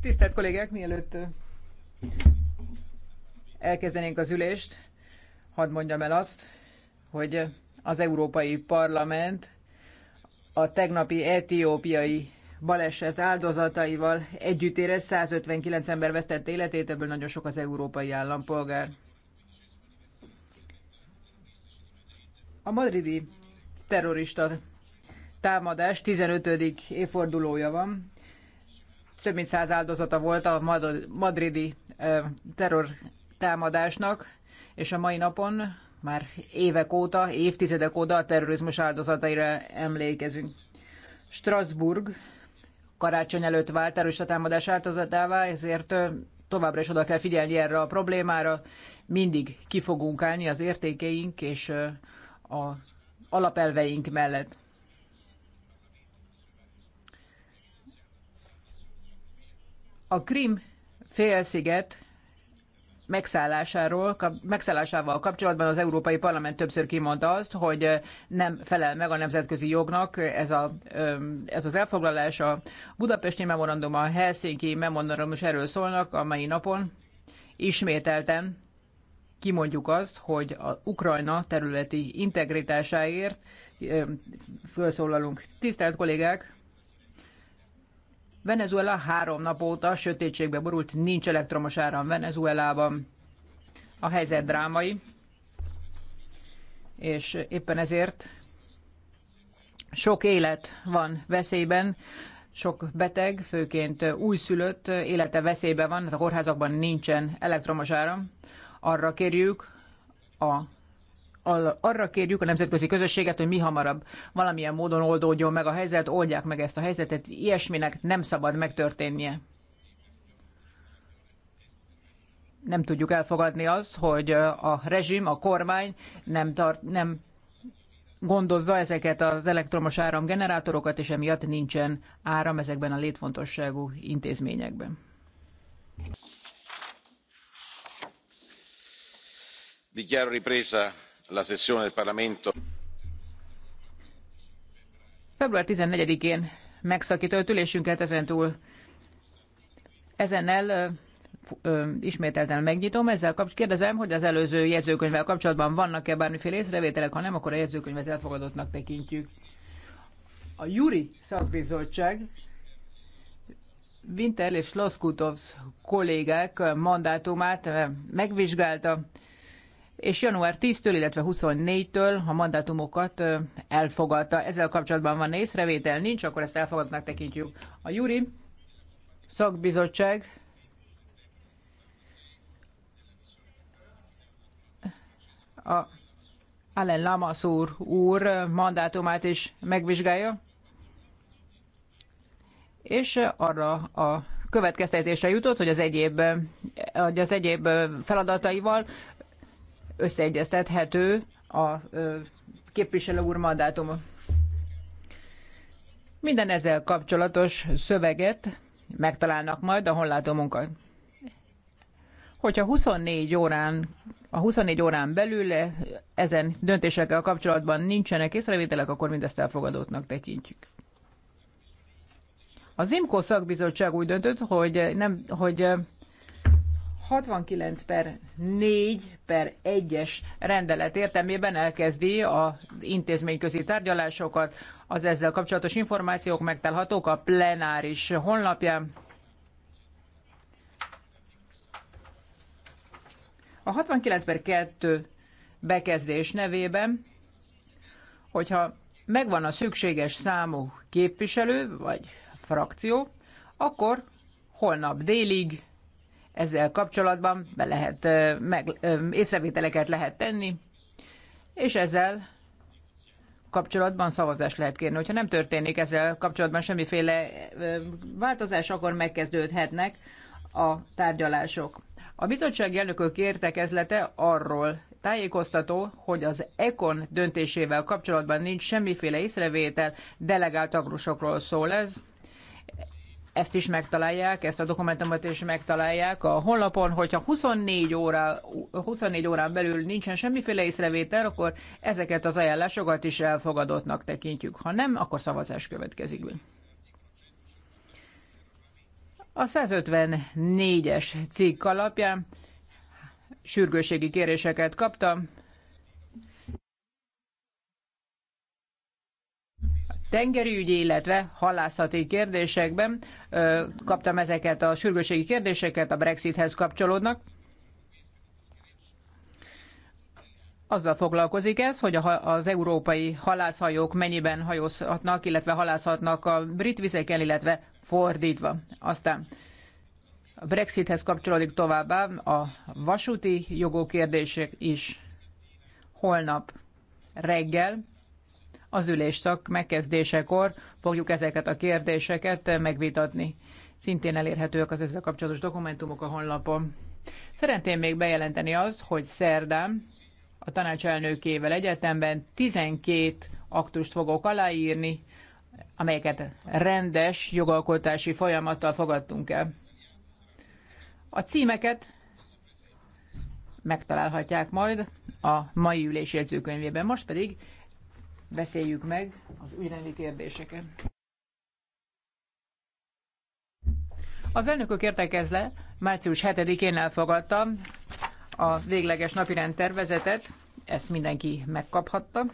Tisztelt kollégák, mielőtt elkezdenénk az ülést, hadd mondjam el azt, hogy az Európai Parlament a tegnapi etiópiai baleset áldozataival együtt fifty 159 ember vesztette életét, ebből nagyon sok az európai állampolgár. A madridi terrorista támadás 15. évfordulója van több mint száz áldozata volt a madridi terror támadásnak, és a mai napon már évek óta, évtizedek óta a terrorizmus áldozataira emlékezünk. Strasbourg karácsony előtt vált terrorista támadás áldozatává, ezért továbbra is oda kell figyelni erre a problémára. Mindig ki fogunk állni az értékeink és a alapelveink mellett. A Krim félsziget megszállásáról, megszállásával kapcsolatban az Európai Parlament többször kimondta azt, hogy nem felel meg a nemzetközi jognak ez, a, ez az elfoglalás. A budapesti memorandum, a Helsinki memorandum is erről szólnak a mai napon. Ismételten kimondjuk azt, hogy a Ukrajna területi integritásáért felszólalunk. Tisztelt kollégák, Venezuela három nap óta sötétségbe borult, nincs elektromos áram Venezuelában. A helyzet drámai, és éppen ezért sok élet van veszélyben, sok beteg, főként újszülött élete veszélyben van, hát a kórházakban nincsen elektromos áram. Arra kérjük a arra kérjük a nemzetközi közösséget, hogy mi hamarabb valamilyen módon oldódjon meg a helyzet, oldják meg ezt a helyzetet, ilyesminek nem szabad megtörténnie. Nem tudjuk elfogadni azt, hogy a rezsim, a kormány nem, tart, nem gondozza ezeket az elektromos áramgenerátorokat, és emiatt nincsen áram ezekben a létfontosságú intézményekben. Dichiaro ripresa la sessione del parlamento. február fourteen én megszaktott ülésünket ezentúl. ezennel ismételten megnyitom. Ezzel kapcsolatban kérdezem, hogy az előző jegyzőkönyvvel kapcsolatban vannak-e bármiféle észrevételek, ha nem, akkor a jegyzőkönyvet elfogadottnak tekintjük. A Juri Szakbizottság Winter és Laskutovs kollégák mandátumát megvizsgálta és január 10-től, illetve 24-től a mandátumokat elfogadta. Ezzel kapcsolatban van észrevétel, nincs, akkor ezt elfogadnak tekintjük. A Juri szakbizottság a Allen Lamassur úr mandátumát is megvizsgálja, és arra a következtetésre jutott, hogy az egyéb, hogy az egyéb feladataival összeegyeztethető a képviselő úr mandátuma. Minden ezzel kapcsolatos szöveget megtalálnak majd a honlátomunkat. Hogyha 24 órán, a 24 órán belül ezen döntésekkel kapcsolatban nincsenek észrevételek, akkor mindezt elfogadottnak tekintjük. Az IMKO szakbizottság úgy döntött, hogy, nem, hogy 69 per 4 per 1-es rendelet értelmében elkezdi az intézményközi tárgyalásokat. Az ezzel kapcsolatos információk megtalálhatók a plenáris honlapján. A 69 per 2 bekezdés nevében, hogyha megvan a szükséges számú képviselő vagy frakció, akkor holnap délig ezzel kapcsolatban be lehet, meg, észrevételeket lehet tenni, és ezzel kapcsolatban szavazást lehet kérni. Hogyha nem történik ezzel kapcsolatban semmiféle változás, akkor megkezdődhetnek a tárgyalások. A bizottság elnökök értekezlete arról tájékoztató, hogy az ECON döntésével kapcsolatban nincs semmiféle észrevétel, delegált agrusokról szól ez ezt is megtalálják, ezt a dokumentumot is megtalálják a honlapon, hogyha 24, órá, 24 órán belül nincsen semmiféle észrevétel, akkor ezeket az ajánlásokat is elfogadottnak tekintjük. Ha nem, akkor szavazás következik. A 154-es cikk alapján sürgőségi kéréseket kaptam, tengeri ügyi, illetve halászati kérdésekben. Kaptam ezeket a sürgőségi kérdéseket, a Brexithez kapcsolódnak. Azzal foglalkozik ez, hogy az európai halászhajók mennyiben hajózhatnak, illetve halászhatnak a brit vizeken, illetve fordítva. Aztán a Brexithez kapcsolódik továbbá a vasúti jogok kérdések is. Holnap reggel az ülésszak megkezdésekor fogjuk ezeket a kérdéseket megvitatni. Szintén elérhetőek az ezzel kapcsolatos dokumentumok a honlapon. Szeretném még bejelenteni az, hogy szerdán a tanács elnökével egyetemben 12 aktust fogok aláírni, amelyeket rendes jogalkotási folyamattal fogadtunk el. A címeket megtalálhatják majd a mai ülés jegyzőkönyvében. Most pedig beszéljük meg az ügyrendi kérdéseket. Az elnökök értekezle március 7-én elfogadta a végleges napirend tervezetet, ezt mindenki megkaphatta.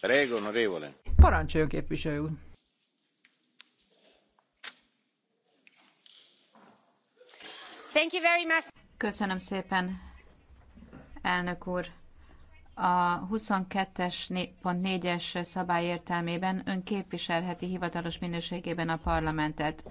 Prego, onorevole. Parancsoljon, képviselő úr. Thank you very much. Köszönöm szépen, elnök úr. A 22.4-es szabály értelmében ön képviselheti hivatalos minőségében a parlamentet.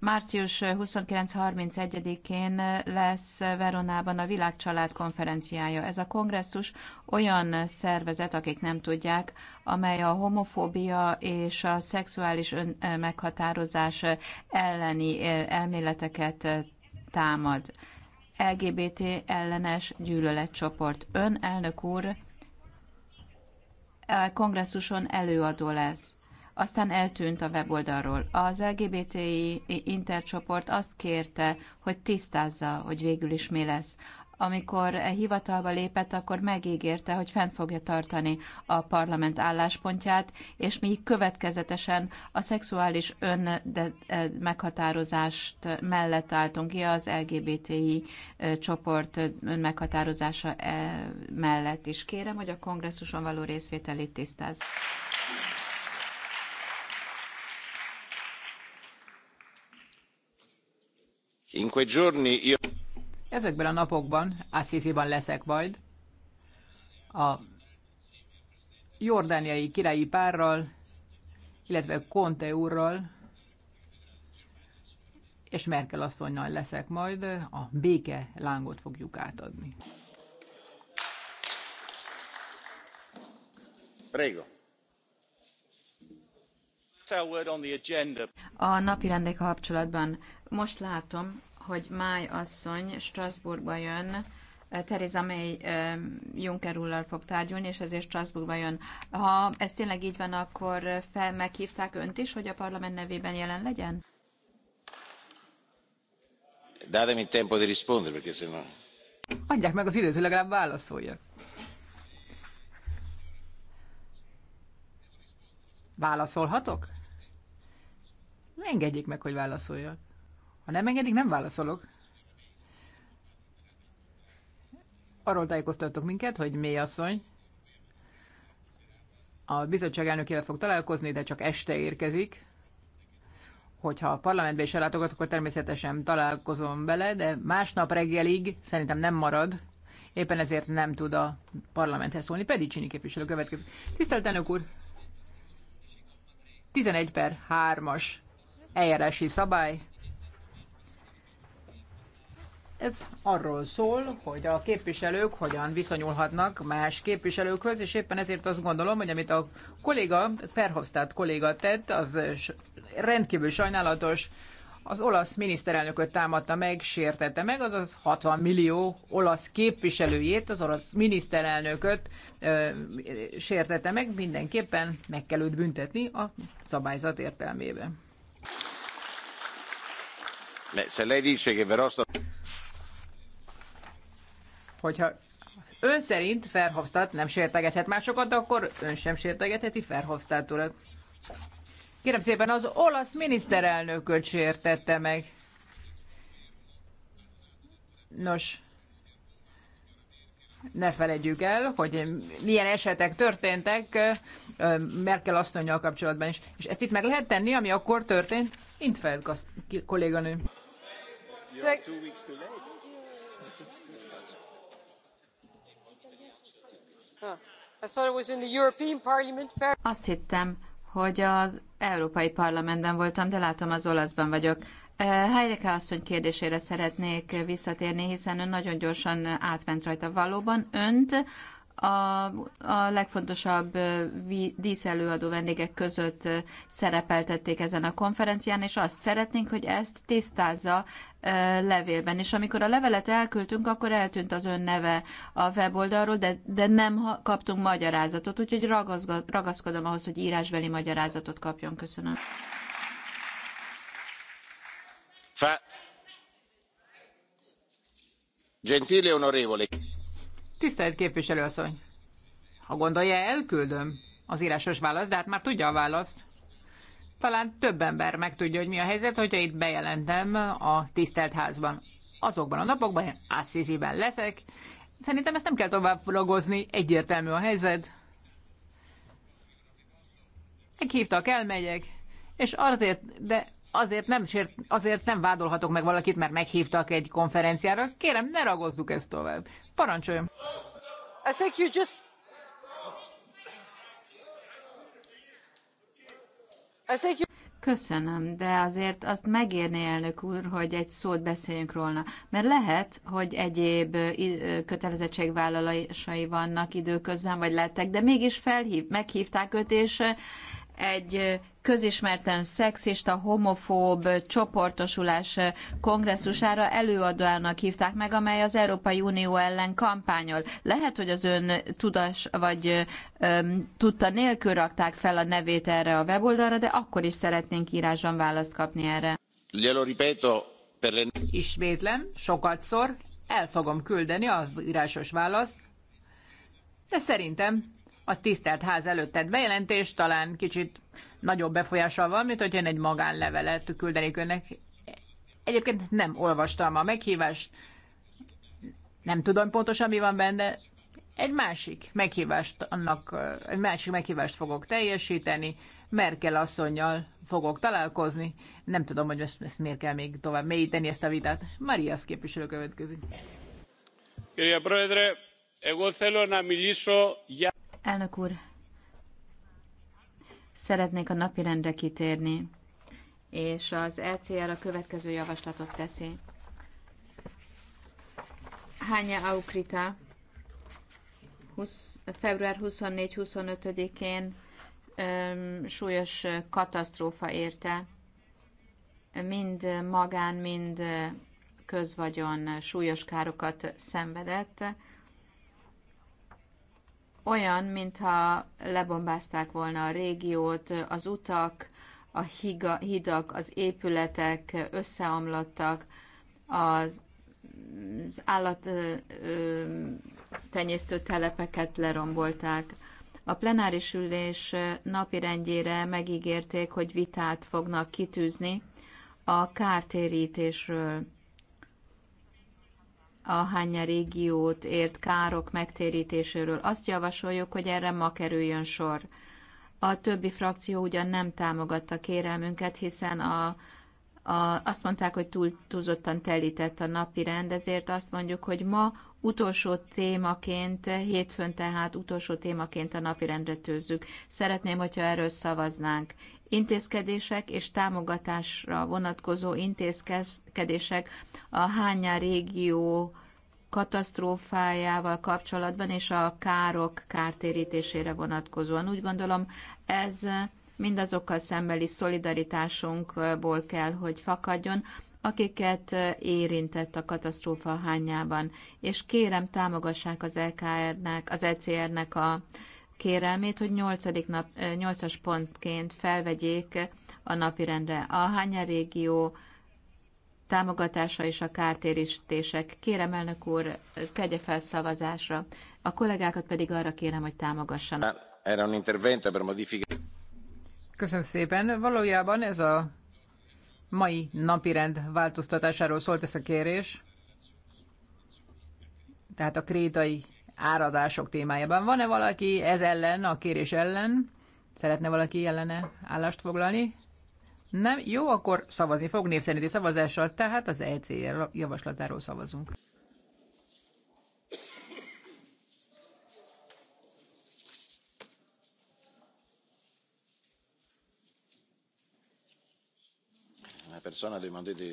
Március 29-31-én lesz Veronában a Világcsalád konferenciája. Ez a kongresszus olyan szervezet, akik nem tudják, amely a homofóbia és a szexuális ön- eh, meghatározás elleni eh, elméleteket eh, támad. LGBT ellenes gyűlöletcsoport. Ön, elnök úr, a e kongresszuson előadó lesz. Aztán eltűnt a weboldalról. Az LGBTI intercsoport azt kérte, hogy tisztázza, hogy végül is mi lesz amikor e hivatalba lépett, akkor megígérte, hogy fent fogja tartani a parlament álláspontját, és mi következetesen a szexuális ön e, meghatározást mellett álltunk ki az LGBTI e, csoport önmeghatározása meghatározása mellett is. Kérem, hogy a kongresszuson való részvételét tisztáz. In quei giorni io... Ezekben a napokban Assisi-ban leszek majd. A jordániai királyi párral, illetve Conte úrral és Merkel asszonynal leszek majd, a béke lángot fogjuk átadni. Prego. A napi kapcsolatban most látom, hogy Máj asszony Strasbourgba jön, eh, Theresa May eh, Juncker úrral fog tárgyulni, és ezért Strasbourgba jön. Ha ez tényleg így van, akkor eh, fel meghívták önt is, hogy a parlament nevében jelen legyen? Datemi tempo di rispondere, perché se no... Adják meg az időt, hogy legalább válaszoljak. Válaszolhatok? Engedjék meg, hogy válaszoljak. Ha nem engedik, nem válaszolok. Arról tájékoztatok minket, hogy mély asszony a bizottság elnökével fog találkozni, de csak este érkezik. Hogyha a parlamentbe is ellátogat, akkor természetesen találkozom vele, de másnap reggelig szerintem nem marad. Éppen ezért nem tud a parlamenthez szólni. Pedig Csini képviselő következő. Tisztelt elnök úr! 11 per 3-as eljárási szabály ez arról szól, hogy a képviselők hogyan viszonyulhatnak más képviselőkhöz, és éppen ezért azt gondolom, hogy amit a kolléga, Perhofstadt kolléga tett, az rendkívül sajnálatos. Az olasz miniszterelnököt támadta meg, sértette meg, azaz 60 millió olasz képviselőjét, az olasz miniszterelnököt ö, sértette meg, mindenképpen meg kell őt büntetni a szabályzat értelmében. Se lei dice che però hogyha ön szerint Ferhofstadt nem sértegethet másokat, akkor ön sem sértegetheti Ferhofstadt urat. Kérem szépen, az olasz miniszterelnököt sértette meg. Nos, ne felejtjük el, hogy milyen esetek történtek Merkel asszonynal kapcsolatban is. És ezt itt meg lehet tenni, ami akkor történt? Intfeld kolléganő. Azt hittem, hogy az Európai Parlamentben voltam, de látom, az olaszban vagyok. Heireke asszony kérdésére szeretnék visszatérni, hiszen ön nagyon gyorsan átment rajta. Valóban önt a, a legfontosabb díszelőadó vendégek között szerepeltették ezen a konferencián, és azt szeretnénk, hogy ezt tisztázza levélben. És amikor a levelet elküldtünk, akkor eltűnt az ön neve a weboldalról, de, de nem kaptunk magyarázatot, úgyhogy ragaszkodom ahhoz, hogy írásbeli magyarázatot kapjon. Köszönöm. Fa... Gentile onorevole. Tisztelt képviselőasszony! Ha gondolja, elküldöm az írásos választ, de hát már tudja a választ talán több ember megtudja, hogy mi a helyzet, hogyha itt bejelentem a tisztelt házban. Azokban a napokban én Assisi-ben leszek. Szerintem ezt nem kell tovább ragozni, egyértelmű a helyzet. Meghívtak, elmegyek, és azért, de azért nem, sért, azért nem vádolhatok meg valakit, mert meghívtak egy konferenciára. Kérem, ne ragozzuk ezt tovább. Parancsoljon! I think you just Köszönöm, de azért azt megérné elnök úr, hogy egy szót beszéljünk róla. Mert lehet, hogy egyéb kötelezettségvállalásai vannak időközben, vagy lettek, de mégis felhív, meghívták őt, és egy közismerten szexista, homofób csoportosulás kongresszusára előadóának hívták meg, amely az Európai Unió ellen kampányol. Lehet, hogy az ön tudás vagy öm, tudta nélkül rakták fel a nevét erre a weboldalra, de akkor is szeretnénk írásban választ kapni erre. Ismétlem, sokatszor el fogom küldeni az írásos választ, de szerintem a tisztelt ház előtt tett bejelentés talán kicsit nagyobb befolyással van, mint hogy én egy magánlevelet küldenék önnek. Egyébként nem olvastam a meghívást, nem tudom pontosan, mi van benne. Egy másik meghívást, annak, egy másik meghívást fogok teljesíteni, Merkel asszonynal fogok találkozni. Nem tudom, hogy ezt, ezt miért kell még tovább mélyíteni ezt a vitát. Marias képviselő következik. Kérdés, Elnök úr, szeretnék a napirendre kitérni, és az LCR e a következő javaslatot teszi. Hánya Aukrita február 24-25-én súlyos katasztrófa érte. Mind magán, mind közvagyon súlyos károkat szenvedett olyan, mintha lebombázták volna a régiót, az utak, a higa, hidak, az épületek összeomlottak, az, az állat tenyésztő telepeket lerombolták. A plenáris ülés napirendjére megígérték, hogy vitát fognak kitűzni a kártérítésről a hánya régiót ért károk megtérítéséről. Azt javasoljuk, hogy erre ma kerüljön sor. A többi frakció ugyan nem támogatta kérelmünket, hiszen a, a, azt mondták, hogy túl túlzottan telített a napi rend, ezért azt mondjuk, hogy ma utolsó témaként, hétfőn tehát utolsó témaként a napirendre tőzzük. Szeretném, hogyha erről szavaznánk, intézkedések és támogatásra vonatkozó intézkedések a hányá régió katasztrófájával kapcsolatban és a károk kártérítésére vonatkozóan. Úgy gondolom, ez mindazokkal szembeli szolidaritásunkból kell, hogy fakadjon, akiket érintett a katasztrófa hányában. És kérem, támogassák az LKR-nek, az ECR-nek a kérelmét, hogy 8. Nap, 8 pontként felvegyék a napirendre a Hánya régió támogatása és a kártérítések. Kérem, elnök úr, tegye fel szavazásra. A kollégákat pedig arra kérem, hogy támogassanak. Erre un intervento per modificare. Köszönöm szépen. Valójában ez a mai napirend változtatásáról szólt ez a kérés. Tehát a krétai áradások témájában. Van-e valaki ez ellen, a kérés ellen? Szeretne valaki ellene állást foglalni? Nem? Jó, akkor szavazni fog név szerinti szavazással, tehát az ECR javaslatáról szavazunk. Una persona ha demandato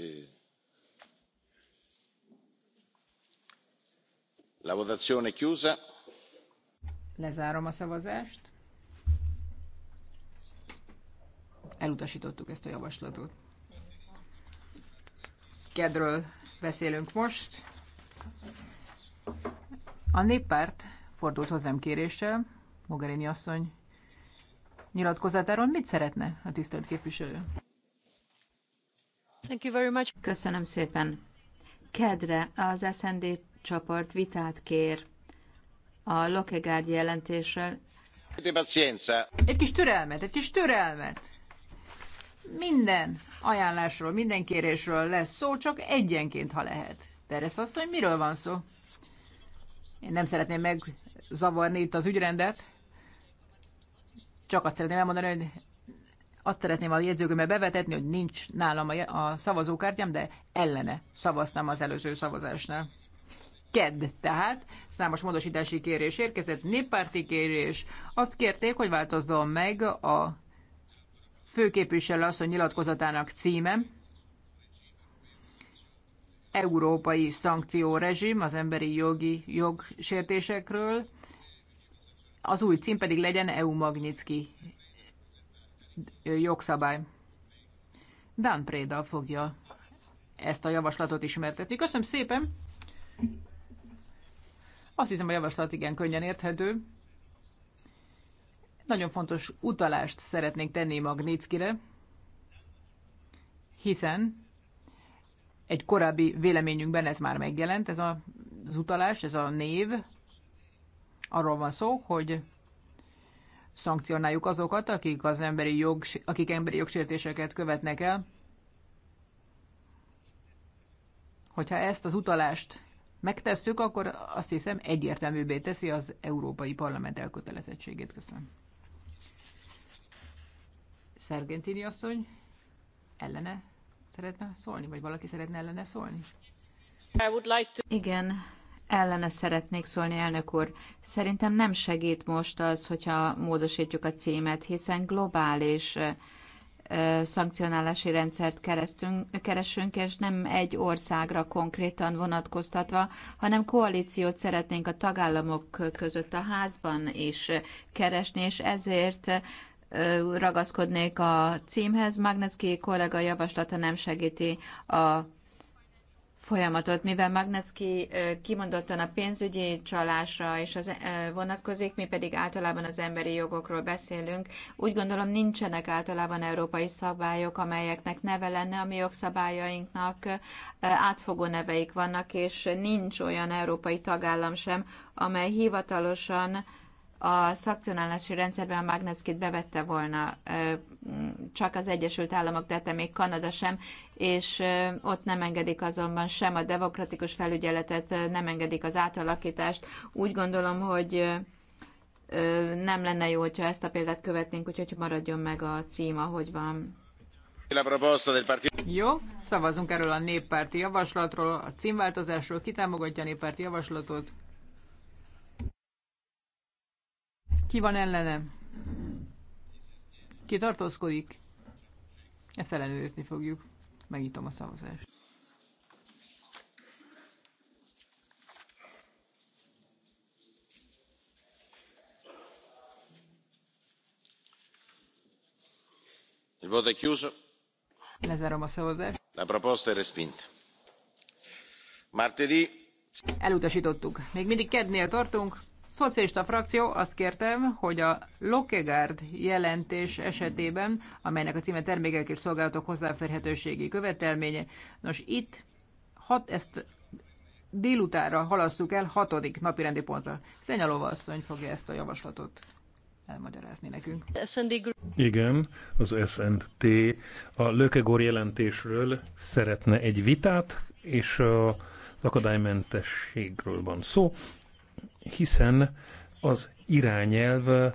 votazione chiusa. Lezárom a szavazást. Elutasítottuk ezt a javaslatot. Kedről beszélünk most. A néppárt fordult hozzám kéréssel, Mogherini asszony nyilatkozatáról. Mit szeretne a tisztelt képviselő? Thank you very much. Köszönöm szépen. Kedre az sndp csoport vitát kér a Lokegárd jelentésről. Egy kis türelmet, egy kis türelmet! Minden ajánlásról, minden kérésről lesz szó, csak egyenként, ha lehet. Perez asszony, miről van szó? Én nem szeretném megzavarni itt az ügyrendet. Csak azt szeretném elmondani, hogy azt szeretném a jegyzőkömbe bevetetni, hogy nincs nálam a szavazókártyám, de ellene szavaztam az előző szavazásnál. KED, tehát számos módosítási kérés érkezett, néppárti kérés. Azt kérték, hogy változzon meg a főképviselő asszony nyilatkozatának címe, európai szankciórezsim az emberi jogi jogsértésekről, az új cím pedig legyen EU Magnitsky jogszabály. Dan Préda fogja ezt a javaslatot ismertetni. Köszönöm szépen! Azt hiszem, a javaslat igen könnyen érthető. Nagyon fontos utalást szeretnék tenni Magnitskire, hiszen egy korábbi véleményünkben ez már megjelent, ez az utalás, ez a név. Arról van szó, hogy szankcionáljuk azokat, akik, az emberi jog, akik emberi jogsértéseket követnek el. Hogyha ezt az utalást megtesszük, akkor azt hiszem egyértelműbbé teszi az Európai Parlament elkötelezettségét. Köszönöm. Szergentini asszony ellene szeretne szólni, vagy valaki szeretne ellene szólni? Igen, ellene szeretnék szólni, elnök úr. Szerintem nem segít most az, hogyha módosítjuk a címet, hiszen globális szankcionálási rendszert keresztünk, keressünk, és nem egy országra konkrétan vonatkoztatva, hanem koalíciót szeretnénk a tagállamok között a házban is keresni, és ezért ragaszkodnék a címhez. Magnetsky kollega javaslata nem segíti a folyamatot, mivel Magnetsky kimondottan a pénzügyi csalásra és az vonatkozik, mi pedig általában az emberi jogokról beszélünk. Úgy gondolom nincsenek általában európai szabályok, amelyeknek neve lenne, a mi jogszabályainknak átfogó neveik vannak, és nincs olyan európai tagállam sem, amely hivatalosan a szakcionálási rendszerben a Magnetskit bevette volna, csak az Egyesült Államok de még Kanada sem, és ott nem engedik azonban sem a demokratikus felügyeletet, nem engedik az átalakítást. Úgy gondolom, hogy nem lenne jó, hogyha ezt a példát követnénk, úgyhogy maradjon meg a cím, ahogy van. Jó, szavazunk erről a néppárti javaslatról, a címváltozásról, ki támogatja a néppárti javaslatot? Ki van ellenem? Ki tartózkodik? Ezt ellenőrizni fogjuk. Megítom a szavazást. Il voto è chiuso. Lezárom a szavazást. La proposta è respinta. Martedì. Elutasítottuk. Még mindig kednél tartunk szocialista frakció azt kértem, hogy a Lokegárd jelentés esetében, amelynek a címe termékek és szolgálatok hozzáférhetőségi követelménye, nos itt hat, ezt délutára halasszuk el hatodik napi rendi pontra. Szenyalova asszony fogja ezt a javaslatot elmagyarázni nekünk. Igen, az SNT a Lökegor jelentésről szeretne egy vitát, és a az akadálymentességről van szó hiszen az irányelv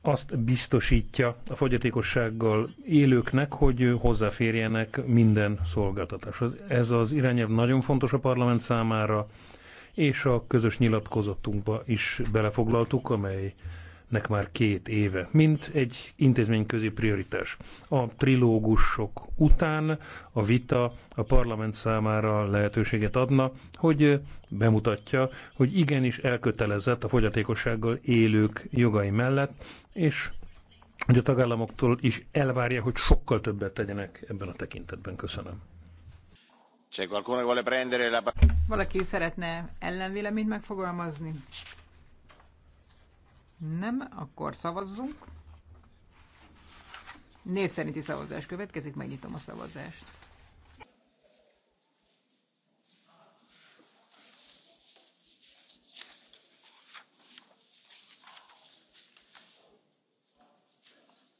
azt biztosítja a fogyatékossággal élőknek, hogy hozzáférjenek minden szolgáltatáshoz. Ez az irányelv nagyon fontos a parlament számára, és a közös nyilatkozatunkba is belefoglaltuk, amely nek már két éve, mint egy intézményközi prioritás. A trilógusok után a vita a parlament számára lehetőséget adna, hogy bemutatja, hogy igenis elkötelezett a fogyatékossággal élők jogai mellett, és hogy a tagállamoktól is elvárja, hogy sokkal többet tegyenek ebben a tekintetben. Köszönöm. Valaki szeretne ellenvéleményt megfogalmazni? Nem, akkor szavazzunk. Név szerinti szavazás következik, megnyitom a szavazást.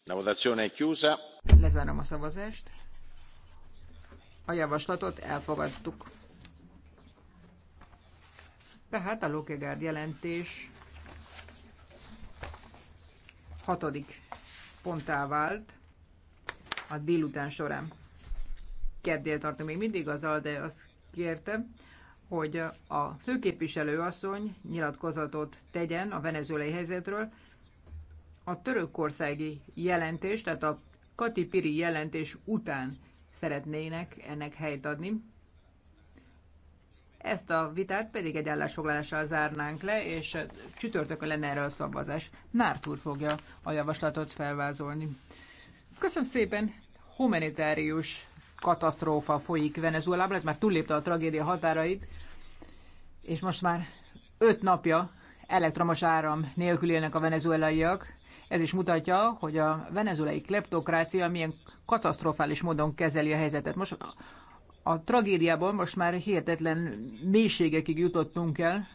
La votazione è chiusa. Lezárom a szavazást. A javaslatot elfogadtuk. Tehát a Lokegárd jelentés hatodik ponttá vált a délután során. Kérdél tartom még mindig az de azt kértem, hogy a főképviselő asszony nyilatkozatot tegyen a venezuelai helyzetről. A törökországi jelentés, tehát a Kati Piri jelentés után szeretnének ennek helyt adni. Ezt a vitát pedig egy állásfoglalással zárnánk le, és csütörtökön lenne erre a szavazás. Nártúr fogja a javaslatot felvázolni. Köszönöm szépen, humanitárius katasztrófa folyik Venezuelában, ez már túllépte a tragédia határait, és most már öt napja elektromos áram nélkül élnek a venezuelaiak. Ez is mutatja, hogy a venezuelai kleptokrácia milyen katasztrofális módon kezeli a helyzetet. Most a tragédiából most már hihetetlen mélységekig jutottunk el.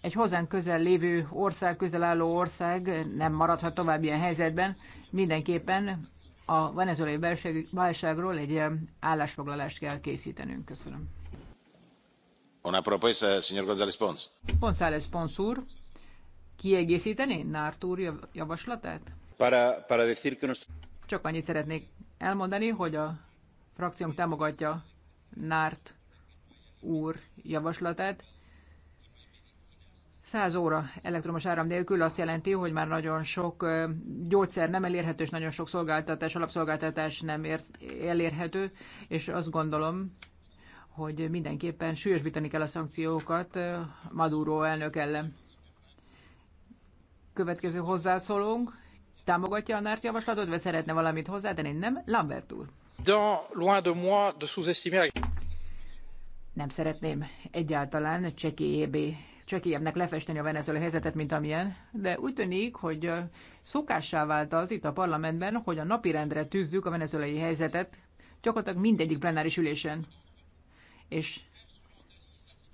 Egy hozzánk közel lévő ország, közel álló ország nem maradhat tovább ilyen helyzetben. Mindenképpen a venezuelai válságról egy állásfoglalást kell készítenünk. Köszönöm. Una proposta, señor González Pons. González Pons úr, kiegészíteni Nártúr javaslatát? Para, para decir que nos... Csak annyit szeretnék elmondani, hogy a frakciónk támogatja Nárt úr javaslatát. 100 óra elektromos áram nélkül azt jelenti, hogy már nagyon sok gyógyszer nem elérhető, és nagyon sok szolgáltatás, alapszolgáltatás nem ért, elérhető, és azt gondolom, hogy mindenképpen súlyosbítani kell a szankciókat Maduro elnök ellen. Következő hozzászólónk támogatja a nárt javaslatot, vagy szeretne valamit hozzátenni? Nem? Lambert úr. Nem szeretném egyáltalán csekélyebbnek lefesteni a venezuelai helyzetet, mint amilyen, de úgy tűnik, hogy szokássá vált az itt a parlamentben, hogy a napirendre tűzzük a venezuelai helyzetet, gyakorlatilag mindegyik plenáris ülésen. És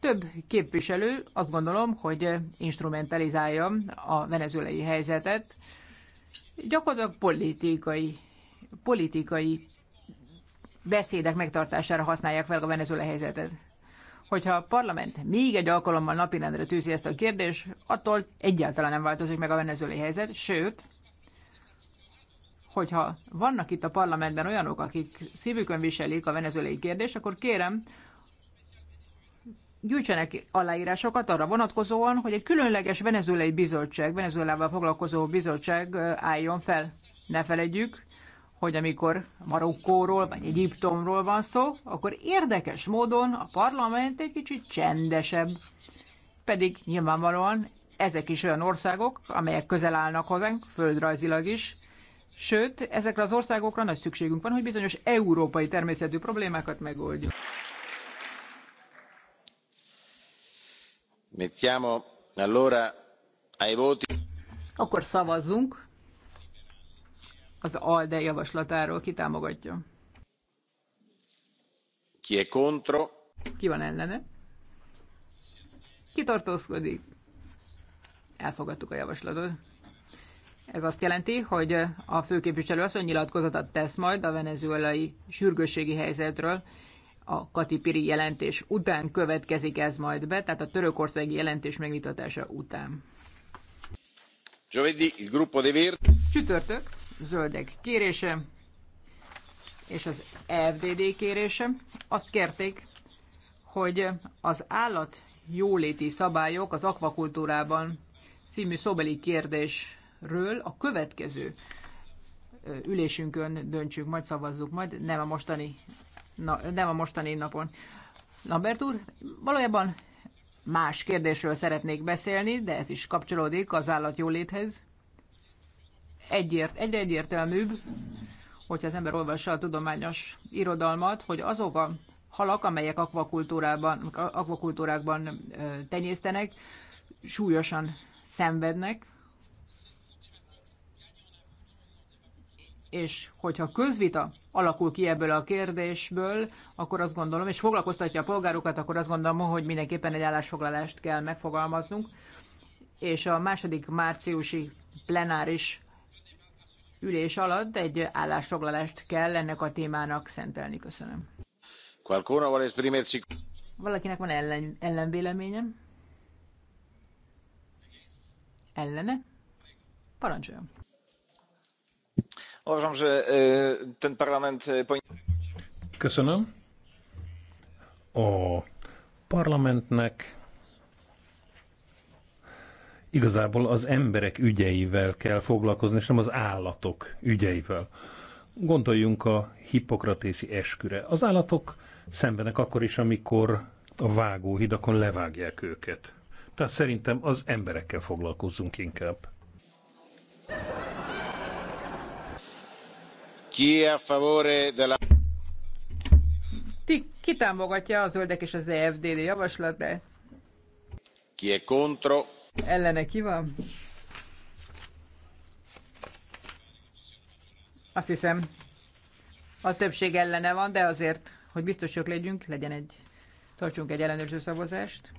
több képviselő azt gondolom, hogy instrumentalizálja a venezuelai helyzetet, gyakorlatilag politikai, politikai beszédek megtartására használják fel a venezuelai helyzetet. Hogyha a parlament még egy alkalommal napirendre tűzi ezt a kérdést, attól egyáltalán nem változik meg a venezuelai helyzet, sőt, hogyha vannak itt a parlamentben olyanok, akik szívükön viselik a venezuelai kérdést, akkor kérem, gyűjtsenek aláírásokat arra vonatkozóan, hogy egy különleges venezuelai bizottság, Venezuelával foglalkozó bizottság álljon fel. Ne feledjük, hogy amikor Marokkóról vagy Egyiptomról van szó, akkor érdekes módon a parlament egy kicsit csendesebb. Pedig nyilvánvalóan ezek is olyan országok, amelyek közel állnak hozzánk, földrajzilag is, Sőt, ezekre az országokra nagy szükségünk van, hogy bizonyos európai természetű problémákat megoldjuk. Mettiamo allora ai voti. Akkor szavazzunk az ALDE javaslatáról. Ki támogatja? Ki è contro? Ki van ellene? Ki tartózkodik? Elfogadtuk a javaslatot. Ez azt jelenti, hogy a főképviselő asszony nyilatkozatot tesz majd a venezuelai sürgősségi helyzetről. A Katipiri jelentés után következik ez majd be, tehát a törökországi jelentés megvitatása után. Giovedì, il gruppo de Vir. Csütörtök zöldek kérése és az FDD kérése. Azt kérték, hogy az állat jóléti szabályok az akvakultúrában című szobeli kérdésről a következő ülésünkön döntsük, majd szavazzuk, majd nem a mostani, na, nem a mostani napon. Lambert úr, valójában más kérdésről szeretnék beszélni, de ez is kapcsolódik az állatjóléthez egyért, egyre egyértelműbb, hogyha az ember olvassa a tudományos irodalmat, hogy azok a halak, amelyek akvakultúrában, akvakultúrákban tenyésztenek, súlyosan szenvednek, és hogyha közvita alakul ki ebből a kérdésből, akkor azt gondolom, és foglalkoztatja a polgárokat, akkor azt gondolom, hogy mindenképpen egy állásfoglalást kell megfogalmaznunk. És a második márciusi plenáris ülés alatt egy állásfoglalást kell ennek a témának szentelni. Köszönöm. Valakinek van ellen, ellenvéleményem? Ellene? Parancsoljon. Uważam, że e, ten parlament e, Köszönöm. A parlamentnek igazából az emberek ügyeivel kell foglalkozni, és nem az állatok ügyeivel. Gondoljunk a hippokratészi esküre. Az állatok szembenek akkor is, amikor a vágóhidakon levágják őket. Tehát szerintem az emberekkel foglalkozzunk inkább. Ki a favore della... Ti, ki támogatja a zöldek és az EFDD javaslatát? Ki è e contro? Ellene ki van? Azt hiszem, a többség ellene van, de azért, hogy biztosok legyünk, legyen egy, tartsunk egy ellenőrző szavazást.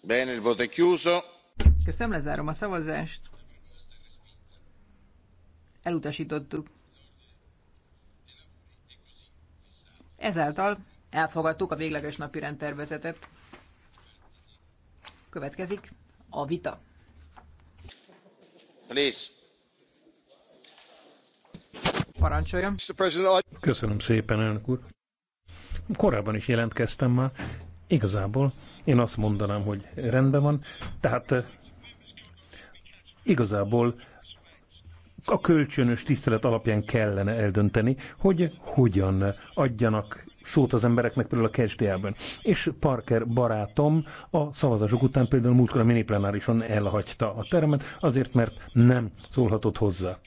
Bene, il voto è chiuso. Köszönöm, lezárom a szavazást. Elutasítottuk. Ezáltal elfogadtuk a végleges napi rendtervezetet. Következik a vita. Please. Parancsoljon. Köszönöm szépen, elnök úr. Korábban is jelentkeztem már. Igazából én azt mondanám, hogy rendben van. Tehát eh, igazából a kölcsönös tisztelet alapján kellene eldönteni, hogy hogyan adjanak szót az embereknek például a kezdjában. És Parker barátom a szavazások után például múltkor a miniplenárison elhagyta a teremet, azért mert nem szólhatott hozzá.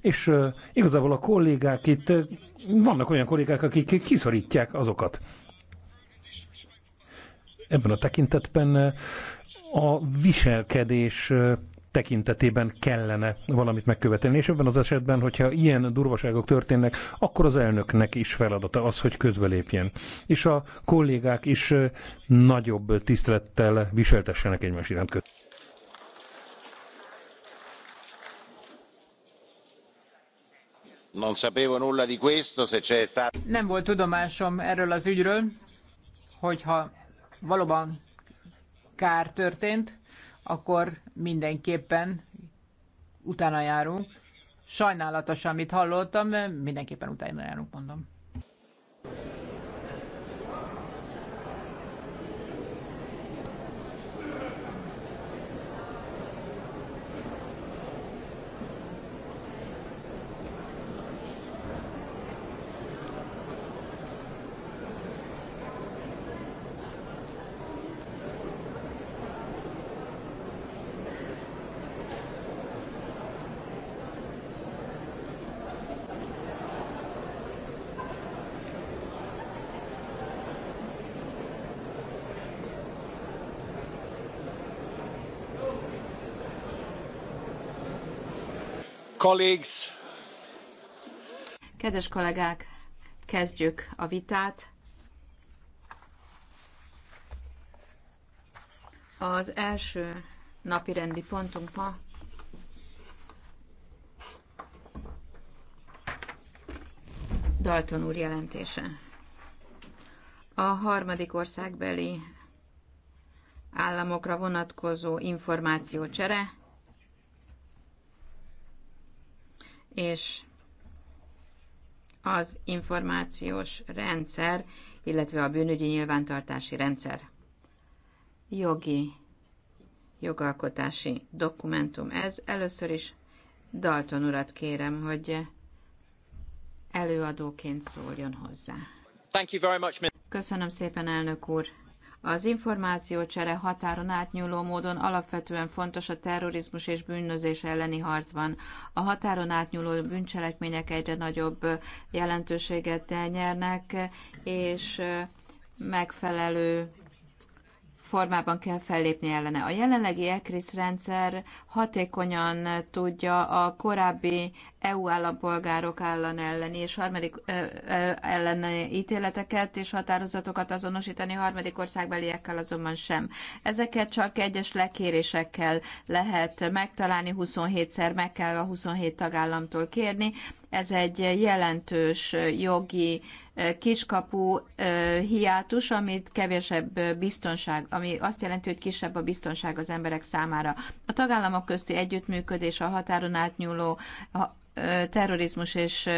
És uh, igazából a kollégák itt, uh, vannak olyan kollégák, akik kiszorítják azokat. Ebben a tekintetben uh, a viselkedés tekintetében kellene valamit megkövetelni. És ebben az esetben, hogyha ilyen durvaságok történnek, akkor az elnöknek is feladata az, hogy közbelépjen. És a kollégák is nagyobb tisztelettel viseltessenek egymás iránt. Köszönöm. nem volt tudomásom erről az ügyről hogyha valóban kár történt akkor mindenképpen utána járunk. Sajnálatos, amit hallottam, mindenképpen utána járunk, mondom. Kedves kollégák, kezdjük a vitát. Az első napi rendi pontunk ma Dalton úr jelentése. A harmadik országbeli államokra vonatkozó információcsere és az információs rendszer, illetve a bűnügyi nyilvántartási rendszer. Jogi, jogalkotási dokumentum ez. Először is Dalton urat kérem, hogy előadóként szóljon hozzá. Köszönöm szépen, elnök úr! Az információcsere határon átnyúló módon alapvetően fontos a terrorizmus és bűnözés elleni harcban. A határon átnyúló bűncselekmények egyre nagyobb jelentőséget nyernek, és megfelelő formában kell fellépni ellene. A jelenlegi ECRIS rendszer hatékonyan tudja a korábbi EU állampolgárok ellen elleni és harmadik ellen ítéleteket és határozatokat azonosítani harmadik országbeliekkel azonban sem. Ezeket csak egyes lekérésekkel lehet megtalálni, 27-szer meg kell a 27 tagállamtól kérni. Ez egy jelentős jogi kiskapu hiátus, amit kevesebb biztonság, ami azt jelenti, hogy kisebb a biztonság az emberek számára. A tagállamok közti együttműködés, a határon átnyúló terrorizmus és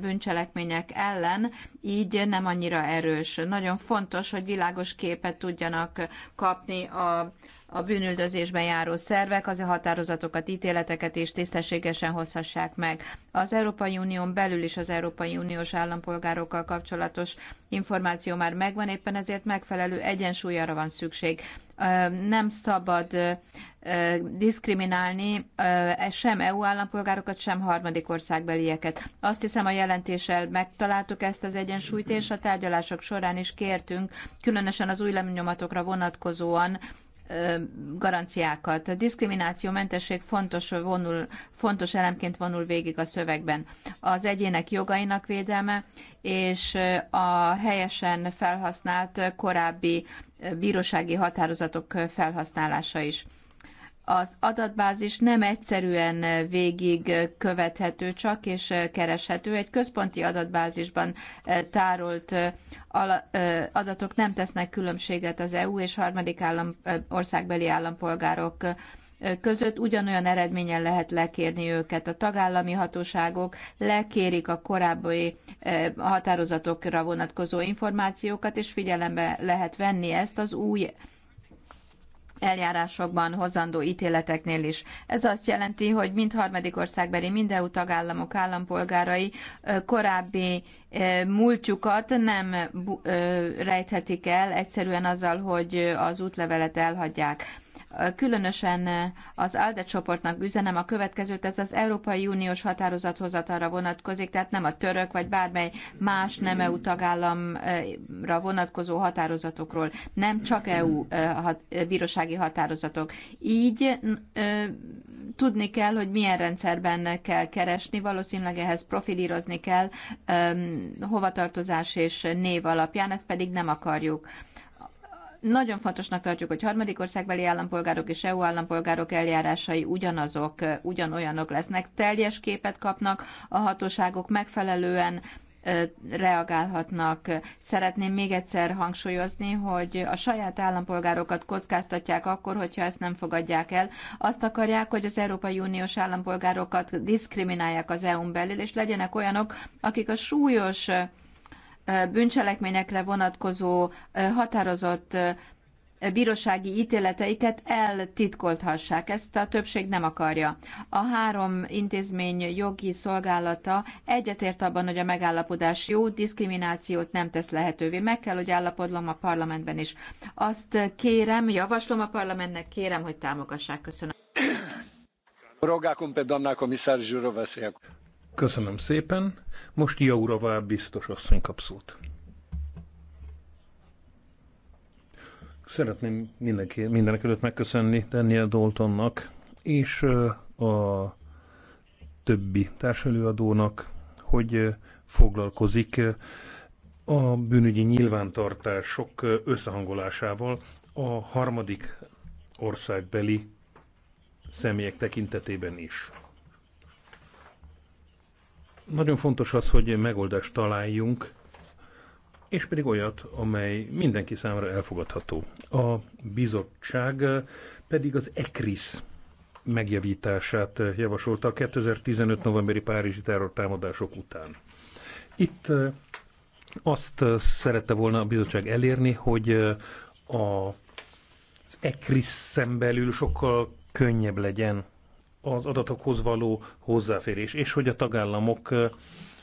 bűncselekmények ellen, így nem annyira erős. Nagyon fontos, hogy világos képet tudjanak kapni a a bűnüldözésben járó szervek az a határozatokat, ítéleteket és tisztességesen hozhassák meg. Az Európai Unión belül is az Európai Uniós állampolgárokkal kapcsolatos információ már megvan, éppen ezért megfelelő egyensúlyra van szükség. Nem szabad diszkriminálni e sem EU állampolgárokat, sem harmadik országbelieket. Azt hiszem a jelentéssel megtaláltuk ezt az egyensúlyt, és a tárgyalások során is kértünk, különösen az új lemnyomatokra vonatkozóan garanciákat. A diszkriminációmentesség fontos, vonul, fontos elemként vonul végig a szövegben. Az egyének jogainak védelme és a helyesen felhasznált korábbi bírósági határozatok felhasználása is az adatbázis nem egyszerűen végig követhető csak és kereshető. Egy központi adatbázisban eh, tárolt eh, eh, adatok nem tesznek különbséget az EU és harmadik állam, országbeli állampolgárok között ugyanolyan eredményen lehet lekérni őket. A tagállami hatóságok lekérik a korábbi határozatokra vonatkozó információkat, és figyelembe lehet venni ezt az új eljárásokban, hozandó ítéleteknél is. Ez azt jelenti, hogy mind harmadik országbeli, mind EU tagállamok állampolgárai korábbi múltjukat nem rejthetik el egyszerűen azzal, hogy az útlevelet elhagyják. Különösen eh, az ALDE csoportnak üzenem a következőt, ez az Európai Uniós határozathozatalra vonatkozik, tehát nem a török vagy bármely más nem EU tagállamra vonatkozó határozatokról, nem csak EU eh, bírósági határozatok. Így tudni kell, hogy milyen rendszerben kell keresni, valószínűleg ehhez profilírozni kell hovatartozás és név alapján, ezt pedig nem akarjuk. Nagyon fontosnak tartjuk, hogy harmadik országbeli állampolgárok és EU állampolgárok eljárásai ugyanazok, ugyanolyanok lesznek, teljes képet kapnak, a hatóságok megfelelően reagálhatnak. Szeretném még egyszer hangsúlyozni, hogy a saját állampolgárokat kockáztatják akkor, hogyha ezt nem fogadják el. Azt akarják, hogy az Európai Uniós állampolgárokat diszkriminálják az EU-n belül, és legyenek olyanok, akik a súlyos bűncselekményekre vonatkozó határozott bírósági ítéleteiket eltitkolthassák. Ezt a többség nem akarja. A három intézmény jogi szolgálata egyetért abban, hogy a megállapodás jó, diszkriminációt nem tesz lehetővé. Meg kell, hogy állapodlom a parlamentben is. Azt kérem, javaslom a parlamentnek, kérem, hogy támogassák. Köszönöm. Köszönöm szépen. Most Jaurová biztos asszony kap szót. Szeretném mindenki, mindenek előtt megköszönni Daniel Daltonnak és a többi társelőadónak, hogy foglalkozik a bűnügyi nyilvántartások összehangolásával a harmadik országbeli személyek tekintetében is. Nagyon fontos az, hogy megoldást találjunk, és pedig olyat, amely mindenki számára elfogadható. A bizottság pedig az ECRIS megjavítását javasolta a 2015. novemberi párizsi támadások után. Itt azt szerette volna a bizottság elérni, hogy a ECRIS-en belül sokkal könnyebb legyen az adatokhoz való hozzáférés, és hogy a tagállamok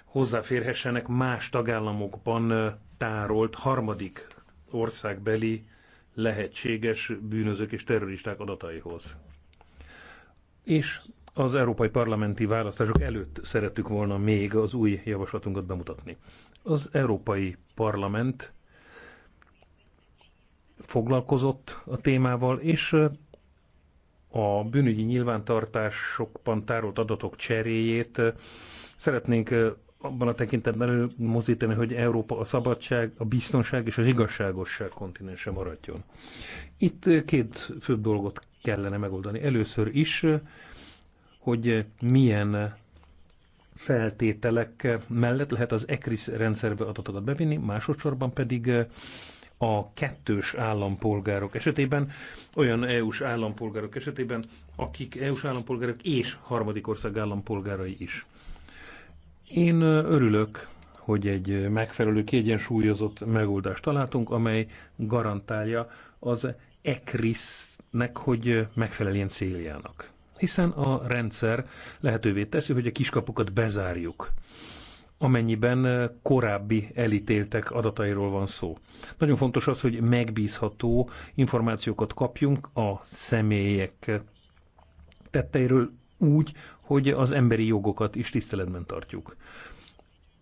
hozzáférhessenek más tagállamokban tárolt harmadik országbeli lehetséges bűnözők és terroristák adataihoz. És az európai parlamenti választások előtt szerettük volna még az új javaslatunkat bemutatni. Az Európai Parlament foglalkozott a témával, és a bűnügyi nyilvántartásokban tárolt adatok cseréjét. Szeretnénk abban a tekintetben előmozdítani, hogy Európa a szabadság, a biztonság és az igazságosság kontinense maradjon. Itt két fő dolgot kellene megoldani. Először is, hogy milyen feltételek mellett lehet az ECRIS rendszerbe adatokat bevinni, másodszorban pedig a kettős állampolgárok esetében, olyan EU-s állampolgárok esetében, akik EU-s állampolgárok és harmadik ország állampolgárai is. Én örülök, hogy egy megfelelő kiegyensúlyozott megoldást találtunk, amely garantálja az ECRIS-nek, hogy megfeleljen céljának. Hiszen a rendszer lehetővé teszi, hogy a kiskapukat bezárjuk amennyiben korábbi elítéltek adatairól van szó. Nagyon fontos az, hogy megbízható információkat kapjunk a személyek tetteiről úgy, hogy az emberi jogokat is tiszteletben tartjuk.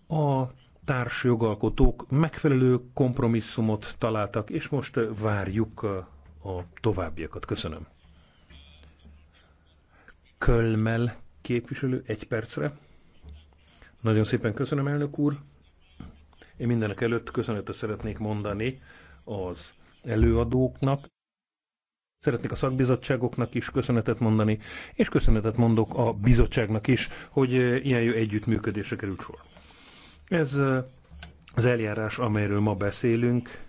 A társjogalkotók megfelelő kompromisszumot találtak, és most várjuk a továbbiakat. Köszönöm. Kölmel képviselő egy percre. Nagyon szépen köszönöm, elnök úr. Én mindenek előtt köszönetet szeretnék mondani az előadóknak, Szeretnék a szakbizottságoknak is köszönetet mondani, és köszönetet mondok a bizottságnak is, hogy eh, ilyen jó együttműködésre került sor. Ez eh, az eljárás, amelyről ma beszélünk,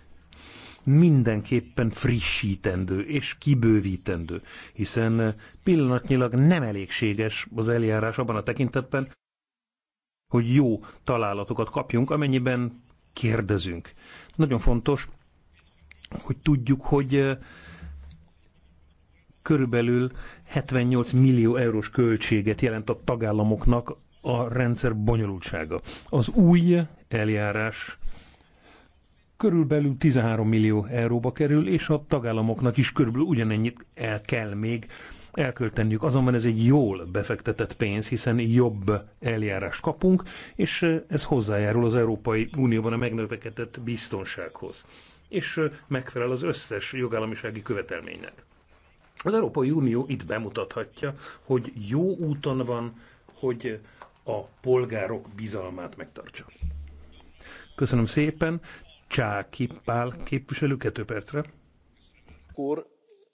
mindenképpen frissítendő és kibővítendő, hiszen eh, pillanatnyilag nem elégséges az eljárás abban a tekintetben, hogy jó találatokat kapjunk, amennyiben kérdezünk. Nagyon fontos, hogy tudjuk, hogy körülbelül 78 millió eurós költséget jelent a tagállamoknak a rendszer bonyolultsága. Az új eljárás körülbelül 13 millió euróba kerül, és a tagállamoknak is körülbelül ugyanennyit el kell még el Azonban ez egy jól befektetett pénz, hiszen jobb eljárást kapunk, és ez hozzájárul az Európai Unióban a megnövekedett biztonsághoz. És megfelel az összes jogállamisági követelménynek. Az Európai Unió itt bemutathatja, hogy jó úton van, hogy a polgárok bizalmát megtartsa. Köszönöm szépen. Csáki Pál képviselő, kettő percre. Úr,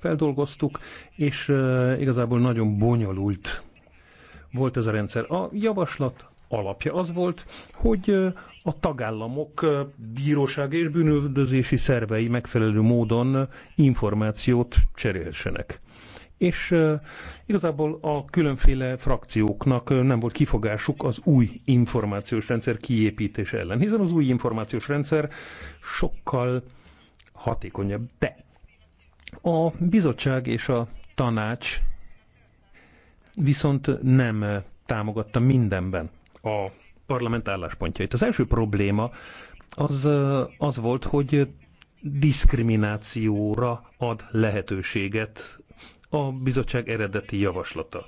feldolgoztuk, és igazából nagyon bonyolult volt ez a rendszer. A javaslat alapja az volt, hogy a tagállamok bíróság és bűnöldözési szervei megfelelő módon információt cserélhessenek. És igazából a különféle frakcióknak nem volt kifogásuk az új információs rendszer kiépítése ellen, hiszen az új információs rendszer sokkal hatékonyabb, de a bizottság és a tanács viszont nem támogatta mindenben a parlament álláspontjait. Az első probléma az, az volt, hogy diszkriminációra ad lehetőséget a bizottság eredeti javaslata.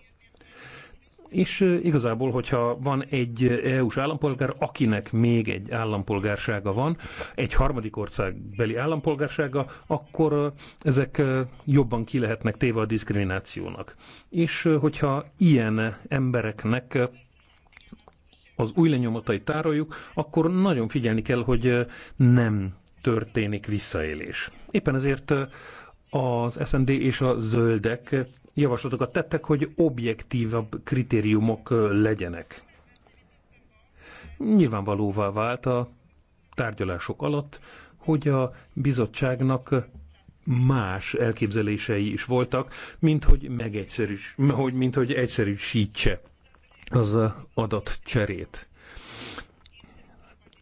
És igazából, hogyha van egy EU-s állampolgár, akinek még egy állampolgársága van, egy harmadik országbeli állampolgársága, akkor ezek jobban ki lehetnek téve a diszkriminációnak. És hogyha ilyen embereknek az új lenyomatait tároljuk, akkor nagyon figyelni kell, hogy nem történik visszaélés. Éppen ezért az SND és a zöldek javaslatokat tettek, hogy objektívabb kritériumok legyenek. Nyilvánvalóvá vált a tárgyalások alatt, hogy a bizottságnak más elképzelései is voltak, mint hogy, megegyszerűs, hogy, mint hogy egyszerűsítse az adatcserét.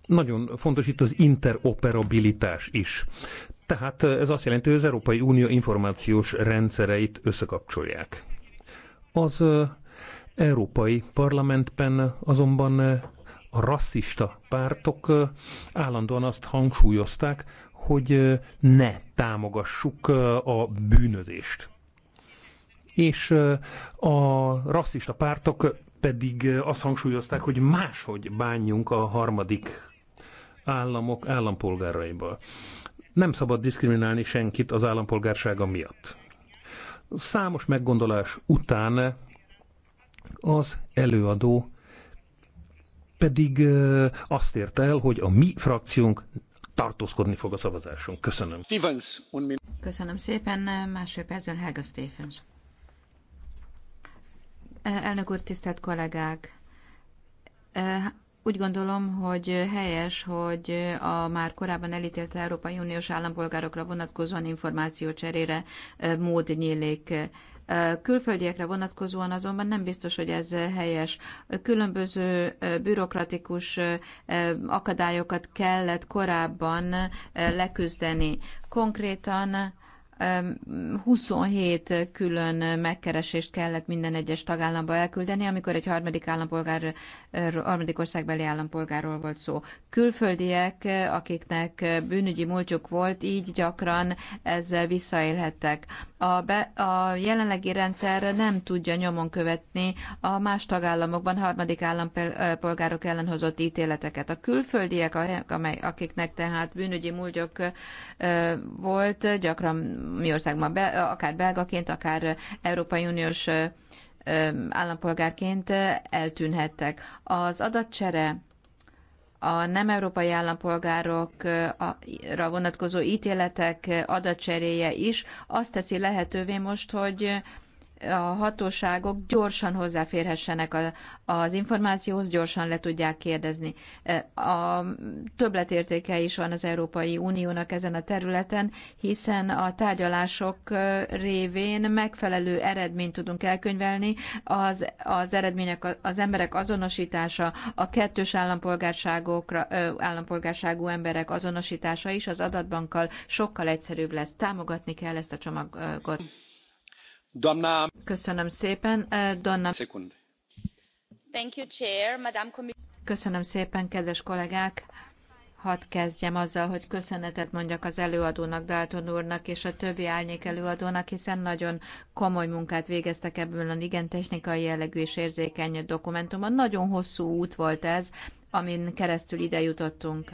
Nagyon fontos itt az interoperabilitás is. Tehát ez azt jelenti, hogy az Európai Unió információs rendszereit összekapcsolják. Az Európai Parlamentben azonban a rasszista pártok állandóan azt hangsúlyozták, hogy ne támogassuk a bűnözést. És a rasszista pártok pedig azt hangsúlyozták, hogy máshogy bánjunk a harmadik államok állampolgáraiból. Nem szabad diszkriminálni senkit az állampolgársága miatt. Számos meggondolás után az előadó pedig azt érte el, hogy a mi frakciónk tartózkodni fog a szavazáson. Köszönöm. Stevens, Köszönöm szépen. Másfél percben Helga Stephens. Elnök úr, tisztelt kollégák! Úgy gondolom, hogy helyes, hogy a már korábban elítélt Európai Uniós állampolgárokra vonatkozóan információ cserére mód nyílik. Külföldiekre vonatkozóan azonban nem biztos, hogy ez helyes. Különböző bürokratikus akadályokat kellett korábban leküzdeni. Konkrétan 27 külön megkeresést kellett minden egyes tagállamba elküldeni, amikor egy harmadik állampolgár, eh, harmadik országbeli állampolgárról volt szó. Külföldiek, eh, akiknek eh, bűnügyi múltjuk volt, így gyakran ezzel visszaélhettek. A, be, a jelenlegi rendszer nem tudja nyomon követni a más tagállamokban harmadik állampolgárok ellen hozott ítéleteket. A külföldiek, amely, akiknek tehát bűnügyi múltjuk volt, gyakran mi országban, akár belgaként, akár Európai Uniós állampolgárként eltűnhettek. Az adatcsere a nem európai állampolgárokra vonatkozó ítéletek adatcseréje is azt teszi lehetővé most, hogy a hatóságok gyorsan hozzáférhessenek az információhoz, gyorsan le tudják kérdezni. E, a többletértéke is van az Európai Uniónak ezen a területen, hiszen a tárgyalások e, révén megfelelő eredményt tudunk elkönyvelni. Az, az eredmények, az emberek azonosítása, a kettős állampolgárságokra, e, állampolgárságú emberek azonosítása is az adatbankkal sokkal egyszerűbb lesz. Támogatni kell ezt a csomagot. Köszönöm szépen, eh, Donna. Thank you, Chair, Madam Köszönöm szépen, kedves kollégák! Hadd kezdjem azzal, hogy köszönetet mondjak az előadónak, Dalton úrnak és a többi árnyék előadónak, hiszen nagyon komoly munkát végeztek ebből a igen technikai jellegű és érzékeny dokumentumon. Nagyon hosszú út volt ez, amin keresztül ide jutottunk.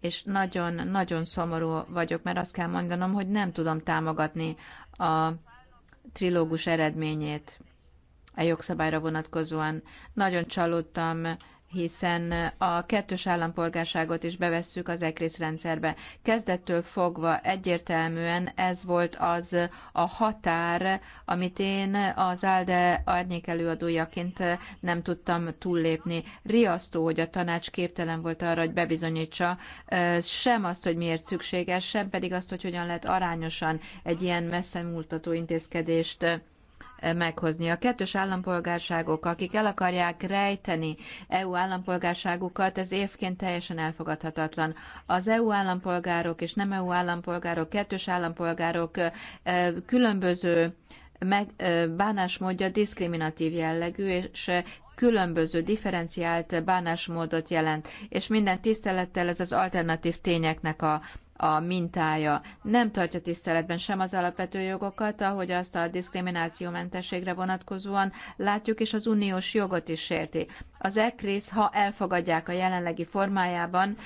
És nagyon-nagyon szomorú vagyok, mert azt kell mondanom, hogy nem tudom támogatni a trilógus eredményét a jogszabályra vonatkozóan. Nagyon csalódtam hiszen a kettős állampolgárságot is bevesszük az ECRIS rendszerbe. Kezdettől fogva egyértelműen ez volt az a határ, amit én az ALDE árnyék előadójaként nem tudtam túllépni. Riasztó, hogy a tanács képtelen volt arra, hogy bebizonyítsa sem azt, hogy miért szükséges, sem pedig azt, hogy hogyan lehet arányosan egy ilyen messze múltató intézkedést meghozni. A kettős állampolgárságok, akik el akarják rejteni EU állampolgárságukat, ez évként teljesen elfogadhatatlan. Az EU állampolgárok és nem EU állampolgárok, kettős állampolgárok különböző meg, bánásmódja diszkriminatív jellegű, és különböző differenciált bánásmódot jelent, és minden tisztelettel ez az alternatív tényeknek a, a mintája. Nem tartja tiszteletben sem az alapvető jogokat, ahogy azt a diszkriminációmentességre vonatkozóan látjuk, és az uniós jogot is sérti. Az ECRIS, ha elfogadják a jelenlegi formájában,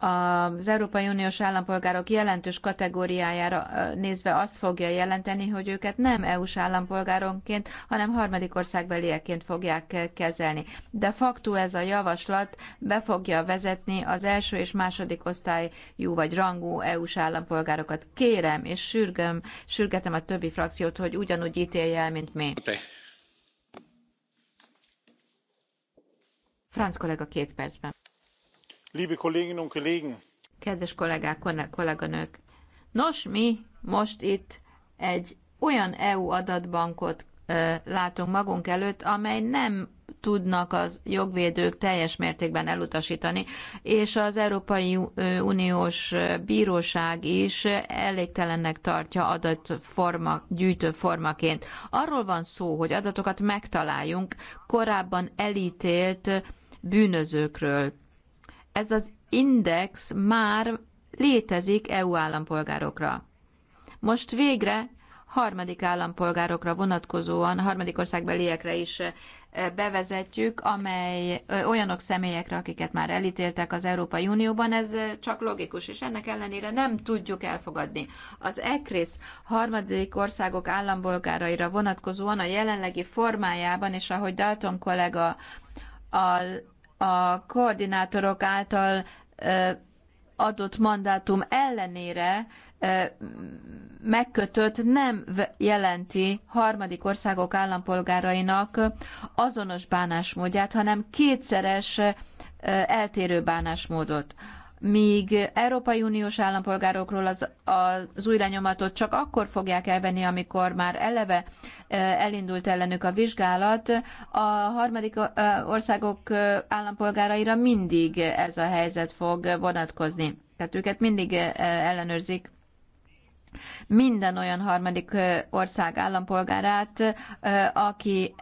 az Európai Uniós állampolgárok jelentős kategóriájára nézve azt fogja jelenteni, hogy őket nem EU-s állampolgáronként, hanem harmadik országbelieként fogják kezelni. De faktú ez a javaslat be fogja vezetni az első és második osztályú vagy rangú EU-s állampolgárokat. Kérem és sürgöm, sürgetem a többi frakciót, hogy ugyanúgy ítélje el, mint mi. Franz kollega két percben liebe Kolleginnen und Kollegen! Kedves kollégák, kolléganők! Nos, mi most itt egy olyan EU adatbankot ö, látunk magunk előtt, amely nem tudnak az jogvédők teljes mértékben elutasítani, és az Európai Uniós Bíróság is elégtelennek tartja adatforma, gyűjtőformaként. Arról van szó, hogy adatokat megtaláljunk korábban elítélt bűnözőkről ez az index már létezik EU állampolgárokra. Most végre harmadik állampolgárokra vonatkozóan, harmadik országbeliekre is eh, bevezetjük, amely eh, olyanok személyekre, akiket már elítéltek az Európai Unióban, ez eh, csak logikus, és ennek ellenére nem tudjuk elfogadni. Az ECRIS harmadik országok állampolgáraira vonatkozóan a jelenlegi formájában, és ahogy Dalton kollega a a koordinátorok által adott mandátum ellenére megkötött nem jelenti harmadik országok állampolgárainak azonos bánásmódját, hanem kétszeres eltérő bánásmódot míg Európai Uniós állampolgárokról az, az új lenyomatot csak akkor fogják elvenni, amikor már eleve elindult ellenük a vizsgálat, a harmadik országok állampolgáraira mindig ez a helyzet fog vonatkozni. Tehát őket mindig ellenőrzik minden olyan harmadik ország állampolgárát, aki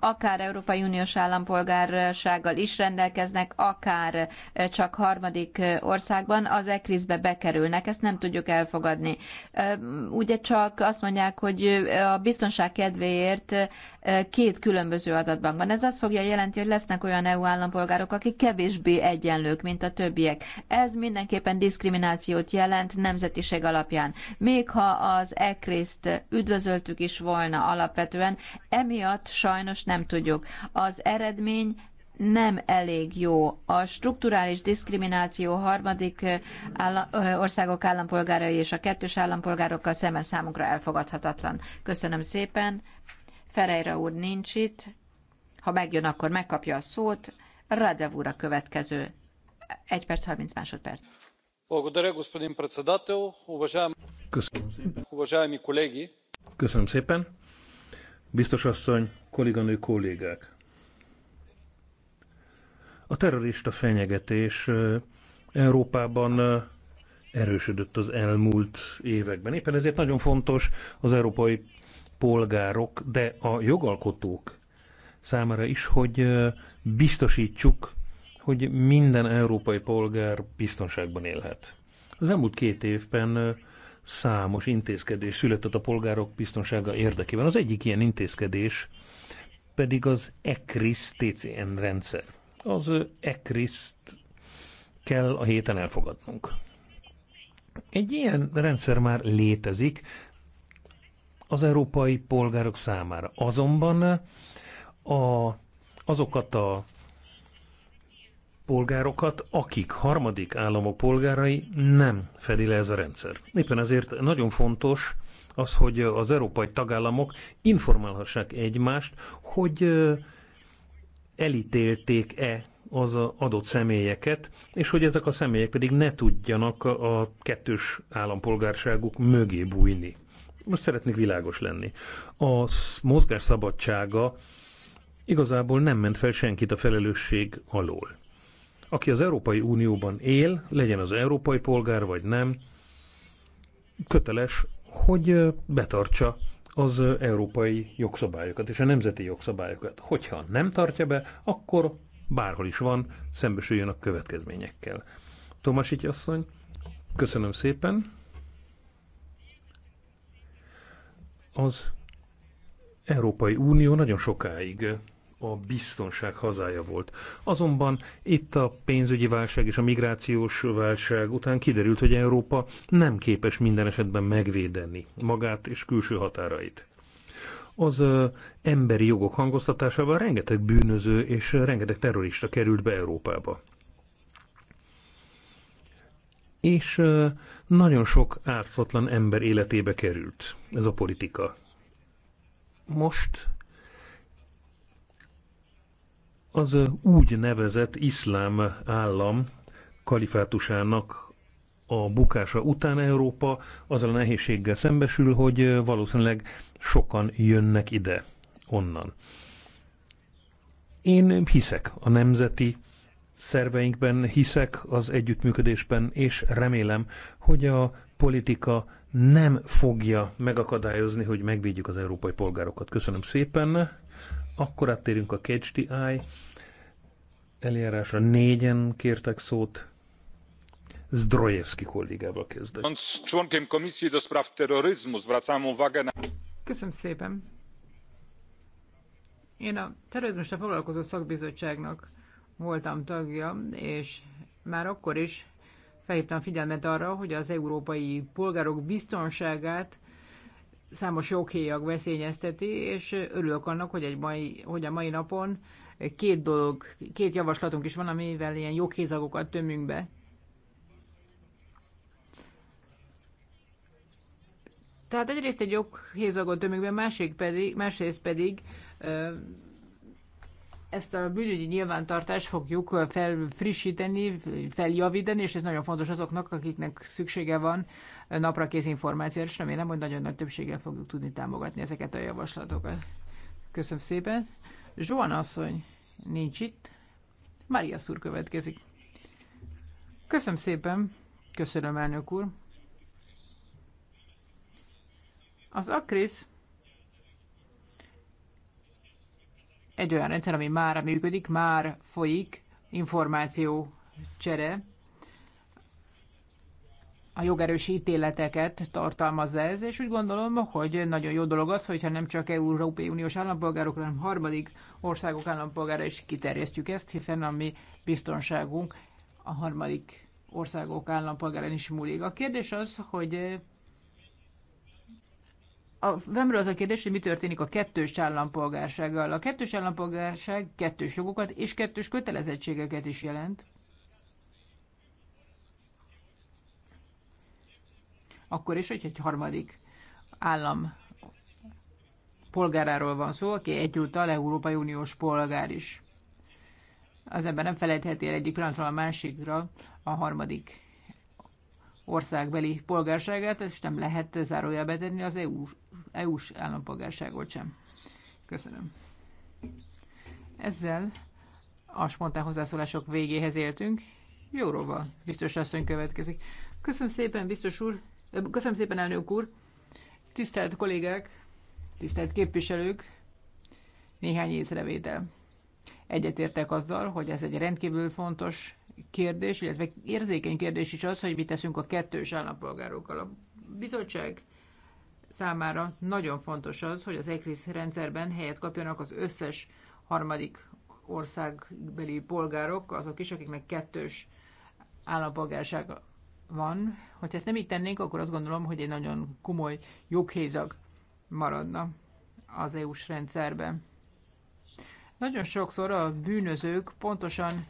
akár Európai Uniós állampolgársággal is rendelkeznek, akár eh, csak harmadik eh, országban, az ECRIS-be bekerülnek. Ezt nem tudjuk elfogadni. Eh, ugye csak azt mondják, hogy a biztonság kedvéért két különböző adatbankban. Ez azt fogja jelenti, hogy lesznek olyan EU állampolgárok, akik kevésbé egyenlők, mint a többiek. Ez mindenképpen diszkriminációt jelent nemzetiség alapján. Még ha az ECRIST üdvözöltük is volna alapvetően, emiatt sajnos nem tudjuk. Az eredmény nem elég jó. A strukturális diszkrimináció harmadik állam, országok állampolgárai és a kettős állampolgárokkal szemben számunkra elfogadhatatlan. Köszönöm szépen. Ferejra úr nincs itt, ha megjön, akkor megkapja a szót. Radev úr a következő. egy perc 30 másodperc. Köszönöm Köszönöm szépen. Biztos asszony, kolléganő kollégák. A terrorista fenyegetés Európában erősödött az elmúlt években. Éppen ezért nagyon fontos az európai polgárok, de a jogalkotók számára is, hogy biztosítsuk, hogy minden európai polgár biztonságban élhet. Az elmúlt két évben számos intézkedés született a polgárok biztonsága érdekében. Az egyik ilyen intézkedés pedig az ECRIS TCN rendszer. Az ecris kell a héten elfogadnunk. Egy ilyen rendszer már létezik, az európai polgárok számára. Azonban a, azokat a polgárokat, akik harmadik államok polgárai, nem fedi le ez a rendszer. Éppen ezért nagyon fontos az, hogy az európai tagállamok informálhassák egymást, hogy elítélték-e az adott személyeket, és hogy ezek a személyek pedig ne tudjanak a kettős állampolgárságuk mögé bújni most szeretnék világos lenni. A mozgás szabadsága igazából nem ment fel senkit a felelősség alól. Aki az Európai Unióban él, legyen az európai polgár vagy nem, köteles, hogy betartsa az európai jogszabályokat és a nemzeti jogszabályokat. Hogyha nem tartja be, akkor bárhol is van, szembesüljön a következményekkel. Tomasics asszony, köszönöm szépen. Az Európai Unió nagyon sokáig a biztonság hazája volt. Azonban itt a pénzügyi válság és a migrációs válság után kiderült, hogy Európa nem képes minden esetben megvédeni magát és külső határait. Az emberi jogok hangoztatásával rengeteg bűnöző és rengeteg terrorista került be Európába. És nagyon sok ártatlan ember életébe került ez a politika. Most az úgy nevezett iszlám állam kalifátusának a bukása után Európa azzal a nehézséggel szembesül, hogy valószínűleg sokan jönnek ide onnan. Én hiszek a nemzeti szerveinkben hiszek az együttműködésben, és remélem, hogy a politika nem fogja megakadályozni, hogy megvédjük az európai polgárokat. Köszönöm szépen. Akkor áttérünk a Catch the Eye eljárásra. Négyen kértek szót. Zdrojewski kollégával kezdek. Köszönöm szépen. Én a terrorizmusra foglalkozó szakbizottságnak voltam tagja, és már akkor is felhívtam figyelmet arra, hogy az európai polgárok biztonságát számos joghéjak veszélyezteti, és örülök annak, hogy, egy mai, hogy a mai napon két dolog, két javaslatunk is van, amivel ilyen joghézagokat tömünk be. Tehát egyrészt egy joghézagot tömünk be, másik pedig, másrészt pedig ezt a bűnügyi nyilvántartást fogjuk felfrissíteni, feljavítani, és ez nagyon fontos azoknak, akiknek szüksége van naprakész információra, és remélem, hogy nagyon nagy többséggel fogjuk tudni támogatni ezeket a javaslatokat. Köszönöm szépen. Zsóan asszony nincs itt. Mária szúr következik. Köszönöm szépen. Köszönöm, elnök úr. Az Akris egy olyan rendszer, ami már működik, már folyik információ csere. A jogerős ítéleteket tartalmazza ez, és úgy gondolom, hogy nagyon jó dolog az, hogyha nem csak Európai Uniós állampolgárok, hanem harmadik országok állampolgára is kiterjesztjük ezt, hiszen a mi biztonságunk a harmadik országok állampolgárán is múlik. A kérdés az, hogy a, Vemről az a kérdés, hogy mi történik a kettős állampolgársággal. A kettős állampolgárság kettős jogokat és kettős kötelezettségeket is jelent. Akkor is, hogy egy harmadik állam polgáráról van szó, aki egyúttal Európai Uniós polgár is. Az ember nem felejtheti el egyik pillanatról a másikra a harmadik országbeli polgárságát, és nem lehet zárója betenni az EU-s, e EU-s állampolgárságot sem. Köszönöm. Ezzel a spontán hozzászólások végéhez éltünk. Jóróval biztos asszony következik. Köszönöm szépen, biztos úr, köszönöm szépen, elnök úr, tisztelt kollégák, tisztelt képviselők, néhány észrevétel. Egyetértek azzal, hogy ez egy rendkívül fontos kérdés, illetve érzékeny kérdés is az, hogy mit teszünk a kettős állampolgárokkal. A bizottság számára nagyon fontos az, hogy az ECRIS rendszerben helyet kapjanak az összes harmadik országbeli polgárok, azok is, akiknek kettős állampolgársága van. Hogyha ezt nem így tennénk, akkor azt gondolom, hogy egy nagyon komoly joghézag maradna az EU-s rendszerben. Nagyon sokszor a bűnözők pontosan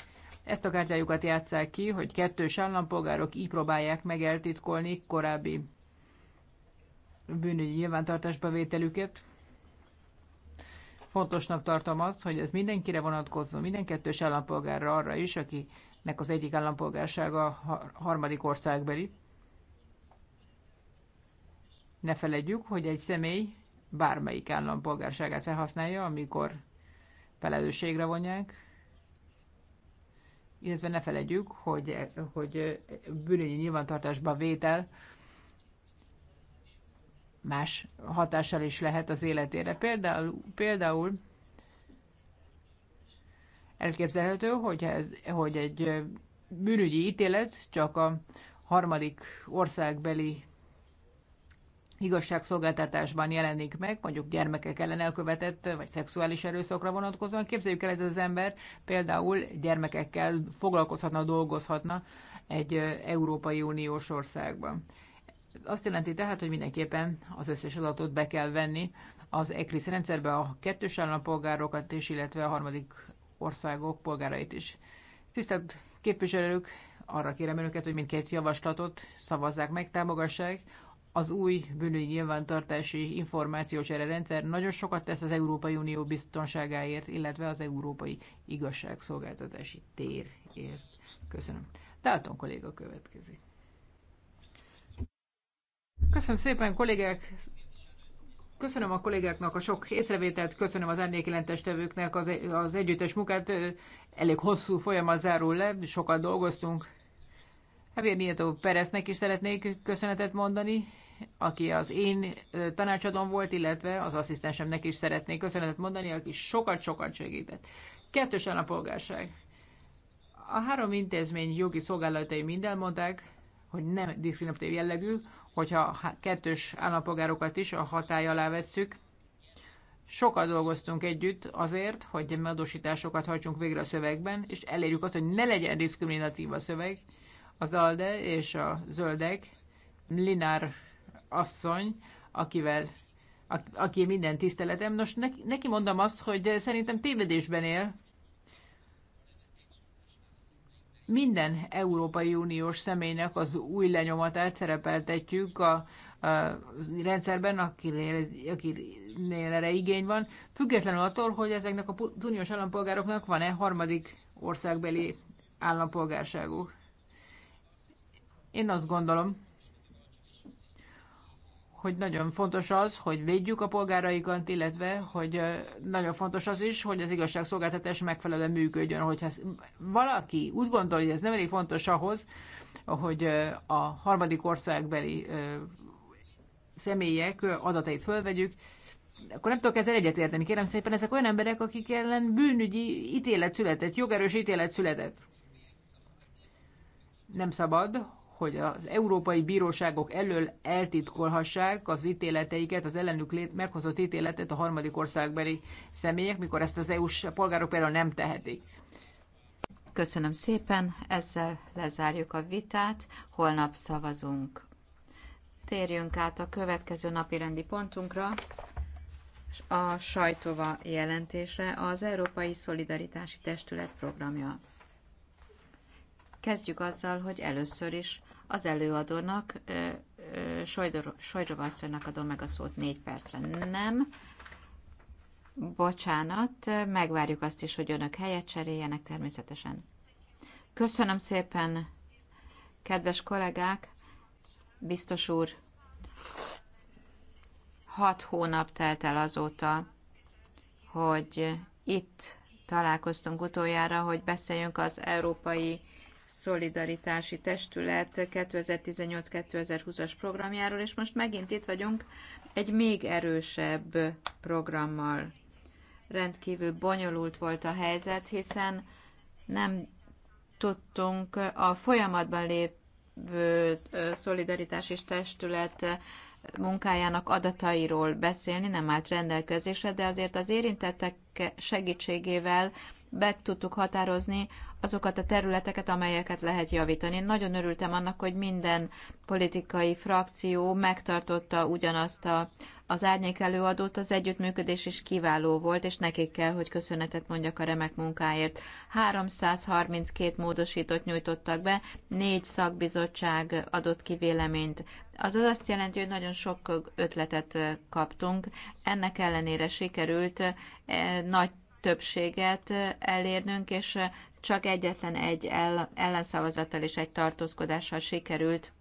ezt a kártyájukat játsszák ki, hogy kettős állampolgárok így próbálják meg eltitkolni korábbi bűnügyi nyilvántartásba vételüket. Fontosnak tartom azt, hogy ez mindenkire vonatkozzon, minden kettős állampolgárra arra is, akinek az egyik állampolgársága a harmadik országbeli. Ne feledjük, hogy egy személy bármelyik állampolgárságát felhasználja, amikor felelősségre vonják, illetve ne felejtjük, hogy, hogy bűnügyi nyilvántartásban vétel más hatással is lehet az életére. Például, például elképzelhető, hogy, ez, hogy egy bűnügyi ítélet csak a harmadik országbeli igazságszolgáltatásban jelenik meg, mondjuk gyermekek ellen elkövetett vagy szexuális erőszakra vonatkozóan. Képzeljük el, ez az ember például gyermekekkel foglalkozhatna, dolgozhatna egy Európai Uniós országban. Ez azt jelenti tehát, hogy mindenképpen az összes adatot be kell venni az ECRIS rendszerbe a kettős állampolgárokat és illetve a harmadik országok polgárait is. Tisztelt képviselők, arra kérem önöket, hogy mindkét javaslatot szavazzák meg, támogassák az új bűnügyi nyilvántartási információcsere rendszer nagyon sokat tesz az Európai Unió biztonságáért, illetve az európai igazságszolgáltatási térért. Köszönöm. Dalton kolléga következik. Köszönöm szépen, kollégák! Köszönöm a kollégáknak a sok észrevételt, köszönöm az tevőknek az, az együttes munkát. Elég hosszú folyamat zárul le, sokat dolgoztunk. Javier Nieto Pereznek is szeretnék köszönetet mondani, aki az én tanácsadom volt, illetve az asszisztensemnek is szeretnék köszönetet mondani, aki sokat-sokat segített. Kettős állampolgárság. A három intézmény jogi szolgálatai mind elmondták, hogy nem diszkriminatív jellegű, hogyha kettős állampolgárokat is a hatály alá vesszük. Sokat dolgoztunk együtt azért, hogy megadósításokat hajtsunk végre a szövegben, és elérjük azt, hogy ne legyen diszkriminatív a szöveg. Az ALDE és a Zöldek Linár asszony, akivel aki minden tiszteletem. Nos, neki, neki mondom azt, hogy szerintem tévedésben él. Minden Európai Uniós személynek az új lenyomatát szerepeltetjük a, a rendszerben, akinél, akinél erre igény van, függetlenül attól, hogy ezeknek a uniós állampolgároknak van-e harmadik országbeli állampolgárságuk. Én azt gondolom, hogy nagyon fontos az, hogy védjük a polgáraikat, illetve hogy nagyon fontos az is, hogy az igazságszolgáltatás megfelelően működjön. Hogyha valaki úgy gondolja, hogy ez nem elég fontos ahhoz, hogy a harmadik országbeli személyek adatait fölvegyük, akkor nem tudok ezzel egyetérteni. Kérem szépen, ezek olyan emberek, akik ellen bűnügyi ítélet született, jogerős ítélet született. Nem szabad, hogy az európai bíróságok elől eltitkolhassák az ítéleteiket, az ellenük meghozott ítéletet a harmadik országbeli személyek, mikor ezt az EU-s polgárok például nem tehetik. Köszönöm szépen, ezzel lezárjuk a vitát, holnap szavazunk. Térjünk át a következő napi rendi pontunkra, a sajtova jelentésre az Európai Szolidaritási Testület programja. Kezdjük azzal, hogy először is az előadónak, Sojdrova asszonynak adom meg a szót négy percre. Nem. Bocsánat, megvárjuk azt is, hogy önök helyet cseréljenek természetesen. Köszönöm szépen, kedves kollégák, biztos úr, hat hónap telt el azóta, hogy itt találkoztunk utoljára, hogy beszéljünk az európai Szolidaritási Testület 2018-2020-as programjáról, és most megint itt vagyunk egy még erősebb programmal. Rendkívül bonyolult volt a helyzet, hiszen nem tudtunk a folyamatban lévő szolidaritási testület munkájának adatairól beszélni, nem állt rendelkezésre, de azért az érintettek segítségével be tudtuk határozni azokat a területeket, amelyeket lehet javítani. Én nagyon örültem annak, hogy minden politikai frakció megtartotta ugyanazt a, az árnyék előadót, az együttműködés is kiváló volt, és nekik kell, hogy köszönetet mondjak a remek munkáért. 332 módosítót nyújtottak be, négy szakbizottság adott ki véleményt. Azaz azt jelenti, hogy nagyon sok ötletet kaptunk. Ennek ellenére sikerült eh, nagy többséget elérnünk, és csak egyetlen egy ellenszavazattal és egy tartózkodással sikerült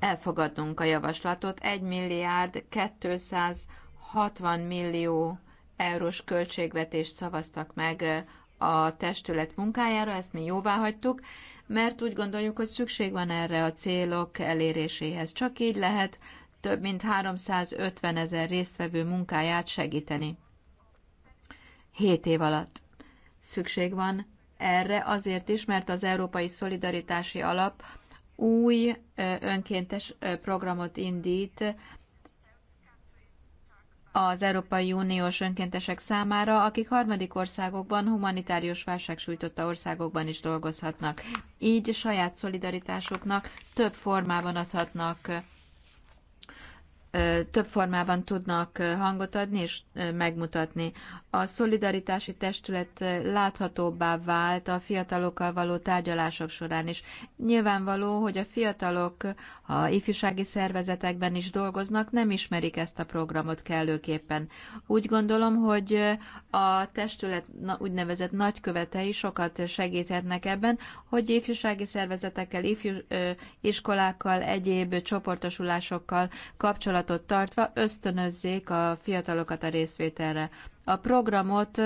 elfogadnunk a javaslatot. 1 milliárd 260 millió eurós költségvetést szavaztak meg a testület munkájára, ezt mi jóvá hagytuk, mert úgy gondoljuk, hogy szükség van erre a célok eléréséhez. Csak így lehet több mint 350 ezer résztvevő munkáját segíteni. 7 év alatt. Szükség van erre azért is, mert az Európai Szolidaritási Alap új önkéntes programot indít az Európai Uniós önkéntesek számára, akik harmadik országokban, humanitárius válság sújtotta országokban is dolgozhatnak. Így saját szolidaritásuknak több formában adhatnak több formában tudnak hangot adni és megmutatni. A szolidaritási testület láthatóbbá vált a fiatalokkal való tárgyalások során is. Nyilvánvaló, hogy a fiatalok, a ifjúsági szervezetekben is dolgoznak, nem ismerik ezt a programot kellőképpen. Úgy gondolom, hogy a testület úgynevezett nagykövetei sokat segíthetnek ebben, hogy ifjúsági szervezetekkel, ifjú, iskolákkal, egyéb csoportosulásokkal kapcsolatban kapcsolatot tartva ösztönözzék a fiatalokat a részvételre. A programot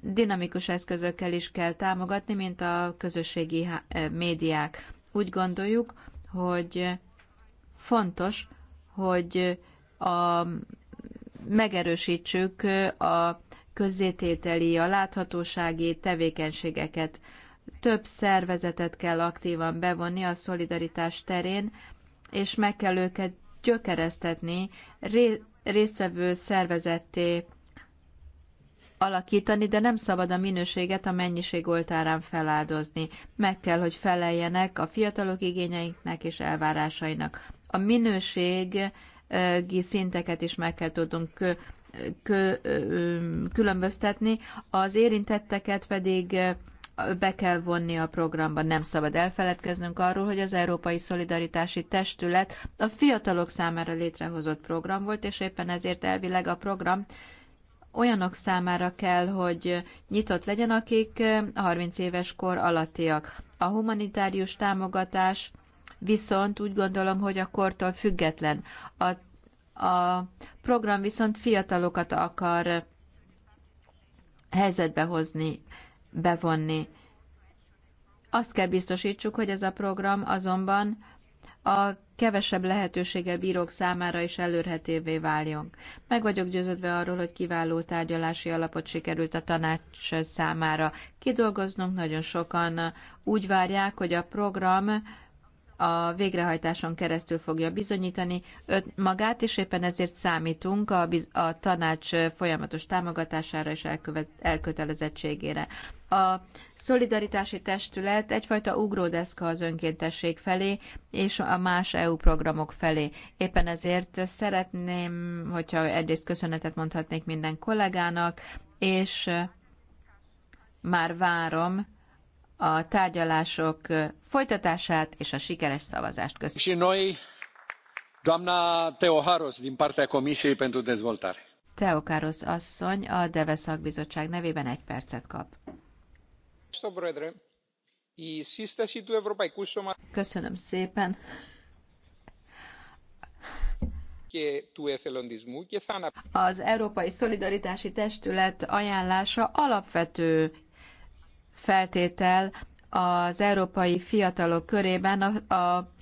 dinamikus eszközökkel is kell támogatni, mint a közösségi eh, médiák. Úgy gondoljuk, hogy fontos, hogy a, megerősítsük a közzétételi, a láthatósági tevékenységeket. Több szervezetet kell aktívan bevonni a szolidaritás terén, és meg kell őket gyökeresztetni, résztvevő szervezetté alakítani, de nem szabad a minőséget a mennyiség oltárán feláldozni. Meg kell, hogy feleljenek a fiatalok igényeinknek és elvárásainak. A minőségi szinteket is meg kell tudnunk különböztetni, az érintetteket pedig be kell vonni a programba. Nem szabad elfeledkeznünk arról, hogy az Európai Szolidaritási Testület a fiatalok számára létrehozott program volt, és éppen ezért elvileg a program olyanok számára kell, hogy nyitott legyen, akik 30 eh, éves kor alattiak. A humanitárius támogatás viszont úgy gondolom, hogy a kortól független. A, a program viszont fiatalokat akar helyzetbe hozni bevonni. Azt kell biztosítsuk, hogy ez a program azonban a kevesebb lehetőséggel bírók számára is előrhetévé váljon. Meg vagyok győződve arról, hogy kiváló tárgyalási alapot sikerült a tanács számára kidolgoznunk. Nagyon sokan úgy várják, hogy a program a végrehajtáson keresztül fogja bizonyítani magát, és éppen ezért számítunk a, a tanács folyamatos támogatására és elkövet, elkötelezettségére. A szolidaritási testület egyfajta ugródeszka az önkéntesség felé és a más EU programok felé. Éppen ezért szeretném, hogyha egyrészt köszönetet mondhatnék minden kollégának, és már várom a tárgyalások folytatását és a sikeres szavazást. Köszönöm. Doamna Teoharos, asszony a Deve szakbizottság nevében egy percet kap. Köszönöm szépen. Az Európai Szolidaritási Testület ajánlása alapvető feltétel az európai fiatalok körében a, a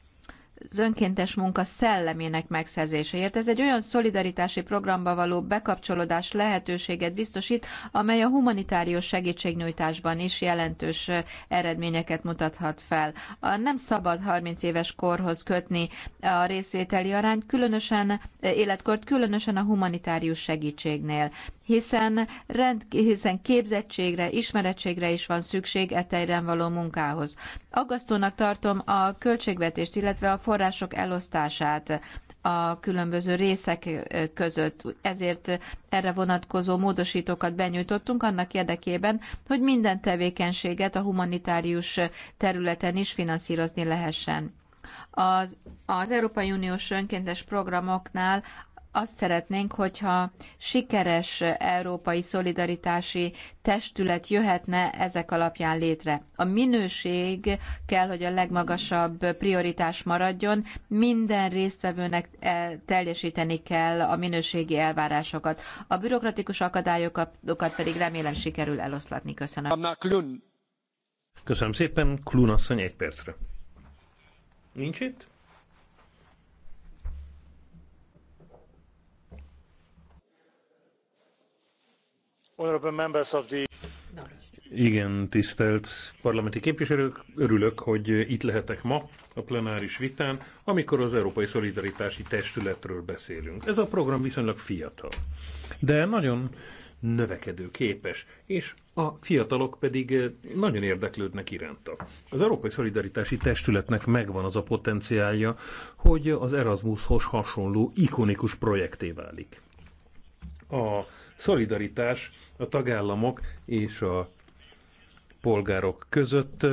az önkéntes munka szellemének megszerzéséért. Ez egy olyan szolidaritási programba való bekapcsolódás lehetőséget biztosít, amely a humanitárius segítségnyújtásban is jelentős eredményeket mutathat fel. A nem szabad 30 éves korhoz kötni a részvételi arány, különösen életkort, különösen a humanitárius segítségnél hiszen, rend, hiszen képzettségre, ismerettségre is van szükség e való munkához. Aggasztónak tartom a költségvetést, illetve a források elosztását a különböző részek között. Ezért erre vonatkozó módosítókat benyújtottunk annak érdekében, hogy minden tevékenységet a humanitárius területen is finanszírozni lehessen. Az, az Európai Uniós önkéntes programoknál azt szeretnénk, hogyha sikeres európai szolidaritási testület jöhetne ezek alapján létre. A minőség kell, hogy a legmagasabb prioritás maradjon, minden résztvevőnek e- teljesíteni kell a minőségi elvárásokat. A bürokratikus akadályokat pedig remélem sikerül eloszlatni. Köszönöm. Köszönöm szépen, Klun asszony egy percre. Nincs itt? Igen, tisztelt parlamenti képviselők, örülök, hogy itt lehetek ma a plenáris vitán, amikor az Európai Szolidaritási Testületről beszélünk. Ez a program viszonylag fiatal, de nagyon növekedő képes, és a fiatalok pedig nagyon érdeklődnek iránta. Az Európai Szolidaritási Testületnek megvan az a potenciálja, hogy az Erasmushoz hasonló ikonikus projekté válik. A szolidaritás a tagállamok és a polgárok között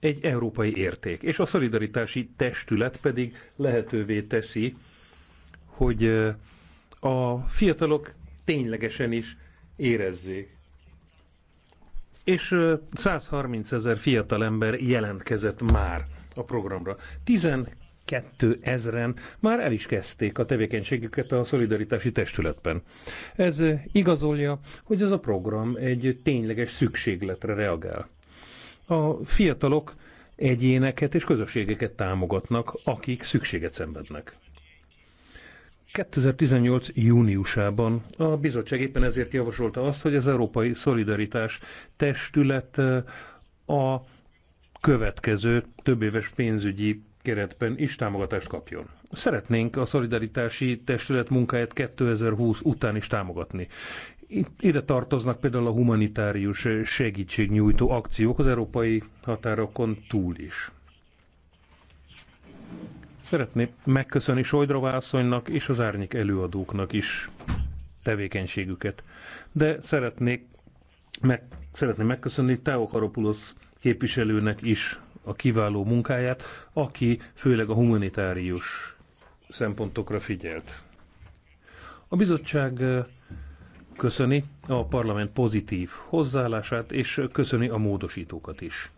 egy európai érték. És a szolidaritási testület pedig lehetővé teszi, hogy a fiatalok ténylegesen is érezzék. És 130 ezer ember jelentkezett már a programra. 2000-en már el is kezdték a tevékenységüket a szolidaritási testületben. Ez igazolja, hogy ez a program egy tényleges szükségletre reagál. A fiatalok egyéneket és közösségeket támogatnak, akik szükséget szenvednek. 2018. júniusában a bizottság éppen ezért javasolta azt, hogy az Európai Szolidaritás Testület a következő többéves pénzügyi keretben is támogatást kapjon. Szeretnénk a Szolidaritási Testület munkáját 2020 után is támogatni. Ide tartoznak például a humanitárius segítségnyújtó akciók az európai határokon túl is. Szeretném megköszönni Sojdrova asszonynak és az árnyék előadóknak is tevékenységüket. De szeretnék meg, szeretném megköszönni Karopulosz képviselőnek is a kiváló munkáját, aki főleg a humanitárius szempontokra figyelt. A bizottság köszöni a parlament pozitív hozzáállását, és köszöni a módosítókat is.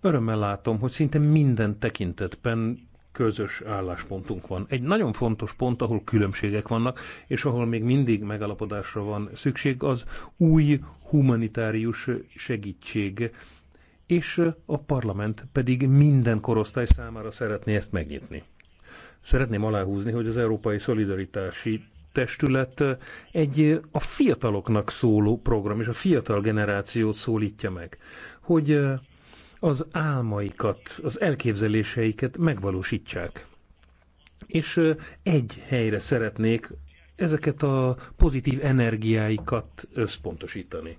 Örömmel látom, hogy szinte minden tekintetben közös álláspontunk van. Egy nagyon fontos pont, ahol különbségek vannak, és ahol még mindig megalapodásra van szükség, az új humanitárius segítség és a parlament pedig minden korosztály számára szeretné ezt megnyitni. Szeretném aláhúzni, hogy az Európai Szolidaritási Testület egy a fiataloknak szóló program, és a fiatal generációt szólítja meg, hogy az álmaikat, az elképzeléseiket megvalósítsák. És egy helyre szeretnék ezeket a pozitív energiáikat összpontosítani.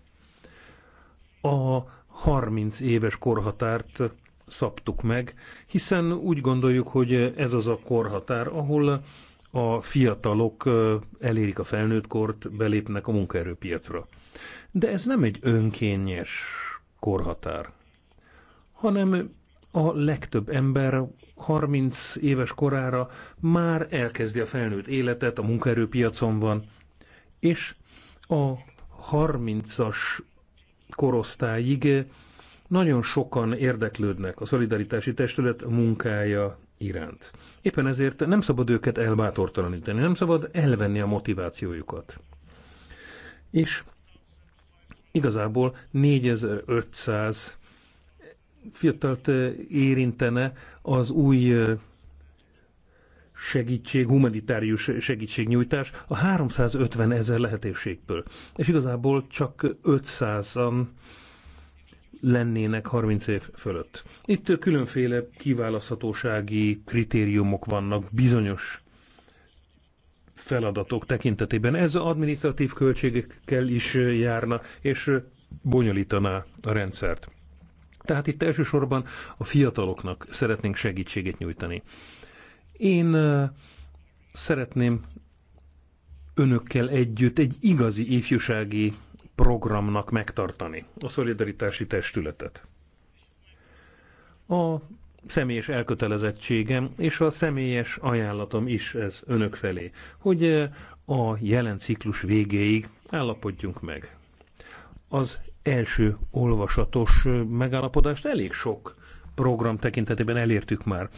A 30 éves korhatárt szabtuk meg, hiszen úgy gondoljuk, hogy ez az a korhatár, ahol a fiatalok elérik a felnőtt kort, belépnek a munkaerőpiacra. De ez nem egy önkényes korhatár, hanem a legtöbb ember 30 éves korára már elkezdi a felnőtt életet, a munkaerőpiacon van, és a 30-as korosztályig nagyon sokan érdeklődnek a szolidaritási testület munkája iránt. Éppen ezért nem szabad őket elbátortalanítani, nem szabad elvenni a motivációjukat. És igazából 4500 fiatalt érintene az új segítség, humanitárius segítségnyújtás a 350 ezer lehetőségből. És igazából csak 500-an lennének 30 év fölött. Itt különféle kiválaszthatósági kritériumok vannak bizonyos feladatok tekintetében. Ez adminisztratív költségekkel is járna, és bonyolítaná a rendszert. Tehát itt elsősorban a fiataloknak szeretnénk segítséget nyújtani. Én szeretném önökkel együtt egy igazi ifjúsági programnak megtartani a szolidaritási testületet. A személyes elkötelezettségem és a személyes ajánlatom is ez önök felé, hogy a jelen ciklus végéig állapodjunk meg. Az első olvasatos megállapodást elég sok program tekintetében elértük már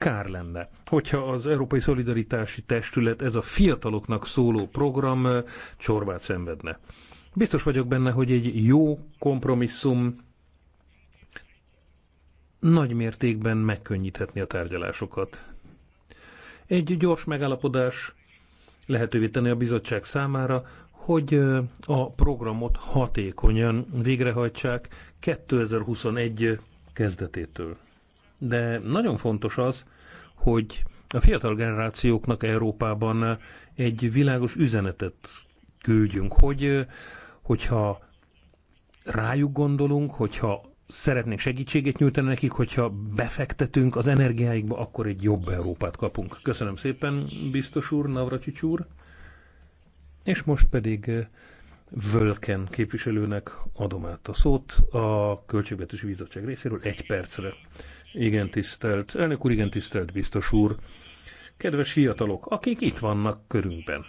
kár lenne, hogyha az Európai Szolidaritási Testület, ez a fiataloknak szóló program eh, csorvát szenvedne. Biztos vagyok benne, hogy egy jó kompromisszum nagy mértékben megkönnyíthetni a tárgyalásokat. Egy gyors megállapodás lehetővé tenni a bizottság számára, hogy eh, a programot hatékonyan végrehajtsák 2021 kezdetétől de nagyon fontos az, hogy a fiatal generációknak Európában egy világos üzenetet küldjünk, hogy hogyha rájuk gondolunk, hogyha szeretnénk segítséget nyújtani nekik, hogyha befektetünk az energiáikba, akkor egy jobb Európát kapunk. Köszönöm szépen, biztos úr, Navracsics úr. És most pedig eh, Völken képviselőnek adom át a szót a Költségvetési Bizottság részéről egy percre. Igen, tisztelt. Elnök úr, igen, tisztelt biztos úr. Kedves fiatalok, akik itt vannak körünkben.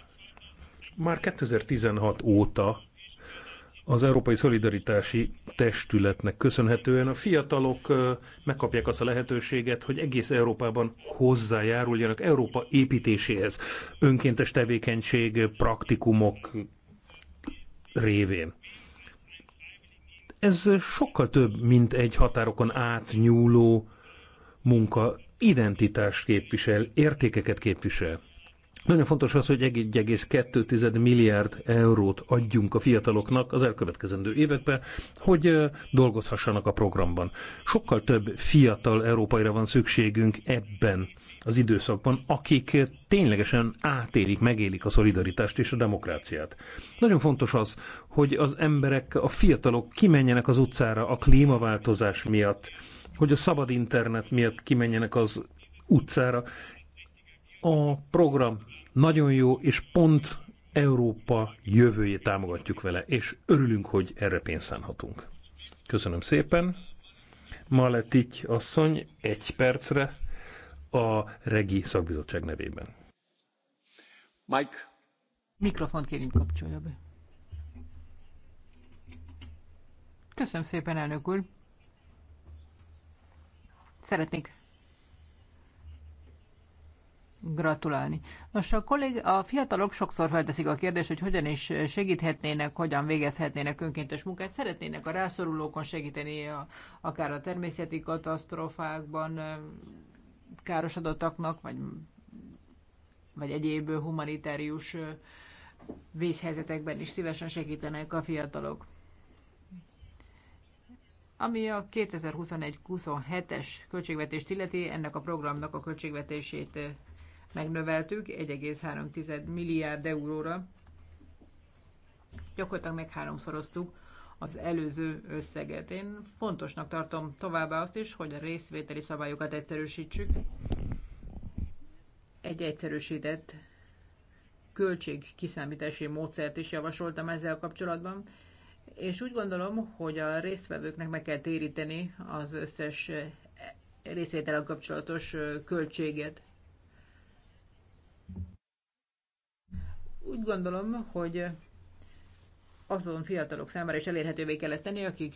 Már 2016 óta az Európai Szolidaritási Testületnek köszönhetően a fiatalok megkapják azt a lehetőséget, hogy egész Európában hozzájáruljanak Európa építéséhez, önkéntes tevékenység, praktikumok révén. Ez sokkal több, mint egy határokon átnyúló munka identitást képvisel, értékeket képvisel. Nagyon fontos az, hogy 1,2 milliárd eurót adjunk a fiataloknak az elkövetkezendő években, hogy dolgozhassanak a programban. Sokkal több fiatal európaira van szükségünk ebben az időszakban, akik ténylegesen átélik, megélik a szolidaritást és a demokráciát. Nagyon fontos az, hogy az emberek, a fiatalok kimenjenek az utcára a klímaváltozás miatt, hogy a szabad internet miatt kimenjenek az utcára. A program nagyon jó, és pont Európa jövőjét támogatjuk vele, és örülünk, hogy erre pénzt szánhatunk. Köszönöm szépen. Maletic asszony, egy percre a Regi Szakbizottság nevében. Mike. Mikrofont kérünk kapcsolja be. Köszönöm szépen, elnök úr. Szeretnék gratulálni. Nos, a, kollég, a fiatalok sokszor felteszik a kérdést, hogy hogyan is segíthetnének, hogyan végezhetnének önkéntes munkát, szeretnének a rászorulókon segíteni, a, akár a természeti katasztrófákban károsodottaknak, vagy, vagy egyéb humanitárius vészhelyzetekben is szívesen segítenek a fiatalok. Ami a 2021-27-es költségvetést illeti, ennek a programnak a költségvetését eh, megnöveltük 1,3 milliárd euróra. Gyakorlatilag megháromszoroztuk az előző összeget. Én fontosnak tartom továbbá azt is, hogy a részvételi szabályokat egyszerűsítsük. Egy egyszerűsített költség kiszámítási módszert is javasoltam ezzel kapcsolatban és úgy gondolom, hogy a résztvevőknek meg kell téríteni az összes részvétel kapcsolatos költséget. Úgy gondolom, hogy azon fiatalok számára is elérhetővé kell ezt tenni, akik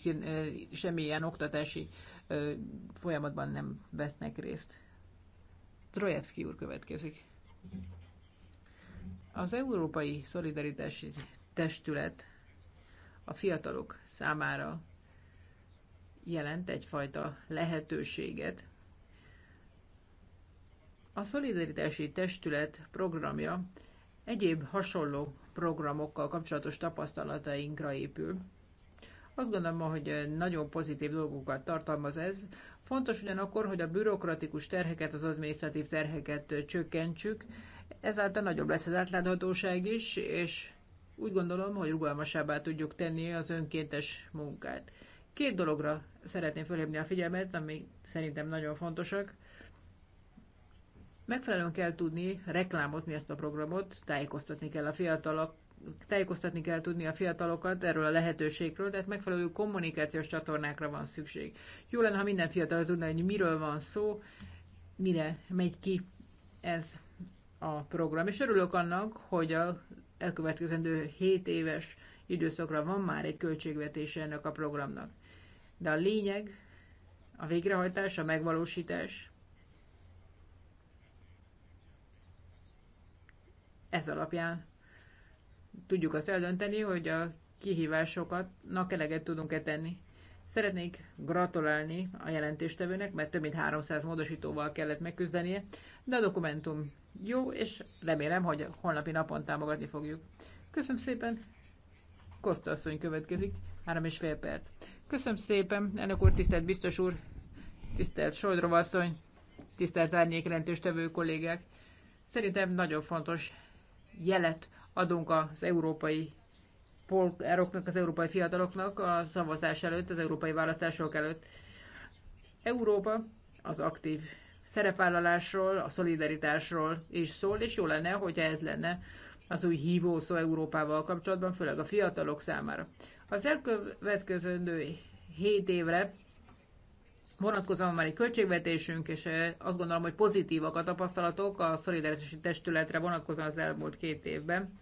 semmilyen oktatási folyamatban nem vesznek részt. Trojevski úr következik. Az Európai Szolidaritási Testület a fiatalok számára jelent egyfajta lehetőséget. A Szolidaritási Testület programja egyéb hasonló programokkal kapcsolatos tapasztalatainkra épül. Azt gondolom, hogy nagyon pozitív dolgokat tartalmaz ez. Fontos ugyanakkor, hogy a bürokratikus terheket, az adminisztratív terheket csökkentsük, ezáltal nagyobb lesz az átláthatóság is, és úgy gondolom, hogy rugalmasabbá tudjuk tenni az önkéntes munkát. Két dologra szeretném felhívni a figyelmet, ami szerintem nagyon fontosak. Megfelelően kell tudni reklámozni ezt a programot, tájékoztatni kell a fiatalok, tájékoztatni kell tudni a fiatalokat erről a lehetőségről, tehát megfelelő kommunikációs csatornákra van szükség. Jó lenne, ha minden fiatal tudna, hogy miről van szó, mire megy ki ez a program. És örülök annak, hogy a elkövetkezendő 7 éves időszakra van már egy költségvetése ennek a programnak. De a lényeg, a végrehajtás, a megvalósítás, ez alapján tudjuk azt eldönteni, hogy a kihívásoknak eleget tudunk-e tenni. Szeretnék gratulálni a jelentéstevőnek, mert több mint 300 módosítóval kellett megküzdenie, de a dokumentum jó, és remélem, hogy holnapi napon támogatni fogjuk. Köszönöm szépen. Koszta asszony következik, három és fél perc. Köszönöm szépen, elnök úr, tisztelt biztos úr, tisztelt Sojdrov asszony, tisztelt árnyékrendős tevő kollégák. Szerintem nagyon fontos jelet adunk az európai polgároknak, az európai fiataloknak a szavazás előtt, az európai választások előtt. Európa az aktív szerepvállalásról, a szolidaritásról is szól, és jó lenne, hogyha ez lenne az új hívószó Európával kapcsolatban, főleg a fiatalok számára. Az elkövetkező 7 évre vonatkozóan már egy költségvetésünk, és eh, azt gondolom, hogy pozitívak a tapasztalatok a szolidaritási testületre vonatkozóan az elmúlt két évben.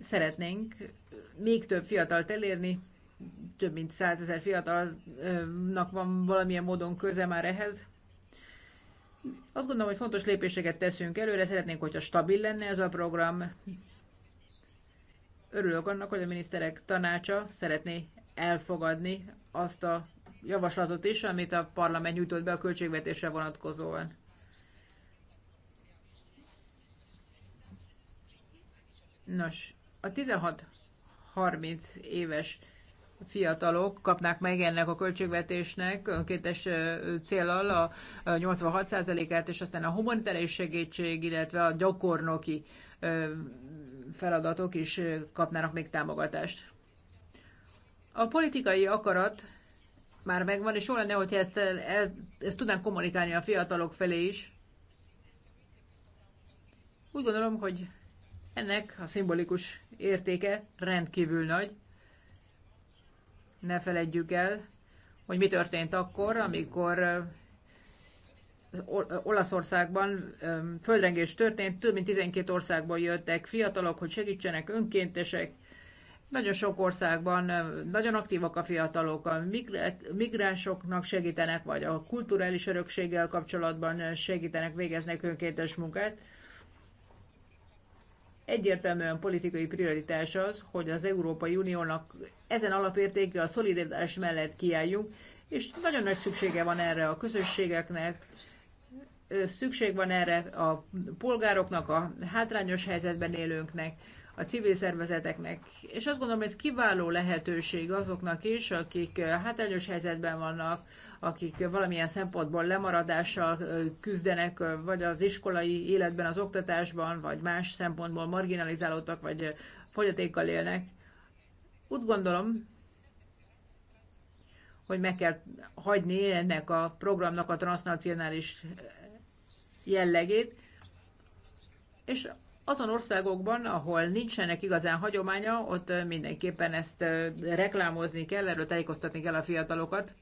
Szeretnénk még több fiatalt elérni, több mint százezer fiatalnak van valamilyen módon köze már ehhez. Azt gondolom, hogy fontos lépéseket teszünk előre, szeretnénk, hogyha stabil lenne ez a program. Örülök annak, hogy a miniszterek tanácsa szeretné elfogadni azt a javaslatot is, amit a parlament nyújtott be a költségvetésre vonatkozóan. Nos, a 16-30 éves fiatalok kapnák meg ennek a költségvetésnek önkéntes célal a 86%-át, és aztán a humanitárius segítség, illetve a gyakornoki feladatok is kapnának még támogatást. A politikai akarat már megvan, és jó lenne, hogyha ezt, el, ezt tudnánk kommunikálni a fiatalok felé is. Úgy gondolom, hogy ennek a szimbolikus értéke rendkívül nagy. Ne feledjük el, hogy mi történt akkor, amikor Olaszországban földrengés történt, több mint 12 országból jöttek fiatalok, hogy segítsenek, önkéntesek. Nagyon sok országban nagyon aktívak a fiatalok, a migránsoknak segítenek, vagy a kulturális örökséggel kapcsolatban segítenek, végeznek önkéntes munkát. Egyértelműen politikai prioritás az, hogy az Európai Uniónak ezen alapértéke a szolidaritás mellett kiálljunk, és nagyon nagy szüksége van erre a közösségeknek, szükség van erre a polgároknak, a hátrányos helyzetben élőnknek, a civil szervezeteknek. És azt gondolom, ez kiváló lehetőség azoknak is, akik hátrányos helyzetben vannak, akik valamilyen szempontból lemaradással küzdenek, vagy az iskolai életben, az oktatásban, vagy más szempontból marginalizálódtak, vagy fogyatékkal élnek. Úgy gondolom, hogy meg kell hagyni ennek a programnak a transnacionális jellegét, és azon országokban, ahol nincsenek igazán hagyománya, ott mindenképpen ezt reklámozni kell, erről tájékoztatni kell a fiatalokat.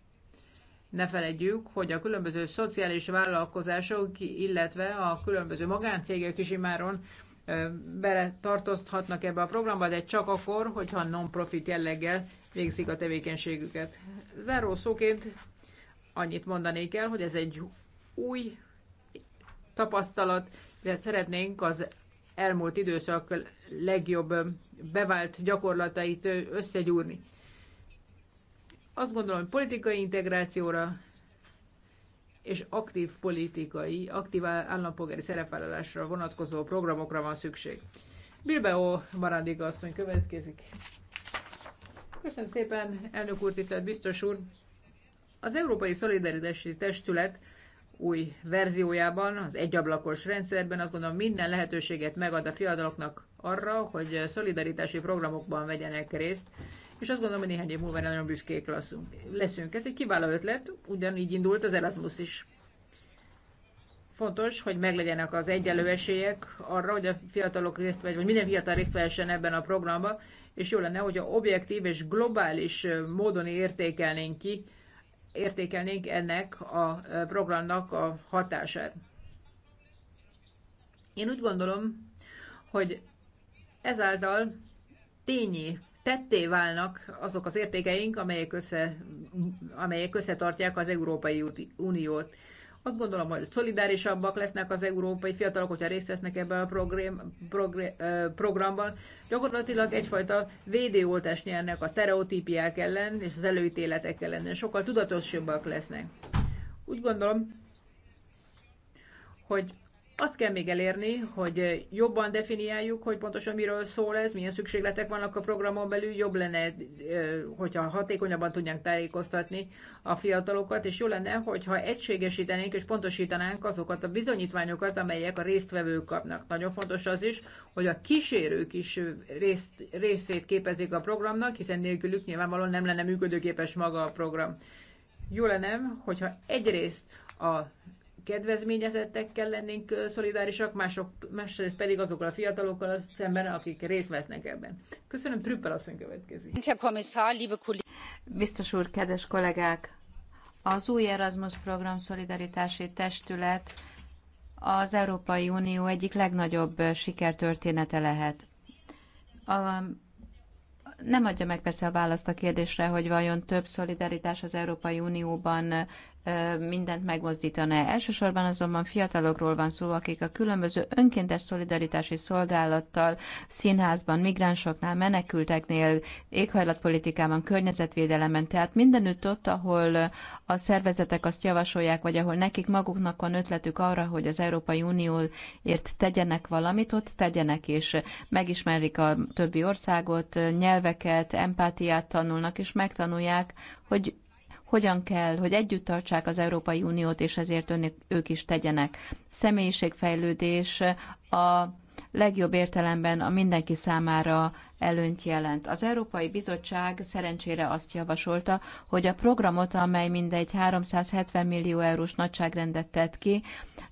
Ne felejtjük, hogy a különböző szociális vállalkozások, illetve a különböző magáncégek is imáron bele tartozhatnak ebbe a programba, de csak akkor, hogyha non-profit jelleggel végzik a tevékenységüket. Záró szóként annyit mondanék el, hogy ez egy új tapasztalat, de szeretnénk az elmúlt időszak legjobb bevált gyakorlatait összegyúrni. Azt gondolom, hogy politikai integrációra és aktív politikai, aktív állampolgári szerepvállalásra vonatkozó programokra van szükség. Bilbao Barandiga asszony következik. Köszönöm szépen, elnök úr, tisztelt biztos úr! Az Európai Szolidaritási Testület új verziójában, az egyablakos rendszerben azt gondolom minden lehetőséget megad a fiataloknak arra, hogy szolidaritási programokban vegyenek részt, és azt gondolom, hogy néhány év múlva nagyon büszkék leszünk. Ez egy kiváló ötlet, ugyanígy indult az Erasmus is. Fontos, hogy meglegyenek az egyenlő esélyek arra, hogy a fiatalok részt vegyenek, vagy minden fiatal részt vehessen ebben a programban, és jó lenne, hogy a objektív és globális módon értékelnénk ki, értékelnénk ennek a programnak a hatását. Én úgy gondolom, hogy ezáltal tényi tetté válnak azok az értékeink, amelyek, össze, amelyek összetartják az Európai Uniót. Azt gondolom, hogy szolidárisabbak lesznek az európai fiatalok, hogyha részt vesznek ebben a program, program, programban. Gyakorlatilag egyfajta védőoltást nyernek a sztereotípiák ellen és az előítéletek ellen. Sokkal tudatosabbak lesznek. Úgy gondolom, hogy azt kell még elérni, hogy jobban definiáljuk, hogy pontosan miről szól ez, milyen szükségletek vannak a programon belül, jobb lenne, hogyha hatékonyabban tudnánk tájékoztatni a fiatalokat, és jó lenne, hogyha egységesítenénk és pontosítanánk azokat a bizonyítványokat, amelyek a résztvevők kapnak. Nagyon fontos az is, hogy a kísérők is részt, részét képezik a programnak, hiszen nélkülük nyilvánvalóan nem lenne működőképes maga a program. Jó lenne, hogyha egyrészt a kedvezményezettekkel lennénk szolidárisak, mások, másrészt pedig azokkal a fiatalokkal szemben, akik részt vesznek ebben. Köszönöm, Trüppel asszony következik. Biztos úr, kedves kollégák! Az új Erasmus program szolidaritási testület az Európai Unió egyik legnagyobb sikertörténete lehet. A, nem adja meg persze a választ a kérdésre, hogy vajon több szolidaritás az Európai Unióban mindent megmozdítana. Elsősorban azonban fiatalokról van szó, akik a különböző önkéntes szolidaritási szolgálattal, színházban, migránsoknál, menekülteknél, éghajlatpolitikában, környezetvédelemen, tehát mindenütt ott, ahol a szervezetek azt javasolják, vagy ahol nekik maguknak van ötletük arra, hogy az Európai Unióért tegyenek valamit, ott tegyenek, és megismerik a többi országot, nyelveket, empátiát tanulnak, és megtanulják, hogy hogyan kell, hogy együtt tartsák az Európai Uniót, és ezért önök, ők is tegyenek. Személyiségfejlődés a legjobb értelemben a mindenki számára előnyt jelent. Az Európai Bizottság szerencsére azt javasolta, hogy a programot, amely mindegy 370 millió eurós nagyságrendet tett ki,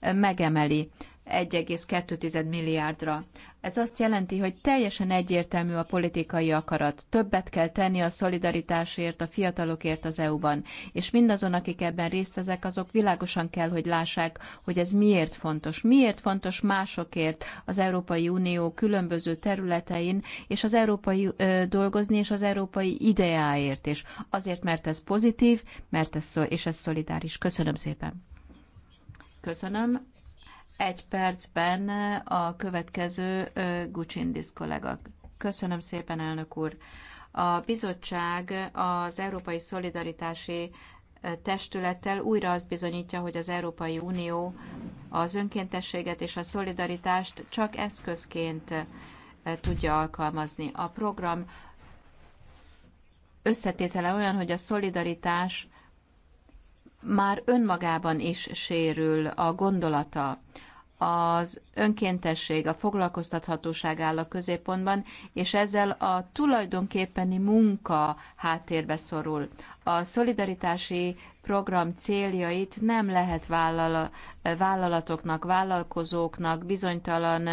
megemeli. 1,2 milliárdra. Ez azt jelenti, hogy teljesen egyértelmű a politikai akarat. Többet kell tenni a szolidaritásért, a fiatalokért az EU-ban. És mindazon, akik ebben részt vezek, azok világosan kell, hogy lássák, hogy ez miért fontos. Miért fontos másokért az Európai Unió különböző területein, és az európai ö, dolgozni, és az európai ideáért is. Azért, mert ez pozitív, mert ez, és ez szolidáris. Köszönöm szépen. Köszönöm egy percben a következő Gucsindis kollega. Köszönöm szépen, elnök úr. A bizottság az Európai Szolidaritási testülettel újra azt bizonyítja, hogy az Európai Unió az önkéntességet és a szolidaritást csak eszközként tudja alkalmazni. A program összetétele olyan, hogy a szolidaritás már önmagában is sérül a gondolata az önkéntesség, a foglalkoztathatóság áll a középpontban, és ezzel a tulajdonképpeni munka háttérbe szorul. A szolidaritási program céljait nem lehet vállal, vállalatoknak, vállalkozóknak, bizonytalan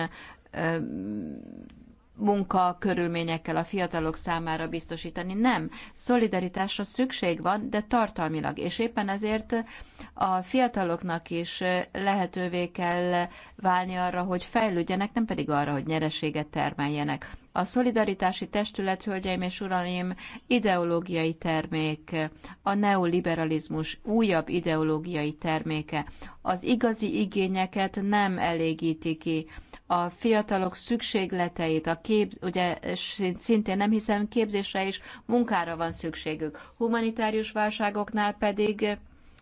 munkakörülményekkel a fiatalok számára biztosítani. Nem. Szolidaritásra szükség van, de tartalmilag. És éppen ezért a fiataloknak is lehetővé kell válni arra, hogy fejlődjenek, nem pedig arra, hogy nyereséget termeljenek. A szolidaritási testület, hölgyeim és uraim, ideológiai termék, a neoliberalizmus újabb ideológiai terméke. Az igazi igényeket nem elégíti ki. A fiatalok szükségleteit, a kép, ugye szintén nem hiszem képzésre is munkára van szükségük. Humanitárius válságoknál pedig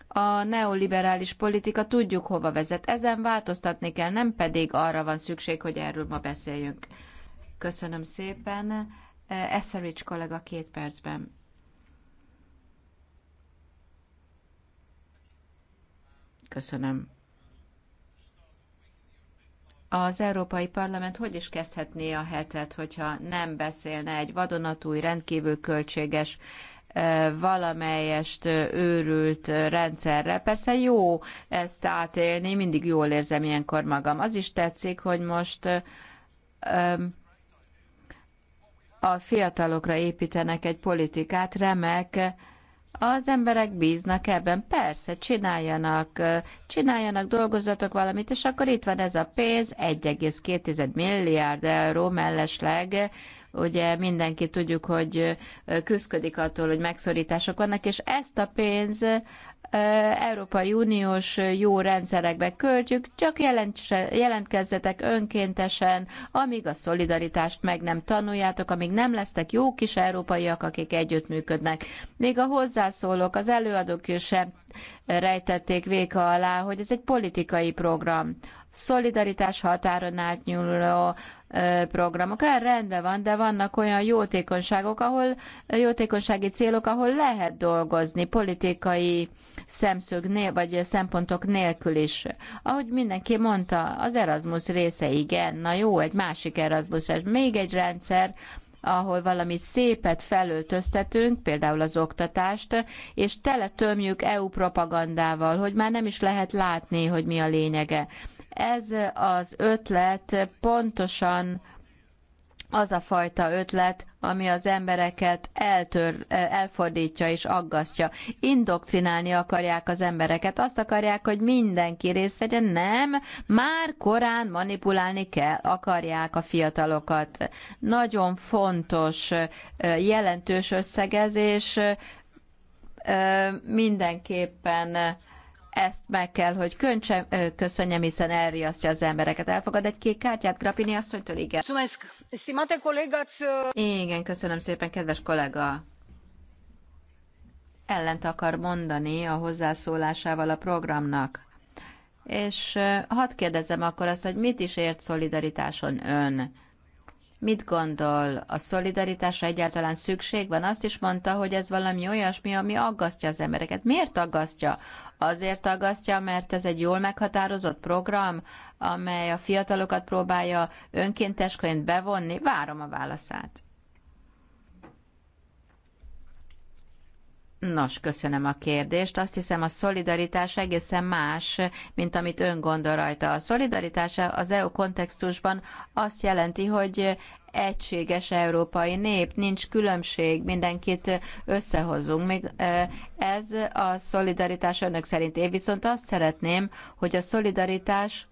a neoliberális politika tudjuk hova vezet. Ezen változtatni kell, nem pedig arra van szükség, hogy erről ma beszéljünk. Köszönöm szépen. Eszerics kollega két percben. Köszönöm. Az Európai Parlament hogy is kezdhetné a hetet, hogyha nem beszélne egy vadonatúj, rendkívül költséges e, valamelyest e, őrült e, rendszerre. Persze jó ezt átélni, mindig jól érzem ilyenkor magam. Az is tetszik, hogy most a fiatalokra építenek egy politikát, remek, az emberek bíznak ebben, persze, csináljanak, csináljanak, dolgozatok valamit, és akkor itt van ez a pénz, 1,2 milliárd euró mellesleg, ugye mindenki tudjuk, hogy küzdik attól, hogy megszorítások vannak, és ezt a pénz Európai Uniós jó rendszerekbe költjük, csak jelentkezzetek önkéntesen, amíg a szolidaritást meg nem tanuljátok, amíg nem lesztek jó kis európaiak, akik együttműködnek. Még a hozzászólók, az előadók is sem rejtették véka alá, hogy ez egy politikai program. Szolidaritás határon átnyúló, programok. El hát rendben van, de vannak olyan jótékonyságok, ahol jótékonysági célok, ahol lehet dolgozni politikai szemszög vagy szempontok nélkül is. Ahogy mindenki mondta, az Erasmus része igen, na jó, egy másik Erasmus, és még egy rendszer, ahol valami szépet felöltöztetünk, például az oktatást, és tele tömjük EU propagandával, hogy már nem is lehet látni, hogy mi a lényege. Ez az ötlet pontosan az a fajta ötlet, ami az embereket eltör, elfordítja és aggasztja. Indoktrinálni akarják az embereket. Azt akarják, hogy mindenki részt vegyen. Nem, már korán manipulálni kell, akarják a fiatalokat. Nagyon fontos, jelentős összegezés mindenképpen ezt meg kell, hogy köntse, köszönjem, hiszen elriasztja az embereket. Elfogad egy kék kártyát Grapini asszonytól? Igen. Igen, köszönöm szépen, kedves kollega. Ellent akar mondani a hozzászólásával a programnak. És hadd kérdezem akkor azt, hogy mit is ért szolidaritáson ön? Mit gondol? A szolidaritásra egyáltalán szükség van? Azt is mondta, hogy ez valami olyasmi, ami aggasztja az embereket. Miért aggasztja? Azért aggasztja, mert ez egy jól meghatározott program, amely a fiatalokat próbálja önkéntesként bevonni. Várom a válaszát. Nos, köszönöm a kérdést. Azt hiszem, a szolidaritás egészen más, mint amit ön gondol rajta. A szolidaritás az EU kontextusban azt jelenti, hogy egységes európai nép, nincs különbség, mindenkit összehozunk. Még ez a szolidaritás önök szerint. Én viszont azt szeretném, hogy a szolidaritás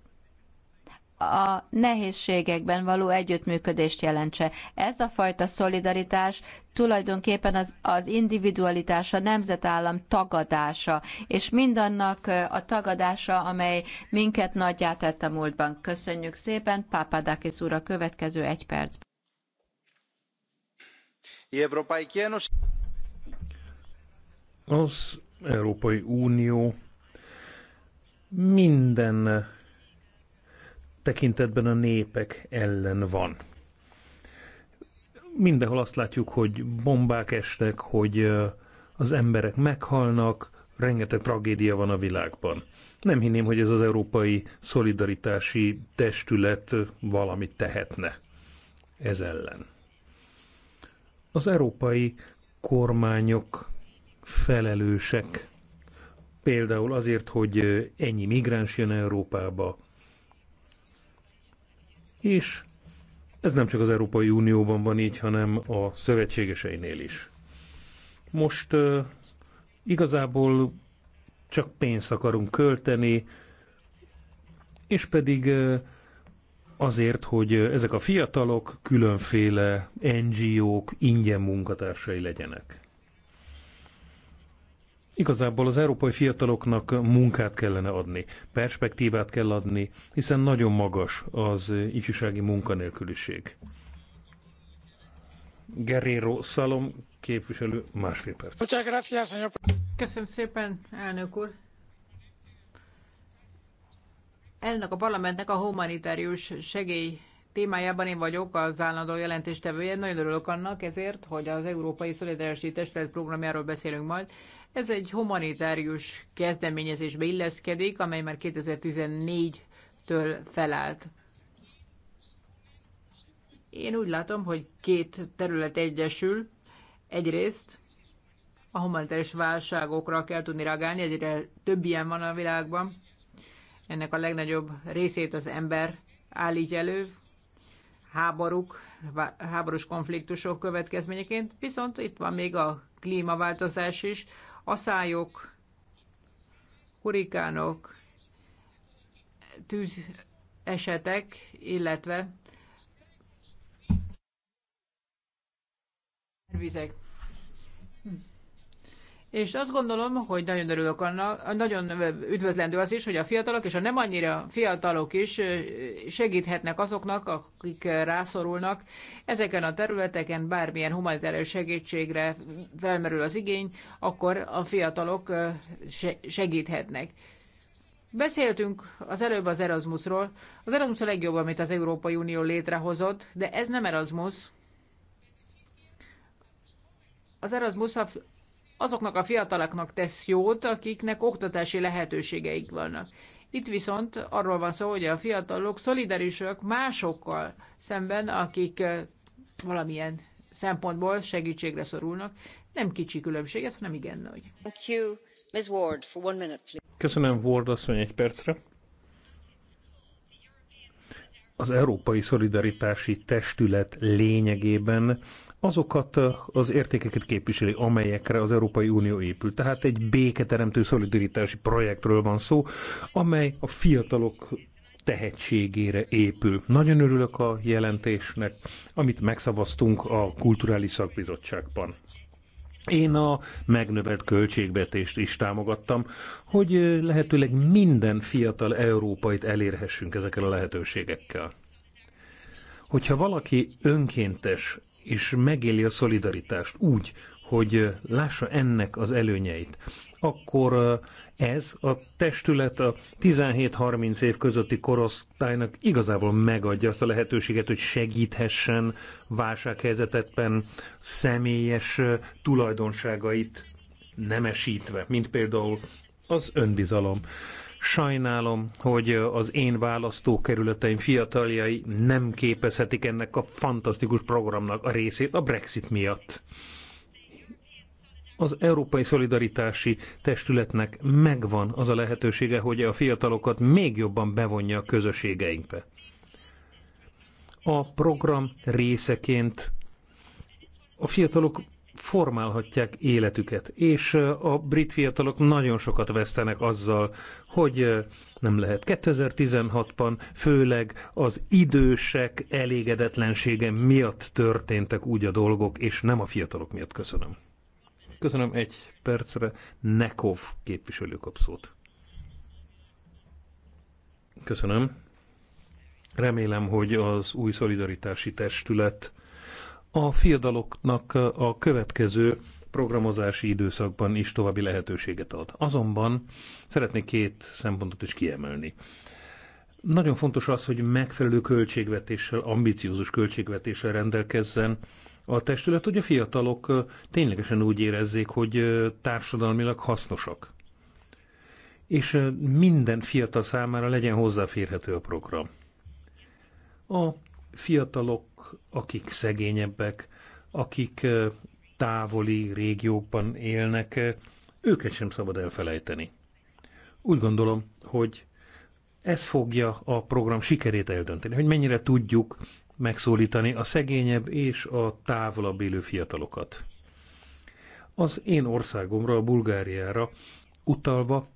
a nehézségekben való együttműködést jelentse. Ez a fajta szolidaritás tulajdonképpen az, az individualitás, a nemzetállam tagadása, és mindannak a tagadása, amely minket nagyját tett a múltban. Köszönjük szépen, Pápadakis úr a következő egy perc. Az Európai Unió minden tekintetben a népek ellen van. Mindenhol azt látjuk, hogy bombák esnek, hogy az emberek meghalnak, rengeteg tragédia van a világban. Nem hinném, hogy ez az Európai Szolidaritási Testület valamit tehetne ez ellen. Az európai kormányok felelősek például azért, hogy ennyi migráns jön Európába, és ez nem csak az Európai Unióban van így, hanem a szövetségeseinél is. Most uh, igazából csak pénzt akarunk költeni, és pedig uh, azért, hogy ezek a fiatalok különféle NGO-k ingyen munkatársai legyenek. Igazából az európai fiataloknak munkát kellene adni, perspektívát kell adni, hiszen nagyon magas az ifjúsági munkanélküliség. Guerrero Szalom képviselő másfél perc. Köszönöm szépen, elnök úr. Ennek a parlamentnek a humanitárius segély témájában én vagyok az állandó jelentéstevője. Nagyon örülök annak ezért, hogy az Európai Szolidaritási Testület programjáról beszélünk majd. Ez egy humanitárius kezdeményezésbe illeszkedik, amely már 2014-től felállt. Én úgy látom, hogy két terület egyesül. Egyrészt a humanitárius válságokra kell tudni reagálni, egyre több ilyen van a világban. Ennek a legnagyobb részét az ember állítja elő, háborúk, háborús konfliktusok következményeként, viszont itt van még a klímaváltozás is, aszályok, hurikánok, tűz esetek, illetve vizek. Hm és azt gondolom, hogy nagyon örülök annak, nagyon üdvözlendő az is, hogy a fiatalok és a nem annyira fiatalok is segíthetnek azoknak, akik rászorulnak. Ezeken a területeken bármilyen humanitárius segítségre felmerül az igény, akkor a fiatalok segíthetnek. Beszéltünk az előbb az Erasmusról. Az Erasmus a legjobb, amit az Európai Unió létrehozott, de ez nem Erasmus. Az Erasmus a azoknak a fiataloknak tesz jót, akiknek oktatási lehetőségeik vannak. Itt viszont arról van szó, hogy a fiatalok szolidarisok másokkal szemben, akik valamilyen szempontból segítségre szorulnak. Nem kicsi különbség ez, hanem igen nagy. Köszönöm, Ward asszony, egy percre. Az Európai Szolidaritási Testület lényegében azokat az értékeket képviseli, amelyekre az Európai Unió épül. Tehát egy béketeremtő szolidaritási projektről van szó, amely a fiatalok tehetségére épül. Nagyon örülök a jelentésnek, amit megszavaztunk a Kulturális Szakbizottságban. Én a megnövelt költségvetést is támogattam, hogy lehetőleg minden fiatal európait elérhessünk ezekkel a lehetőségekkel. Hogyha valaki önkéntes és megéli a szolidaritást úgy, hogy lássa ennek az előnyeit, akkor eh, ez a testület a 17-30 év közötti korosztálynak igazából megadja azt a lehetőséget, hogy segíthessen válsághelyzetetben személyes eh, tulajdonságait nemesítve, mint például az önbizalom. Sajnálom, hogy az én választókerületeim fiataljai nem képezhetik ennek a fantasztikus programnak a részét a Brexit miatt. Az Európai Szolidaritási Testületnek megvan az a lehetősége, hogy a fiatalokat még jobban bevonja a közösségeinkbe. A program részeként a fiatalok formálhatják életüket, és a brit fiatalok nagyon sokat vesztenek azzal, hogy nem lehet. 2016-ban főleg az idősek elégedetlensége miatt történtek úgy a dolgok, és nem a fiatalok miatt. Köszönöm. Köszönöm egy percre. Nekov képviselő kapszót. Köszönöm. Remélem, hogy az új szolidaritási testület a fiataloknak a következő programozási időszakban is további lehetőséget ad. Azonban szeretnék két szempontot is kiemelni. Nagyon fontos az, hogy megfelelő költségvetéssel, ambiciózus költségvetéssel rendelkezzen a testület, hogy a fiatalok ténylegesen úgy érezzék, hogy társadalmilag hasznosak. És minden fiatal számára legyen hozzáférhető a program. A fiatalok akik szegényebbek, akik távoli régiókban élnek, őket sem szabad elfelejteni. Úgy gondolom, hogy ez fogja a program sikerét eldönteni, hogy mennyire tudjuk megszólítani a szegényebb és a távolabb élő fiatalokat. Az én országomra, a Bulgáriára utalva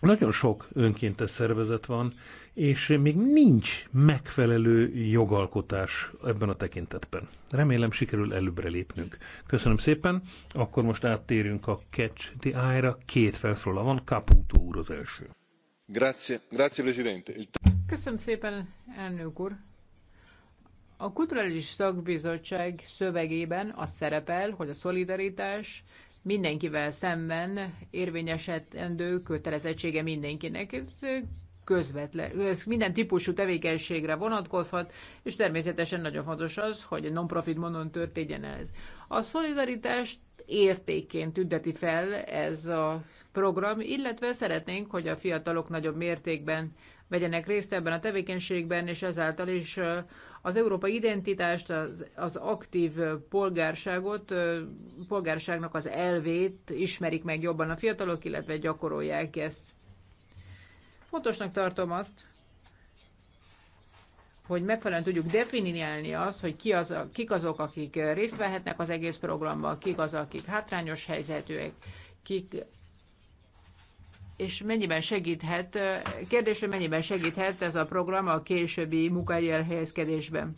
nagyon sok önkéntes szervezet van, és még nincs megfelelő jogalkotás ebben a tekintetben. Remélem sikerül előbbre lépnünk. Köszönöm szépen, akkor most áttérünk a Catch the Eye-ra. Két felszólal van, Caputo úr az első. Grazie, grazie Presidente. Köszönöm szépen, elnök úr. A Kulturális Szakbizottság szövegében az szerepel, hogy a szolidaritás mindenkivel szemben érvényesetendő kötelezettsége mindenkinek. Ez közvetlen, ez minden típusú tevékenységre vonatkozhat, és természetesen nagyon fontos az, hogy non-profit módon történjen ez. A szolidaritást értékként tünteti fel ez a program, illetve szeretnénk, hogy a fiatalok nagyobb mértékben vegyenek részt ebben a tevékenységben, és ezáltal is az európai identitást, az, az aktív polgárságot, polgárságnak az elvét ismerik meg jobban a fiatalok, illetve gyakorolják ezt. Fontosnak tartom azt, hogy megfelelően tudjuk definiálni azt, hogy ki az, kik azok, akik részt vehetnek az egész programban, kik az, akik hátrányos helyzetűek, kik és mennyiben segíthet, kérdés, hogy mennyiben segíthet ez a program a későbbi munkai elhelyezkedésben.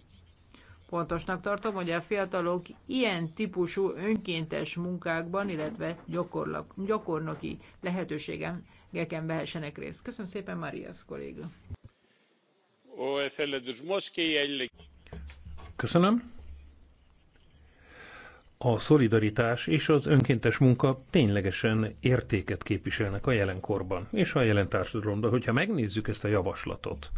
Pontosnak tartom, hogy a fiatalok ilyen típusú önkéntes munkákban, illetve gyakorlak, gyakornoki lehetőségen geken vehessenek részt. Köszönöm szépen, Marias kolléga. Köszönöm. A szolidaritás és az önkéntes munka ténylegesen értéket képviselnek a jelenkorban és a jelen társadalomban. Hogyha megnézzük ezt a javaslatot,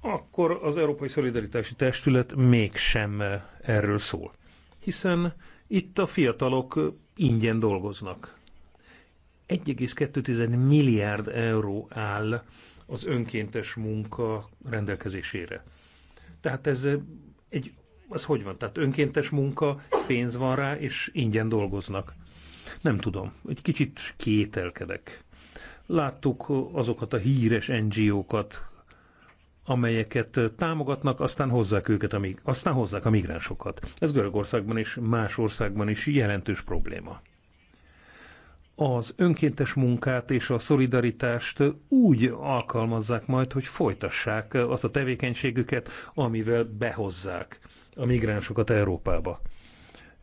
akkor az Európai Szolidaritási Testület mégsem erről szól. Hiszen itt a fiatalok ingyen dolgoznak. 1,2 milliárd euró áll az önkéntes munka rendelkezésére. Tehát ez eh, egy, az hogy van? Tehát önkéntes munka, pénz van rá, és ingyen dolgoznak. Nem tudom, egy kicsit kételkedek. Láttuk azokat a híres NGO-kat, amelyeket eh, támogatnak, aztán hozzák őket, a, aztán hozzák a migránsokat. Ez Görögországban és más országban is jelentős probléma az önkéntes munkát és a szolidaritást úgy alkalmazzák majd, hogy folytassák azt a tevékenységüket, amivel behozzák a migránsokat Európába.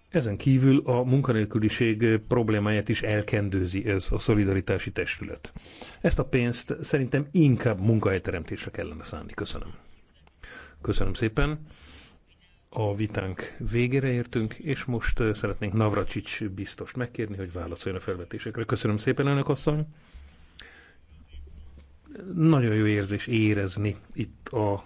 Ezen kívül a munkanélküliség problémáját is elkendőzi ez a szolidaritási testület. Ezt a pénzt szerintem inkább munkahelyteremtésre kellene szánni. Köszönöm. Köszönöm szépen a vitánk végére értünk, és most szeretnénk Navracsics biztos megkérni, hogy válaszoljon a felvetésekre. Köszönöm szépen, elnök asszony! Nagyon jó érzés érezni itt a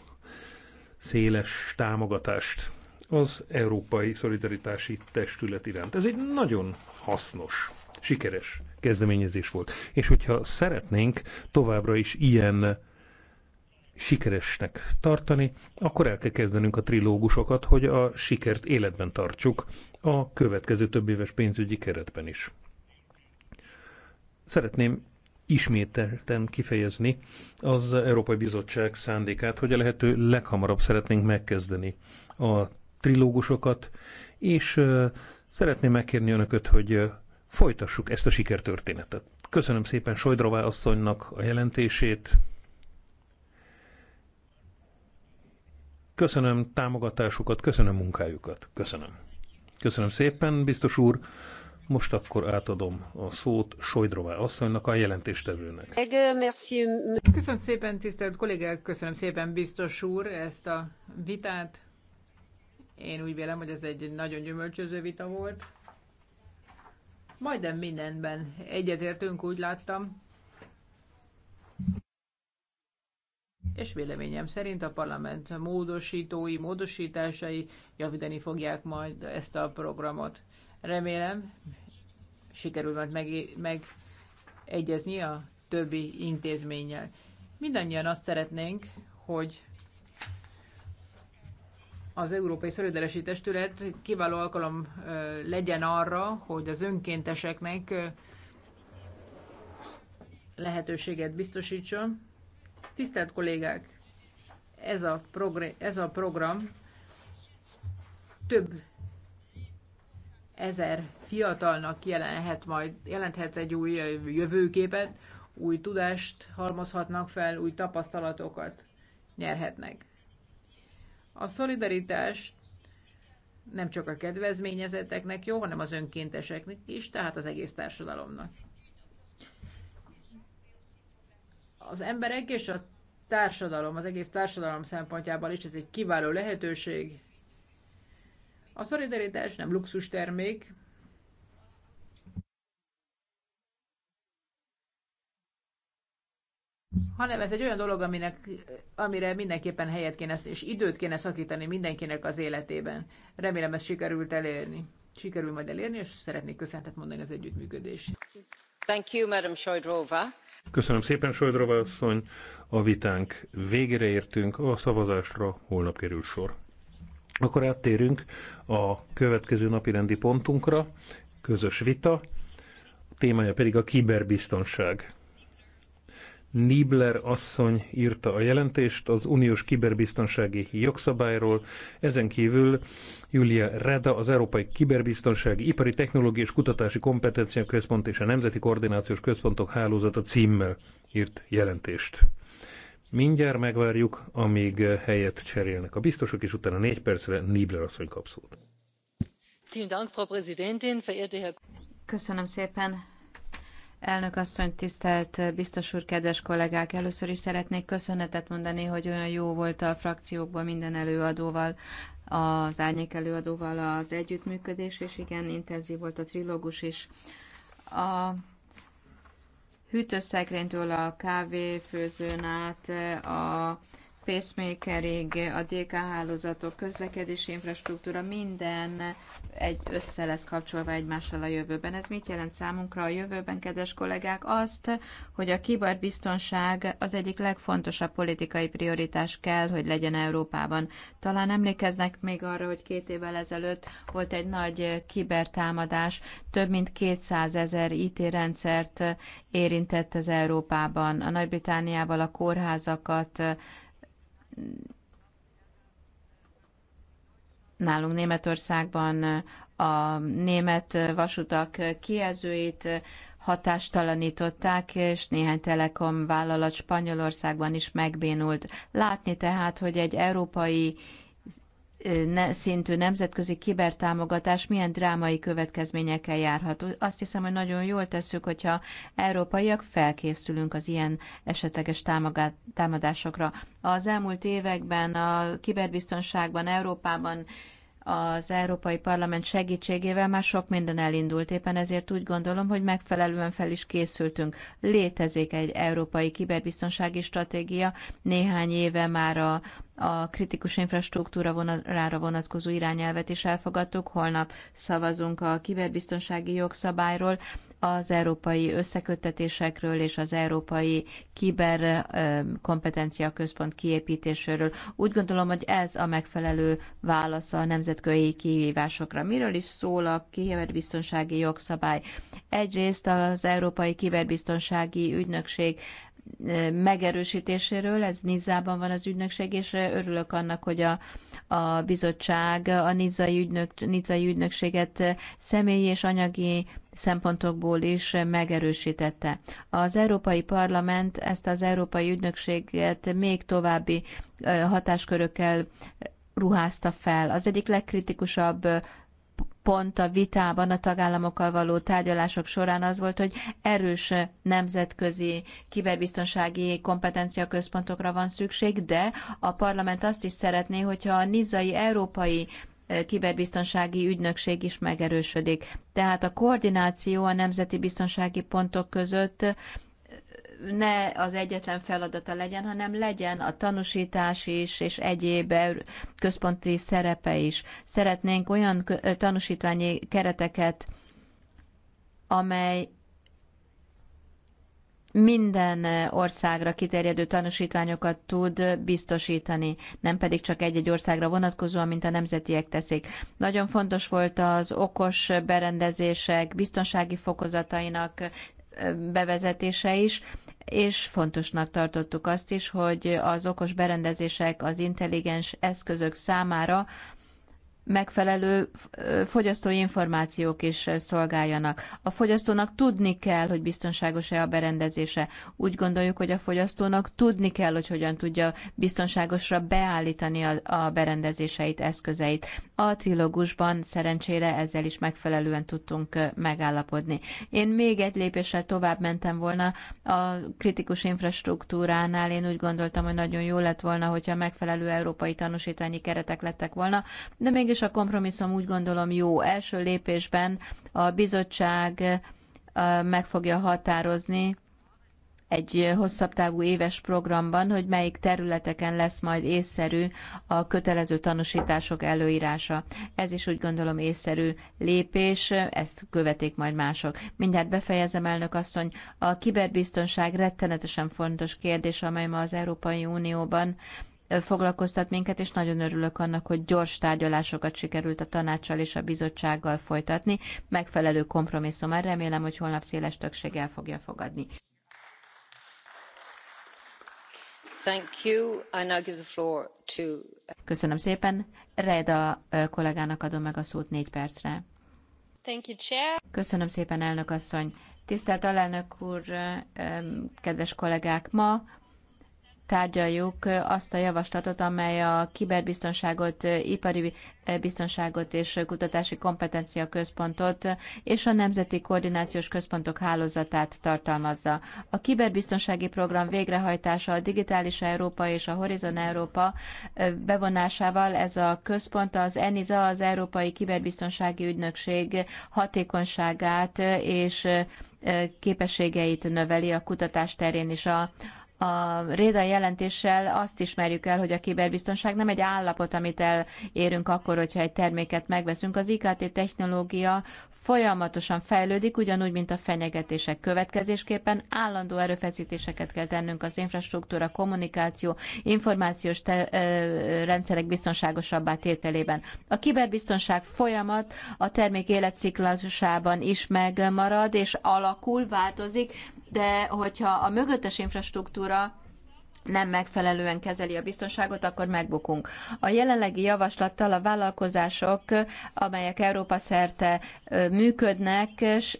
széles támogatást az Európai Szolidaritási Testület iránt. Ez egy nagyon hasznos, sikeres kezdeményezés volt. És hogyha szeretnénk továbbra is ilyen sikeresnek tartani, akkor el kell kezdenünk a trilógusokat, hogy a sikert életben tartsuk a következő több éves pénzügyi keretben is. Szeretném ismételten kifejezni az Európai Bizottság szándékát, hogy a lehető leghamarabb szeretnénk megkezdeni a trilógusokat, és szeretném megkérni önököt, hogy folytassuk ezt a sikertörténetet. Köszönöm szépen Sojdrová asszonynak a jelentését, Köszönöm támogatásukat, köszönöm munkájukat. Köszönöm. Köszönöm szépen, biztos úr. Most akkor átadom a szót Sojdrová asszonynak, a jelentéstevőnek. Köszönöm szépen, tisztelt kollégák, köszönöm szépen, biztos úr, ezt a vitát. Én úgy vélem, hogy ez egy nagyon gyümölcsöző vita volt. Majdnem mindenben egyetértünk, úgy láttam. és véleményem szerint a parlament módosítói, módosításai javítani fogják majd ezt a programot. Remélem, sikerül majd meg, meg egyezni a többi intézménnyel. Mindannyian azt szeretnénk, hogy az Európai Szolidarási Testület kiváló alkalom legyen arra, hogy az önkénteseknek lehetőséget biztosítson, Tisztelt kollégák, ez a, ez a program több ezer fiatalnak jelenhet majd, jelenthet egy új jövőképet, új tudást halmozhatnak fel, új tapasztalatokat nyerhetnek. A szolidaritás nem csak a kedvezményezetteknek jó, hanem az önkénteseknek is, tehát az egész társadalomnak. az emberek és a társadalom, az egész társadalom szempontjából is ez egy kiváló lehetőség. A szolidaritás nem luxus termék, hanem ez egy olyan dolog, aminek, amire mindenképpen helyet kéne, és időt kéne szakítani mindenkinek az életében. Remélem ez sikerült elérni. Sikerül majd elérni, és szeretnék köszönetet mondani az együttműködést. Thank you, Madam Shojdrova. Köszönöm szépen, Sojdrova asszony. A vitánk végére értünk, a szavazásra holnap kerül sor. Akkor áttérünk a következő napi rendi pontunkra, közös vita, témája pedig a kiberbiztonság. Nibler asszony írta a jelentést az uniós kiberbiztonsági jogszabályról, ezen kívül Julia Reda, az Európai Kiberbiztonsági Ipari Technológiai és Kutatási Kompetencia Központ és a Nemzeti Koordinációs Központok Hálózata címmel írt jelentést. Mindjárt megvárjuk, amíg helyet cserélnek a biztosok, és utána négy percre Nibler asszony kap szót. Köszönöm szépen, Elnök asszony, tisztelt biztos úr, kedves kollégák! Először is szeretnék köszönetet mondani, hogy olyan jó volt a frakciókból minden előadóval, az árnyék előadóval az együttműködés, és igen, intenzív volt a trilógus is. A hűtőszekrénytől a kávéfőzőn át a pacemakerig, a DK hálózatok, közlekedési infrastruktúra, minden egy össze lesz kapcsolva egymással a jövőben. Ez mit jelent számunkra a jövőben, kedves kollégák? Azt, hogy a kiberbiztonság az egyik legfontosabb politikai prioritás kell, hogy legyen Európában. Talán emlékeznek még arra, hogy két évvel ezelőtt volt egy nagy kibertámadás, több mint 200 ezer IT rendszert érintett az Európában. A Nagy-Britániával a kórházakat, Nálunk Németországban a német vasutak kijelzőit hatástalanították, és néhány telekom vállalat Spanyolországban is megbénult. Látni tehát, hogy egy európai szintű nemzetközi kibertámogatás milyen drámai következményekkel járhat. Azt hiszem, hogy nagyon jól tesszük, hogyha európaiak felkészülünk az ilyen esetleges támadásokra. Az elmúlt években a kiberbiztonságban Európában az Európai Parlament segítségével már sok minden elindult, éppen ezért úgy gondolom, hogy megfelelően fel is készültünk. Létezik egy európai kiberbiztonsági stratégia, néhány éve már a, a kritikus infrastruktúra vonalára vonatkozó irányelvet is elfogadtuk. Holnap szavazunk a kiberbiztonsági jogszabályról, az európai összeköttetésekről és az európai kiberkompetencia központ kiépítéséről. Úgy gondolom, hogy ez a megfelelő válasz a nemzetközi kihívásokra. Miről is szól a kiberbiztonsági jogszabály? Egyrészt az Európai Kiberbiztonsági Ügynökség megerősítéséről, ez Nizzában van az ügynökség, és örülök annak, hogy a, a bizottság a nizzai, ügynök, nizzai ügynökséget személyi és anyagi szempontokból is megerősítette. Az Európai Parlament ezt az Európai Ügynökséget még további hatáskörökkel ruházta fel. Az egyik legkritikusabb pont a vitában, a tagállamokkal való tárgyalások során az volt, hogy erős nemzetközi kiberbiztonsági kompetencia központokra van szükség, de a parlament azt is szeretné, hogyha a nizai európai kiberbiztonsági ügynökség is megerősödik. Tehát a koordináció a nemzeti biztonsági pontok között ne az egyetlen feladata legyen, hanem legyen a tanúsítás is, és egyéb e- központi szerepe is. Szeretnénk olyan tanúsítványi kereteket, amely minden e, országra kiterjedő tanúsítványokat tud biztosítani, nem pedig csak egy-egy országra vonatkozóan, mint a nemzetiek teszik. Nagyon fontos volt az okos berendezések biztonsági fokozatainak bevezetése is, és fontosnak tartottuk azt is, hogy az okos berendezések, az intelligens eszközök számára megfelelő fogyasztói információk is szolgáljanak. A fogyasztónak tudni kell, hogy biztonságos-e a berendezése. Úgy gondoljuk, hogy a fogyasztónak tudni kell, hogy hogyan tudja biztonságosra beállítani a, a berendezéseit, eszközeit. A trilógusban szerencsére ezzel is megfelelően tudtunk megállapodni. Én még egy lépéssel tovább mentem volna a kritikus infrastruktúránál. Én úgy gondoltam, hogy nagyon jó lett volna, hogyha megfelelő európai tanúsítványi keretek lettek volna, de mégis és a kompromisszum úgy gondolom jó. Első lépésben a bizottság meg fogja határozni egy hosszabb távú éves programban, hogy melyik területeken lesz majd észszerű a kötelező tanúsítások előírása. Ez is úgy gondolom észszerű lépés, ezt követik majd mások. Mindjárt befejezem, elnök asszony. A kiberbiztonság rettenetesen fontos kérdés, amely ma az Európai Unióban foglalkoztat minket, és nagyon örülök annak, hogy gyors tárgyalásokat sikerült a tanácssal és a bizottsággal folytatni. Megfelelő kompromisszum. Remélem, hogy holnap széles többség el fogja fogadni. Thank you. I now give the floor to... Köszönöm szépen. Reda eh, kollégának adom meg a szót négy percre. Thank you, Chair. Köszönöm szépen, elnök asszony. Tisztelt alelnök úr, eh, kedves kollégák, ma tárgyaljuk azt a javaslatot, amely a kiberbiztonságot, ipari biztonságot és kutatási kompetencia központot és a Nemzeti Koordinációs Központok hálózatát tartalmazza. A kiberbiztonsági program végrehajtása a Digitális Európa és a Horizon Európa bevonásával ez a központ az ENISA, az Európai Kiberbiztonsági Ügynökség hatékonyságát és képességeit növeli a kutatás terén is. A, a Réda jelentéssel azt ismerjük el, hogy a kiberbiztonság nem egy állapot, amit elérünk akkor, hogyha egy terméket megveszünk. Az IKT technológia folyamatosan fejlődik, ugyanúgy, mint a fenyegetések következésképpen. Állandó erőfeszítéseket kell tennünk az infrastruktúra, kommunikáció, információs te- rendszerek biztonságosabbá tételében. A kiberbiztonság folyamat a termék életciklusában is megmarad, és alakul, változik, de hogyha a mögöttes infrastruktúra nem megfelelően kezeli a biztonságot, akkor megbukunk. A jelenlegi javaslattal a vállalkozások, amelyek Európa szerte működnek, és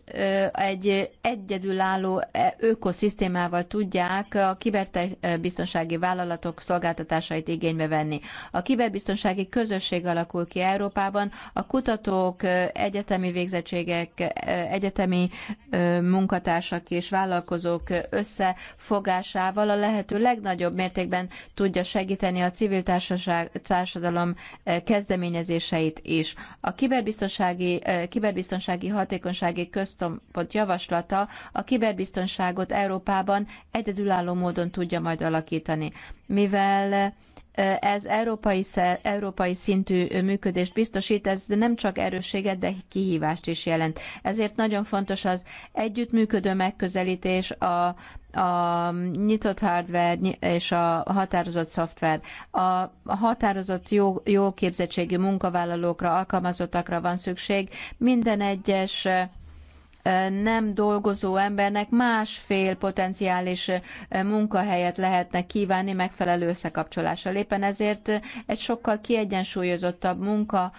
egy egyedülálló e, ökoszisztémával tudják a kiberbiztonsági vállalatok szolgáltatásait igénybe venni. A kiberbiztonsági közösség alakul ki Európában, a kutatók, egyetemi végzettségek, egyetemi munkatársak és vállalkozók összefogásával a lehető legnagyobb nagyobb mértékben tudja segíteni a civil társadalom eh, kezdeményezéseit is. A kiberbiztonsági, eh, kiberbiztonsági hatékonysági központ javaslata a kiberbiztonságot Európában egyedülálló módon tudja majd alakítani, mivel ez európai, európai szintű működést biztosít, ez nem csak erősséget, de kihívást is jelent. Ezért nagyon fontos az együttműködő megközelítés, a, a nyitott hardware és a határozott szoftver. A határozott jó, jó képzettségű munkavállalókra, alkalmazottakra van szükség. Minden egyes nem dolgozó embernek másfél potenciális munkahelyet lehetne kívánni megfelelő összekapcsolással. Éppen ezért egy sokkal kiegyensúlyozottabb munka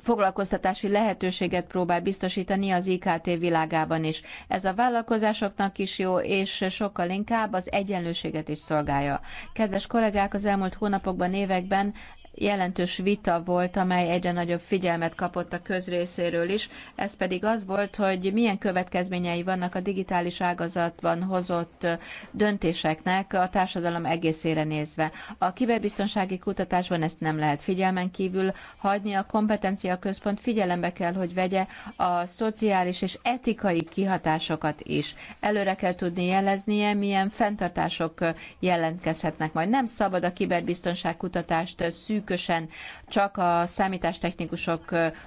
foglalkoztatási lehetőséget próbál biztosítani az IKT világában is. Ez a vállalkozásoknak is jó, és sokkal inkább az egyenlőséget is szolgálja. Kedves kollégák, az elmúlt hónapokban, években jelentős vita volt, amely egyre nagyobb figyelmet kapott a közrészéről is. Ez pedig az volt, hogy milyen következményei vannak a digitális ágazatban hozott döntéseknek a társadalom egészére nézve. A kiberbiztonsági kutatásban ezt nem lehet figyelmen kívül hagyni. A kompetencia központ figyelembe kell, hogy vegye a szociális és etikai kihatásokat is. Előre kell tudni jeleznie, milyen fenntartások jelentkezhetnek majd. Nem szabad a kiberbiztonság kutatást szűk szűkösen csak a számítástechnikusok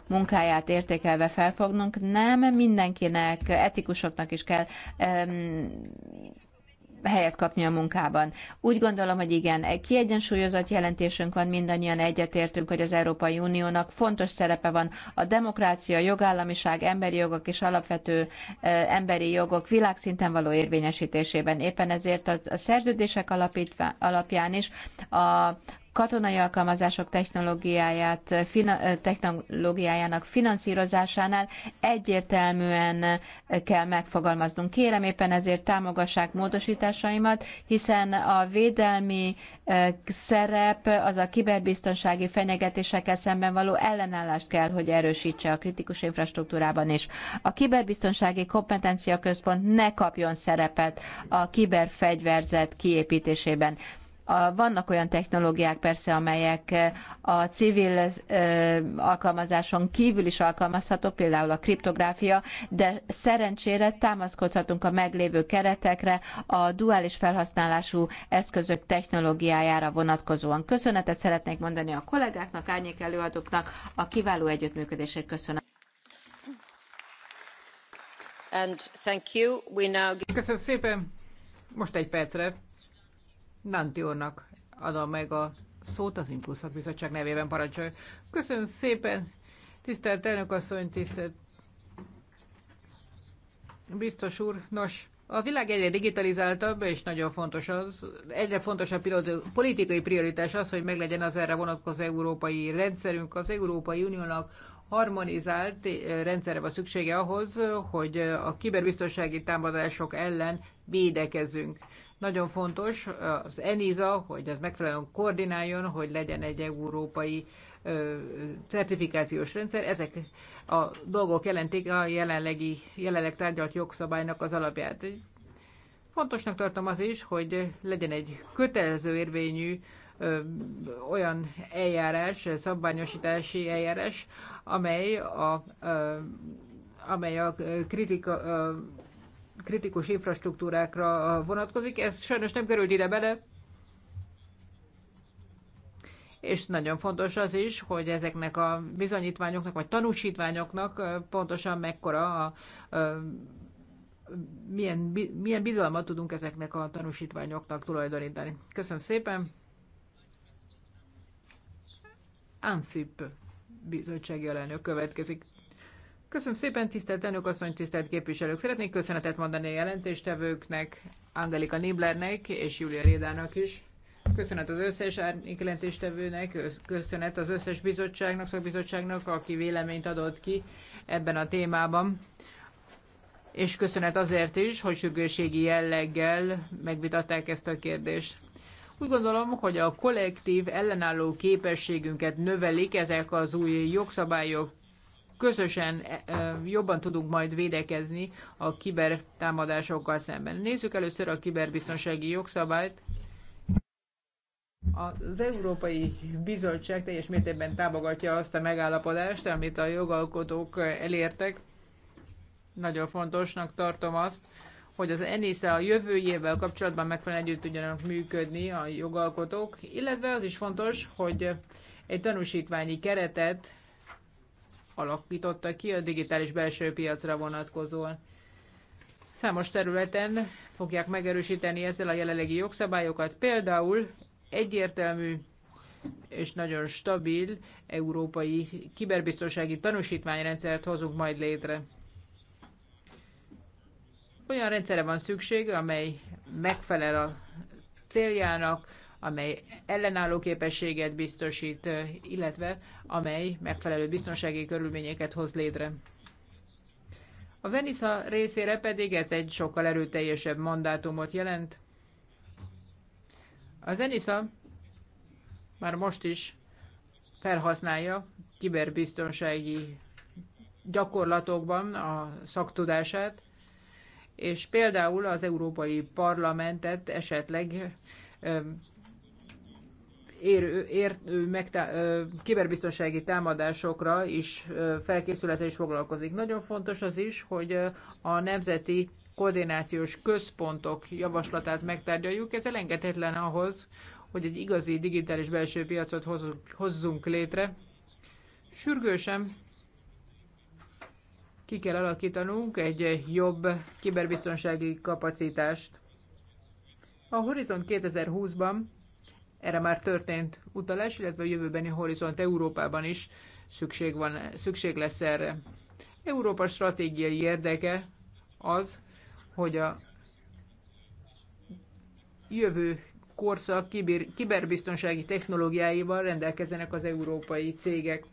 munkáját értékelve felfognunk, nem mindenkinek, etikusoknak is kell helyet kapni a munkában. Úgy gondolom, hogy igen, kiegyensúlyozott jelentésünk van, mindannyian egyetértünk, hogy az Európai Uniónak fontos szerepe van a demokrácia, jogállamiság, emberi jogok és alapvető emberi jogok világszinten való érvényesítésében. Éppen ezért a, szerződések alapítva, alapján is a katonai alkalmazások technológiáját, fina, technológiájának finanszírozásánál egyértelműen kell megfogalmaznunk. Kérem éppen ezért támogassák módosításaimat, hiszen a védelmi szerep az a kiberbiztonsági fenyegetésekkel szemben való ellenállást kell, hogy erősítse a kritikus infrastruktúrában is. A kiberbiztonsági kompetencia központ ne kapjon szerepet a kiberfegyverzet kiépítésében. A, vannak olyan technológiák persze, amelyek eh, a civil eh, alkalmazáson kívül is alkalmazhatók, például a kriptográfia, de szerencsére támaszkodhatunk a meglévő keretekre a duális felhasználású eszközök technológiájára vonatkozóan. Köszönetet szeretnék mondani a kollégáknak, árnyék előadóknak, a kiváló együttműködését köszönöm. And thank you. We now... Köszönöm szépen! Most egy percre Nanti úrnak adom meg a szót az Impulszak Bizottság nevében parancsolja. Köszönöm szépen, tisztelt elnökasszony, tisztelt biztos úr. Nos, a világ egyre digitalizáltabb, és nagyon fontos az, egyre fontosabb politikai prioritás az, hogy meglegyen az erre vonatkozó európai rendszerünk, az Európai Uniónak harmonizált eh, rendszerre van szüksége ahhoz, hogy a kiberbiztonsági támadások ellen védekezzünk. Nagyon fontos az ENISA, hogy az megfelelően koordináljon, hogy legyen egy európai certifikációs rendszer. Ezek a dolgok jelentik a jelenlegi, jelenleg tárgyalt jogszabálynak az alapját. Fontosnak tartom az is, hogy legyen egy kötelező érvényű ö, olyan eljárás, szabványosítási eljárás, amely a, ö, amely a kritika, ö, kritikus infrastruktúrákra vonatkozik, ez sajnos nem került ide bele, és nagyon fontos az is, hogy ezeknek a bizonyítványoknak, vagy tanúsítványoknak pontosan mekkora a, a milyen, milyen bizalmat tudunk ezeknek a tanúsítványoknak tulajdonítani. Köszönöm szépen! ANSZIP bizottsági alelnök következik. Köszönöm szépen, tisztelt elnök asszony, tisztelt képviselők! Szeretnék köszönetet mondani a jelentéstevőknek, Angelika Niblernek és Julia Rédának is. Köszönet az összes árnyék jelentéstevőnek, köszönet az összes bizottságnak, szakbizottságnak, aki véleményt adott ki ebben a témában. És köszönet azért is, hogy sürgőségi jelleggel megvitatták ezt a kérdést. Úgy gondolom, hogy a kollektív ellenálló képességünket növelik ezek az új jogszabályok, közösen e, e, jobban tudunk majd védekezni a támadásokkal szemben. Nézzük először a kiberbiztonsági jogszabályt. Az Európai Bizottság teljes mértékben támogatja azt a megállapodást, amit a jogalkotók elértek. Nagyon fontosnak tartom azt, hogy az ENISZA a jövőjével kapcsolatban megfelelően együtt tudjanak működni a jogalkotók, illetve az is fontos, hogy egy tanúsítványi keretet alakította ki a digitális belső piacra vonatkozóan. Számos területen fogják megerősíteni ezzel a jelenlegi jogszabályokat, például egyértelmű és nagyon stabil európai kiberbiztonsági tanúsítványrendszert hozunk majd létre. Olyan rendszerre van szükség, amely megfelel a céljának, amely ellenálló képességet biztosít, illetve amely megfelelő biztonsági körülményeket hoz létre. Az ENISA részére pedig ez egy sokkal erőteljesebb mandátumot jelent. Az ENISA már most is felhasználja kiberbiztonsági gyakorlatokban a szaktudását, és például az Európai Parlamentet esetleg ér, ér, megtá, kiberbiztonsági támadásokra is felkészülete is foglalkozik. Nagyon fontos az is, hogy a nemzeti koordinációs központok javaslatát megtárgyaljuk. Ez elengedhetetlen ahhoz, hogy egy igazi digitális belső piacot hozzunk létre. Sürgősen ki kell alakítanunk egy jobb kiberbiztonsági kapacitást. A Horizont 2020-ban erre már történt utalás, illetve a jövőbeni Horizont Európában is szükség, van, szükség lesz erre. Európa stratégiai érdeke az, hogy a jövő korszak kiber, kiberbiztonsági technológiáival rendelkezzenek az európai cégek.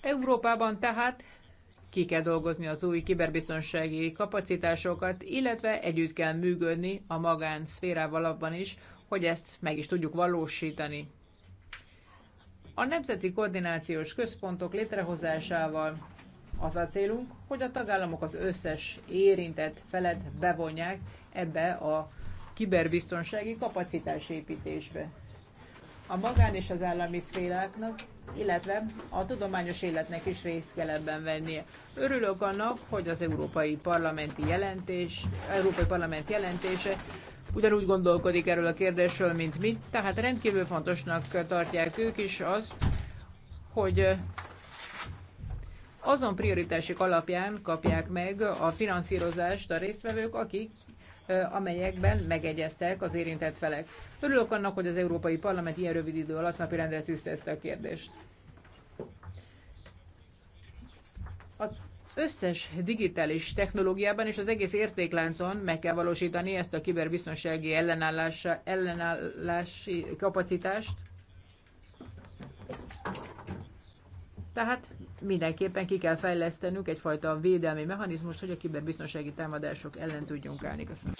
Európában tehát ki kell dolgozni az új kiberbiztonsági kapacitásokat, illetve együtt kell működni a magánszférával abban is, hogy ezt meg is tudjuk valósítani. A Nemzeti Koordinációs Központok létrehozásával az a célunk, hogy a tagállamok az összes érintett felet bevonják ebbe a kiberbiztonsági kapacitásépítésbe. A magán és az állami szféráknak illetve a tudományos életnek is részt kell ebben vennie. Örülök annak, hogy az Európai Parlamenti jelentés, Európai Parlament jelentése ugyanúgy gondolkodik erről a kérdésről, mint mi, tehát rendkívül fontosnak tartják ők is azt, hogy azon prioritások alapján kapják meg a finanszírozást a résztvevők, akik amelyekben megegyeztek az érintett felek. Örülök annak, hogy az Európai Parlament ilyen rövid idő alatt rendre tűzte ezt a kérdést. Az összes digitális technológiában és az egész értékláncon meg kell valósítani ezt a kiberbiztonsági ellenállási kapacitást, Tehát mindenképpen ki kell fejlesztenünk egyfajta védelmi mechanizmust, hogy a kiberbiztonsági támadások ellen tudjunk állni. Köszönöm.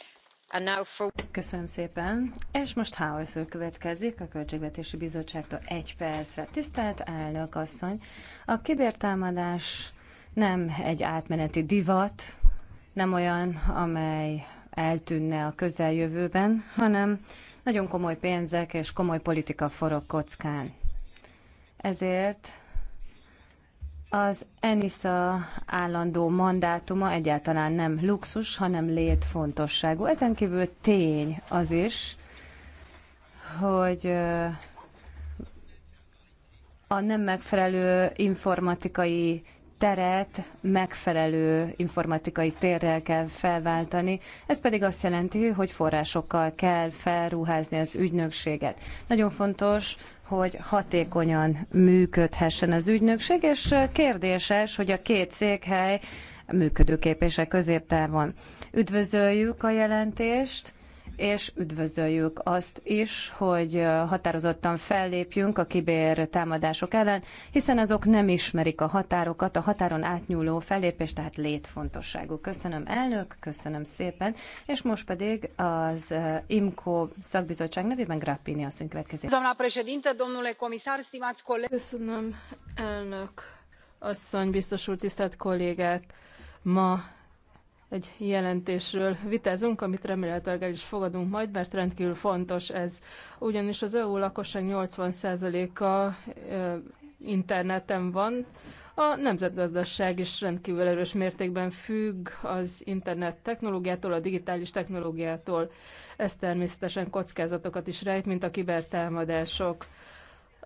Köszönöm szépen. És most Howells következik a Költségvetési Bizottságtól egy percre. Tisztelt elnök asszony, a kibértámadás nem egy átmeneti divat, nem olyan, amely eltűnne a közeljövőben, hanem nagyon komoly pénzek és komoly politika forog kockán. Ezért az ENISA állandó mandátuma egyáltalán nem luxus, hanem létfontosságú. Ezen kívül tény az is, hogy a nem megfelelő informatikai teret megfelelő informatikai térrel kell felváltani, ez pedig azt jelenti, hogy forrásokkal kell felruházni az ügynökséget. Nagyon fontos, hogy hatékonyan működhessen az ügynökség, és kérdéses, hogy a két székhely működőképése középtávon. Üdvözöljük a jelentést, és üdvözöljük azt is, hogy határozottan fellépjünk a kibér támadások ellen, hiszen azok nem ismerik a határokat, a határon átnyúló fellépés, tehát létfontosságú. Köszönöm elnök, köszönöm szépen, és most pedig az IMCO szakbizottság nevében Grappini asszony következik. Doamna președintă, domnule comisar, stimați colegi. Köszönöm elnök asszony, biztos úr, tisztelt kollégák. Ma egy jelentésről vitázunk, amit remélhetőleg el is fogadunk majd, mert rendkívül fontos ez. Ugyanis az EU lakosság 80%-a interneten van, a nemzetgazdaság is rendkívül erős mértékben függ az internet technológiától, a digitális technológiától. Ez természetesen kockázatokat is rejt, mint a kibertámadások.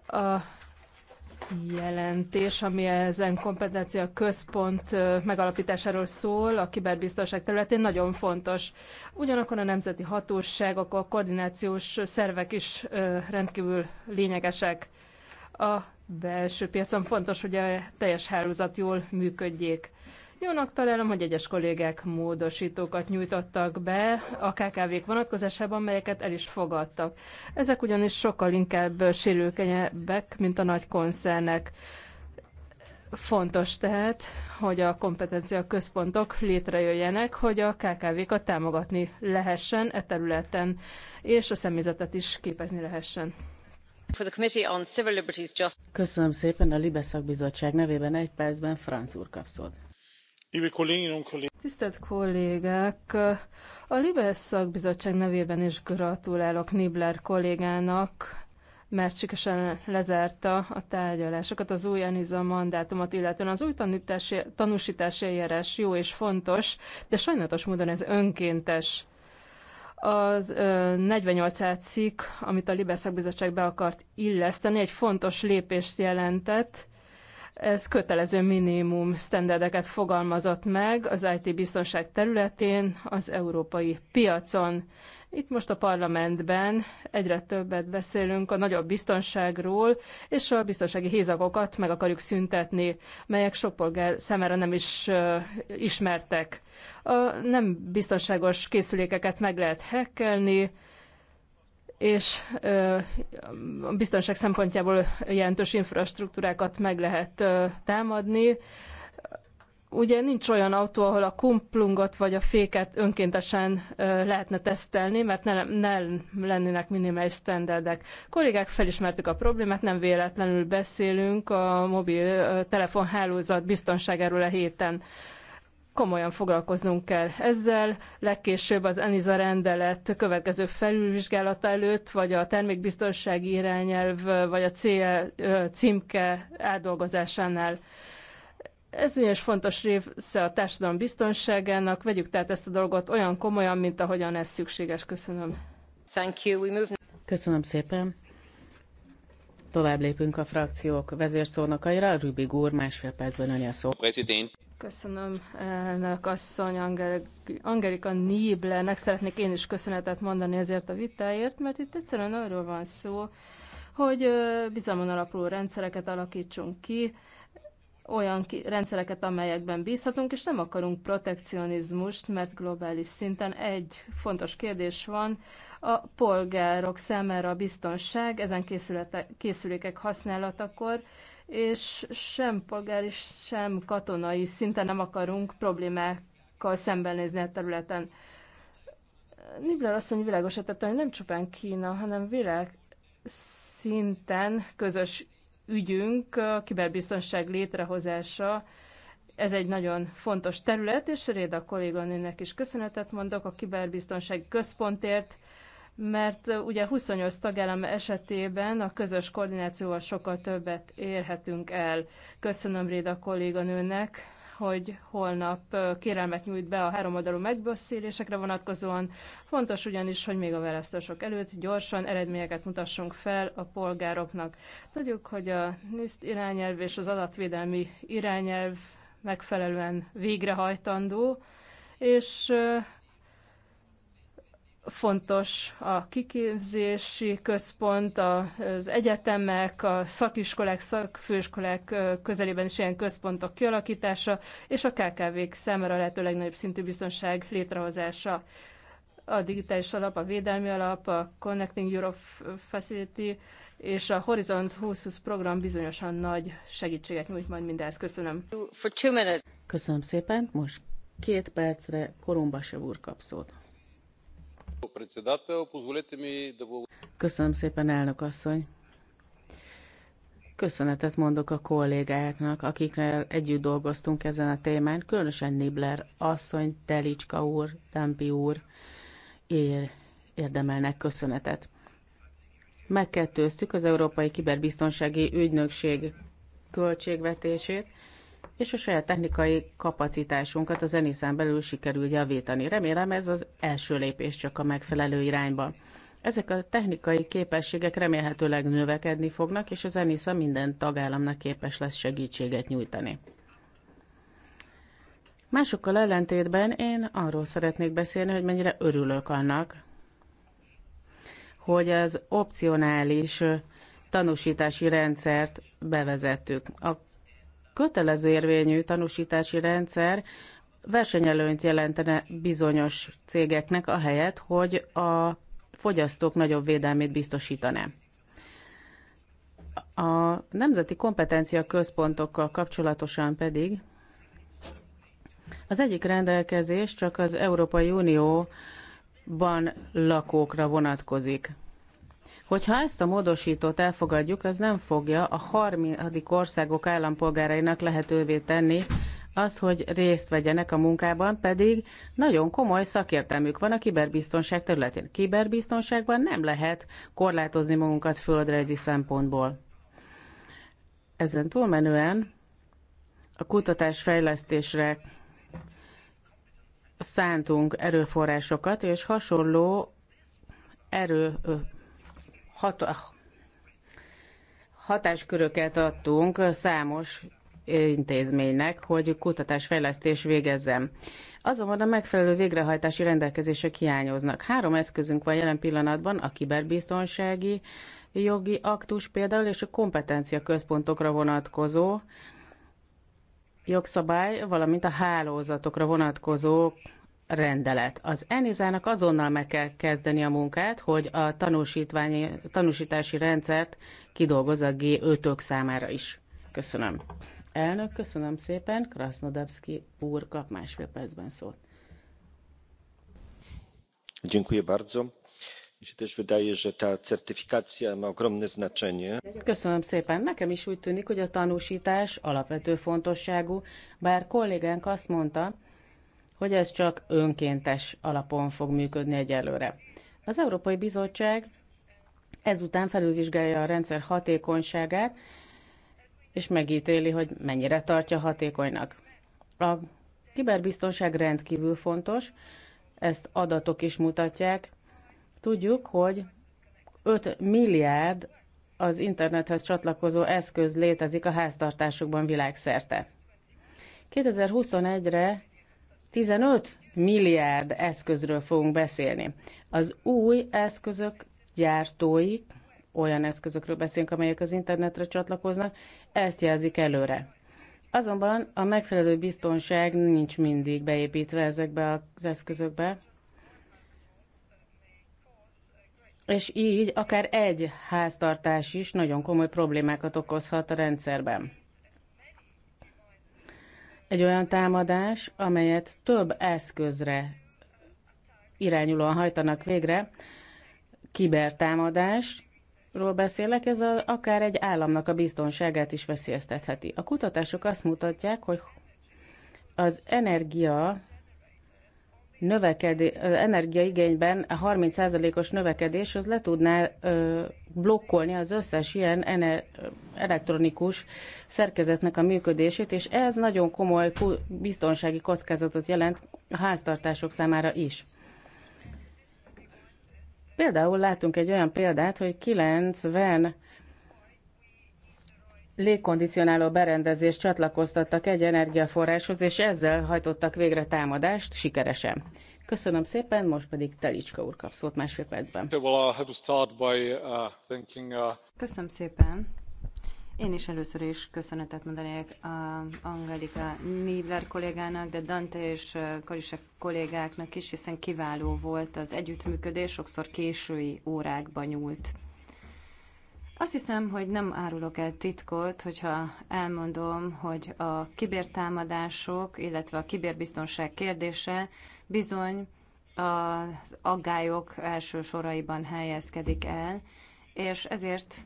A jelentés, ami ezen kompetencia központ megalapításáról szól a kiberbiztonság területén, nagyon fontos. Ugyanakkor a nemzeti hatóságok, a koordinációs szervek is rendkívül lényegesek. A belső piacon fontos, hogy a teljes hálózat jól működjék. Jónak találom, hogy egyes kollégek módosítókat nyújtottak be a KKV-k vonatkozásában, melyeket el is fogadtak. Ezek ugyanis sokkal inkább sérülkenyebbek, mint a nagy koncernek. Fontos tehát, hogy a kompetencia központok létrejöjjenek, hogy a KKV-kat támogatni lehessen e területen, és a személyzetet is képezni lehessen. Köszönöm szépen a Libeszak Bizottság nevében egy percben Franz úr kapszod. Tisztelt kollégák! A Libes szakbizottság nevében is gratulálok Nibler kollégának, mert sikeresen lezárta a tárgyalásokat az új ENISA mandátumot, illetően az új tanítási, tanúsítási eljárás jó és fontos, de sajnálatos módon ez önkéntes. Az 48 cikk, amit a Libes szakbizottság be akart illeszteni, egy fontos lépést jelentett, ez kötelező minimum sztenderdeket fogalmazott meg az IT biztonság területén, az európai piacon. Itt most a parlamentben egyre többet beszélünk a nagyobb biztonságról, és a biztonsági hézagokat meg akarjuk szüntetni, melyek sok polgár szemére nem is ismertek. A nem biztonságos készülékeket meg lehet hekkelni, és a biztonság szempontjából jelentős infrastruktúrákat meg lehet támadni. Ugye nincs olyan autó, ahol a kumplungot vagy a féket önkéntesen lehetne tesztelni, mert ne, ne lennének minimális standardek. Kollégák felismertük a problémát, nem véletlenül beszélünk a mobil telefonhálózat biztonságáról a héten komolyan foglalkoznunk kell ezzel, legkésőbb az ENISA rendelet következő felülvizsgálata előtt, vagy a termékbiztonsági irányelv, vagy a CE címke átdolgozásánál. Ez ugyanis fontos része a társadalom biztonságának, vegyük tehát ezt a dolgot olyan komolyan, mint ahogyan ez szükséges. Köszönöm. Thank you. We move... Köszönöm szépen. Tovább lépünk a frakciók vezérszónokaira. Rübi Gúr másfél percben önje szó. President. Köszönöm elnök asszony Angelika Niblernek. Szeretnék én is köszönetet mondani ezért a vitáért, mert itt egyszerűen arról van szó, hogy bizalmon alapuló rendszereket alakítsunk ki, olyan ki, rendszereket, amelyekben bízhatunk, és nem akarunk protekcionizmust, mert globális szinten egy fontos kérdés van, a polgárok számára a biztonság, ezen készülékek használatakor, és sem polgári, sem katonai szinten nem akarunk problémákkal szembenézni a területen. Nibler asszony világosat tette, hogy nem csupán Kína, hanem világ szinten közös ügyünk, a kiberbiztonság létrehozása, ez egy nagyon fontos terület, és Réda kolléganőnek is köszönetet mondok a kiberbiztonsági központért, mert ugye 28 tagállam esetében a közös koordinációval sokkal többet érhetünk el. Köszönöm Réda kolléganőnek, hogy holnap kérelmet nyújt be a háromoldalú megbeszélésekre vonatkozóan. Fontos ugyanis, hogy még a választások előtt gyorsan eredményeket mutassunk fel a polgároknak. Tudjuk, hogy a NISZT irányelv és az adatvédelmi irányelv megfelelően végrehajtandó, és Fontos a kiképzési központ, az egyetemek, a szakiskolák, szakfőiskolák közelében is ilyen központok kialakítása, és a KKV-k számára lehető legnagyobb szintű biztonság létrehozása. A digitális alap, a védelmi alap, a Connecting Europe Facility és a Horizont 2020 program bizonyosan nagy segítséget nyújt majd mindez. Köszönöm. Köszönöm szépen. Most két percre Korombase úr kap szót. Köszönöm szépen, elnök asszony. Köszönetet mondok a kollégáknak, akikkel együtt dolgoztunk ezen a témán, különösen Nibler asszony, Telicska úr, Tempi úr ér, érdemelnek köszönetet. Megkettőztük az Európai Kiberbiztonsági Ügynökség költségvetését, és a saját technikai kapacitásunkat a zenészán belül sikerül javítani. Remélem ez az első lépés csak a megfelelő irányba. Ezek a technikai képességek remélhetőleg növekedni fognak, és a zenisza minden tagállamnak képes lesz segítséget nyújtani. Másokkal ellentétben én arról szeretnék beszélni, hogy mennyire örülök annak, hogy az opcionális tanúsítási rendszert bevezettük. A kötelező érvényű tanúsítási rendszer versenyelőnyt jelentene bizonyos cégeknek, a helyet, hogy a fogyasztók nagyobb védelmét biztosítaná. A nemzeti kompetencia központokkal kapcsolatosan pedig az egyik rendelkezés csak az Európai Unióban lakókra vonatkozik. Hogyha ezt a módosítót elfogadjuk, ez nem fogja a harmadik országok állampolgárainak lehetővé tenni az, hogy részt vegyenek a munkában, pedig nagyon komoly szakértelmük van a kiberbiztonság területén. Kiberbiztonságban nem lehet korlátozni magunkat földrajzi szempontból. Ezen túlmenően a kutatásfejlesztésre szántunk erőforrásokat, és hasonló erő hat, ah, hatásköröket adtunk számos intézménynek, hogy kutatásfejlesztés végezzen. Azonban a megfelelő végrehajtási rendelkezések hiányoznak. Három eszközünk van jelen pillanatban, a kiberbiztonsági jogi aktus például, és a kompetencia központokra vonatkozó jogszabály, valamint a hálózatokra vonatkozó rendelet. Az Enizának azonnal meg kell kezdeni a munkát, hogy a tanúsítási rendszert kidolgozza a G5-ök számára is. Köszönöm. Elnök, köszönöm szépen. Krasnodebski úr kap másfél percben szót. Dziękuję bardzo. Mi się też wydaje, że ta certyfikacja ma ogromne znaczenie. Köszönöm szépen. Nekem is úgy tűnik, hogy a tanúsítás alapvető fontosságú, bár kollégánk azt mondta, hogy ez csak önkéntes alapon fog működni egyelőre. Az Európai Bizottság ezután felülvizsgálja a rendszer hatékonyságát, és megítéli, hogy mennyire tartja hatékonynak. A kiberbiztonság rendkívül fontos, ezt adatok is mutatják. Tudjuk, hogy 5 milliárd az internethez csatlakozó eszköz létezik a háztartásokban világszerte. 2021-re 15 milliárd eszközről fogunk beszélni. Az új eszközök gyártói, olyan eszközökről beszélünk, amelyek az internetre csatlakoznak, ezt jelzik előre. Azonban a megfelelő biztonság nincs mindig beépítve ezekbe az eszközökbe, és így akár egy háztartás is nagyon komoly problémákat okozhat a rendszerben. Egy olyan támadás, amelyet több eszközre irányulóan hajtanak végre. Kibertámadás, ról beszélek, ez a, akár egy államnak a biztonságát is veszélyeztetheti. A kutatások azt mutatják, hogy az energia növekedés energiaigényben a 30%-os növekedés az le tudná ö, blokkolni az összes ilyen ene, elektronikus szerkezetnek a működését, és ez nagyon komoly biztonsági kockázatot jelent a háztartások számára is. Például látunk egy olyan példát, hogy 90 légkondicionáló berendezést csatlakoztattak egy energiaforráshoz, és ezzel hajtottak végre támadást sikeresen. Köszönöm szépen, most pedig Telicska úr kap szót másfél percben. Uh, uh, Köszönöm szépen. Én is először is köszönetet mondanék a uh, Angelika Nibler kollégának, de Dante és Karise kollégáknak is, hiszen kiváló volt az együttműködés, sokszor késői órákban nyúlt azt hiszem, hogy nem árulok el titkot, hogyha elmondom, hogy a kibertámadások, illetve a kiberbiztonság kérdése bizony az aggályok első soraiban helyezkedik el, és ezért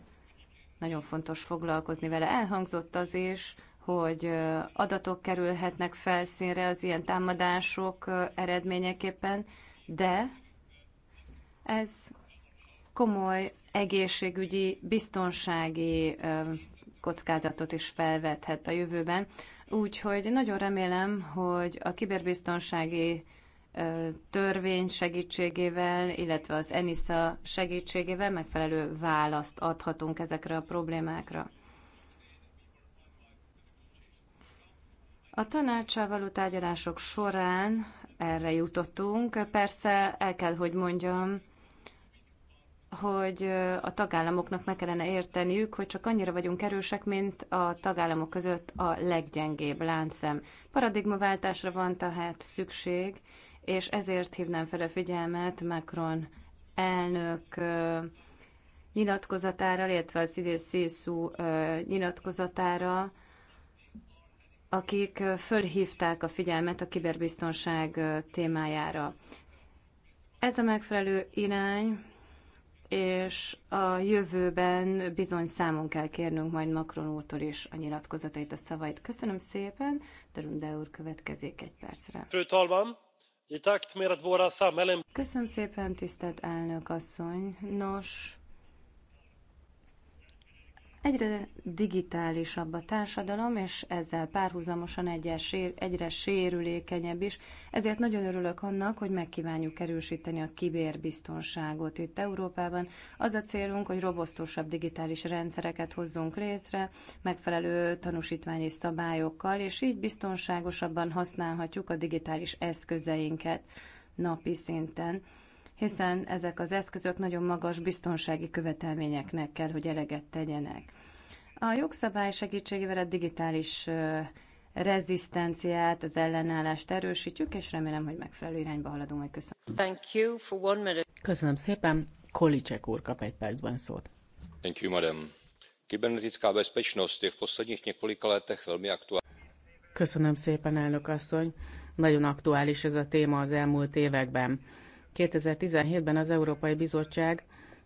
nagyon fontos foglalkozni vele. Elhangzott az is, hogy adatok kerülhetnek felszínre az ilyen támadások eredményeképpen, de ez komoly egészségügyi, biztonsági kockázatot is felvethet a jövőben. Úgyhogy nagyon remélem, hogy a kiberbiztonsági törvény segítségével, illetve az ENISA segítségével megfelelő választ adhatunk ezekre a problémákra. A tanácssal való tárgyalások során erre jutottunk. Persze el kell, hogy mondjam, hogy a tagállamoknak meg kellene érteniük, hogy csak annyira vagyunk erősek, mint a tagállamok között a leggyengébb láncszem. Paradigmaváltásra van tehát szükség, és ezért hívnám fel a figyelmet Macron elnök nyilatkozatára, illetve a CDC-szú nyilatkozatára, akik fölhívták a figyelmet a kiberbiztonság témájára. Ez a megfelelő irány, és a jövőben bizony számon kell kérnünk majd Macron úrtól is a nyilatkozatait, a szavait. Köszönöm szépen, Derunde úr következik egy percre. Köszönöm szépen, tisztelt elnök asszony. Nos, Egyre digitálisabb a társadalom, és ezzel párhuzamosan egyre, sér, egyre sérülékenyebb is. Ezért nagyon örülök annak, hogy megkívánjuk erősíteni a kibérbiztonságot itt Európában. Az a célunk, hogy robosztusabb digitális rendszereket hozzunk létre, megfelelő tanúsítványi szabályokkal, és így biztonságosabban használhatjuk a digitális eszközeinket napi szinten hiszen ezek az eszközök nagyon magas biztonsági követelményeknek kell, hogy eleget tegyenek. A jogszabály segítségével a digitális rezisztenciát, az ellenállást erősítjük, és remélem, hogy megfelelő irányba haladunk. Majd köszönöm. Thank you for one minute. Köszönöm szépen. Kolicek úr kap egy percben szót. Thank you, madam. Kybernetická bezpečnost je v posledních několika letech velmi aktuální. Köszönöm szépen, elnök asszony. Nagyon aktuális ez a téma az elmúlt években. 2017-ben az Európai Bizottság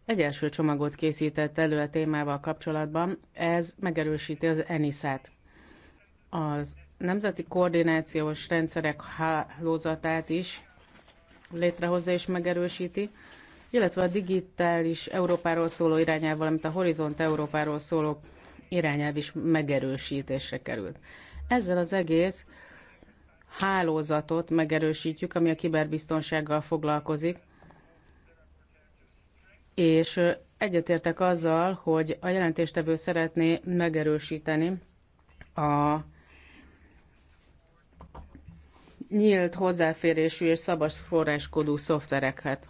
egy első csomagot készített elő a témával kapcsolatban, ez megerősíti az ENISZ-et. Az nemzeti koordinációs rendszerek hálózatát is létrehozza és megerősíti, illetve a digitális Európáról szóló irányelv, valamint a Horizont Európáról szóló irányelv is megerősítésre került. Ezzel az egész hálózatot megerősítjük, ami a kiberbiztonsággal foglalkozik, és egyetértek azzal, hogy a jelentéstevő szeretné megerősíteni a nyílt hozzáférésű és szabad forráskódú szoftvereket.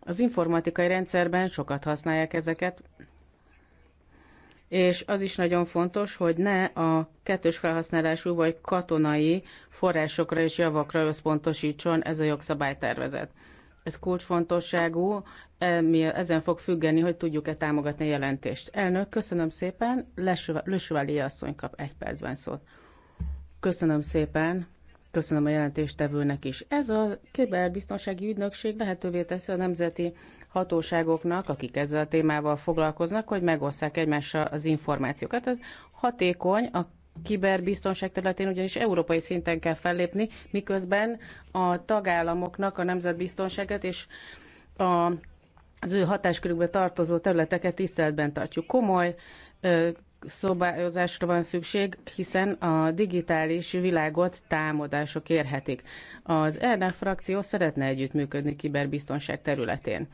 Az informatikai rendszerben sokat használják ezeket, és az is nagyon fontos, hogy ne a kettős felhasználású vagy katonai forrásokra és javakra összpontosítson ez a jogszabálytervezet. Ez kulcsfontosságú, e, ezen fog függeni, hogy tudjuk-e támogatni a jelentést. Elnök, köszönöm szépen, Lösöveli asszony kap egy percben szót. Köszönöm szépen, köszönöm a jelentéstevőnek is. Ez a kiberbiztonsági ügynökség lehetővé teszi a nemzeti hatóságoknak, akik ezzel a témával foglalkoznak, hogy megosszák egymással az információkat. Ez hatékony, a kiberbiztonság területén ugyanis európai szinten kell fellépni, miközben a tagállamoknak a nemzetbiztonságot és a, az ő hatáskörükbe tartozó területeket tiszteletben tartjuk. Komoly ö, szobályozásra van szükség, hiszen a digitális világot támadások érhetik. Az ERNA frakció szeretne együttműködni kiberbiztonság területén.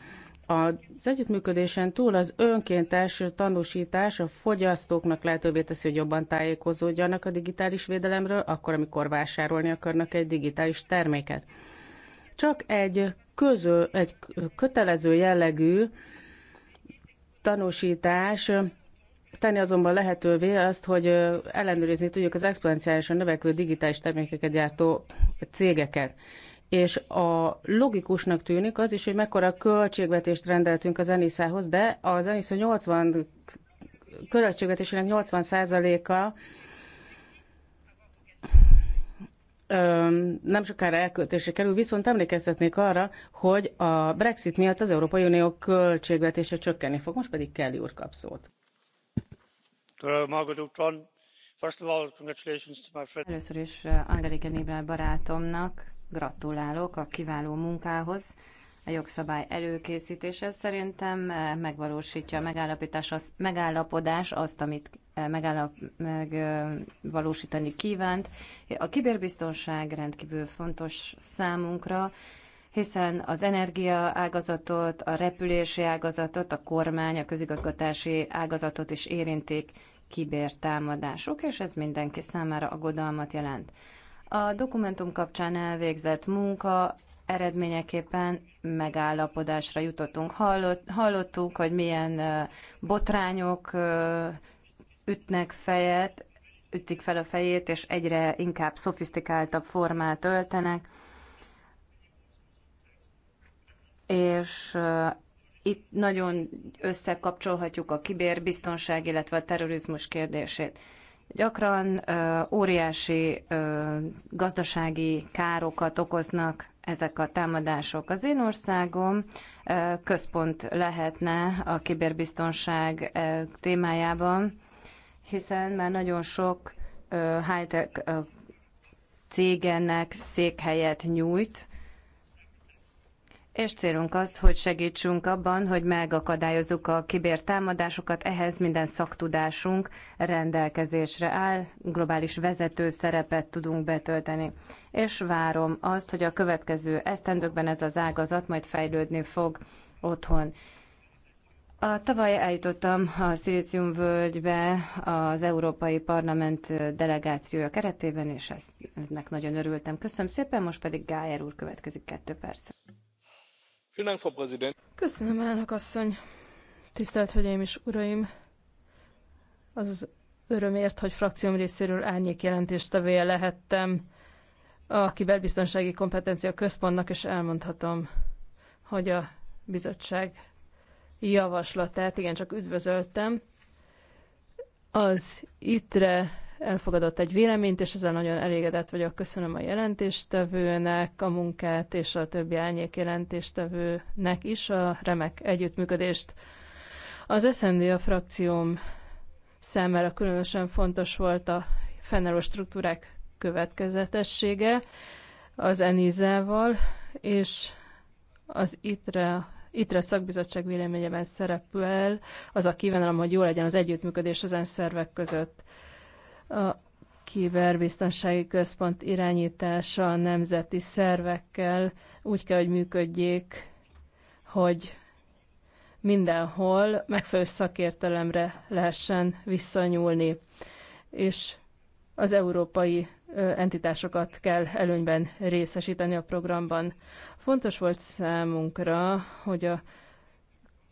Az együttműködésen túl az önkéntes tanúsítás a fogyasztóknak lehetővé teszi, hogy jobban tájékozódjanak a digitális védelemről, akkor, amikor vásárolni akarnak egy digitális terméket. Csak egy, közö, egy kötelező jellegű tanúsítás tenni azonban lehetővé azt, hogy ellenőrizni tudjuk az exponenciálisan növekvő digitális termékeket gyártó cégeket és a logikusnak tűnik az is, hogy mekkora költségvetést rendeltünk az Eniszához, de az Enisza 80 költségvetésének 80%-a nem sokára elköltésre kerül, viszont emlékeztetnék arra, hogy a Brexit miatt az Európai Unió költségvetése csökkenni fog. Most pedig Kelly úr kap szót. Először is uh, Angelika Nébel barátomnak Gratulálok a kiváló munkához, a jogszabály előkészítése szerintem eh, megvalósítja a megállapítás, az, megállapodás azt, amit eh, megállap, megvalósítani eh, kívánt. A kiberbiztonság rendkívül fontos számunkra, hiszen az energia ágazatot, a repülési ágazatot, a kormány, a közigazgatási ágazatot is érintik kibértámadások, és ez mindenki számára aggodalmat jelent. A dokumentum kapcsán elvégzett munka eredményeképpen megállapodásra jutottunk. Hallott, hallottuk, hogy milyen botrányok ütnek fejet, ütik fel a fejét, és egyre inkább szofisztikáltabb formát öltenek. És itt nagyon összekapcsolhatjuk a kibérbiztonság, illetve a terrorizmus kérdését. Gyakran ö, óriási ö, gazdasági károkat okoznak ezek a támadások. Az én országom ö, központ lehetne a kiberbiztonság ö, témájában, hiszen már nagyon sok high-tech cégenek székhelyet nyújt, és célunk az, hogy segítsünk abban, hogy megakadályozzuk a kibértámadásokat, ehhez minden szaktudásunk rendelkezésre áll, globális vezető szerepet tudunk betölteni. És várom azt, hogy a következő esztendőkben ez az ágazat majd fejlődni fog otthon. A tavaly eljutottam a Szilícium völgybe az Európai Parlament delegációja keretében, és ezt, ennek nagyon örültem. Köszönöm szépen, most pedig Gájer úr következik kettő perc. Köszönöm, elnök asszony. Tisztelt Hölgyeim és Uraim! Az az örömért, hogy frakcióm részéről árnyék jelentéstevője lehettem a Kiberbiztonsági Kompetencia Központnak, és elmondhatom, hogy a bizottság javaslatát igencsak üdvözöltem. Az ITRE elfogadott egy véleményt, és ezzel nagyon elégedett vagyok. Köszönöm a jelentéstevőnek, a munkát és a többi árnyék jelentéstevőnek is a remek együttműködést. Az SND a frakcióm számára különösen fontos volt a fennálló struktúrák következetessége az Enizával, és az ITRE a szakbizottság véleményében el, az a kívánalom, hogy jó legyen az együttműködés az szervek között. A kiberbiztonsági központ irányítása a nemzeti szervekkel úgy kell, hogy működjék, hogy mindenhol megfelelő szakértelemre lehessen visszanyúlni, és az európai entitásokat kell előnyben részesíteni a programban. Fontos volt számunkra, hogy a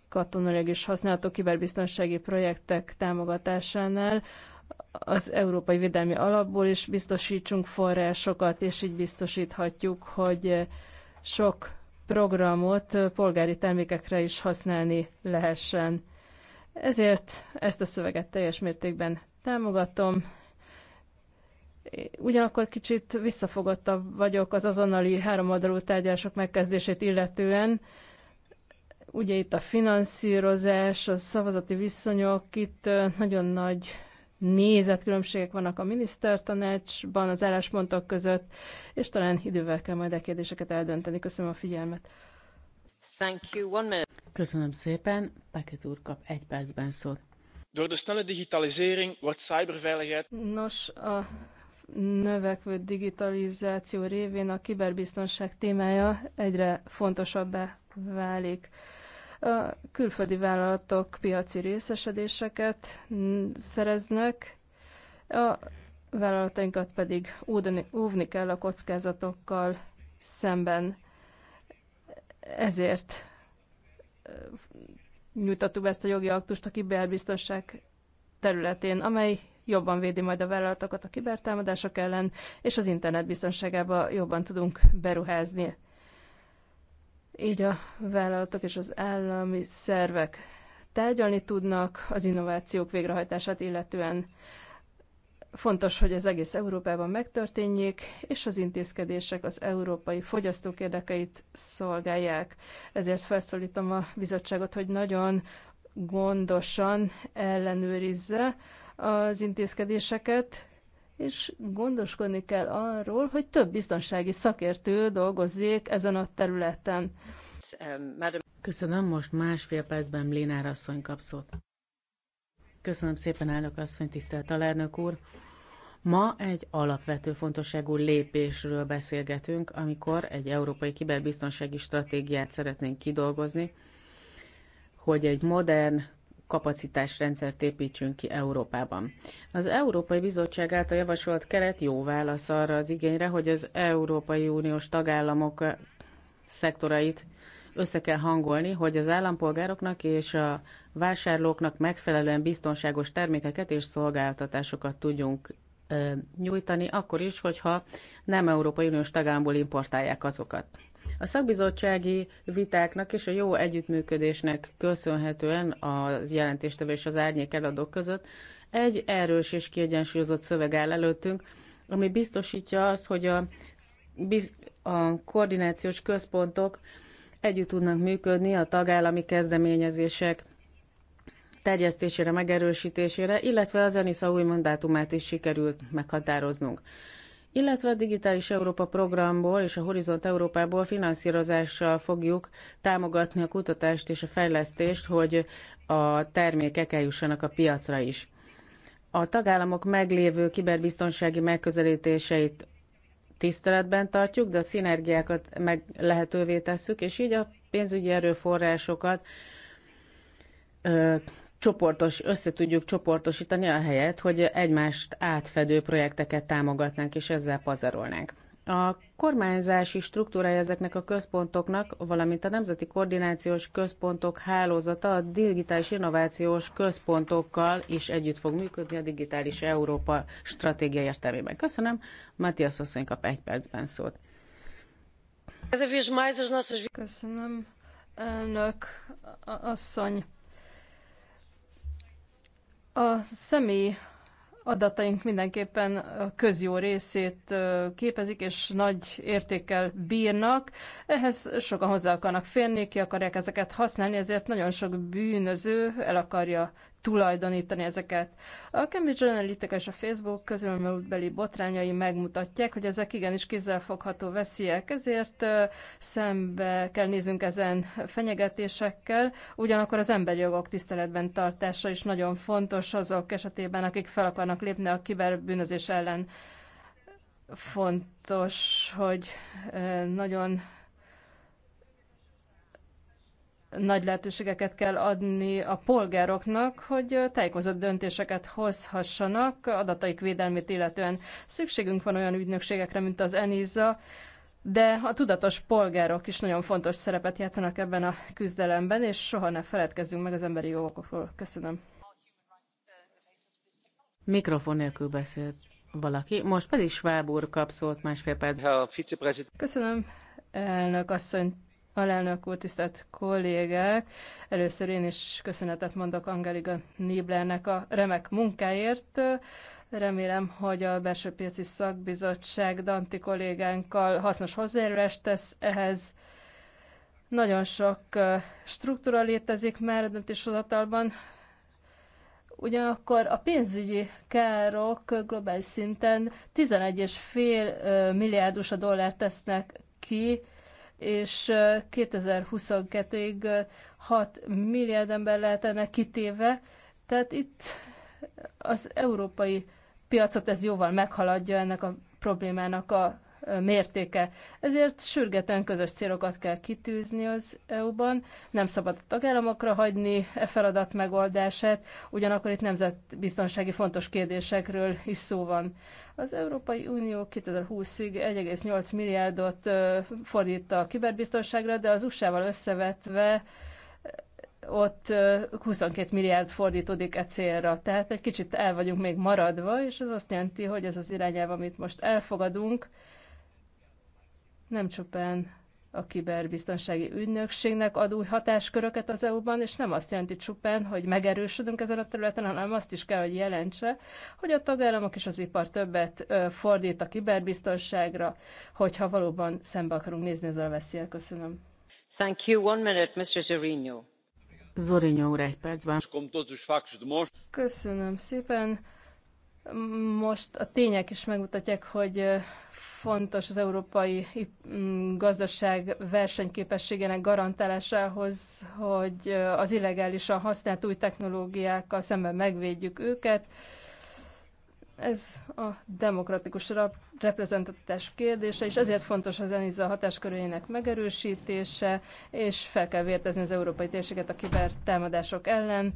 katonai és használható kiberbiztonsági projektek támogatásánál az Európai Védelmi Alapból is biztosítsunk forrásokat, és így biztosíthatjuk, hogy sok programot polgári termékekre is használni lehessen. Ezért ezt a szöveget teljes mértékben támogatom. Ugyanakkor kicsit visszafogottabb vagyok az azonnali háromoldalú tárgyalások megkezdését illetően. Ugye itt a finanszírozás, a szavazati viszonyok, itt nagyon nagy nézetkülönbségek vannak a minisztertanácsban, az álláspontok között, és talán idővel kell majd a e kérdéseket eldönteni. Köszönöm a figyelmet. Thank you. One minute. Köszönöm szépen. Paket úr kap egy percben szót. Door de snelle digitalisering wordt cyberveiligheid. Nos, a növekvő digitalizáció révén a kiberbiztonság témája egyre fontosabbá válik. A külföldi vállalatok piaci részesedéseket szereznek, a vállalatainkat pedig óvni kell a kockázatokkal szemben. Ezért nyújtottuk ezt a jogi aktust a kiberbiztonság területén, amely jobban védi majd a vállalatokat a kibertámadások ellen, és az internet biztonságába jobban tudunk beruházni. Így a vállalatok és az állami szervek tárgyalni tudnak az innovációk végrehajtását illetően. Fontos, hogy ez egész Európában megtörténjék, és az intézkedések az európai fogyasztók érdekeit szolgálják. Ezért felszólítom a bizottságot, hogy nagyon gondosan ellenőrizze az intézkedéseket, és gondoskodni kell arról, hogy több biztonsági szakértő dolgozzék ezen a területen. Köszönöm, most másfél percben Lénár asszony kap szót. Köszönöm szépen, elnök asszony, tisztelt alelnök úr. Ma egy alapvető fontosságú lépésről beszélgetünk, amikor egy európai kiberbiztonsági stratégiát szeretnénk kidolgozni, hogy egy modern kapacitásrendszert építsünk ki Európában. Az Európai Bizottság által javasolt keret jó válasz arra az igényre, hogy az Európai Uniós tagállamok szektorait össze kell hangolni, hogy az állampolgároknak és a vásárlóknak megfelelően biztonságos termékeket és szolgáltatásokat tudjunk nyújtani, akkor is, hogyha nem Európai Uniós tagállamból importálják azokat. A szakbizottsági vitáknak és a jó együttműködésnek köszönhetően az jelentéstevő és az árnyék eladók között egy erős és kiegyensúlyozott szöveg áll előttünk, ami biztosítja azt, hogy a, a koordinációs központok együtt tudnak működni a tagállami kezdeményezések terjesztésére, megerősítésére, illetve az ENISZA új mandátumát is sikerült meghatároznunk illetve a Digitális Európa programból és a Horizont Európából finanszírozással fogjuk támogatni a kutatást és a fejlesztést, hogy a termékek eljussanak a piacra is. A tagállamok meglévő kiberbiztonsági megközelítéseit tiszteletben tartjuk, de a szinergiákat meg lehetővé tesszük, és így a pénzügyi erőforrásokat csoportos, össze tudjuk csoportosítani a helyet, hogy egymást átfedő projekteket támogatnánk és ezzel pazarolnánk. A kormányzási struktúrája ezeknek a központoknak, valamint a Nemzeti Koordinációs Központok hálózata a digitális innovációs központokkal is együtt fog működni a Digitális Európa stratégia értelmében. Köszönöm, Matthias asszony kap egy percben szót. Köszönöm, Önök asszony. A személy adataink mindenképpen a közjó részét képezik, és nagy értékkel bírnak. Ehhez sokan hozzá akarnak férni, ki akarják ezeket használni, ezért nagyon sok bűnöző el akarja tulajdonítani ezeket. A Cambridge Analytica és a Facebook közülmúltbeli botrányai megmutatják, hogy ezek igenis kézzelfogható veszélyek, ezért szembe kell néznünk ezen fenyegetésekkel. Ugyanakkor az emberi jogok tiszteletben tartása is nagyon fontos azok esetében, akik fel akarnak lépni a kiberbűnözés ellen. Fontos, hogy nagyon nagy lehetőségeket kell adni a polgároknak, hogy tájékozott döntéseket hozhassanak adataik védelmét illetően. Szükségünk van olyan ügynökségekre, mint az ENISA, de a tudatos polgárok is nagyon fontos szerepet játszanak ebben a küzdelemben, és soha ne feledkezzünk meg az emberi jogokról. Köszönöm. Mikrofon nélkül beszélt valaki, most pedig Schwab úr kap szólt másfél perc. Köszönöm, elnök asszony, alelnök úr, tisztelt kollégák! Először én is köszönetet mondok Angelika Niblernek a remek munkáért. Remélem, hogy a Belső Piaci Szakbizottság Danti kollégánkkal hasznos hozzájárulást tesz ehhez. Nagyon sok struktúra létezik már a döntéshozatalban, Ugyanakkor a pénzügyi károk globális szinten 11,5 milliárdos a dollár tesznek ki, és 2022-ig 6 milliárd ember lehet ennek kitéve, tehát itt az európai piacot ez jóval meghaladja ennek a problémának a mértéke. Ezért sürgetően közös célokat kell kitűzni az EU-ban, nem szabad a tagállamokra hagyni e feladat megoldását, ugyanakkor itt nemzetbiztonsági fontos kérdésekről is szó van. Az Európai Unió 2020-ig 1,8 milliárdot fordít a kiberbiztonságra, de az USA-val összevetve ott 22 milliárd fordítódik e célra. Tehát egy kicsit el vagyunk még maradva, és ez azt jelenti, hogy ez az irányelv, amit most elfogadunk, nem csupán a kiberbiztonsági ügynökségnek ad új hatásköröket az EU-ban, és nem azt jelenti csupán, hogy megerősödünk ezen a területen, hanem azt is kell, hogy jelentse, hogy a tagállamok és az ipar többet fordít a kiberbiztonságra, hogyha valóban szembe akarunk nézni ezzel a veszélyel. Köszönöm. Thank you. One minute, Mr. Zorino. Zorino úr, egy percben. Köszönöm szépen. Most a tények is megmutatják, hogy fontos az európai mm, gazdaság versenyképességének garantálásához, hogy az illegálisan használt új technológiákkal szemben megvédjük őket. Ez a demokratikus reprezentatás kérdése, és ezért fontos az ENISA hatáskörének megerősítése, és fel kell vértezni az európai térséget a kibertámadások ellen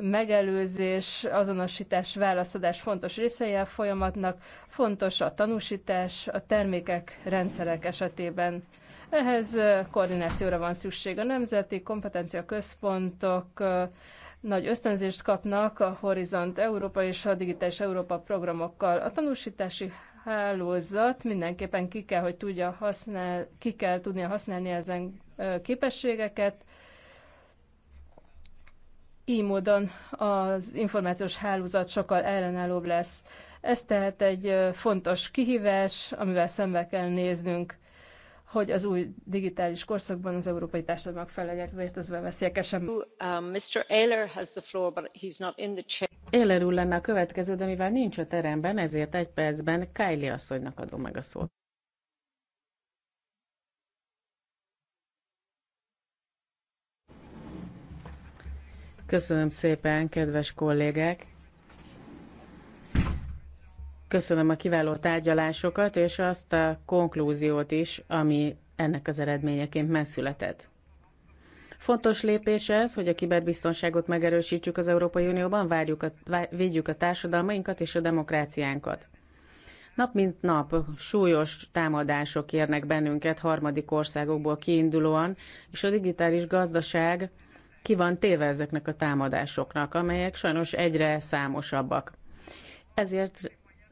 megelőzés, azonosítás, válaszadás fontos részei a folyamatnak, fontos a tanúsítás a termékek, rendszerek esetében. Ehhez koordinációra van szükség. A nemzeti kompetencia központok nagy ösztönzést kapnak a Horizont Európa és a Digitális Európa programokkal. A tanúsítási hálózat mindenképpen ki kell, hogy tudja használ, ki kell tudnia használni ezen képességeket, így módon az információs hálózat sokkal ellenállóbb lesz. Ez tehát egy fontos kihívás, amivel szembe kell néznünk, hogy az új digitális korszakban az európai társadalmak felelekvét ez veszélyekesen. Uh, Mr. úr lenne a következő, de mivel nincs a teremben, ezért egy percben Kylie asszonynak adom meg a szót. Köszönöm szépen, kedves kollégák! Köszönöm a kiváló tárgyalásokat és azt a konklúziót is, ami ennek az eredményeként megszületett. Fontos lépés ez, hogy a kiberbiztonságot megerősítsük az Európai Unióban, várjuk a, védjük a társadalmainkat és a demokráciánkat. Nap mint nap súlyos támadások érnek bennünket harmadik országokból kiindulóan, és a digitális gazdaság ki van téve ezeknek a támadásoknak, amelyek sajnos egyre számosabbak. Ezért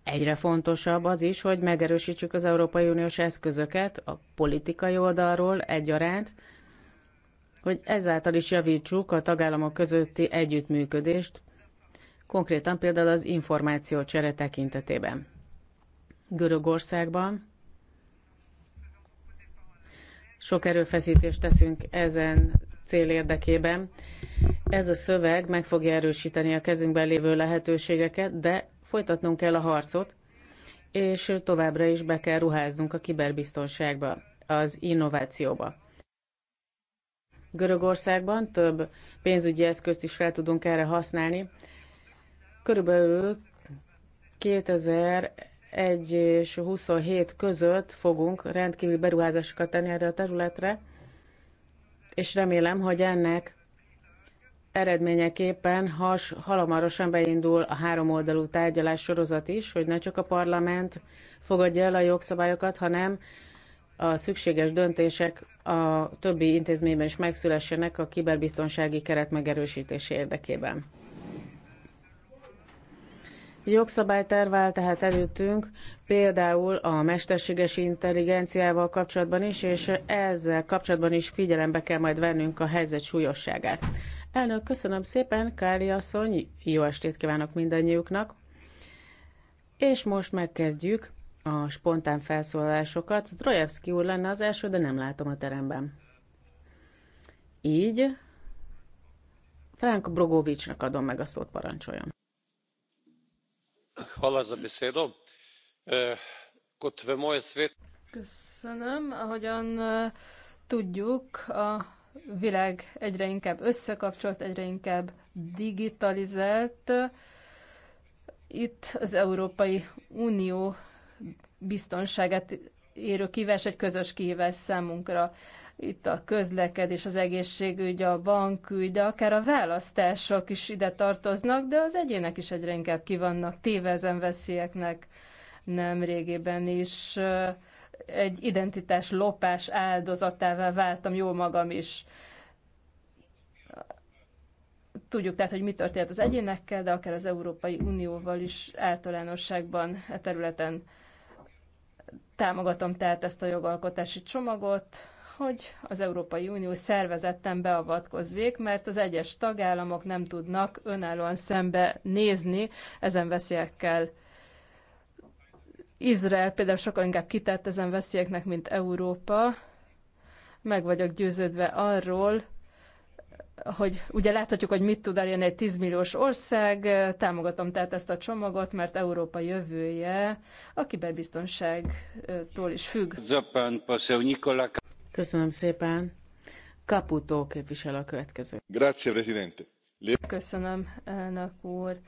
egyre fontosabb az is, hogy megerősítsük az Európai Uniós eszközöket a politikai oldalról egyaránt, hogy ezáltal is javítsuk a tagállamok közötti együttműködést, konkrétan például az információcsere tekintetében. Görögországban sok erőfeszítést teszünk ezen cél érdekében. Ez a szöveg meg fogja erősíteni a kezünkben lévő lehetőségeket, de folytatnunk kell a harcot, és továbbra is be kell ruháznunk a kiberbiztonságba, az innovációba. Görögországban több pénzügyi eszközt is fel tudunk erre használni. Körülbelül 2000 1 és 27 között fogunk rendkívüli beruházásokat tenni erre a területre, és remélem, hogy ennek eredményeképpen has, halamarosan beindul a háromoldalú tárgyalás sorozat is, hogy ne csak a parlament fogadja el a jogszabályokat, hanem a szükséges döntések a többi intézményben is megszülessenek a kiberbiztonsági keret megerősítése érdekében. Jogszabályterv áll tehát előttünk, például a mesterséges intelligenciával kapcsolatban is, és ezzel kapcsolatban is figyelembe kell majd vennünk a helyzet súlyosságát. Elnök, köszönöm szépen, Káli asszony, jó estét kívánok mindannyiuknak. És most megkezdjük a spontán felszólalásokat. Drojevski úr lenne az első, de nem látom a teremben. Így Frank Brogovicsnak adom meg a szót, parancsoljon. Eh, Köszönöm. Ahogyan eh, tudjuk, a világ egyre inkább összekapcsolt, egyre inkább digitalizált. Itt az Európai Unió biztonságát érő kihívás egy közös kihívás számunkra. Itt a közlekedés, az egészségügy, a bankügy, de akár a választások is ide tartoznak, de az egyének is egyre inkább kivannak tévezen veszélyeknek. Nem régében is egy identitás lopás áldozatává váltam jó magam is tudjuk tehát, hogy mi történt az egyénekkel, de akár az Európai Unióval is általánosságban e területen támogatom tehát ezt a jogalkotási csomagot, hogy az Európai Unió szervezetten beavatkozzék, mert az egyes tagállamok nem tudnak önállóan szembe nézni ezen veszélyekkel. Izrael például sokkal inkább kitett ezen veszélyeknek, mint Európa. Meg vagyok győződve arról, hogy ugye láthatjuk, hogy mit tud elérni egy 10 milliós ország, támogatom tehát ezt a csomagot, mert Európa jövője a kiberbiztonságtól is függ. Köszönöm szépen. Kaputó képviselő a következő. Grazie, Presidente. Köszönöm, elnök úr.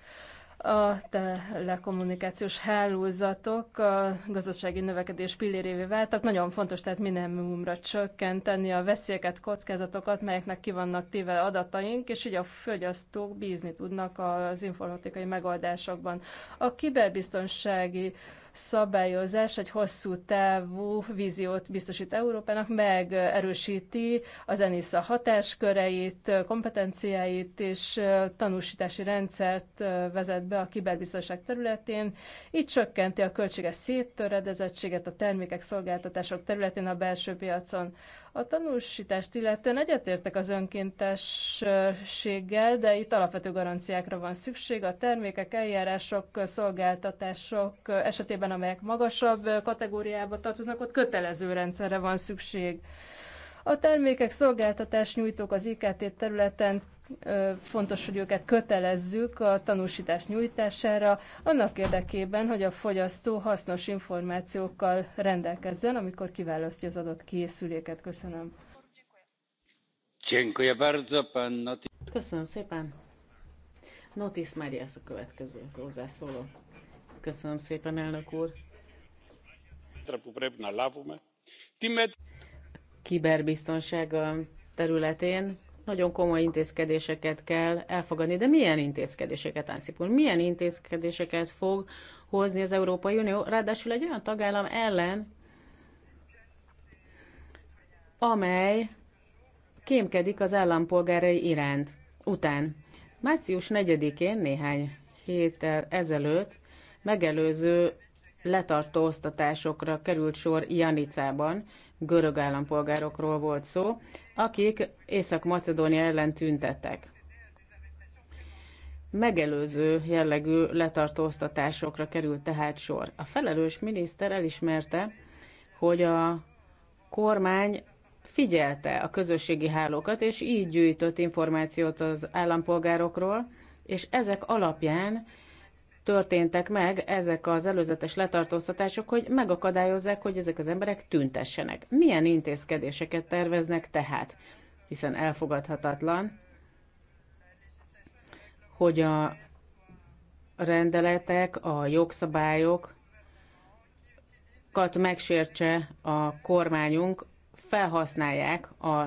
A telekommunikációs hálózatok a gazdasági növekedés pillérévé váltak. Nagyon fontos tehát minimumra csökkenteni a veszélyeket, kockázatokat, melyeknek ki vannak téve adataink, és így a fogyasztók bízni tudnak az informatikai megoldásokban. A kiberbiztonsági uh, szabályozás egy hosszú távú víziót biztosít Európának, meg erősíti az ENISZA hatásköreit, kompetenciáit és tanúsítási rendszert vezet be a kiberbiztonság területén. Így csökkenti a költséges széttöredezettséget a termékek szolgáltatások területén a belső piacon. A tanúsítást illetően egyetértek az önkéntességgel, de itt alapvető garanciákra van szükség. A termékek, eljárások, szolgáltatások esetében, amelyek magasabb kategóriába tartoznak, ott kötelező rendszerre van szükség. A termékek szolgáltatás nyújtók az IKT területen fontos, hogy őket kötelezzük a tanúsítás nyújtására, annak érdekében, hogy a fogyasztó hasznos információkkal rendelkezzen, amikor kiválasztja az adott készüléket. Köszönöm. Köszönöm szépen. Notis Marias a következő hozzászóló. Köszönöm szépen, elnök úr. Kiberbiztonsága területén nagyon komoly intézkedéseket kell elfogadni. De milyen intézkedéseket, Ánszipul? Milyen intézkedéseket fog hozni az Európai Unió, ráadásul egy olyan tagállam ellen, amely kémkedik az állampolgárai iránt. Után, március 4-én, néhány héttel ezelőtt, megelőző letartóztatásokra került sor Janicában, görög állampolgárokról volt szó, akik Észak-Macedónia ellen tüntettek. Megelőző jellegű letartóztatásokra került tehát sor. A felelős miniszter elismerte, hogy a kormány figyelte a közösségi hálókat, és így gyűjtött információt az állampolgárokról, és ezek alapján történtek meg ezek az előzetes letartóztatások, hogy megakadályozzák, hogy ezek az emberek tüntessenek. Milyen intézkedéseket terveznek tehát? Hiszen elfogadhatatlan, hogy a rendeletek, a jogszabályok megsértse a kormányunk, felhasználják a,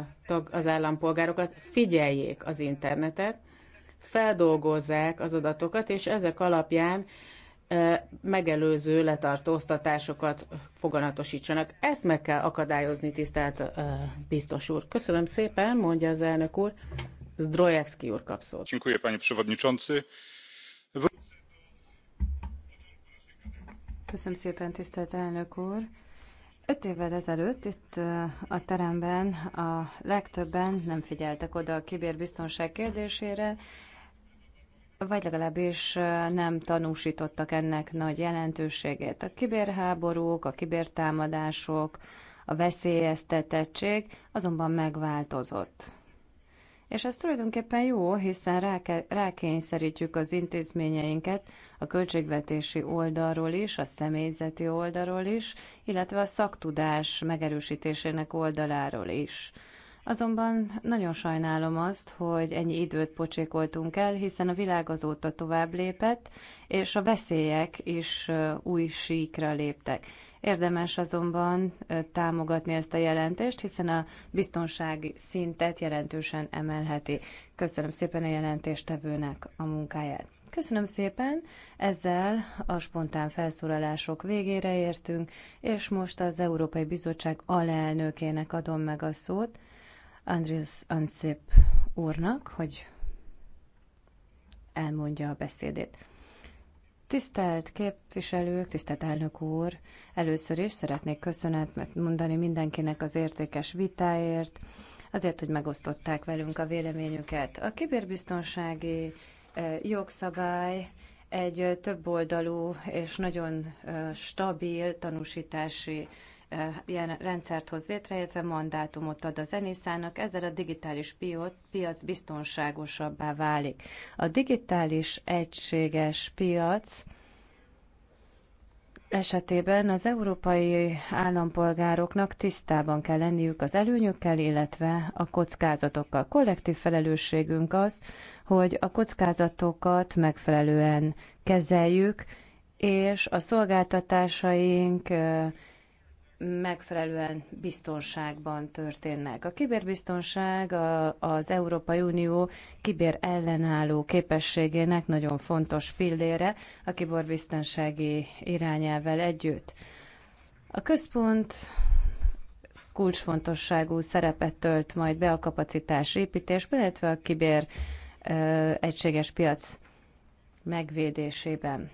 az állampolgárokat, figyeljék az internetet, feldolgozzák az adatokat, és ezek alapján megelőző letartóztatásokat foganatosítsanak. Ezt meg kell akadályozni, tisztelt biztos úr. Köszönöm szépen, mondja az elnök úr. Zdrojewski úr kap szót. Dziękuję, panie przewodniczący. Köszönöm szépen, tisztelt elnök úr. Öt évvel ezelőtt itt a teremben a legtöbben nem figyeltek oda a kibérbiztonság kérdésére, vagy legalábbis nem tanúsítottak ennek nagy jelentőségét. A kiberháborúk, a kibertámadások, a veszélyeztetettség azonban megváltozott. És ez tulajdonképpen jó, hiszen rákényszerítjük az intézményeinket a költségvetési oldalról is, a személyzeti oldalról is, illetve a szaktudás megerősítésének oldaláról is. Azonban nagyon sajnálom azt, hogy ennyi időt pocsékoltunk el, hiszen a világ azóta tovább lépett, és a veszélyek is új síkra léptek. Érdemes azonban támogatni ezt a jelentést, hiszen a biztonsági szintet jelentősen emelheti. Köszönöm szépen a jelentéstevőnek a munkáját. Köszönöm szépen, ezzel a spontán felszólalások végére értünk, és most az Európai Bizottság alelnökének adom meg a szót. Andrius Ansip úrnak, hogy elmondja a beszédét. Tisztelt képviselők, tisztelt elnök úr, először is szeretnék köszönetet mondani mindenkinek az értékes vitáért, azért, hogy megosztották velünk a véleményüket. A kibérbiztonsági eh, jogszabály egy eh, többoldalú és nagyon eh, stabil tanúsítási ilyen rendszert hoz létre, illetve mandátumot ad a zenészának, ezzel a digitális piac biztonságosabbá válik. A digitális egységes piac esetében az európai állampolgároknak tisztában kell lenniük az előnyökkel, illetve a kockázatokkal. Kollektív felelősségünk az, hogy a kockázatokat megfelelően kezeljük, és a szolgáltatásaink megfelelően biztonságban történnek. A kiberbiztonság a, az Európai Unió kiber ellenálló képességének nagyon fontos pillére a kiberbiztonsági irányelvel együtt. A központ kulcsfontosságú szerepet tölt majd be a kapacitás építésben, illetve a kiber egységes piac megvédésében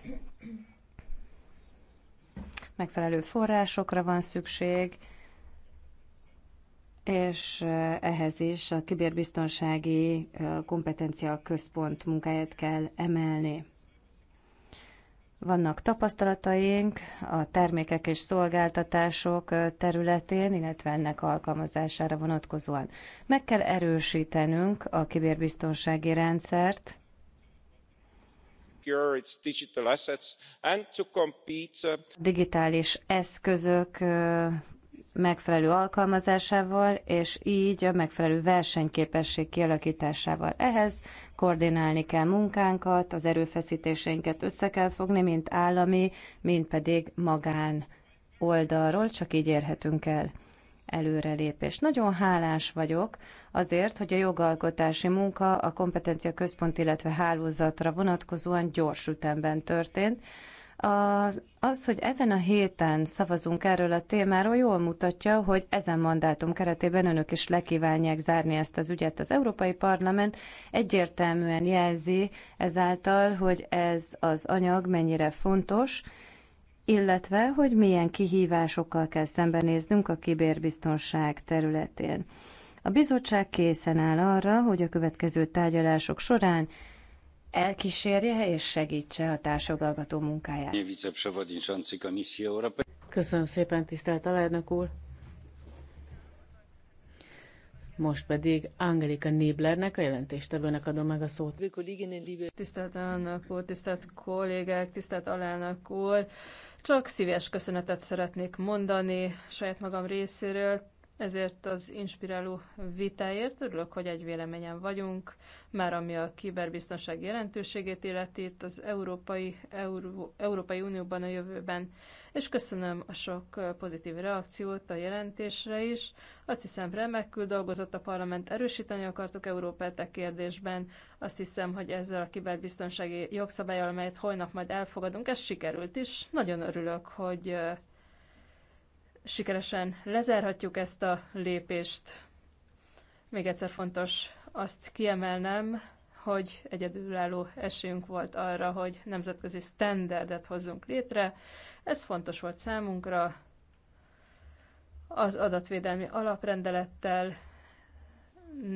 megfelelő forrásokra van szükség, és eh, ehhez is a kiberbiztonsági eh, kompetencia központ munkáját kell emelni. Vannak tapasztalataink a termékek és szolgáltatások eh, területén, illetve ennek alkalmazására vonatkozóan. Meg kell erősítenünk a kiberbiztonsági rendszert, Uh, digitális eszközök megfelelő alkalmazásával, és így a megfelelő versenyképesség kialakításával. Ehhez koordinálni kell munkánkat, az erőfeszítéseinket össze kell fogni, mint állami, mint pedig magán oldalról, csak így érhetünk el előrelépés. Nagyon hálás vagyok azért, hogy a jogalkotási munka a kompetencia központ, illetve hálózatra vonatkozóan gyors ütemben történt. Az, az, hogy ezen a héten szavazunk erről a témáról, jól mutatja, hogy ezen mandátum keretében önök is lekívánják zárni ezt az ügyet. Az Európai Parlament egyértelműen jelzi ezáltal, hogy ez az anyag mennyire fontos, illetve hogy milyen kihívásokkal kell szembenéznünk a kibérbiztonság területén. A bizottság készen áll arra, hogy a következő tárgyalások során elkísérje és segítse a társadalgató munkáját. Köszönöm szépen, tisztelt alelnök úr! Most pedig Angelika Néblernek, a jelentéstevőnek adom meg a szót. Tisztelt elnök úr, tisztelt kollégák, tisztelt alelnök úr! Csak szíves köszönetet szeretnék mondani saját magam részéről ezért az inspiráló vitáért. Örülök, hogy egy véleményen vagyunk, már ami a kiberbiztonság jelentőségét illeti itt az Európai, Euró, Európai Unióban a jövőben. És köszönöm a sok pozitív reakciót a jelentésre is. Azt hiszem, remekül dolgozott a parlament, erősíteni akartuk Európát a e kérdésben. Azt hiszem, hogy ezzel a kiberbiztonsági jogszabályal, amelyet holnap majd elfogadunk, ez sikerült is. Nagyon örülök, hogy sikeresen lezárhatjuk ezt a lépést. Még egyszer fontos azt kiemelnem, hogy egyedülálló esélyünk volt arra, hogy nemzetközi standardet hozzunk létre. Ez fontos volt számunkra. Az adatvédelmi alaprendelettel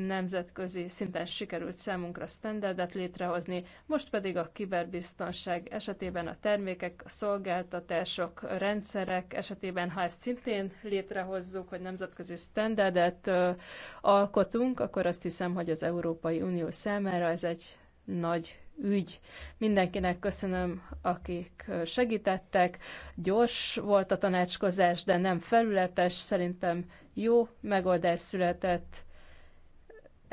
nemzetközi szinten sikerült számunkra standardet létrehozni, most pedig a kiberbiztonság esetében a termékek, a szolgáltatások, a rendszerek esetében, ha ezt szintén létrehozzuk, hogy nemzetközi standardet alkotunk, akkor azt hiszem, hogy az Európai Unió számára ez egy nagy ügy. Mindenkinek köszönöm, akik segítettek. Gyors volt a tanácskozás, de nem felületes. Szerintem jó megoldás született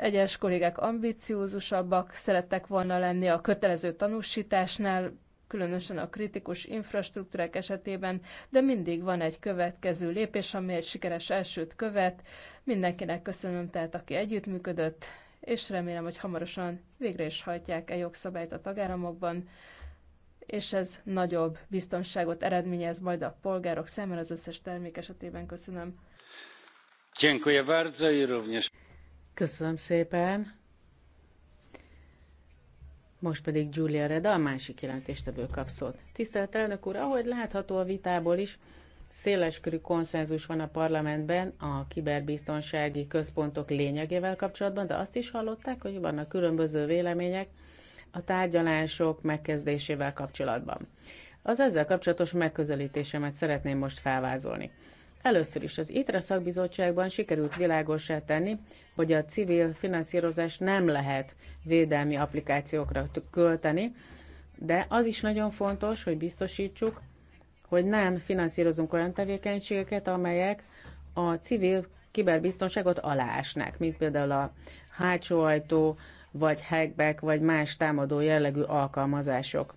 egyes kollégák ambiciózusabbak szerettek volna lenni a kötelező tanúsításnál, különösen a kritikus infrastruktúrák esetében, de mindig van egy következő lépés, ami egy sikeres elsőt követ. Mindenkinek köszönöm tehát, aki együttműködött, és remélem, hogy hamarosan végre is hajtják e jogszabályt a tagállamokban, és ez nagyobb biztonságot eredményez majd a polgárok számára az összes termék esetében. Köszönöm. Dziękuję bardzo i również. Köszönöm szépen. Most pedig Julia Reda, a másik jelentéstevő kap szót. Tisztelt elnök úr, ahogy látható a vitából is, széleskörű konszenzus van a parlamentben a kiberbiztonsági központok lényegével kapcsolatban, de azt is hallották, hogy vannak különböző vélemények a tárgyalások megkezdésével kapcsolatban. Az ezzel kapcsolatos megközelítésemet szeretném most felvázolni. Először is az ITRE szakbizottságban sikerült világosá tenni, hogy a civil finanszírozás nem lehet védelmi applikációkra költeni, de az is nagyon fontos, hogy biztosítsuk, hogy nem finanszírozunk olyan tevékenységeket, amelyek a civil kiberbiztonságot aláásnák, mint például a hátsó ajtó, vagy hackback, vagy más támadó jellegű alkalmazások.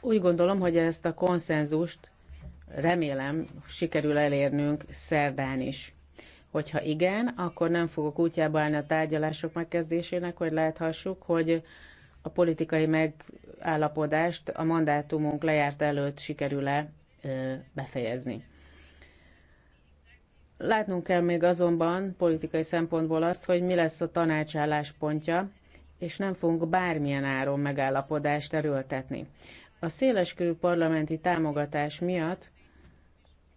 Úgy gondolom, hogy ezt a konszenzust remélem sikerül elérnünk szerdán is. Hogyha igen, akkor nem fogok útjába állni a tárgyalások megkezdésének, hogy láthassuk, hogy a politikai megállapodást a mandátumunk lejárt előtt sikerül-e befejezni. Látnunk kell még azonban politikai szempontból azt, hogy mi lesz a tanácsálláspontja, és nem fogunk bármilyen áron megállapodást erőltetni. A széleskörű parlamenti támogatás miatt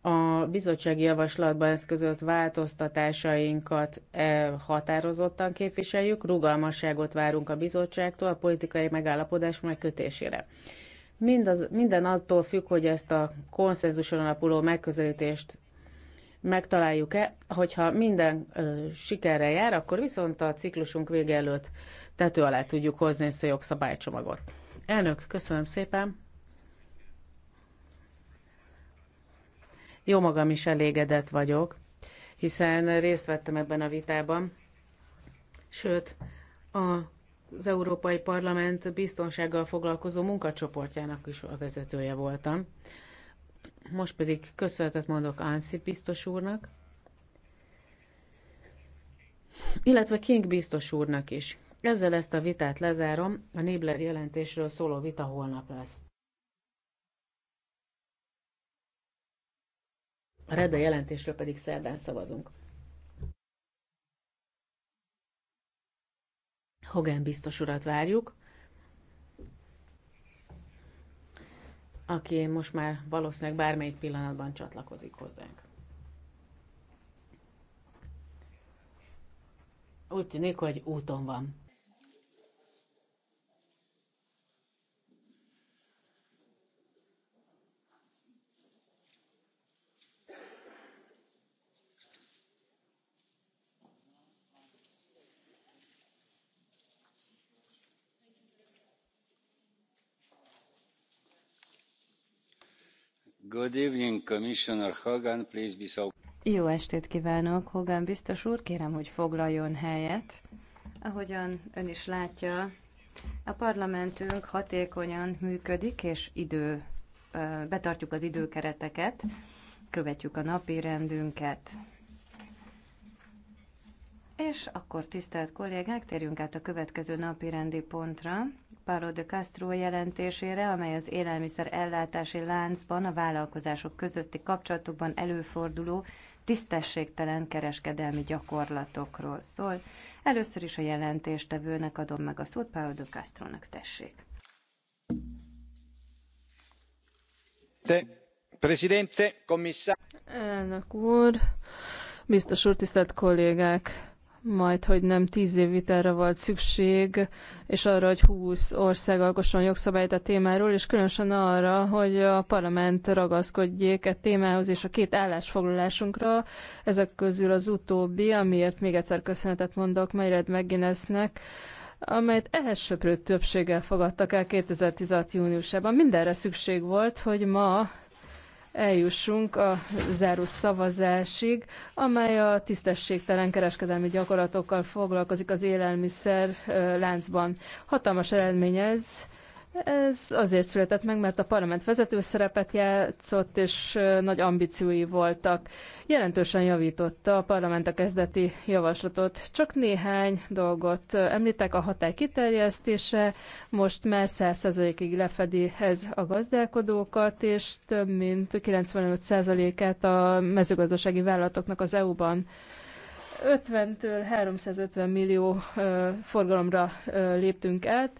a bizottsági javaslatban eszközölt változtatásainkat e, határozottan képviseljük, rugalmasságot várunk a bizottságtól a politikai megállapodás megkötésére. Mindaz, minden attól függ, hogy ezt a konszenzuson alapuló megközelítést megtaláljuk-e, hogyha minden ö, sikerre jár, akkor viszont a ciklusunk vége előtt tető alá tudjuk hozni ezt a jogszabálycsomagot. Elnök, köszönöm szépen! Jó magam is elégedett vagyok, hiszen részt vettem ebben a vitában. Sőt, a, az Európai Parlament biztonsággal foglalkozó munkacsoportjának is a vezetője voltam. Most pedig köszönetet mondok Ansip biztos úrnak, illetve King biztos úrnak is. Ezzel ezt a vitát lezárom, a Nibler jelentésről szóló vita holnap lesz. A Redda jelentésről pedig szerdán szavazunk. Hogan biztos urat várjuk, aki most már valószínűleg bármelyik pillanatban csatlakozik hozzánk. Úgy tűnik, hogy úton van. Jó estét kívánok, Hogan biztos úr, kérem, hogy foglaljon helyet. Ahogyan ön is látja, a parlamentünk hatékonyan működik, és idő, betartjuk az időkereteket, követjük a napi rendünket. És akkor, tisztelt kollégák, térjünk át a következő napi rendi pontra. Paulo de Castro jelentésére, amely az élelmiszer ellátási láncban a vállalkozások közötti kapcsolatokban előforduló tisztességtelen kereskedelmi gyakorlatokról szól. Először is a jelentéstevőnek adom meg a szót, Paulo de Castro-nak tessék. Te, presidente, commissar... Elnök úr, biztos úr, tisztelt kollégák! majd, hogy nem tíz év vitára volt szükség, és arra, hogy 20 ország alkosson jogszabályt a témáról, és különösen arra, hogy a parlament ragaszkodjék a e témához és a két állásfoglalásunkra. Ezek közül az utóbbi, amiért még egyszer köszönetet mondok Mayred McGuinnessnek, amelyet elsöprő többséggel fogadtak el 2016. júniusában. Mindenre szükség volt, hogy ma eljussunk a záró szavazásig, amely a tisztességtelen kereskedelmi gyakorlatokkal foglalkozik az élelmiszer láncban. Hatalmas eredmény ez, ez azért született meg, mert a parlament vezető szerepet játszott, és nagy ambíciói voltak. Jelentősen javította a parlament a kezdeti javaslatot. Csak néhány dolgot említek, a hatály kiterjesztése, most már 100%-ig lefedi ez a gazdálkodókat, és több mint 95%-át a mezőgazdasági vállalatoknak az EU-ban. 50-től 350 millió forgalomra léptünk át,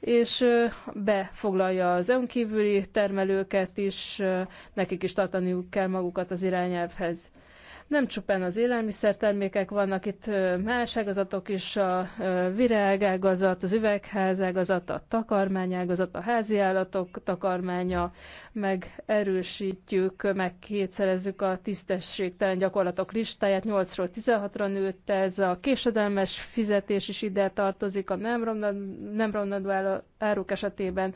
és befoglalja az önkívüli termelőket is, nekik is tartaniuk kell magukat az irányelvhez. Nem csupán az élelmiszertermékek vannak, itt más ágazatok is, a virágágazat, az üvegházágazat, a takarmányágazat, a háziállatok takarmánya, meg erősítjük, meg kétszerezzük a tisztességtelen gyakorlatok listáját, 8-ról 16-ra nőtt ez, a késedelmes fizetés is ide tartozik, a nem romlandó áruk esetében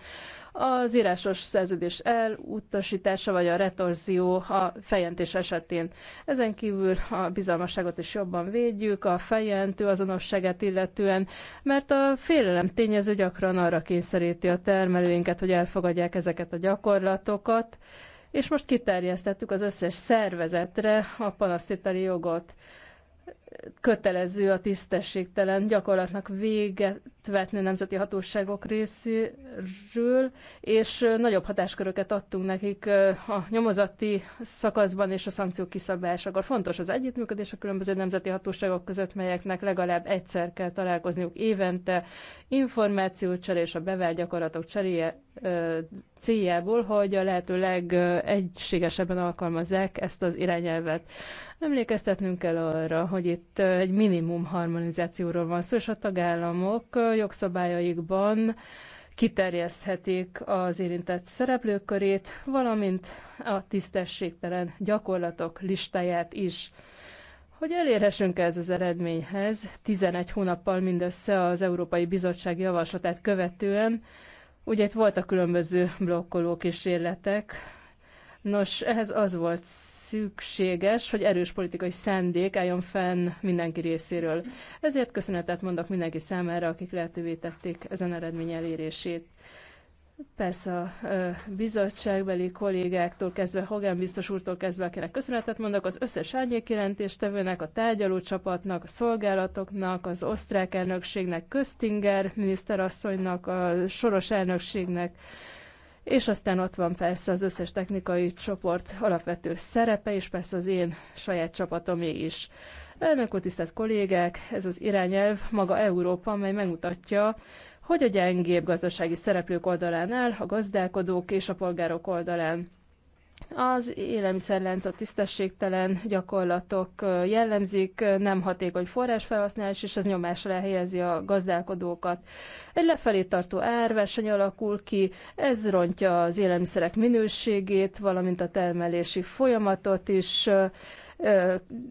az írásos szerződés elutasítása vagy a retorzió a fejentés esetén. Ezen kívül a bizalmasságot is jobban védjük, a fejentő azonosságát illetően, mert a félelem tényező gyakran arra kényszeríti a termelőinket, hogy elfogadják ezeket a gyakorlatokat, és most kiterjesztettük az összes szervezetre a panasztitali jogot kötelező a tisztességtelen gyakorlatnak véget vetni nemzeti hatóságok részéről, és nagyobb hatásköröket adtunk nekik a nyomozati szakaszban és a szankciók kiszabásakor. Fontos az együttműködés a különböző nemzeti hatóságok között, melyeknek legalább egyszer kell találkozniuk évente információcsere és a bevált gyakorlatok cseréje céljából, hogy a lehető legegységesebben alkalmazzák ezt az irányelvet. Emlékeztetnünk kell arra, hogy itt egy minimum harmonizációról van szó, és a tagállamok a jogszabályaikban kiterjeszthetik az érintett szereplők körét, valamint a tisztességtelen gyakorlatok listáját is. Hogy elérhessünk ez az eredményhez, 11 hónappal mindössze az Európai Bizottság javaslatát követően, ugye itt voltak különböző blokkoló kísérletek, Nos, ehhez az volt szükséges, hogy erős politikai szendék álljon fenn mindenki részéről. Ezért köszönetet mondok mindenki számára, akik lehetővé tették ezen eredmény elérését. Persze a bizottságbeli kollégáktól kezdve, Hogan biztos úrtól kezdve, akinek köszönetet mondok, az összes árnyékjelentéstevőnek, a tárgyalócsapatnak, a szolgálatoknak, az osztrák elnökségnek, Köztinger miniszterasszonynak, a soros elnökségnek, és aztán ott van persze az összes technikai csoport alapvető szerepe, és persze az én saját csapatom is. Elnök úr, tisztelt kollégák, ez az irányelv maga Európa, amely megmutatja, hogy a gyengébb gazdasági szereplők oldalán áll, a gazdálkodók és a polgárok oldalán. Az élelmiszerlánc a tisztességtelen gyakorlatok jellemzik, nem hatékony forrásfelhasználás, és az nyomás helyezi a gazdálkodókat. Egy lefelé tartó árverseny alakul ki, ez rontja az élelmiszerek minőségét, valamint a termelési folyamatot is,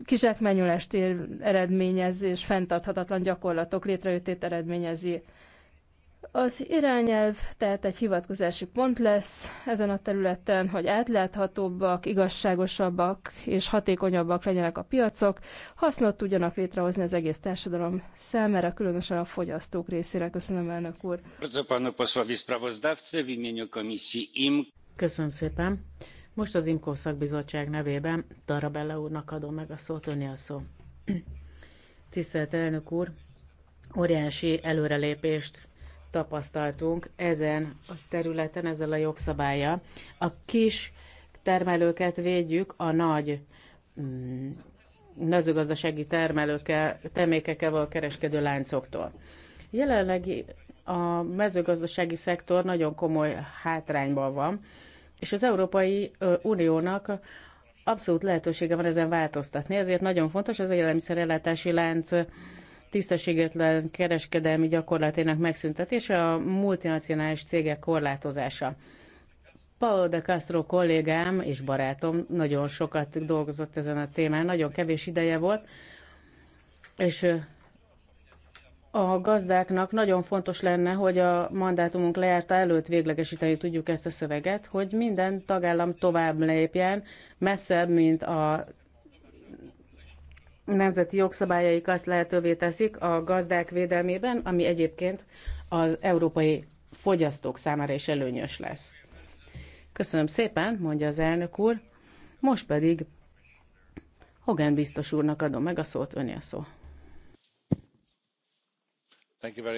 kizsákmányolást eredményez, és fenntarthatatlan gyakorlatok létrejöttét eredményezi. Az irányelv tehát egy hivatkozási pont lesz ezen a területen, hogy átláthatóbbak, igazságosabbak és hatékonyabbak legyenek a piacok, hasznot tudjanak létrehozni az egész társadalom számára, különösen a fogyasztók részére. Köszönöm, elnök úr. Köszönöm szépen. Most az IMKO szakbizottság nevében Tarabella úrnak adom meg a szót, önni a szó. Tisztelt elnök úr, óriási előrelépést tapasztaltunk ezen a területen, ezzel a jogszabálya. A kis termelőket védjük a nagy mm, mezőgazdasági termelőkkel, termékekkel való kereskedő láncoktól. Jelenleg a mezőgazdasági szektor nagyon komoly hátrányban van, és az Európai Uniónak abszolút lehetősége van ezen változtatni, ezért nagyon fontos az élelmiszerellátási lánc tisztességetlen kereskedelmi gyakorlatének megszüntetése, a multinacionális cégek korlátozása. Paolo de Castro kollégám és barátom nagyon sokat dolgozott ezen a témán, nagyon kevés ideje volt, és a gazdáknak nagyon fontos lenne, hogy a mandátumunk lejárta előtt véglegesíteni tudjuk ezt a szöveget, hogy minden tagállam tovább lépjen, messzebb, mint a nemzeti jogszabályaik azt lehetővé teszik a gazdák védelmében, ami egyébként az európai fogyasztók számára is előnyös lesz. Köszönöm szépen, mondja az elnök úr. Most pedig Hogan biztos úrnak adom meg a szót, öné a szó.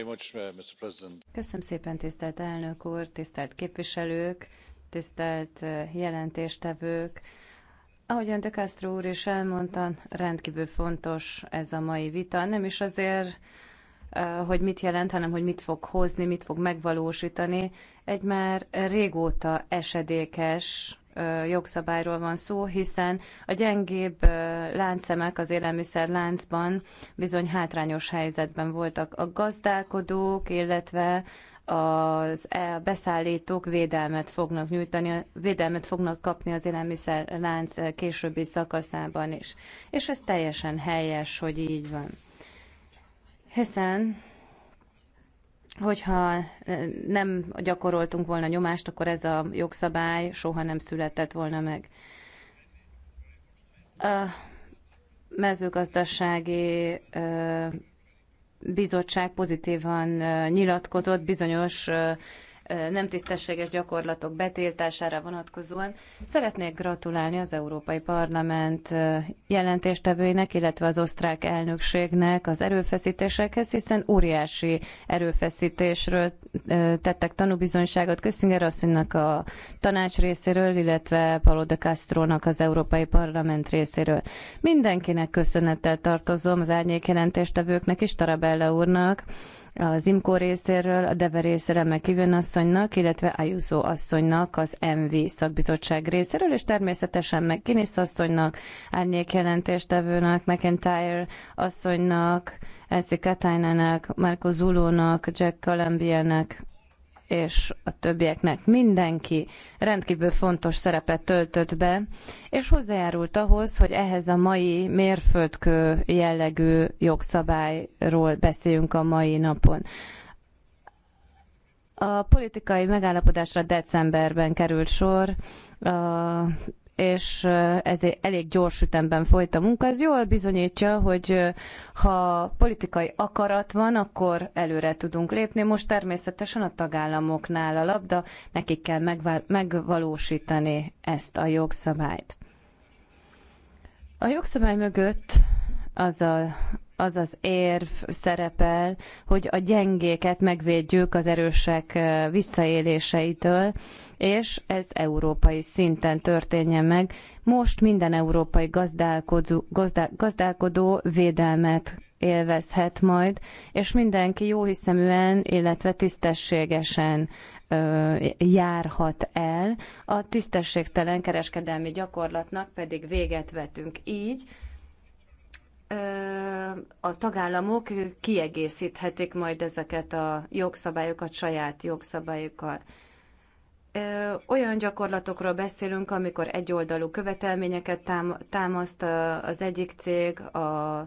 Much, uh, Köszönöm szépen, tisztelt elnök úr, tisztelt képviselők, tisztelt uh, jelentéstevők. Ahogyan de Castro úr is elmondta, rendkívül fontos ez a mai vita. Nem is azért, hogy mit jelent, hanem hogy mit fog hozni, mit fog megvalósítani. Egy már régóta esedékes jogszabályról van szó, hiszen a gyengébb láncszemek az élelmiszer láncban bizony hátrányos helyzetben voltak a gazdálkodók, illetve az e- beszállítók védelmet fognak nyújtani, védelmet fognak kapni az élelmiszerlánc későbbi szakaszában is. És ez teljesen helyes, hogy így van. Hiszen hogyha e, nem gyakoroltunk volna nyomást, akkor ez a jogszabály soha nem született volna meg. A mezőgazdasági e, bizottság pozitívan nyilatkozott bizonyos nem tisztességes gyakorlatok betiltására vonatkozóan. Szeretnék gratulálni az Európai Parlament jelentéstevőinek, illetve az osztrák elnökségnek az erőfeszítésekhez, hiszen óriási erőfeszítésről tettek tanúbizonyságot Köszinger asszonynak a tanács részéről, illetve Paolo de Castro-nak az Európai Parlament részéről. Mindenkinek köszönettel tartozom, az árnyék jelentéstevőknek és Tarabella úrnak, az IMCO részéről, a DEVE részéről Mekivön asszonynak, illetve Ayuso asszonynak az MV szakbizottság részéről, és természetesen meg Guinness asszonynak, árnyék jelentéstevőnek, McIntyre asszonynak, Elsie Katainenek, Marco Zulónak, Jack Colombianek, és a többieknek mindenki rendkívül fontos szerepet töltött be, és hozzájárult ahhoz, hogy ehhez a mai mérföldkő jellegű jogszabályról beszéljünk a mai napon. A politikai megállapodásra decemberben került sor, a és ez elég gyors ütemben folyt a munka. Ez jól bizonyítja, hogy ha politikai akarat van, akkor előre tudunk lépni. Most természetesen a tagállamoknál a labda, nekik kell megvalósítani ezt a jogszabályt. A jogszabály mögött az a az az érv szerepel, hogy a gyengéket megvédjük az erősek visszaéléseitől, és ez európai szinten történjen meg. Most minden európai gazdálkodó, gazdál, gazdálkodó védelmet élvezhet majd, és mindenki jóhiszeműen, illetve tisztességesen járhat el, a tisztességtelen kereskedelmi gyakorlatnak pedig véget vetünk így, a tagállamok kiegészíthetik majd ezeket a jogszabályokat saját jogszabályokkal. Olyan gyakorlatokról beszélünk, amikor egyoldalú követelményeket támaszt az egyik cég a,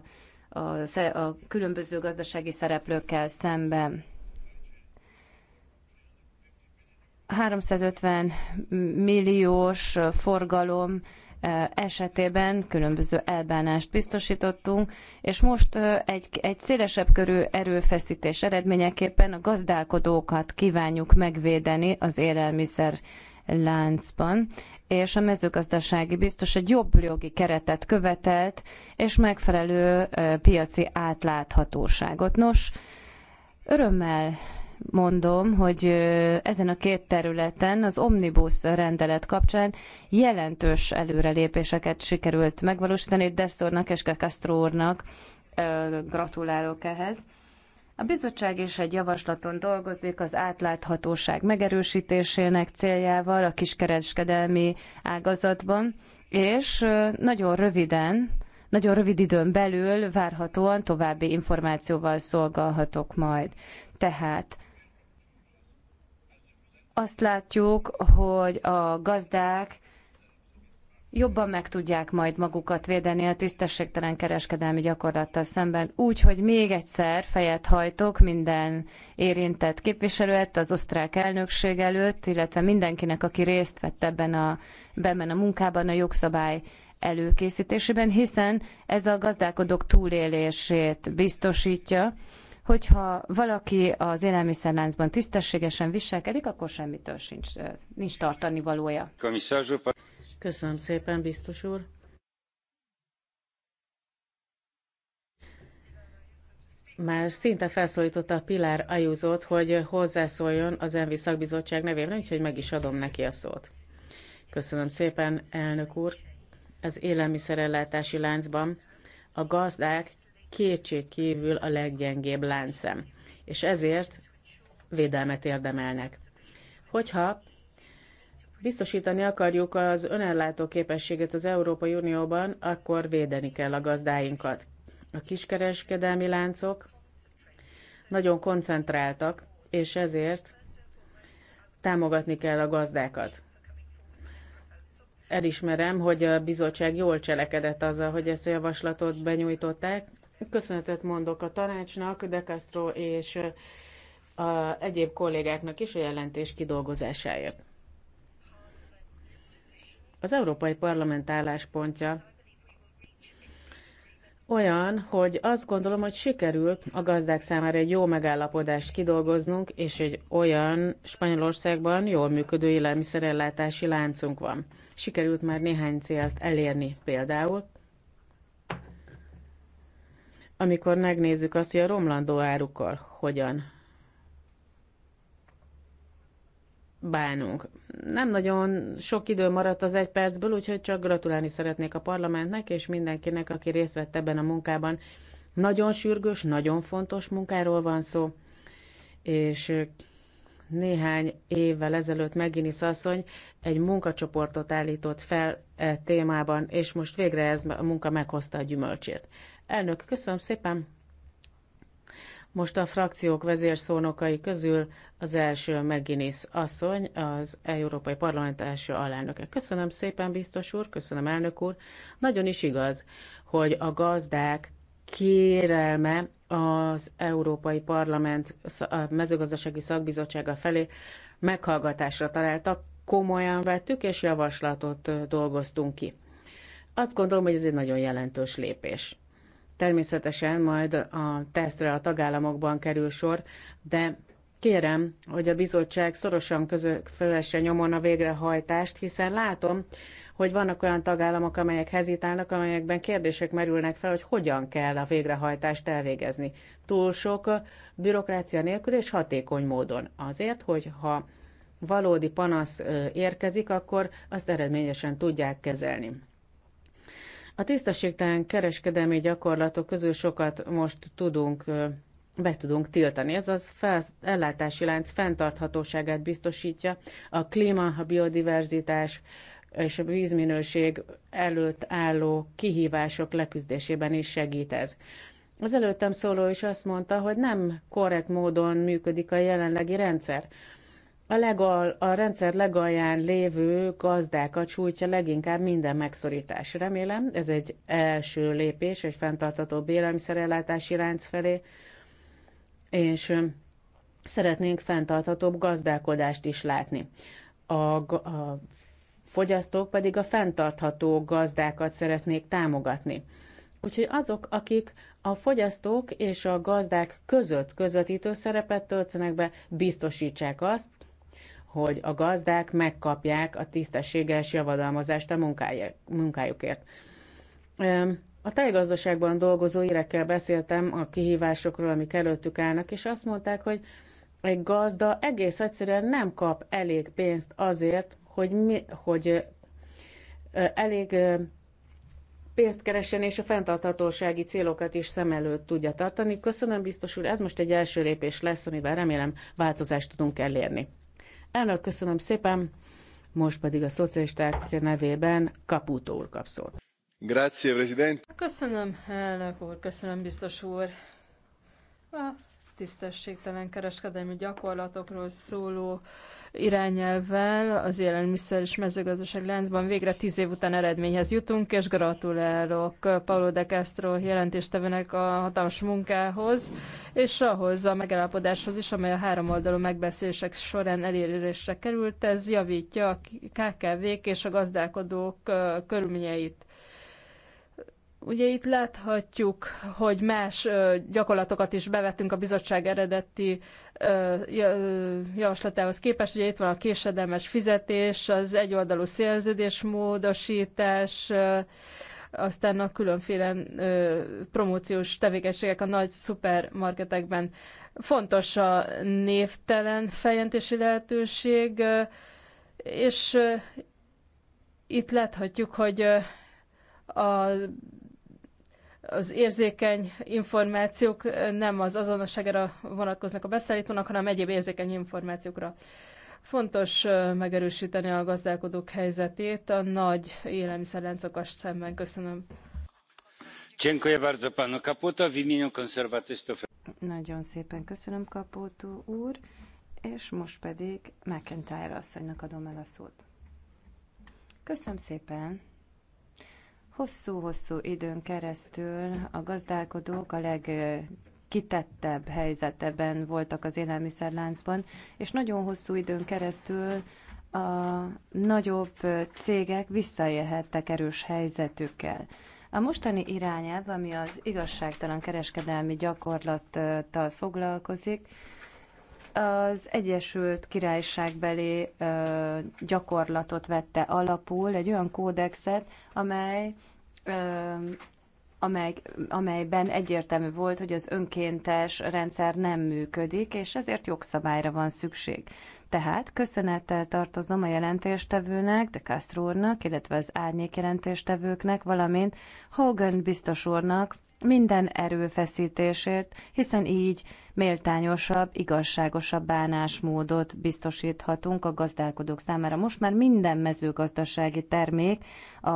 a, a különböző gazdasági szereplőkkel szemben. 350 milliós forgalom esetében különböző elbánást biztosítottunk, és most egy, egy szélesebb körű erőfeszítés eredményeképpen a gazdálkodókat kívánjuk megvédeni az élelmiszer láncban, és a mezőgazdasági biztos egy jobb jogi keretet követelt, és megfelelő piaci átláthatóságot. Nos, örömmel mondom, hogy ezen a két területen az omnibus rendelet kapcsán jelentős előrelépéseket sikerült megvalósítani. Deszornak és Castro úrnak gratulálok ehhez. A bizottság is egy javaslaton dolgozik az átláthatóság megerősítésének céljával a kiskereskedelmi ágazatban, és nagyon röviden, nagyon rövid időn belül várhatóan további információval szolgálhatok majd. Tehát azt látjuk, hogy a gazdák jobban meg tudják majd magukat védeni a tisztességtelen kereskedelmi gyakorlattal szemben. Úgy, hogy még egyszer fejet hajtok minden érintett képviselőt az osztrák elnökség előtt, illetve mindenkinek, aki részt vett ebben a, ebben a munkában, a jogszabály előkészítésében, hiszen ez a gazdálkodók túlélését biztosítja, Hogyha valaki az élelmiszerláncban tisztességesen viselkedik, akkor semmitől sincs, nincs tartani valója. Köszönöm szépen, biztos úr. már szinte felszólította a Pilár Ajúzót, hogy hozzászóljon az Envi Szakbizottság nevében, úgyhogy meg is adom neki a szót. Köszönöm szépen, elnök úr. Az élelmiszerellátási láncban a gazdák kétség kívül a leggyengébb láncem, és ezért védelmet érdemelnek. Hogyha biztosítani akarjuk az önellátó képességet az Európai Unióban, akkor védeni kell a gazdáinkat. A kiskereskedelmi láncok nagyon koncentráltak, és ezért támogatni kell a gazdákat. Elismerem, hogy a bizottság jól cselekedett azzal, hogy ezt a javaslatot benyújtották, Köszönetet mondok a tanácsnak, De Castro és a egyéb kollégáknak is a jelentés kidolgozásáért. Az Európai Parlament álláspontja olyan, hogy azt gondolom, hogy sikerült a gazdák számára egy jó megállapodást kidolgoznunk, és egy olyan Spanyolországban jól működő élelmiszerellátási láncunk van. Sikerült már néhány célt elérni, például amikor megnézzük azt, hogy a romlandó árukkal hogyan bánunk. Nem nagyon sok idő maradt az egy percből, úgyhogy csak gratulálni szeretnék a parlamentnek és mindenkinek, aki részt vett ebben a munkában. Nagyon sürgős, nagyon fontos munkáról van szó, és néhány évvel ezelőtt Meginis asszony egy munkacsoportot állított fel e témában, és most végre ez a munka meghozta a gyümölcsét. Elnök, köszönöm szépen. Most a frakciók vezérszónokai közül az első Meginis asszony, az Európai Parlament első alelnöke. Köszönöm szépen, biztos úr, köszönöm, elnök úr. Nagyon is igaz, hogy a gazdák kérelme az Európai Parlament a mezőgazdasági szakbizottsága felé meghallgatásra találtak, komolyan vettük és javaslatot dolgoztunk ki. Azt gondolom, hogy ez egy nagyon jelentős lépés. Természetesen majd a tesztre a tagállamokban kerül sor, de kérem, hogy a bizottság szorosan közök fölesse nyomon a végrehajtást, hiszen látom, hogy vannak olyan tagállamok, amelyek hezitálnak, amelyekben kérdések merülnek fel, hogy hogyan kell a végrehajtást elvégezni. Túl sok bürokrácia nélkül és hatékony módon. Azért, hogy ha valódi panasz érkezik, akkor azt eredményesen tudják kezelni. A tisztességtelen kereskedelmi gyakorlatok közül sokat most tudunk be tudunk tiltani. Ez az ellátási lánc fenntarthatóságát biztosítja, a klíma, a biodiverzitás és a vízminőség előtt álló kihívások leküzdésében is segít ez. Az előttem szóló is azt mondta, hogy nem korrekt módon működik a jelenlegi rendszer a, legal, a rendszer legalján lévő gazdákat sújtja leginkább minden megszorítás. Remélem, ez egy első lépés egy fenntartató élelmiszerellátási ránc felé, és szeretnénk fenntarthatóbb gazdálkodást is látni. A, a fogyasztók pedig a fenntartható gazdákat szeretnék támogatni. Úgyhogy azok, akik a fogyasztók és a gazdák között közvetítő szerepet töltenek be, biztosítsák azt, hogy a gazdák megkapják a tisztességes javadalmazást a munkájukért. A tájgazdaságban dolgozó érekkel beszéltem a kihívásokról, amik előttük állnak, és azt mondták, hogy egy gazda egész egyszerűen nem kap elég pénzt azért, hogy, mi, hogy elég pénzt keressen, és a fenntarthatósági célokat is szem előtt tudja tartani. Köszönöm, biztos úr, ez most egy első lépés lesz, amivel remélem változást tudunk elérni. Elnök, köszönöm szépen. Most pedig a szocialisták nevében Kaputó úr kap szót. Grazie, President. Köszönöm, elnök úr, köszönöm, biztos úr. A tisztességtelen kereskedelmi gyakorlatokról szóló irányelvvel az élelmiszer és mezőgazdaság láncban végre tíz év után eredményhez jutunk, és gratulálok Paulo de Castro jelentéstevőnek a hatalmas munkához, és ahhoz a megállapodáshoz is, amely a három oldalú megbeszélések során elérésre került. Ez javítja a KKV-k és a gazdálkodók körülményeit. Ugye itt láthatjuk, hogy más gyakorlatokat is bevettünk a bizottság eredeti javaslatához képest. Ugye itt van a késedelmes fizetés, az egyoldalú szerződésmódosítás, aztán a különféle promóciós tevékenységek a nagy szupermarketekben. Fontos a névtelen feljelentési lehetőség, és itt láthatjuk, hogy a az érzékeny információk nem az azonosságra vonatkoznak a beszállítónak, hanem egyéb érzékeny információkra. Fontos megerősíteni a gazdálkodók helyzetét a nagy élelmiszerláncokas szemben. Köszönöm. Dziękuję bardzo panu Kaputo w imieniu konserwatystów. Nagyon szépen köszönöm Kaputo úr, és most pedig McIntyre asszonynak adom el a szót. Köszönöm szépen. Hosszú-hosszú időn keresztül a gazdálkodók a legkitettebb helyzetben voltak az élelmiszerláncban, és nagyon hosszú időn keresztül a nagyobb cégek visszaélhettek erős helyzetükkel. A mostani irányelv, ami az igazságtalan kereskedelmi gyakorlattal foglalkozik, az Egyesült Királyságbeli ö, gyakorlatot vette alapul, egy olyan kódexet, amely ö, amely, amelyben egyértelmű volt, hogy az önkéntes rendszer nem működik, és ezért jogszabályra van szükség. Tehát köszönettel tartozom a jelentéstevőnek, de Castro úrnak, illetve az árnyék jelentéstevőknek, valamint Hogan biztos úrnak, minden erőfeszítésért, hiszen így méltányosabb, igazságosabb bánásmódot biztosíthatunk a gazdálkodók számára. Most már minden mezőgazdasági termék a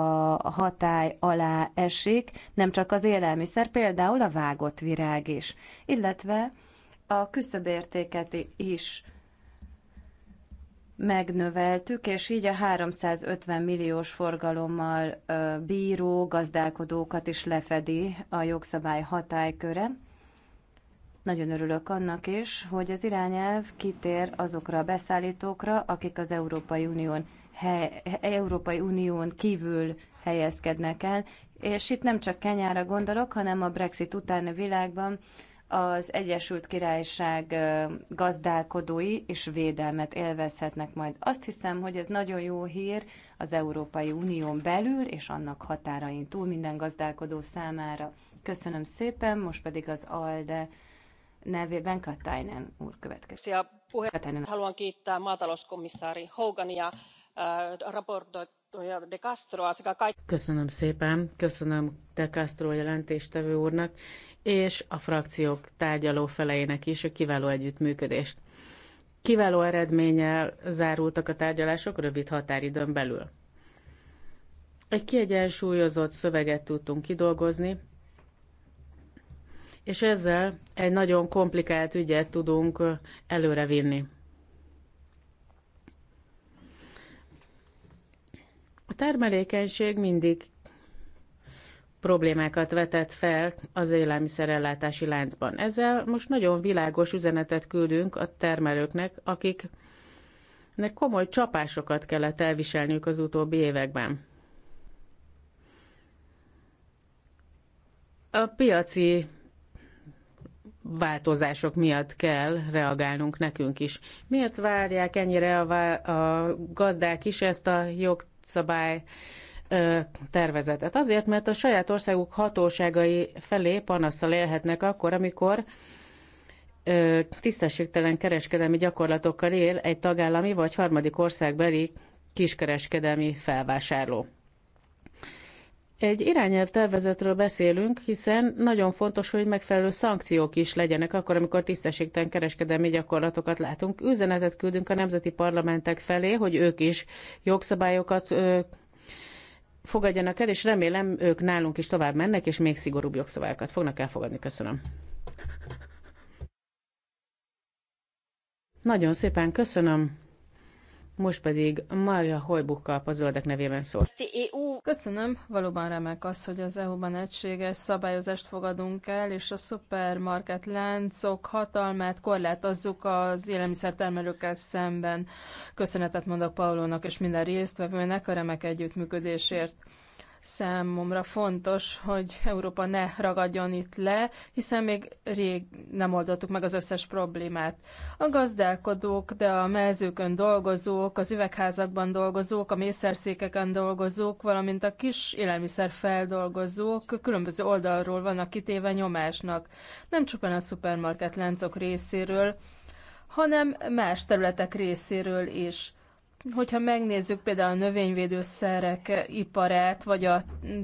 hatály alá esik, nem csak az élelmiszer, például a vágott virág is, illetve a küszöbértéket is megnöveltük, és így a 350 milliós forgalommal bíró gazdálkodókat is lefedi a jogszabály hatályköre. Nagyon örülök annak is, hogy az irányelv kitér azokra a beszállítókra, akik az Európai Unión, hely, Európai Unión kívül helyezkednek el, és itt nem csak Kenyára gondolok, hanem a Brexit utáni világban az Egyesült Királyság gazdálkodói és védelmet élvezhetnek majd. Azt hiszem, hogy ez nagyon jó hír az Európai Unión belül és annak határain túl minden gazdálkodó számára. Köszönöm szépen, most pedig az ALDE nevében Katainen úr következik. Katainen. Haluan kiittää maatalouskomissári Hogania äh, raportot Köszönöm szépen, köszönöm De Castro jelentéstevő úrnak, és a frakciók tárgyaló feleinek is a kiváló együttműködést. Kiváló eredménnyel zárultak a tárgyalások rövid határidőn belül. Egy kiegyensúlyozott szöveget tudtunk kidolgozni, és ezzel egy nagyon komplikált ügyet tudunk előrevinni. A termelékenység mindig problémákat vetett fel az élelmiszerellátási láncban. Ezzel most nagyon világos üzenetet küldünk a termelőknek, akiknek komoly csapásokat kellett elviselniük az utóbbi években. A piaci változások miatt kell reagálnunk nekünk is. Miért várják ennyire a, a gazdák is ezt a jogszabály tervezetet. Azért, mert a saját országuk hatóságai felé panaszsal élhetnek akkor, amikor ö, tisztességtelen kereskedelmi gyakorlatokkal él egy tagállami vagy harmadik országbeli kiskereskedelmi felvásárló. Egy irányelv tervezetről beszélünk, hiszen nagyon fontos, hogy megfelelő szankciók is legyenek akkor, amikor tisztességtelen kereskedelmi gyakorlatokat látunk. Üzenetet küldünk a nemzeti parlamentek felé, hogy ők is jogszabályokat fogadjanak el, és remélem ők nálunk is tovább mennek, és még szigorúbb jogszabályokat fognak elfogadni. Köszönöm. Nagyon szépen köszönöm. Most pedig Marja Hojbukkal a zöldek nevében szól. Köszönöm, valóban remek az, hogy az EU-ban egységes szabályozást fogadunk el, és a szupermarket láncok hatalmát korlátozzuk az élelmiszertermelőkkel szemben. Köszönetet mondok Paulónak és minden résztvevőnek a remek együttműködésért. Számomra fontos, hogy Európa ne ragadjon itt le, hiszen még rég nem oldottuk meg az összes problémát. A gazdálkodók, de a mezőkön dolgozók, az üvegházakban dolgozók, a mészerszékeken dolgozók, valamint a kis élelmiszerfeldolgozók különböző oldalról vannak kitéve nyomásnak. Nem csupán a szupermarket láncok részéről, hanem más területek részéről is. Hogyha megnézzük például a növényvédőszerek iparát, vagy a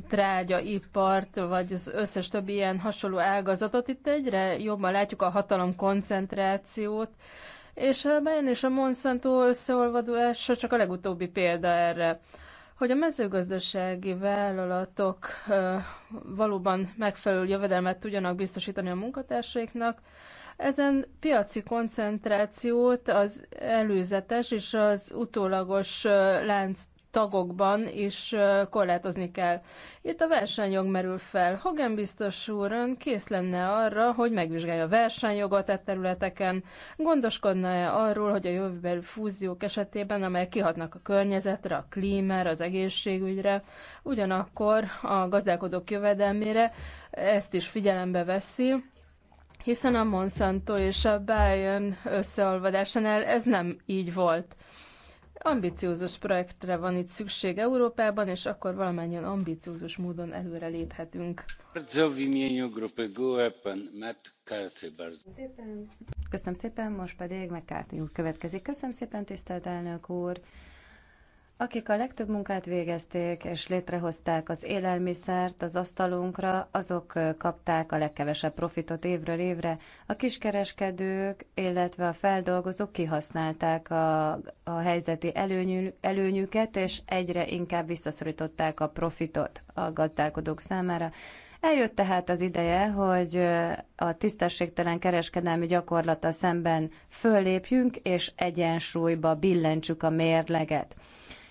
trágya ipart, vagy az összes többi ilyen hasonló ágazatot, itt egyre jobban látjuk a hatalom koncentrációt, és a Bayern és a Monsanto összeolvadása csak a legutóbbi példa erre hogy a mezőgazdasági vállalatok valóban megfelelő jövedelmet tudjanak biztosítani a munkatársaiknak, ezen piaci koncentrációt az előzetes és az utólagos lánc tagokban is korlátozni kell. Itt a versenyjog merül fel. Hogan biztos ön kész lenne arra, hogy megvizsgálja a versenyjogot e területeken, gondoskodna-e arról, hogy a jövőbeli fúziók esetében, amelyek kihatnak a környezetre, a klímára, az egészségügyre, ugyanakkor a gazdálkodók jövedelmére ezt is figyelembe veszi, hiszen a Monsanto és a Bayern összeolvadásánál ez nem így volt. Ambiciózus projektre van itt szükség Európában, és akkor valamennyien ambiciózus módon előre léphetünk. Köszönöm szépen, most pedig McCarthy úr következik. Köszönöm szépen, tisztelt elnök úr! Akik a legtöbb munkát végezték és létrehozták az élelmiszert az asztalunkra, azok kapták a legkevesebb profitot évről évre. A kiskereskedők, illetve a feldolgozók kihasználták a, a helyzeti előnyű, előnyüket, és egyre inkább visszaszorították a profitot a gazdálkodók számára. Eljött tehát az ideje, hogy a tisztességtelen kereskedelmi gyakorlata szemben föllépjünk, és egyensúlyba billentsük a mérleget.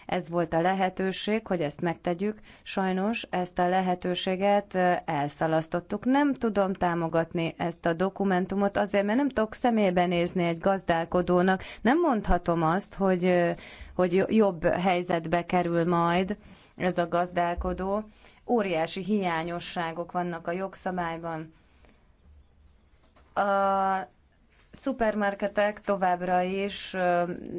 Ez volt a lehetőség, hogy ezt megtegyük. Sajnos ezt a lehetőséget elszalasztottuk. Nem tudom támogatni ezt a dokumentumot azért, mert nem tudok szemébe nézni egy gazdálkodónak. Nem mondhatom azt, hogy, hogy jobb helyzetbe kerül majd ez a gazdálkodó. Óriási hiányosságok vannak a jogszabályban. A szupermarketek továbbra is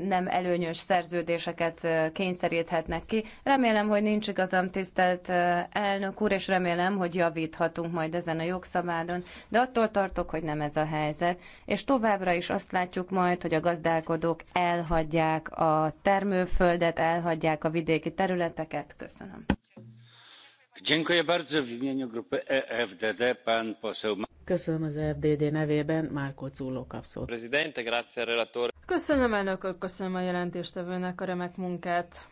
nem előnyös szerződéseket kényszeríthetnek ki. Remélem, hogy nincs igazam, tisztelt elnök úr, és remélem, hogy javíthatunk majd ezen a jogszabádon, de attól tartok, hogy nem ez a helyzet. És továbbra is azt látjuk majd, hogy a gazdálkodók elhagyják a termőföldet, elhagyják a vidéki területeket. Köszönöm. E köszönöm az e FDD nevében, Köszönöm köszönöm a jelentéstevőnek a remek munkát.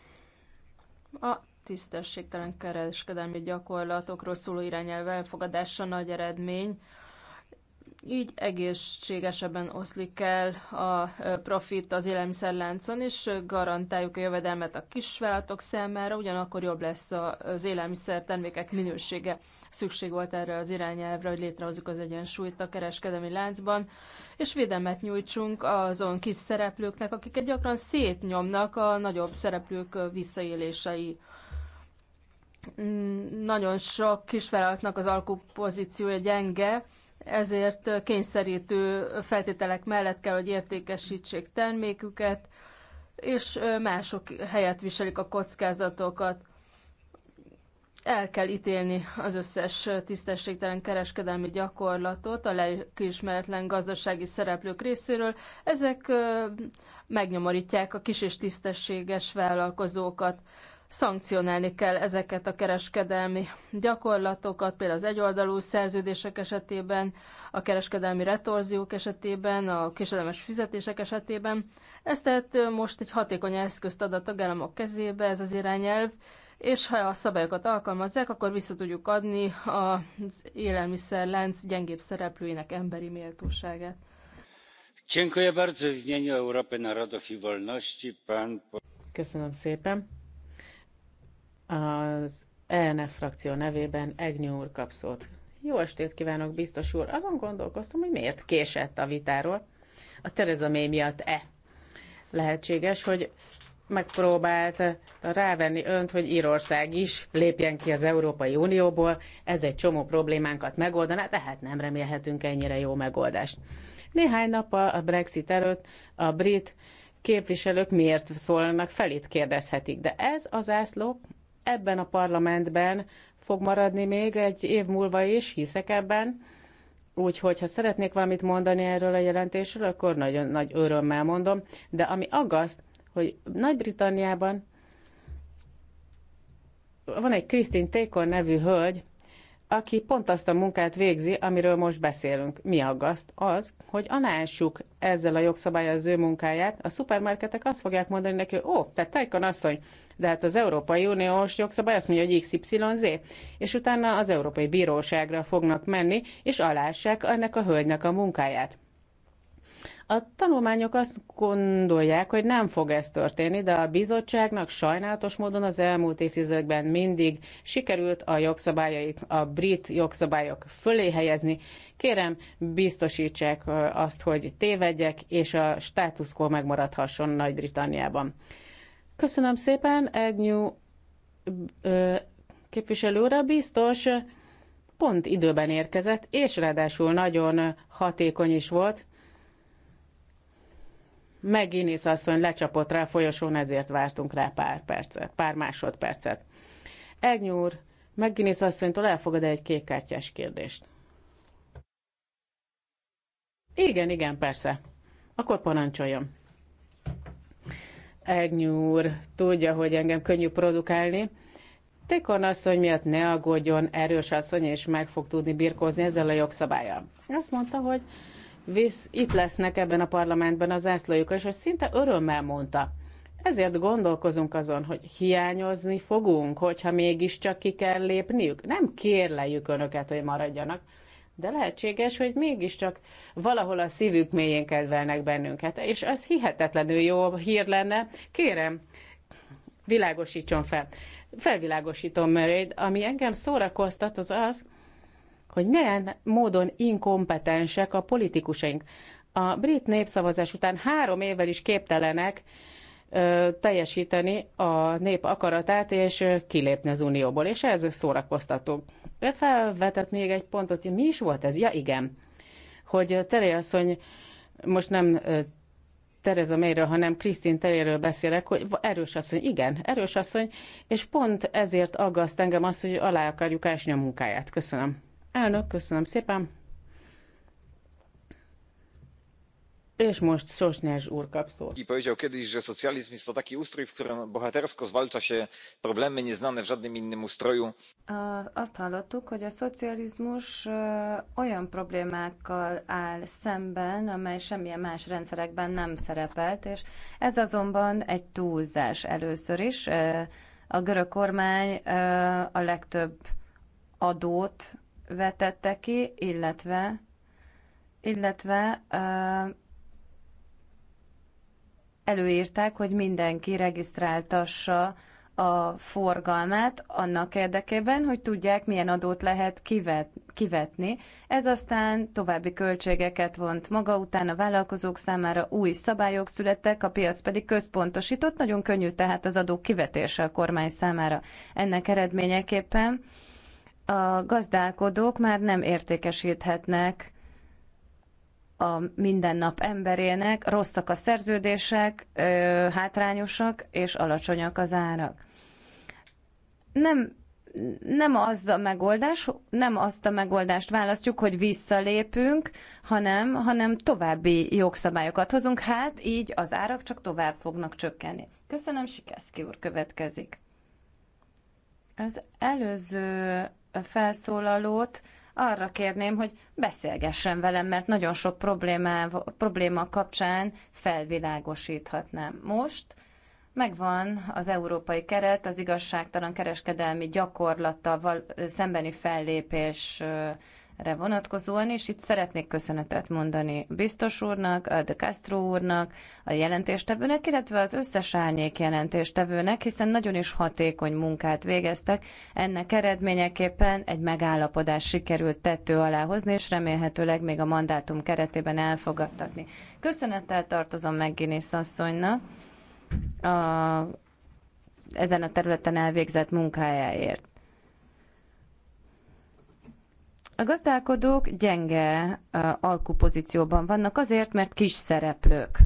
A tisztességtelen kereskedelmi gyakorlatokról szóló irányelv elfogadása nagy eredmény. Így egészségesebben oszlik el a profit az élelmiszerláncon, és garantáljuk a jövedelmet a kisvállalatok számára, ugyanakkor jobb lesz az élelmiszer termékek minősége. Szükség volt erre az irányelvre, hogy létrehozzuk az egyensúlyt a kereskedelmi láncban, és védelmet nyújtsunk azon kis szereplőknek, akiket gyakran szétnyomnak a nagyobb szereplők visszaélései nagyon sok kisvállalatnak az alkupozíciója gyenge, ezért kényszerítő feltételek mellett kell, hogy értékesítsék terméküket, és mások helyett viselik a kockázatokat. El kell ítélni az összes tisztességtelen kereskedelmi gyakorlatot a lelkiismeretlen gazdasági szereplők részéről. Ezek megnyomorítják a kis és tisztességes vállalkozókat szankcionálni kell ezeket a kereskedelmi gyakorlatokat, például az egyoldalú szerződések esetében, a kereskedelmi retorziók esetében, a késedelmes fizetések esetében. Ez tehát most egy hatékony eszközt ad a tagállamok kezébe, ez az irányelv, és ha a szabályokat alkalmazzák, akkor vissza tudjuk adni az élelmiszerlánc gyengébb szereplőinek emberi méltóságát. Köszönöm szépen. Az ELNF frakció nevében Egnyú úr kap szót. Jó estét kívánok, biztos úr! Azon gondolkoztam, hogy miért késett a vitáról. A Tereza mély miatt-e? Lehetséges, hogy megpróbált rávenni önt, hogy Írország is lépjen ki az Európai Unióból, ez egy csomó problémánkat megoldaná, tehát nem remélhetünk ennyire jó megoldást. Néhány nap a Brexit előtt a brit képviselők miért szólnak fel, itt kérdezhetik, de ez az ászló ebben a parlamentben fog maradni még egy év múlva is, hiszek ebben. Úgyhogy, ha szeretnék valamit mondani erről a jelentésről, akkor nagyon nagy örömmel mondom. De ami aggaszt, hogy Nagy-Britanniában van egy Christine Tékon nevű hölgy, aki pont azt a munkát végzi, amiről most beszélünk. Mi aggaszt? Az, hogy alássuk ezzel a jogszabály az ő munkáját, a szupermarketek azt fogják mondani neki, ó, oh, te Tejkon asszony, de hát az Európai Uniós jogszabály azt mondja, hogy XYZ, és utána az Európai Bíróságra fognak menni, és alássák ennek a hölgynek a munkáját. A tanulmányok azt gondolják, hogy nem fog ez történni, de a bizottságnak sajnálatos módon az elmúlt évtizedekben mindig sikerült a jogszabályait, a brit jogszabályok fölé helyezni. Kérem, biztosítsák azt, hogy tévedjek, és a status quo megmaradhasson Nagy-Britanniában. Köszönöm szépen, Egnyú képviselőre biztos pont időben érkezett, és ráadásul nagyon hatékony is volt. Megint asszony lecsapott rá a folyosón, ezért vártunk rá pár percet, pár másodpercet. Egnyúr, McGuinness asszonytól elfogad -e egy kékkártyás kérdést? Igen, igen, persze. Akkor parancsoljon. Egnyúr tudja, hogy engem könnyű produkálni. Tékon asszony miatt ne aggódjon, erős asszony, és meg fog tudni birkózni ezzel a jogszabályal. Azt mondta, hogy visz, itt lesznek ebben a parlamentben az zászlójukkal, és azt szinte örömmel mondta. Ezért gondolkozunk azon, hogy hiányozni fogunk, hogyha mégiscsak ki kell lépniük. Nem kérlejük önöket, hogy maradjanak, de lehetséges, hogy mégiscsak valahol a szívük mélyén kedvelnek bennünket, és ez hihetetlenül jó hír lenne. Kérem, világosítson fel. Felvilágosítom, mert ami engem szórakoztat az az, hogy milyen módon inkompetensek a politikusaink. A brit népszavazás után három évvel is képtelenek ö, teljesíteni a nép akaratát és kilépni az unióból, és ez szórakoztató. Felvetett még egy pontot, hogy mi is volt ez? Ja, igen. Hogy Teré asszony most nem Tereza Mayről, hanem Krisztin Teréről beszélek, hogy erős asszony, igen, erős asszony, és pont ezért aggaszt engem az, hogy alá akarjuk ásni a munkáját. Köszönöm. Elnök, köszönöm szépen. És most Sosnyás úr kap szót. I powiedział kiedyś, że socjalizm jest to taki ustrój, w którym bohatersko zwalcza się problemy nieznane w żadnym innym ustroju. Azt hallottuk, hogy a szocializmus e, olyan problémákkal áll szemben, amely semmilyen más rendszerekben nem szerepelt, és ez azonban egy túlzás először is. E, a görög kormány e, a legtöbb adót vetette ki, illetve, illetve előírták, hogy mindenki regisztráltassa a forgalmát annak érdekében, hogy tudják, milyen adót lehet kivet, kivetni. Ez aztán további költségeket vont maga után a vállalkozók számára új szabályok születtek, a piac pedig központosított, nagyon könnyű tehát az adók kivetése a kormány számára. Ennek eredményeképpen a gazdálkodók már nem értékesíthetnek a mindennap emberének, rosszak a szerződések, hátrányosak és alacsonyak az árak. Nem nem az a megoldás, nem azt a megoldást választjuk, hogy visszalépünk, hanem, hanem további jogszabályokat hozunk, hát így az árak csak tovább fognak csökkenni. Köszönöm, Sikeszki úr következik. Az előző felszólalót arra kérném, hogy beszélgessen velem, mert nagyon sok problémá, probléma kapcsán felvilágosíthatnám. Most megvan az európai keret, az igazságtalan kereskedelmi gyakorlattal szembeni fellépés re vonatkozóan, és itt szeretnék köszönetet mondani biztos úrnak, a de Castro úrnak, a jelentéstevőnek, illetve az összes árnyék jelentéstevőnek, hiszen nagyon is hatékony munkát végeztek. Ennek eredményeképpen egy megállapodás sikerült tető alá hozni, és remélhetőleg még a mandátum keretében elfogadtatni. Köszönettel tartozom Guinness asszonynak a, ezen a területen elvégzett munkájáért. A gazdálkodók gyenge alkupozícióban vannak azért, mert kis szereplők.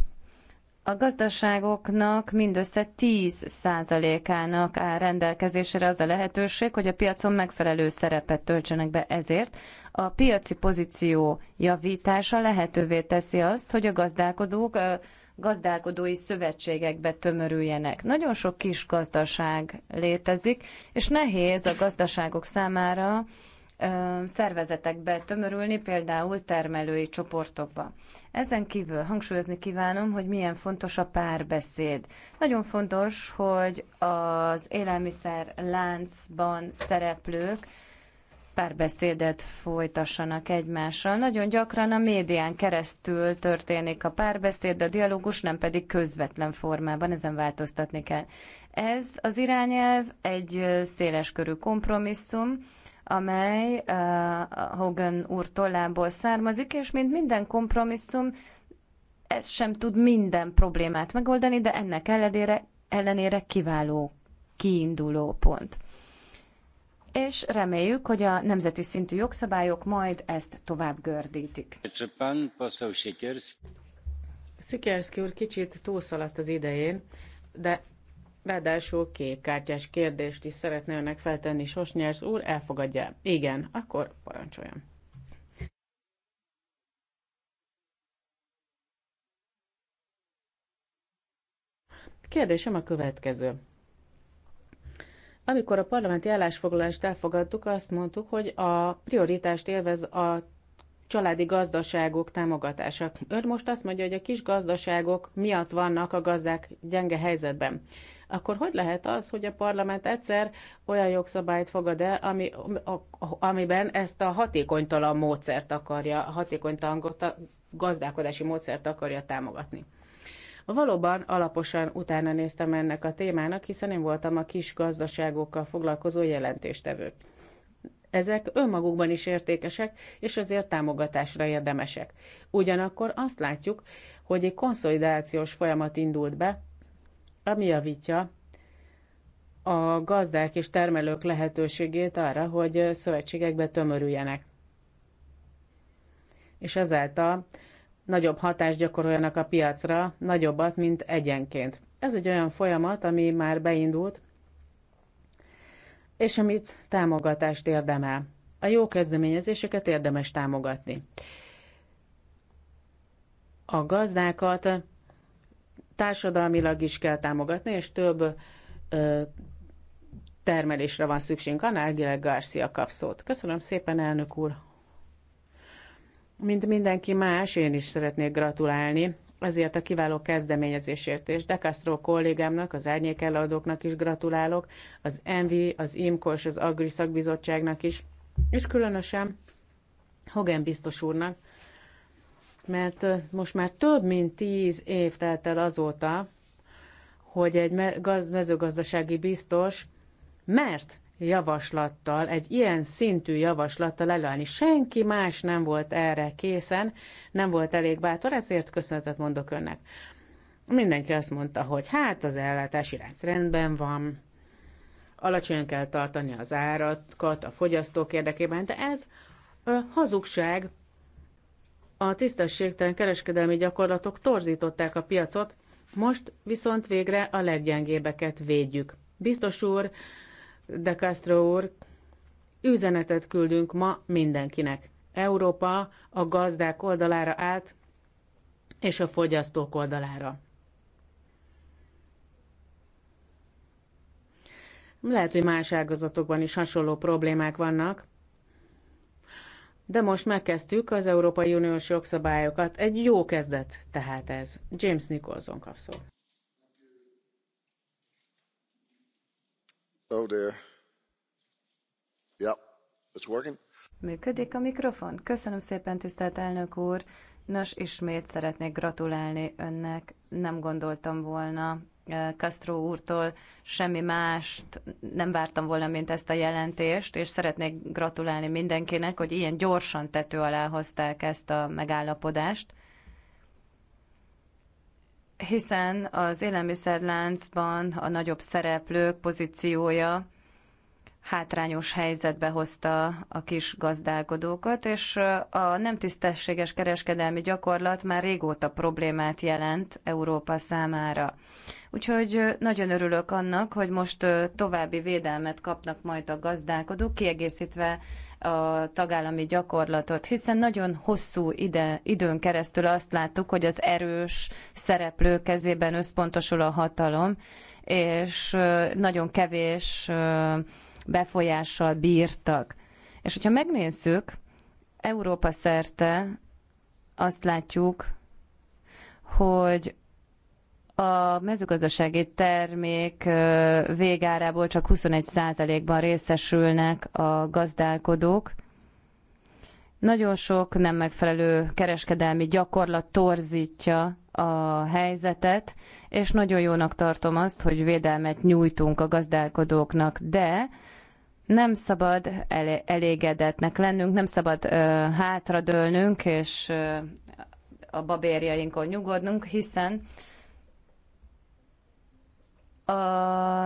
A gazdaságoknak mindössze 10%-ának áll rendelkezésre az a lehetőség, hogy a piacon megfelelő szerepet töltsenek be ezért. A piaci pozíció javítása lehetővé teszi azt, hogy a gazdálkodók gazdálkodói szövetségekbe tömörüljenek. Nagyon sok kis gazdaság létezik, és nehéz a gazdaságok számára szervezetekbe tömörülni, például termelői csoportokba. Ezen kívül hangsúlyozni kívánom, hogy milyen fontos a párbeszéd. Nagyon fontos, hogy az élelmiszer láncban szereplők párbeszédet folytassanak egymással. Nagyon gyakran a médián keresztül történik a párbeszéd, a dialógus nem pedig közvetlen formában, ezen változtatni kell. Ez az irányelv egy széleskörű kompromisszum, amely uh, Hogan úr tollából származik, és mint minden kompromisszum, ez sem tud minden problémát megoldani, de ennek ellenére, ellenére kiváló kiinduló pont. És reméljük, hogy a nemzeti szintű jogszabályok majd ezt tovább gördítik. Szikerszki úr kicsit túlszaladt az idején, de Ráadásul kék kártyás kérdést is szeretne önnek feltenni Sosnyers úr, elfogadja? Igen, akkor parancsoljon. Kérdésem a következő. Amikor a parlamenti állásfoglalást elfogadtuk, azt mondtuk, hogy a prioritást élvez a családi gazdaságok támogatása. Ön most azt mondja, hogy a kis gazdaságok miatt vannak a gazdák gyenge helyzetben akkor hogy lehet az, hogy a parlament egyszer olyan jogszabályt fogad el, ami, a, amiben ezt a hatékonytalan módszert akarja, a hatékonytalan gazdálkodási módszert akarja támogatni? Valóban alaposan utána néztem ennek a témának, hiszen én voltam a kis gazdaságokkal foglalkozó jelentéstevő. Ezek önmagukban is értékesek, és azért támogatásra érdemesek. Ugyanakkor azt látjuk, hogy egy konszolidációs folyamat indult be, ami javítja a gazdák és termelők lehetőségét arra, hogy szövetségekbe tömörüljenek. És ezáltal nagyobb hatást gyakoroljanak a piacra, nagyobbat, mint egyenként. Ez egy olyan folyamat, ami már beindult, és amit támogatást érdemel. A jó kezdeményezéseket érdemes támogatni. A gazdákat társadalmilag is kell támogatni, és több ö, termelésre van szükségünk. Annál Gilek Garcia kap szót. Köszönöm szépen, elnök úr! Mint mindenki más, én is szeretnék gratulálni ezért a kiváló kezdeményezésért, és De Castro kollégámnak, az árnyékeladóknak is gratulálok, az ENVI, az IMKOS és az AGRI szakbizottságnak is, és különösen Hogan biztos úrnak, mert most már több mint tíz év telt el azóta, hogy egy mezőgazdasági biztos mert javaslattal, egy ilyen szintű javaslattal előállni. Senki más nem volt erre készen, nem volt elég bátor, ezért köszönetet mondok önnek. Mindenki azt mondta, hogy hát az ellátási ránc rendben van, alacsonyan kell tartani az árakat a fogyasztók érdekében, de ez ö, hazugság, a tisztességtelen kereskedelmi gyakorlatok torzították a piacot, most viszont végre a leggyengébbeket védjük. Biztos úr, de Castro úr, üzenetet küldünk ma mindenkinek. Európa a gazdák oldalára állt, és a fogyasztók oldalára. Lehet, hogy más ágazatokban is hasonló problémák vannak, de most megkezdtük az Európai Uniós jogszabályokat. Egy jó kezdet tehát ez. James Nicholson kap szó. Oh dear. Yep, it's working. Működik a mikrofon? Köszönöm szépen, tisztelt elnök úr. Nos, ismét szeretnék gratulálni önnek. Nem gondoltam volna Castro úrtól semmi mást nem vártam volna, mint ezt a jelentést, és szeretnék gratulálni mindenkinek, hogy ilyen gyorsan tető alá hozták ezt a megállapodást hiszen az élelmiszerláncban a nagyobb szereplők pozíciója hátrányos helyzetbe hozta a kis gazdálkodókat, és a nem tisztességes kereskedelmi gyakorlat már régóta problémát jelent Európa számára. Úgyhogy nagyon örülök annak, hogy most további védelmet kapnak majd a gazdálkodók, kiegészítve a tagállami gyakorlatot, hiszen nagyon hosszú ide, időn keresztül azt láttuk, hogy az erős szereplő kezében összpontosul a hatalom, és nagyon kevés befolyással bírtak. És hogyha megnézzük, Európa szerte azt látjuk, hogy a mezőgazdasági termék végárából csak 21%-ban részesülnek a gazdálkodók. Nagyon sok nem megfelelő kereskedelmi gyakorlat torzítja a helyzetet, és nagyon jónak tartom azt, hogy védelmet nyújtunk a gazdálkodóknak, de nem szabad elégedetnek lennünk, nem szabad ö, hátradőlnünk, és ö, a babérjainkon nyugodnunk, hiszen a,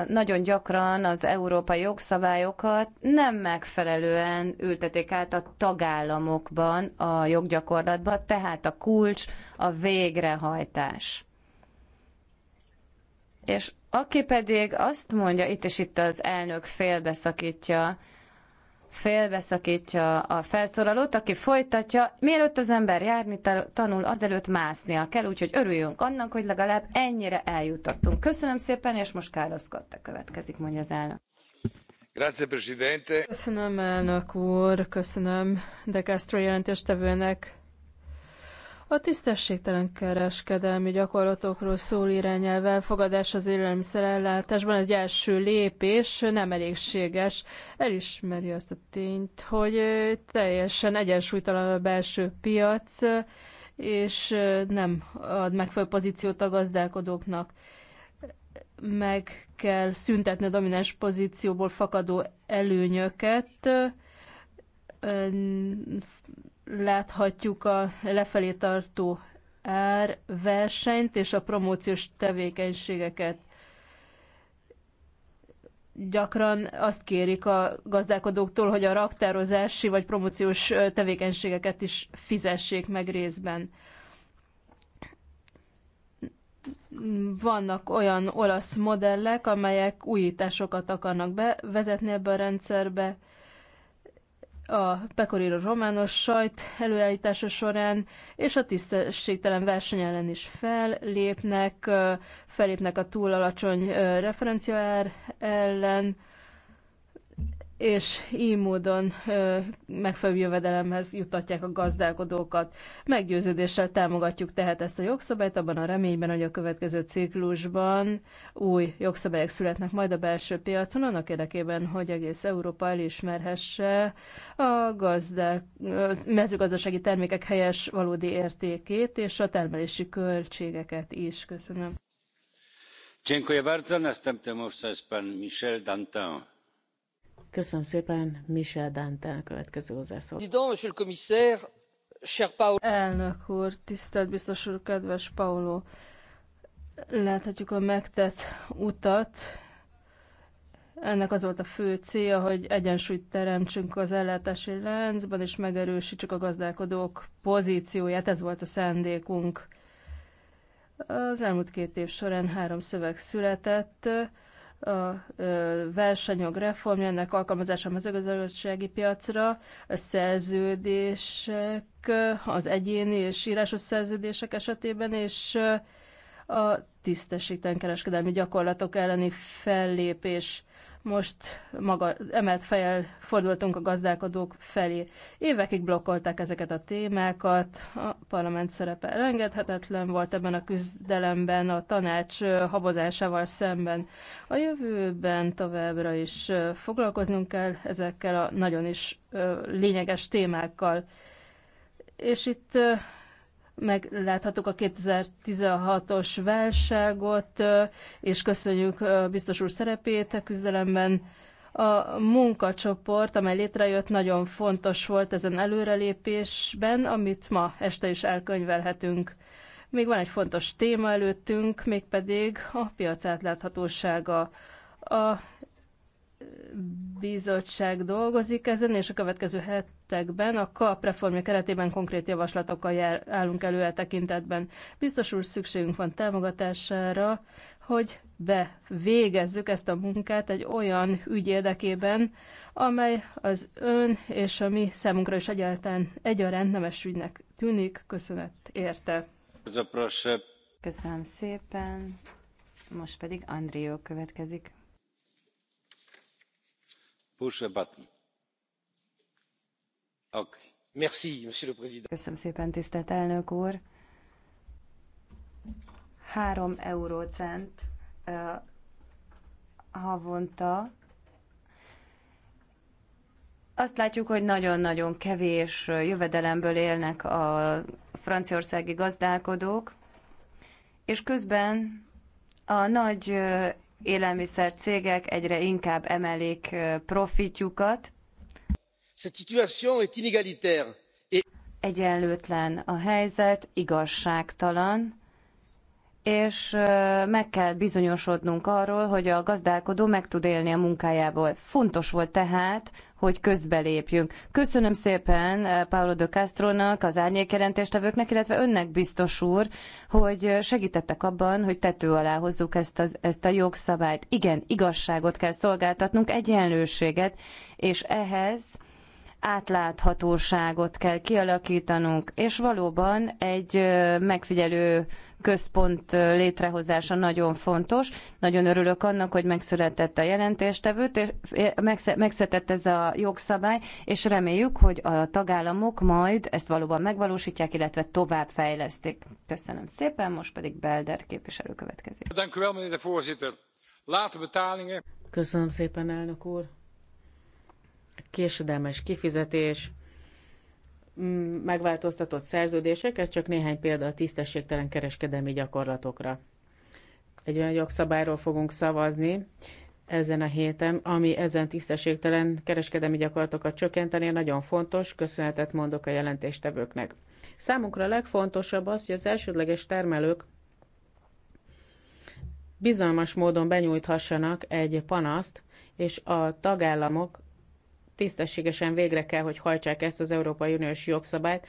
nagyon gyakran az európai jogszabályokat nem megfelelően ültetik át a tagállamokban a joggyakorlatban, tehát a kulcs a végrehajtás. És aki pedig azt mondja, itt és itt az elnök félbeszakítja, félbeszakítja a felszólalót, aki folytatja, mielőtt az ember járni tanul, azelőtt másznia kell, úgyhogy örüljünk annak, hogy legalább ennyire eljutottunk. Köszönöm szépen, és most Carlos Cotta következik, mondja az elnök. Grazie, Presidente. Köszönöm, elnök úr, köszönöm De Castro jelentéstevőnek a tisztességtelen kereskedelmi gyakorlatokról szól irányelv elfogadás az élelmiszerellátásban egy első lépés nem elégséges. Elismeri azt a tényt, hogy teljesen egyensúlytalan a belső piac, és nem ad megfelelő pozíciót a gazdálkodóknak meg kell szüntetni a domináns pozícióból fakadó előnyöket, láthatjuk a lefelé tartó árversenyt és a promóciós tevékenységeket. Gyakran azt kérik a gazdálkodóktól, hogy a raktározási vagy promóciós tevékenységeket is fizessék meg részben. Vannak olyan olasz modellek, amelyek újításokat akarnak bevezetni ebbe a rendszerbe, a Pecorino romános sajt előállítása során, és a tisztességtelen verseny ellen is fellépnek, felépnek a túl alacsony referenciaár ellen, és így módon ö, megfelelő jövedelemhez juttatják a gazdálkodókat. Meggyőződéssel támogatjuk tehát ezt a jogszabályt, abban a reményben, hogy a következő ciklusban új jogszabályok születnek majd a belső piacon, annak érdekében, hogy egész Európa elismerhesse a gazdál, ö, mezőgazdasági termékek helyes valódi értékét és a termelési költségeket is. Köszönöm. Dziękuję bardzo. Następnym mówcą jest pan Michel Dantin Köszönöm szépen, Michel Dante, a következő hozzászól. Elnök úr, tisztelt biztos úr, kedves Paulo! Láthatjuk a megtett utat. Ennek az volt a fő célja, hogy egyensúlyt teremtsünk az ellátási láncban, és megerősítsük a gazdálkodók pozícióját. Ez volt a szándékunk. Az elmúlt két év során három szöveg született a versenyog reformja, ennek alkalmazása a mezőgazdasági piacra, a szerződések, az egyéni és írásos szerződések esetében, és a tisztességtelen kereskedelmi gyakorlatok elleni fellépés. Most maga emelt fejjel fordultunk a gazdálkodók felé. Évekig blokkolták ezeket a témákat, a parlament szerepe elengedhetetlen volt ebben a küzdelemben, a tanács habozásával szemben. A jövőben továbbra is foglalkoznunk kell ezekkel a nagyon is lényeges témákkal. És itt megláthatok a 2016-os válságot, és köszönjük biztos úr szerepét a küzdelemben. A munkacsoport, amely létrejött, nagyon fontos volt ezen előrelépésben, amit ma este is elkönyvelhetünk. Még van egy fontos téma előttünk, mégpedig a piac átláthatósága. A bizottság dolgozik ezen, és a következő het hetekben a KAP reformja keretében konkrét javaslatokkal jár, állunk elő e tekintetben. Biztos úr szükségünk van támogatására, hogy bevégezzük ezt a munkát egy olyan ügy érdekében, amely az ön és a mi számunkra is egyáltalán egyaránt nemes ügynek tűnik. Köszönet érte. Köszönöm szépen. Most pedig Andrió következik. Push a button Köszönöm szépen, tisztelt elnök úr. Három eurócent havonta. Azt látjuk, hogy nagyon-nagyon kevés jövedelemből élnek a franciaországi gazdálkodók, és közben a nagy élelmiszer cégek egyre inkább emelik profitjukat, Egyenlőtlen a helyzet, igazságtalan, és meg kell bizonyosodnunk arról, hogy a gazdálkodó meg tud élni a munkájából. Fontos volt tehát, hogy közbelépjünk. Köszönöm szépen Paolo de Castronak, az árnyékjelentéstevőknek, illetve önnek biztos úr, hogy segítettek abban, hogy tető alá hozzuk ezt, az, ezt a jogszabályt. Igen, igazságot kell szolgáltatnunk, egyenlőséget, és ehhez átláthatóságot kell kialakítanunk, és valóban egy megfigyelő központ létrehozása nagyon fontos. Nagyon örülök annak, hogy megszületett a jelentéstevőt, és megszületett ez a jogszabály, és reméljük, hogy a tagállamok majd ezt valóban megvalósítják, illetve tovább fejlesztik. Köszönöm szépen, most pedig Belder képviselő következik. Köszönöm szépen, elnök úr késedelmes kifizetés, mm, megváltoztatott szerződések, ez csak néhány példa a tisztességtelen kereskedelmi gyakorlatokra. Egy olyan jogszabályról fogunk szavazni ezen a héten, ami ezen tisztességtelen kereskedelmi gyakorlatokat csökkenteni nagyon fontos, köszönetet mondok a jelentéstevőknek. Számunkra a legfontosabb az, hogy az elsődleges termelők bizalmas módon benyújthassanak egy panaszt, és a tagállamok tisztességesen végre kell, hogy hajtsák ezt az Európai Uniós jogszabályt,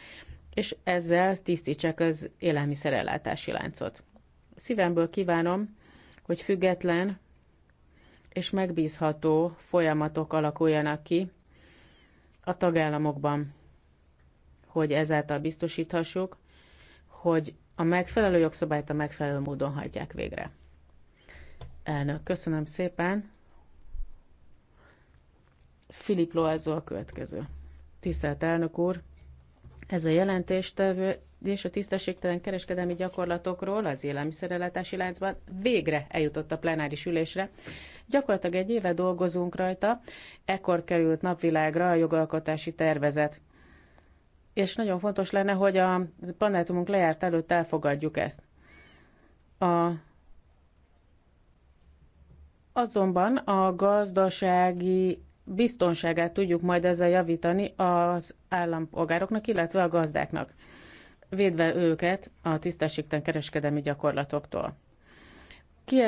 és ezzel tisztítsák az élelmiszerellátási láncot. Szívemből kívánom, hogy független és megbízható folyamatok alakuljanak ki a tagállamokban, hogy ezáltal biztosíthassuk, hogy a megfelelő jogszabályt a megfelelő módon hajtják végre. Elnök, köszönöm szépen! Filip Loázó a következő. Tisztelt elnök úr, ez a jelentéstevő és a tisztességtelen kereskedelmi gyakorlatokról az élelmiszerellátási láncban végre eljutott a plenáris ülésre. Gyakorlatilag egy éve dolgozunk rajta, ekkor került napvilágra a jogalkotási tervezet. És nagyon fontos lenne, hogy a panátumunk lejárt előtt elfogadjuk ezt. A Azonban a gazdasági biztonságát tudjuk majd ezzel javítani az állampolgároknak, illetve a gazdáknak, védve őket a tisztességtelen kereskedelmi gyakorlatoktól. Ki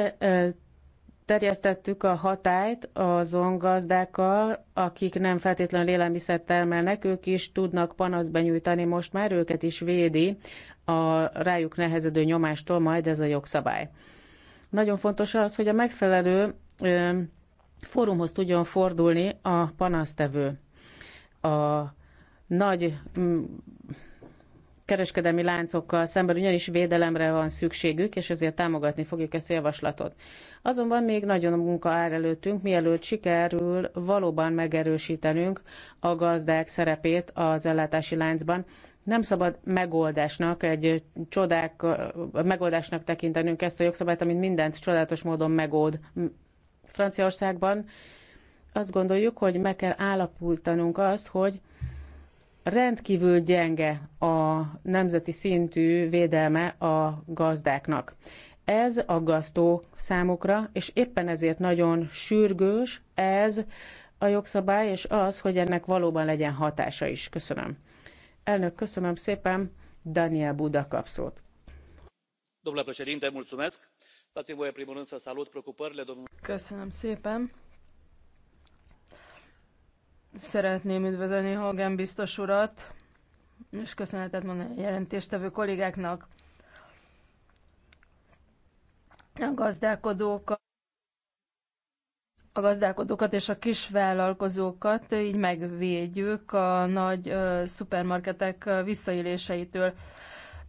terjesztettük a hatályt azon gazdákkal, akik nem feltétlenül élelmiszert termelnek, ők is tudnak panaszt benyújtani most már, őket is védi a rájuk nehezedő nyomástól majd ez a jogszabály. Nagyon fontos az, hogy a megfelelő fórumhoz tudjon fordulni a panasztevő. A nagy mm, kereskedelmi láncokkal szemben ugyanis védelemre van szükségük, és ezért támogatni fogjuk ezt a javaslatot. Azonban még nagyon a munka áll előttünk, mielőtt sikerül valóban megerősítenünk a gazdák szerepét az ellátási láncban. Nem szabad megoldásnak, egy csodák megoldásnak tekintenünk ezt a jogszabályt, amit mindent csodálatos módon megold, Franciaországban azt gondoljuk, hogy meg kell állapultanunk azt, hogy rendkívül gyenge a nemzeti szintű védelme a gazdáknak. Ez aggasztó számukra, és éppen ezért nagyon sürgős ez a jogszabály, és az, hogy ennek valóban legyen hatása is. Köszönöm. Elnök, köszönöm szépen. Daniel Buda kapszót. szót. mulțumesc dați mi voie în primul rând să salut preocupările domnului. Köszönöm szépen. Szeretném üdvözölni Hogan biztos urat, és köszönetet mondani a jelentéstevő kollégáknak. A gazdálkodókat, a gazdálkodókat és a kisvállalkozókat így megvédjük a nagy szupermarketek visszaéléseitől.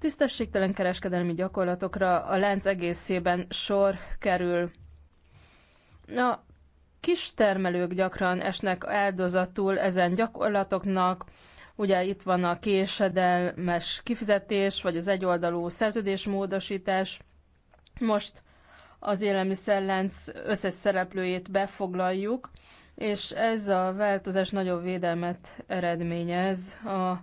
Tisztességtelen kereskedelmi gyakorlatokra a lánc egészében sor kerül. A kistermelők gyakran esnek áldozatul ezen gyakorlatoknak, Ugye itt van a késedelmes kifizetés, vagy az egyoldalú szerződésmódosítás. Most az élelmiszerlánc összes szereplőjét befoglaljuk, és ez a változás nagyobb védelmet eredményez a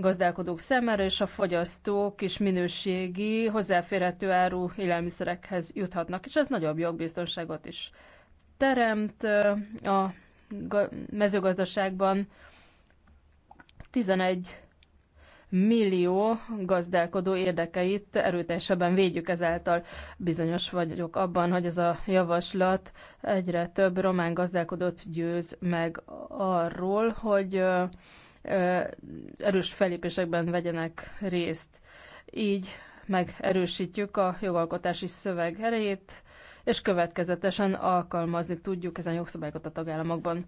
gazdálkodók számára, és a fogyasztók is minőségi, hozzáférhető áru élelmiszerekhez juthatnak, és ez nagyobb jogbiztonságot is teremt a mezőgazdaságban. 11 millió gazdálkodó érdekeit erőteljesebben védjük ezáltal. Bizonyos vagyok abban, hogy ez a javaslat egyre több román gazdálkodót győz meg arról, hogy erős felépésekben vegyenek részt. Így megerősítjük a jogalkotási szöveg erejét, és következetesen alkalmazni tudjuk ezen jogszabályokat a tagállamokban.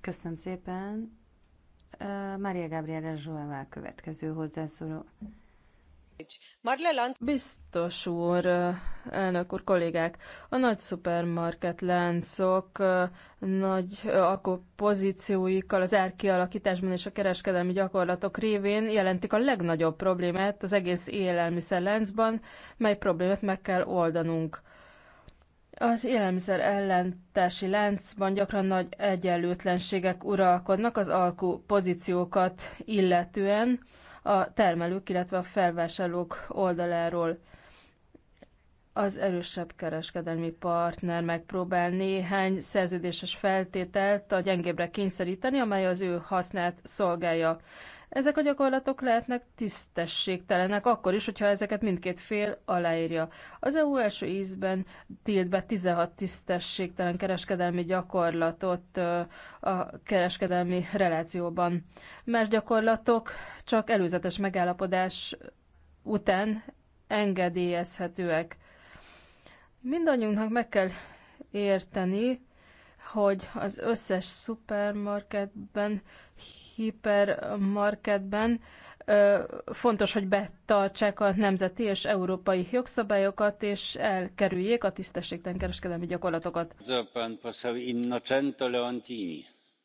Köszönöm szépen. Maria Gabriela Zsóvával következő hozzászóló. Biztos úr, elnök úr, kollégák, a nagy szupermarket láncok nagy pozícióikkal az árkialakításban és a kereskedelmi gyakorlatok révén jelentik a legnagyobb problémát az egész láncban, mely problémát meg kell oldanunk. Az élelmiszer ellentási láncban gyakran nagy egyenlőtlenségek uralkodnak az alkú pozíciókat illetően, a termelők, illetve a felvásárlók oldaláról az erősebb kereskedelmi partner megpróbál néhány szerződéses feltételt a gyengébbre kényszeríteni, amely az ő hasznát szolgálja. Ezek a gyakorlatok lehetnek tisztességtelenek, akkor is, hogyha ezeket mindkét fél aláírja. Az EU első ízben tilt be 16 tisztességtelen kereskedelmi gyakorlatot a kereskedelmi relációban. Más gyakorlatok csak előzetes megállapodás után engedélyezhetőek. Mindannyiunknak meg kell érteni, hogy az összes szupermarketben hipermarketben fontos, hogy betartsák a nemzeti és európai jogszabályokat, és elkerüljék a tisztességtelen kereskedelmi gyakorlatokat.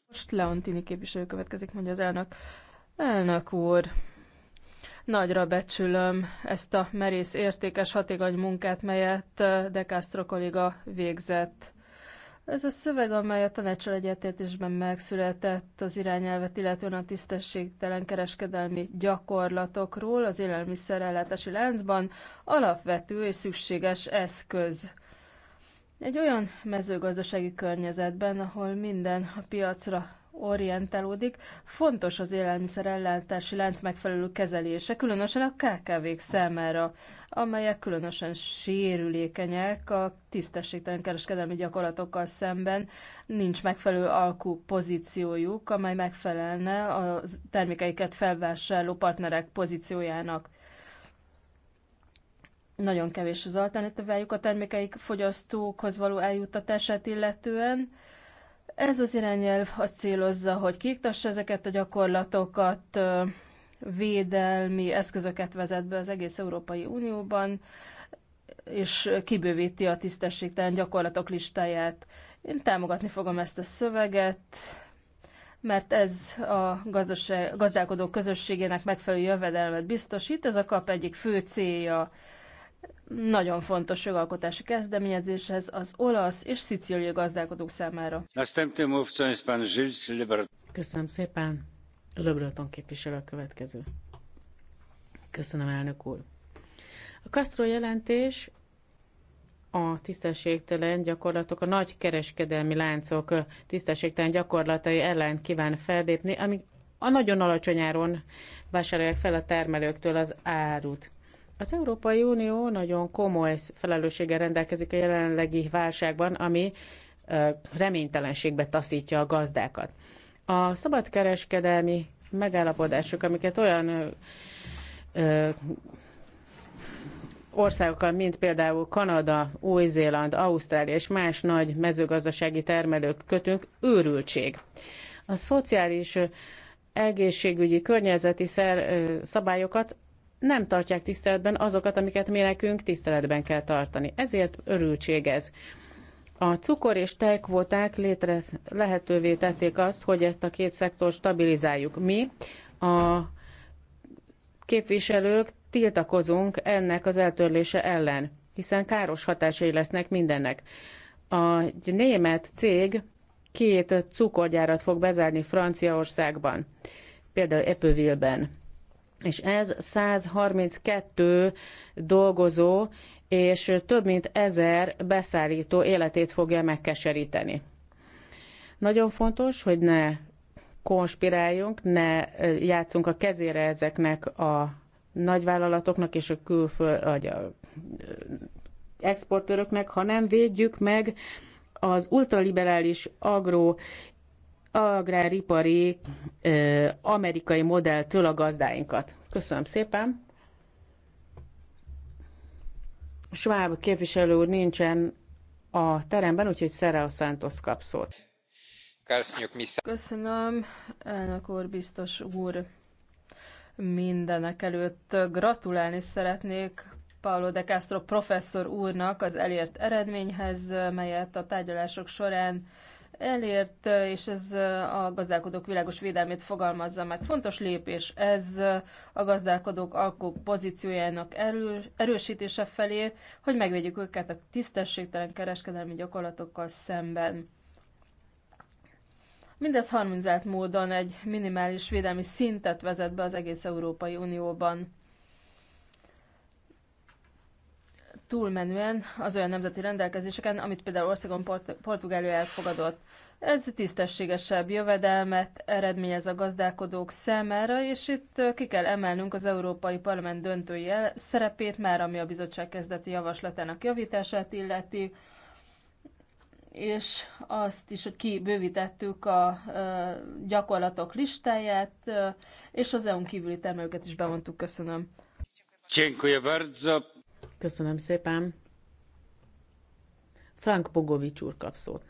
Most Leontini képviselő következik, mondja az elnök. Elnök úr, nagyra becsülöm ezt a merész, értékes, hatékony munkát, melyet De Castro kolléga végzett ez a szöveg, amely a tanácsal egyetértésben megszületett az irányelvet, illetően a tisztességtelen kereskedelmi gyakorlatokról az élelmiszerellátási láncban, alapvető és szükséges eszköz. Egy olyan mezőgazdasági környezetben, ahol minden a piacra orientálódik. Fontos az ellátási lánc megfelelő kezelése, különösen a KKV-k számára, amelyek különösen sérülékenyek a tisztességtelen kereskedelmi gyakorlatokkal szemben. Nincs megfelelő alkú pozíciójuk, amely megfelelne a termékeiket felvásárló partnerek pozíciójának nagyon kevés az alternatívájuk a termékeik fogyasztókhoz való eljuttatását illetően, ez az irányelv azt célozza, hogy kiiktassa ezeket a gyakorlatokat, védelmi eszközöket vezet be az egész Európai Unióban, és kibővíti a tisztességtelen gyakorlatok listáját. Én támogatni fogom ezt a szöveget, mert ez a gazdaság, gazdálkodók közösségének megfelelő jövedelmet biztosít, ez a kap egyik fő célja nagyon fontos jogalkotási kezdeményezéshez az olasz és szicíliai gazdálkodók számára. Köszönöm szépen. Löbreton képviselő a következő. Köszönöm, elnök úr. A Castro jelentés a tisztességtelen gyakorlatok, a nagy kereskedelmi láncok tisztességtelen gyakorlatai ellen kíván fellépni, amik a nagyon alacsony áron vásárolják fel a termelőktől az árut. Az Európai Unió nagyon komoly felelősséggel rendelkezik a jelenlegi válságban, ami reménytelenségbe taszítja a gazdákat. A szabadkereskedelmi megállapodások, amiket olyan ö, országokkal, mint például Kanada, Új-Zéland, Ausztrália és más nagy mezőgazdasági termelők kötünk, őrültség. A szociális egészségügyi, környezeti szer, szabályokat nem tartják tiszteletben azokat, amiket mi nekünk tiszteletben kell tartani. Ezért örültség ez. A cukor és tejkvóták létre lehetővé tették azt, hogy ezt a két szektor stabilizáljuk. Mi, a képviselők tiltakozunk ennek az eltörlése ellen, hiszen káros hatásai lesznek mindennek. A német cég két cukorgyárat fog bezárni Franciaországban, például Epövilben és ez 132 dolgozó és több mint ezer beszállító életét fogja megkeseríteni. Nagyon fontos, hogy ne konspiráljunk, ne eh, játszunk a kezére ezeknek a nagyvállalatoknak és a külföld, vagy a eh, exportőröknek, hanem védjük meg az ultraliberális agro agráripari amerikai modelltől a gazdáinkat. Köszönöm szépen! Schwab képviselő úr nincsen a teremben, úgyhogy a Santos kap szót. Köszönöm, elnök úr, biztos úr. Mindenek előtt gratulálni szeretnék Paulo de Castro professzor úrnak az elért eredményhez, melyet a tárgyalások során elért, és ez a gazdálkodók világos védelmét fogalmazza meg. Fontos lépés ez a gazdálkodók alkó pozíciójának erősítése felé, hogy megvédjük őket a tisztességtelen kereskedelmi gyakorlatokkal szemben. Mindez harmonizált módon egy minimális védelmi szintet vezet be az egész Európai Unióban. túlmenően az olyan nemzeti rendelkezéseken, amit például országon Port- Portugália elfogadott. Ez tisztességesebb jövedelmet eredményez a gazdálkodók számára, és itt ki kell emelnünk az Európai Parlament döntői szerepét, már ami a bizottság kezdeti javaslatának javítását illeti, és azt is, hogy kibővítettük a gyakorlatok listáját, és az EU-n kívüli termelőket is bevontuk. Köszönöm. Dziękuję bardzo. Köszönöm szépen. Frank Bogovics úr kap szót.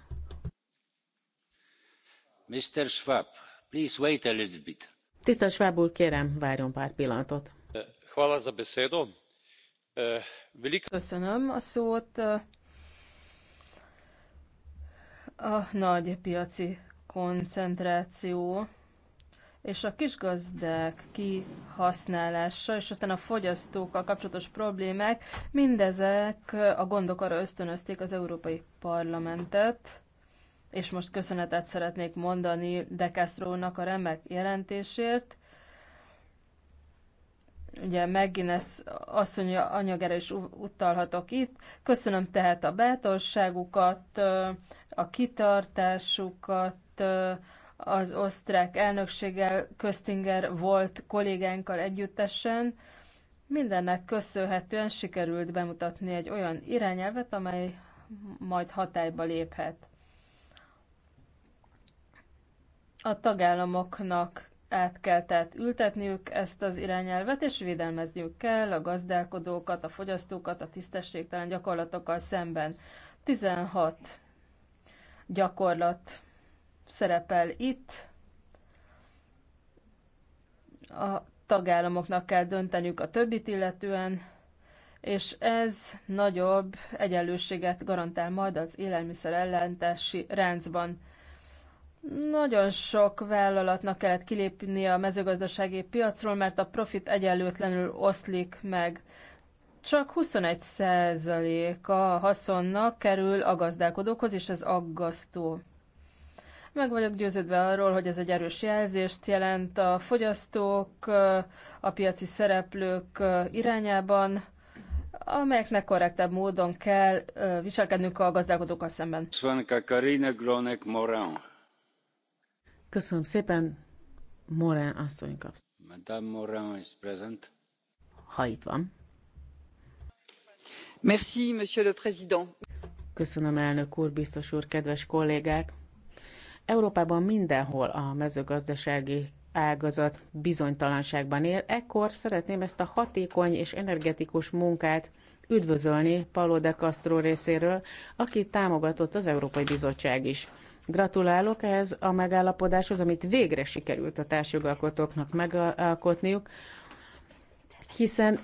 Mr. Schwab, please wait a little bit. Tisztelt Schwab úr, kérem, várjon pár pillanatot. Hvala za besedo. Eh, Köszönöm a szót. Eh, a nagy piaci koncentráció és a kisgazdák kihasználása, és aztán a fogyasztókkal kapcsolatos problémák, mindezek a gondok arra ösztönözték az Európai Parlamentet, és most köszönetet szeretnék mondani De Castro-nak a remek jelentésért. Ugye McGuinness asszony anyagára is utalhatok itt. Köszönöm tehát a bátorságukat, a kitartásukat, az osztrák elnökséggel, Köztinger volt kollégánkkal együttesen. Mindennek köszönhetően sikerült bemutatni egy olyan irányelvet, amely majd hatályba léphet. A tagállamoknak át kell tehát ültetniük ezt az irányelvet, és védelmezniük kell a gazdálkodókat, a fogyasztókat, a tisztességtelen gyakorlatokkal szemben. 16 gyakorlat szerepel itt. A tagállamoknak kell dönteniük a többit illetően, és ez nagyobb egyenlőséget garantál majd az élelmiszer ellentási ráncban. Nagyon sok vállalatnak kellett kilépnie a mezőgazdasági piacról, mert a profit egyenlőtlenül oszlik meg. Csak 21% a haszonnak kerül a gazdálkodókhoz, és ez aggasztó. Meg vagyok győződve arról, hogy ez egy erős jelzést jelent a fogyasztók, a piaci szereplők irányában, amelyeknek korrektebb módon kell viselkednünk a gazdálkodókkal szemben. Köszönöm szépen, Morán asszony kapsz. Madame Morin is present. Ha itt van. Merci, monsieur le président. Köszönöm, elnök úr, biztos úr, kedves kollégák! Európában mindenhol a mezőgazdasági ágazat bizonytalanságban él, ekkor szeretném ezt a hatékony és energetikus munkát üdvözölni Paulo de Castro részéről, akit támogatott az Európai Bizottság is. Gratulálok ehhez a megállapodáshoz, amit végre sikerült a társjogalkotóknak megalkotniuk, hiszen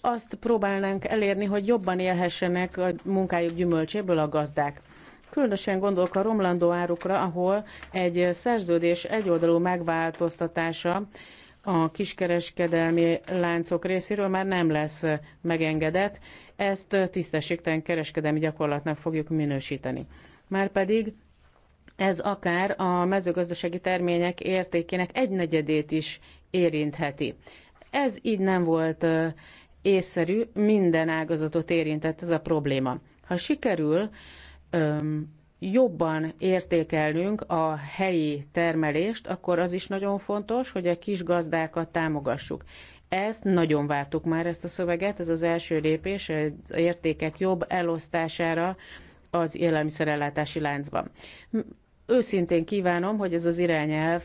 azt próbálnánk elérni, hogy jobban élhessenek a munkájuk gyümölcséből a gazdák. Különösen gondolok a romlandó árukra, ahol egy szerződés egyoldalú megváltoztatása a kiskereskedelmi láncok részéről már nem lesz megengedett, ezt tisztességtelen kereskedelmi gyakorlatnak fogjuk minősíteni. Márpedig ez akár a mezőgazdasági termények értékének egynegyedét is érintheti. Ez így nem volt észszerű, minden ágazatot érintett ez a probléma. Ha sikerül öm, jobban értékelnünk a helyi termelést, akkor az is nagyon fontos, hogy a kis gazdákat támogassuk. Ezt nagyon vártuk már ezt a szöveget, ez az első lépés az értékek jobb elosztására az élelmiszerellátási láncban. Őszintén kívánom, hogy ez az irányelv,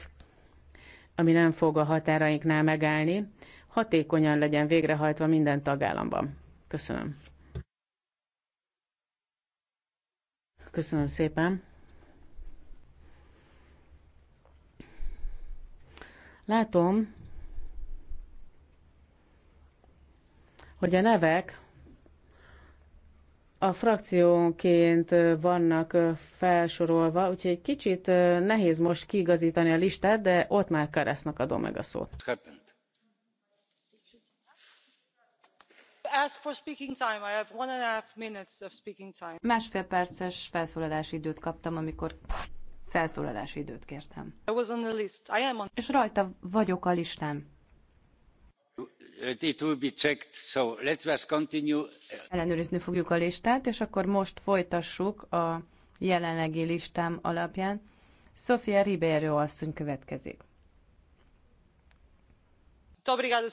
ami nem fog a határainknál megállni, hatékonyan legyen végrehajtva minden tagállamban. Köszönöm. Köszönöm szépen. Látom, hogy a nevek a frakciónként vannak felsorolva, úgyhogy egy kicsit nehéz most kiigazítani a listát, de ott már Karesznak adom meg a szót. Köszönöm. Másfél perces felszólalási időt kaptam, amikor felszólalási időt kértem. I was on the list. I am on... És rajta vagyok a listám. It will be checked, so let's just continue. Ellenőrizni fogjuk a listát, és akkor most folytassuk a jelenlegi listám alapján. Sofia Ribeiro asszony következik. Ah, Köszönöm,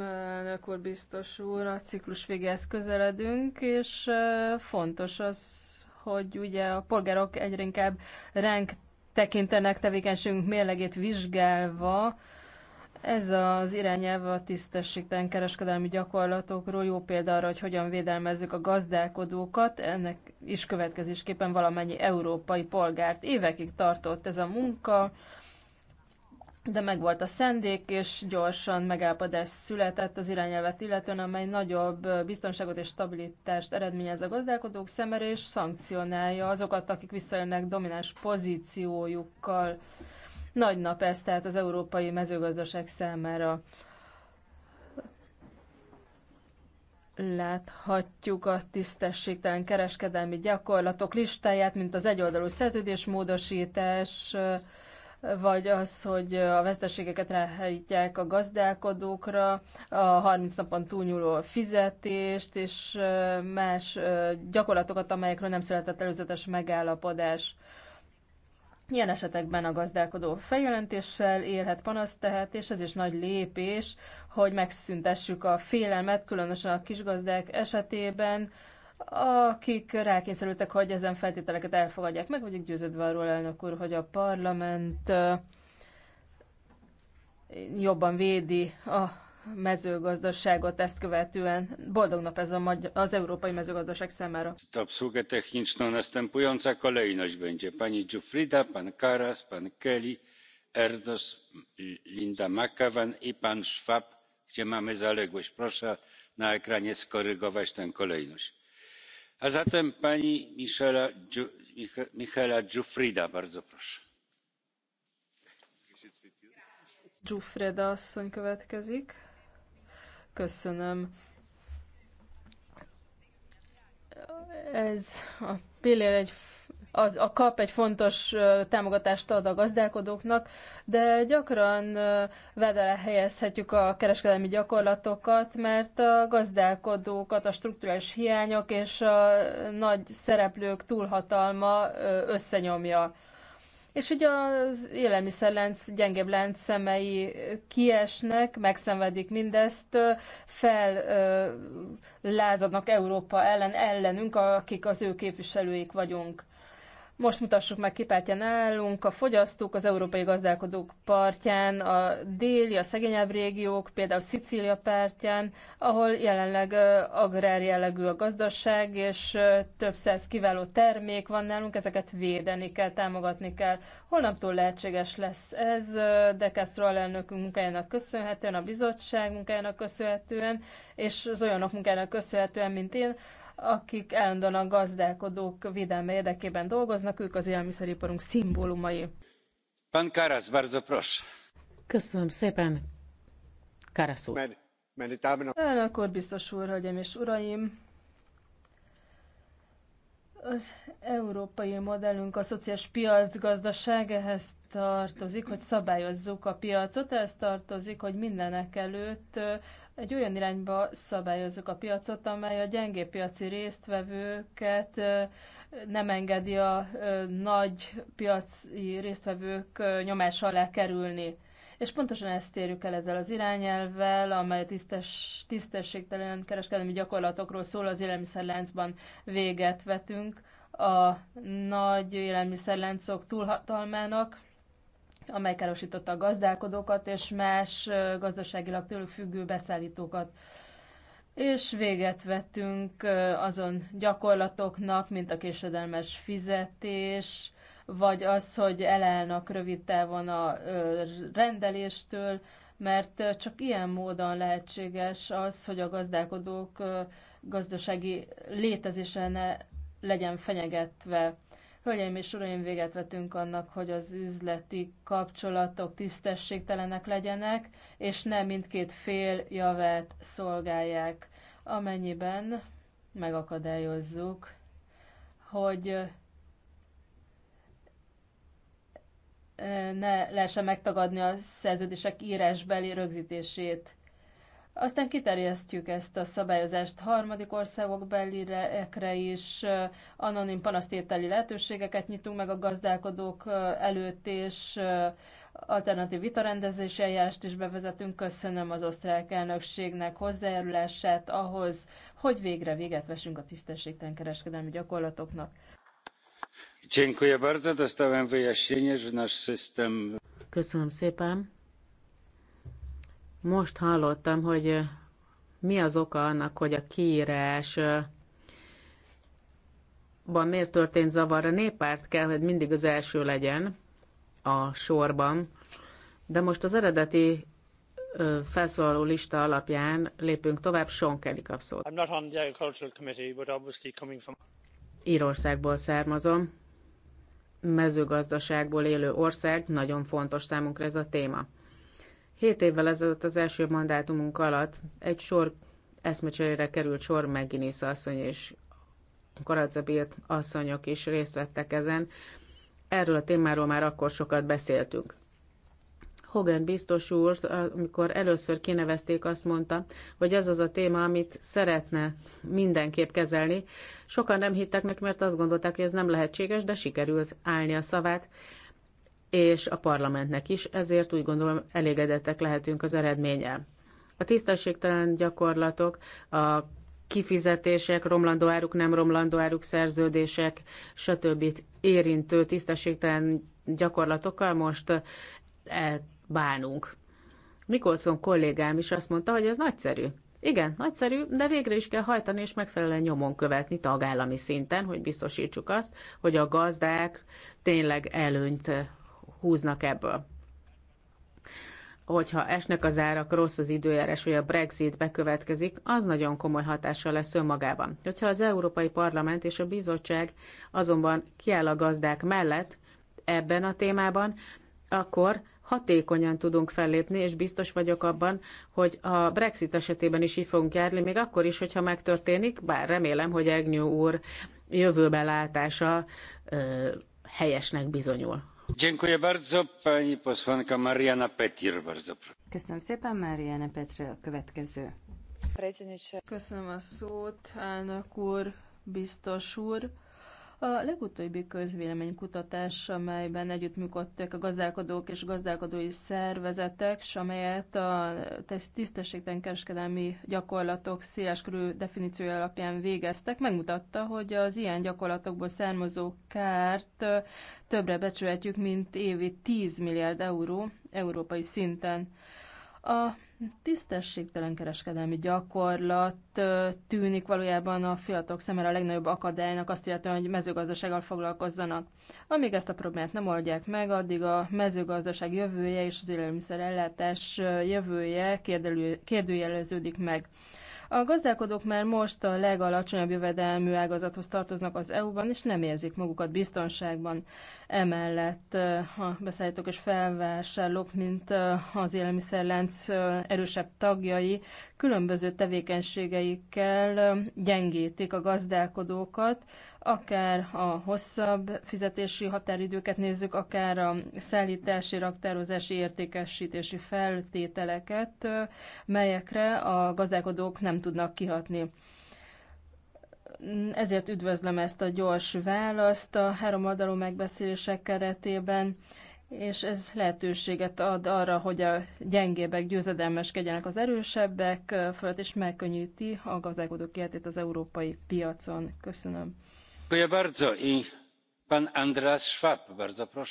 elnök úr, biztos úr. A ciklus végéhez közeledünk, és fontos az, hogy ugye a polgárok egyre inkább ránk tekintenek tevékenységünk mérlegét vizsgálva, ez az irányelv a tisztességtelen kereskedelmi gyakorlatokról jó példa arra, hogy hogyan védelmezzük a gazdálkodókat, ennek is következésképpen valamennyi európai polgárt. Évekig tartott ez a munka, de megvolt a szendék, és gyorsan megállapodás született az irányelvet illetően, amely nagyobb biztonságot és stabilitást eredményez a gazdálkodók szemére, és szankcionálja azokat, akik visszajönnek domináns pozíciójukkal. Nagy nap ez tehát az európai mezőgazdaság számára. Láthatjuk a tisztességtelen kereskedelmi gyakorlatok listáját, mint az egyoldalú szerződésmódosítás, vagy az, hogy a veszteségeket ráhelyítják a gazdálkodókra, a 30 napon túlnyúló fizetést, és más gyakorlatokat, amelyekről nem született előzetes megállapodás. Ilyen esetekben a gazdálkodó feljelentéssel élhet panaszt tehet, és ez is nagy lépés, hogy megszüntessük a félelmet, különösen a kisgazdák esetében, akik rákényszerültek, hogy ezen feltételeket elfogadják. Meg vagyok győződve arról, elnök úr, hogy a parlament jobban védi a mezőgazdaságot ezt követően. Boldog nap ez a magyar, az európai mezőgazdaság számára. Za obsługę techniczną następująca kolejność będzie pani Giuffrida, pan Karas, pan Kelly, Erdos, Linda McAvan i pan Schwab, gdzie mamy zaległość. Proszę na ekranie skorygować tę kolejność. A zatem pani Michela, Michela Giuffrida, bardzo proszę. Giuffrida asszony következik. Köszönöm. Ez a pillér egy az, a kap egy fontos támogatást ad a gazdálkodóknak, de gyakran vedele helyezhetjük a kereskedelmi gyakorlatokat, mert a gazdálkodókat a strukturális hiányok és a nagy szereplők túlhatalma összenyomja és hogy az élelmiszerlánc, gyengebb lánc szemei kiesnek, megszenvedik mindezt, lázadnak Európa ellen, ellenünk, akik az ő képviselőik vagyunk. Most mutassuk meg kipártyán állunk, a fogyasztók az európai gazdálkodók partján, a déli, a szegényebb régiók, például Szicília pártján, ahol jelenleg agrár jellegű a gazdaság, és több száz kiváló termék van nálunk, ezeket védeni kell, támogatni kell. Holnaptól lehetséges lesz ez, de Castro alelnökünk munkájának köszönhetően, a bizottság munkájának köszönhetően, és az olyanok munkájának köszönhetően, mint én, akik állandóan a gazdálkodók védelme érdekében dolgoznak, ők az élelmiszeriparunk szimbólumai. Pan Karas, bardzo proszę. Köszönöm szépen, Karas úr. Önök úr, biztos úr, hölgyeim és uraim! Az európai modellünk a szociális piacgazdaság, ehhez tartozik, hogy szabályozzuk a piacot, ehhez tartozik, hogy mindenek előtt egy olyan irányba szabályozzuk a piacot, amely a gyengébb piaci résztvevőket nem engedi a nagy piaci résztvevők nyomás alá kerülni. És pontosan ezt érjük el ezzel az irányelvvel, amely tisztes, tisztességtelen kereskedelmi gyakorlatokról szól az élelmiszerláncban véget vetünk a nagy élelmiszerláncok túlhatalmának, amely károsította a gazdálkodókat és más gazdaságilag tőlük függő beszállítókat. És véget vettünk azon gyakorlatoknak, mint a késedelmes fizetés, vagy az, hogy elállnak rövid távon a rendeléstől, mert csak ilyen módon lehetséges az, hogy a gazdálkodók gazdasági létezése ne legyen fenyegetve. Hölgyeim és uraim, véget vetünk annak, hogy az üzleti kapcsolatok tisztességtelenek legyenek, és nem mindkét fél javát szolgálják, amennyiben megakadályozzuk, hogy ne lehessen megtagadni a szerződések írásbeli rögzítését. Aztán kiterjesztjük ezt a szabályozást harmadik országok belirekre is, anonim panasztételi lehetőségeket nyitunk meg a gazdálkodók előtt, és alternatív vitarendezési eljárást is bevezetünk. Köszönöm az osztrák elnökségnek hozzájárulását ahhoz, hogy végre véget vessünk a tisztességtelen kereskedelmi gyakorlatoknak. Köszönöm szépen. Most hallottam, hogy e, mi az oka annak, hogy a kiírás e, miért történt zavar. A néppárt kell, hogy mindig az első legyen a sorban, de most az eredeti e, felszólaló lista alapján lépünk tovább, Sean Kelly kap szót. Írországból származom, mezőgazdaságból élő ország, nagyon fontos számunkra ez a téma. Hét évvel ezelőtt az első mandátumunk alatt egy sor eszmecserére került sor Megginis asszony és Karadzabilt asszonyok is részt vettek ezen. Erről a témáról már akkor sokat beszéltünk. Hogan biztos úr, amikor először kinevezték, azt mondta, hogy ez az a téma, amit szeretne mindenképp kezelni. Sokan nem hittek meg, mert azt gondolták, hogy ez nem lehetséges, de sikerült állni a szavát, és a parlamentnek is, ezért úgy gondolom elégedettek lehetünk az eredménye. A tisztességtelen gyakorlatok, a kifizetések, romlandó áruk, nem romlandó áruk, szerződések, stb. érintő tisztességtelen gyakorlatokkal most bánunk. Mikolcon kollégám is azt mondta, hogy ez nagyszerű. Igen, nagyszerű, de végre is kell hajtani és megfelelően nyomon követni tagállami szinten, hogy biztosítsuk azt, hogy a gazdák tényleg előnyt húznak ebből. Hogyha esnek az árak, rossz az időjárás, vagy a Brexit bekövetkezik, az nagyon komoly hatással lesz önmagában. Hogyha az Európai Parlament és a Bizottság azonban kiáll a gazdák mellett ebben a témában, akkor hatékonyan tudunk fellépni, és biztos vagyok abban, hogy a Brexit esetében is így fogunk járni, még akkor is, hogyha megtörténik, bár remélem, hogy Egnyú úr jövőben látása ö, helyesnek bizonyul. Köszönöm szépen, Mariana Petre a következő. Köszönöm a szót, elnök úr, biztos úr. A legutóbbi közvéleménykutatás, amelyben együttműködtek a gazdálkodók és gazdálkodói szervezetek, és amelyet a tisztességtelen kereskedelmi gyakorlatok széleskörű definíciója alapján végeztek, megmutatta, hogy az ilyen gyakorlatokból származó kárt többre becsülhetjük, mint évi 10 milliárd euró európai szinten. A tisztességtelen kereskedelmi gyakorlat tűnik valójában a fiatalok szemére a legnagyobb akadálynak, azt illetően, hogy mezőgazdasággal foglalkozzanak. Amíg ezt a problémát nem oldják meg, addig a mezőgazdaság jövője és az élelmiszerellátás jövője kérdőjeleződik meg. A gazdálkodók már most a legalacsonyabb jövedelmű ágazathoz tartoznak az EU-ban, és nem érzik magukat biztonságban. Emellett a beszállítók és felvásárlók, mint az élelmiszerlánc erősebb tagjai, különböző tevékenységeikkel gyengítik a gazdálkodókat, akár a hosszabb fizetési határidőket nézzük, akár a szállítási, raktározási, értékesítési feltételeket, melyekre a gazdálkodók nem tudnak kihatni. Ezért üdvözlöm ezt a gyors választ a három oldalú megbeszélések keretében, és ez lehetőséget ad arra, hogy a gyengébbek győzedelmeskedjenek az erősebbek fölött, és megkönnyíti a gazdálkodók életét az európai piacon. Köszönöm. András Schwab,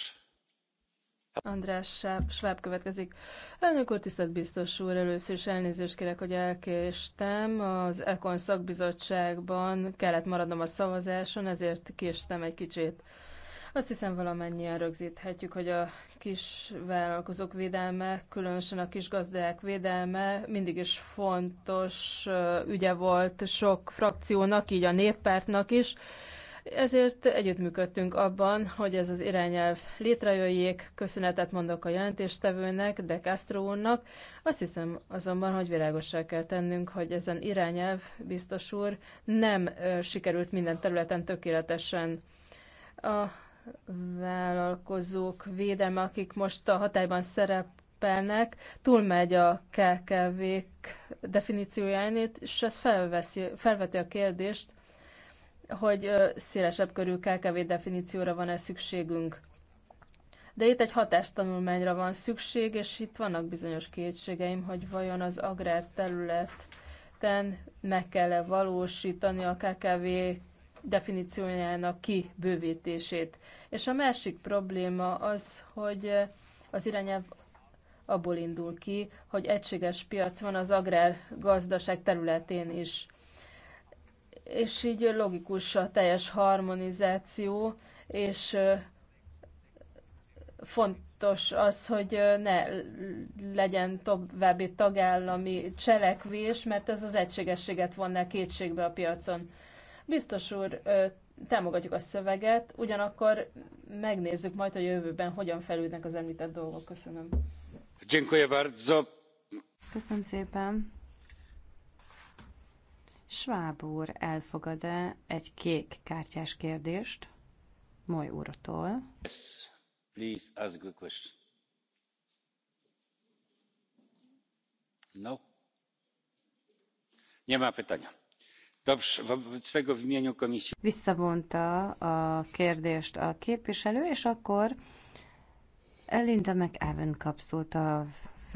Schwab következik. Elnök úr, tisztelt biztos úr, először is elnézést kérek, hogy elkéstem. Az econ szakbizottságban kellett maradnom a szavazáson, ezért késtem egy kicsit. Azt hiszem valamennyien rögzíthetjük, hogy a kis védelme, különösen a kis gazdák védelme mindig is fontos ügye volt sok frakciónak, így a néppártnak is ezért együttműködtünk abban, hogy ez az irányelv létrejöjjék. Köszönetet mondok a jelentéstevőnek, de Castro úrnak. Azt hiszem azonban, hogy világossá kell tennünk, hogy ezen irányelv, biztos úr, nem sikerült minden területen tökéletesen. A vállalkozók védelme, akik most a hatályban szerepelnek, túlmegy a KKV-k definícióján, és ez felveszi, felveti a kérdést, hogy szélesebb körű KKV definícióra van-e szükségünk. De itt egy hatástanulmányra van szükség, és itt vannak bizonyos kétségeim, hogy vajon az agrárterületen meg kell-e valósítani a KKV definíciójának kibővítését. És a másik probléma az, hogy az irányelv abból indul ki, hogy egységes piac van az agrárgazdaság területén is és így logikus a teljes harmonizáció, és fontos az, hogy ne legyen további tagállami cselekvés, mert ez az egységességet vonná kétségbe a piacon. Biztos úr, támogatjuk a szöveget, ugyanakkor megnézzük majd a jövőben, hogyan felülnek az említett dolgok. Köszönöm. Köszönöm szépen. Schwab úr elfogad-e egy kék kártyás kérdést Moly úrtól? Yes, please ask a question. No. Nie ma pytania. Dobrze, wobec tego w imieniu komisji. Visszavonta a kérdést a képviselő, és akkor Linda McEwen kapszult a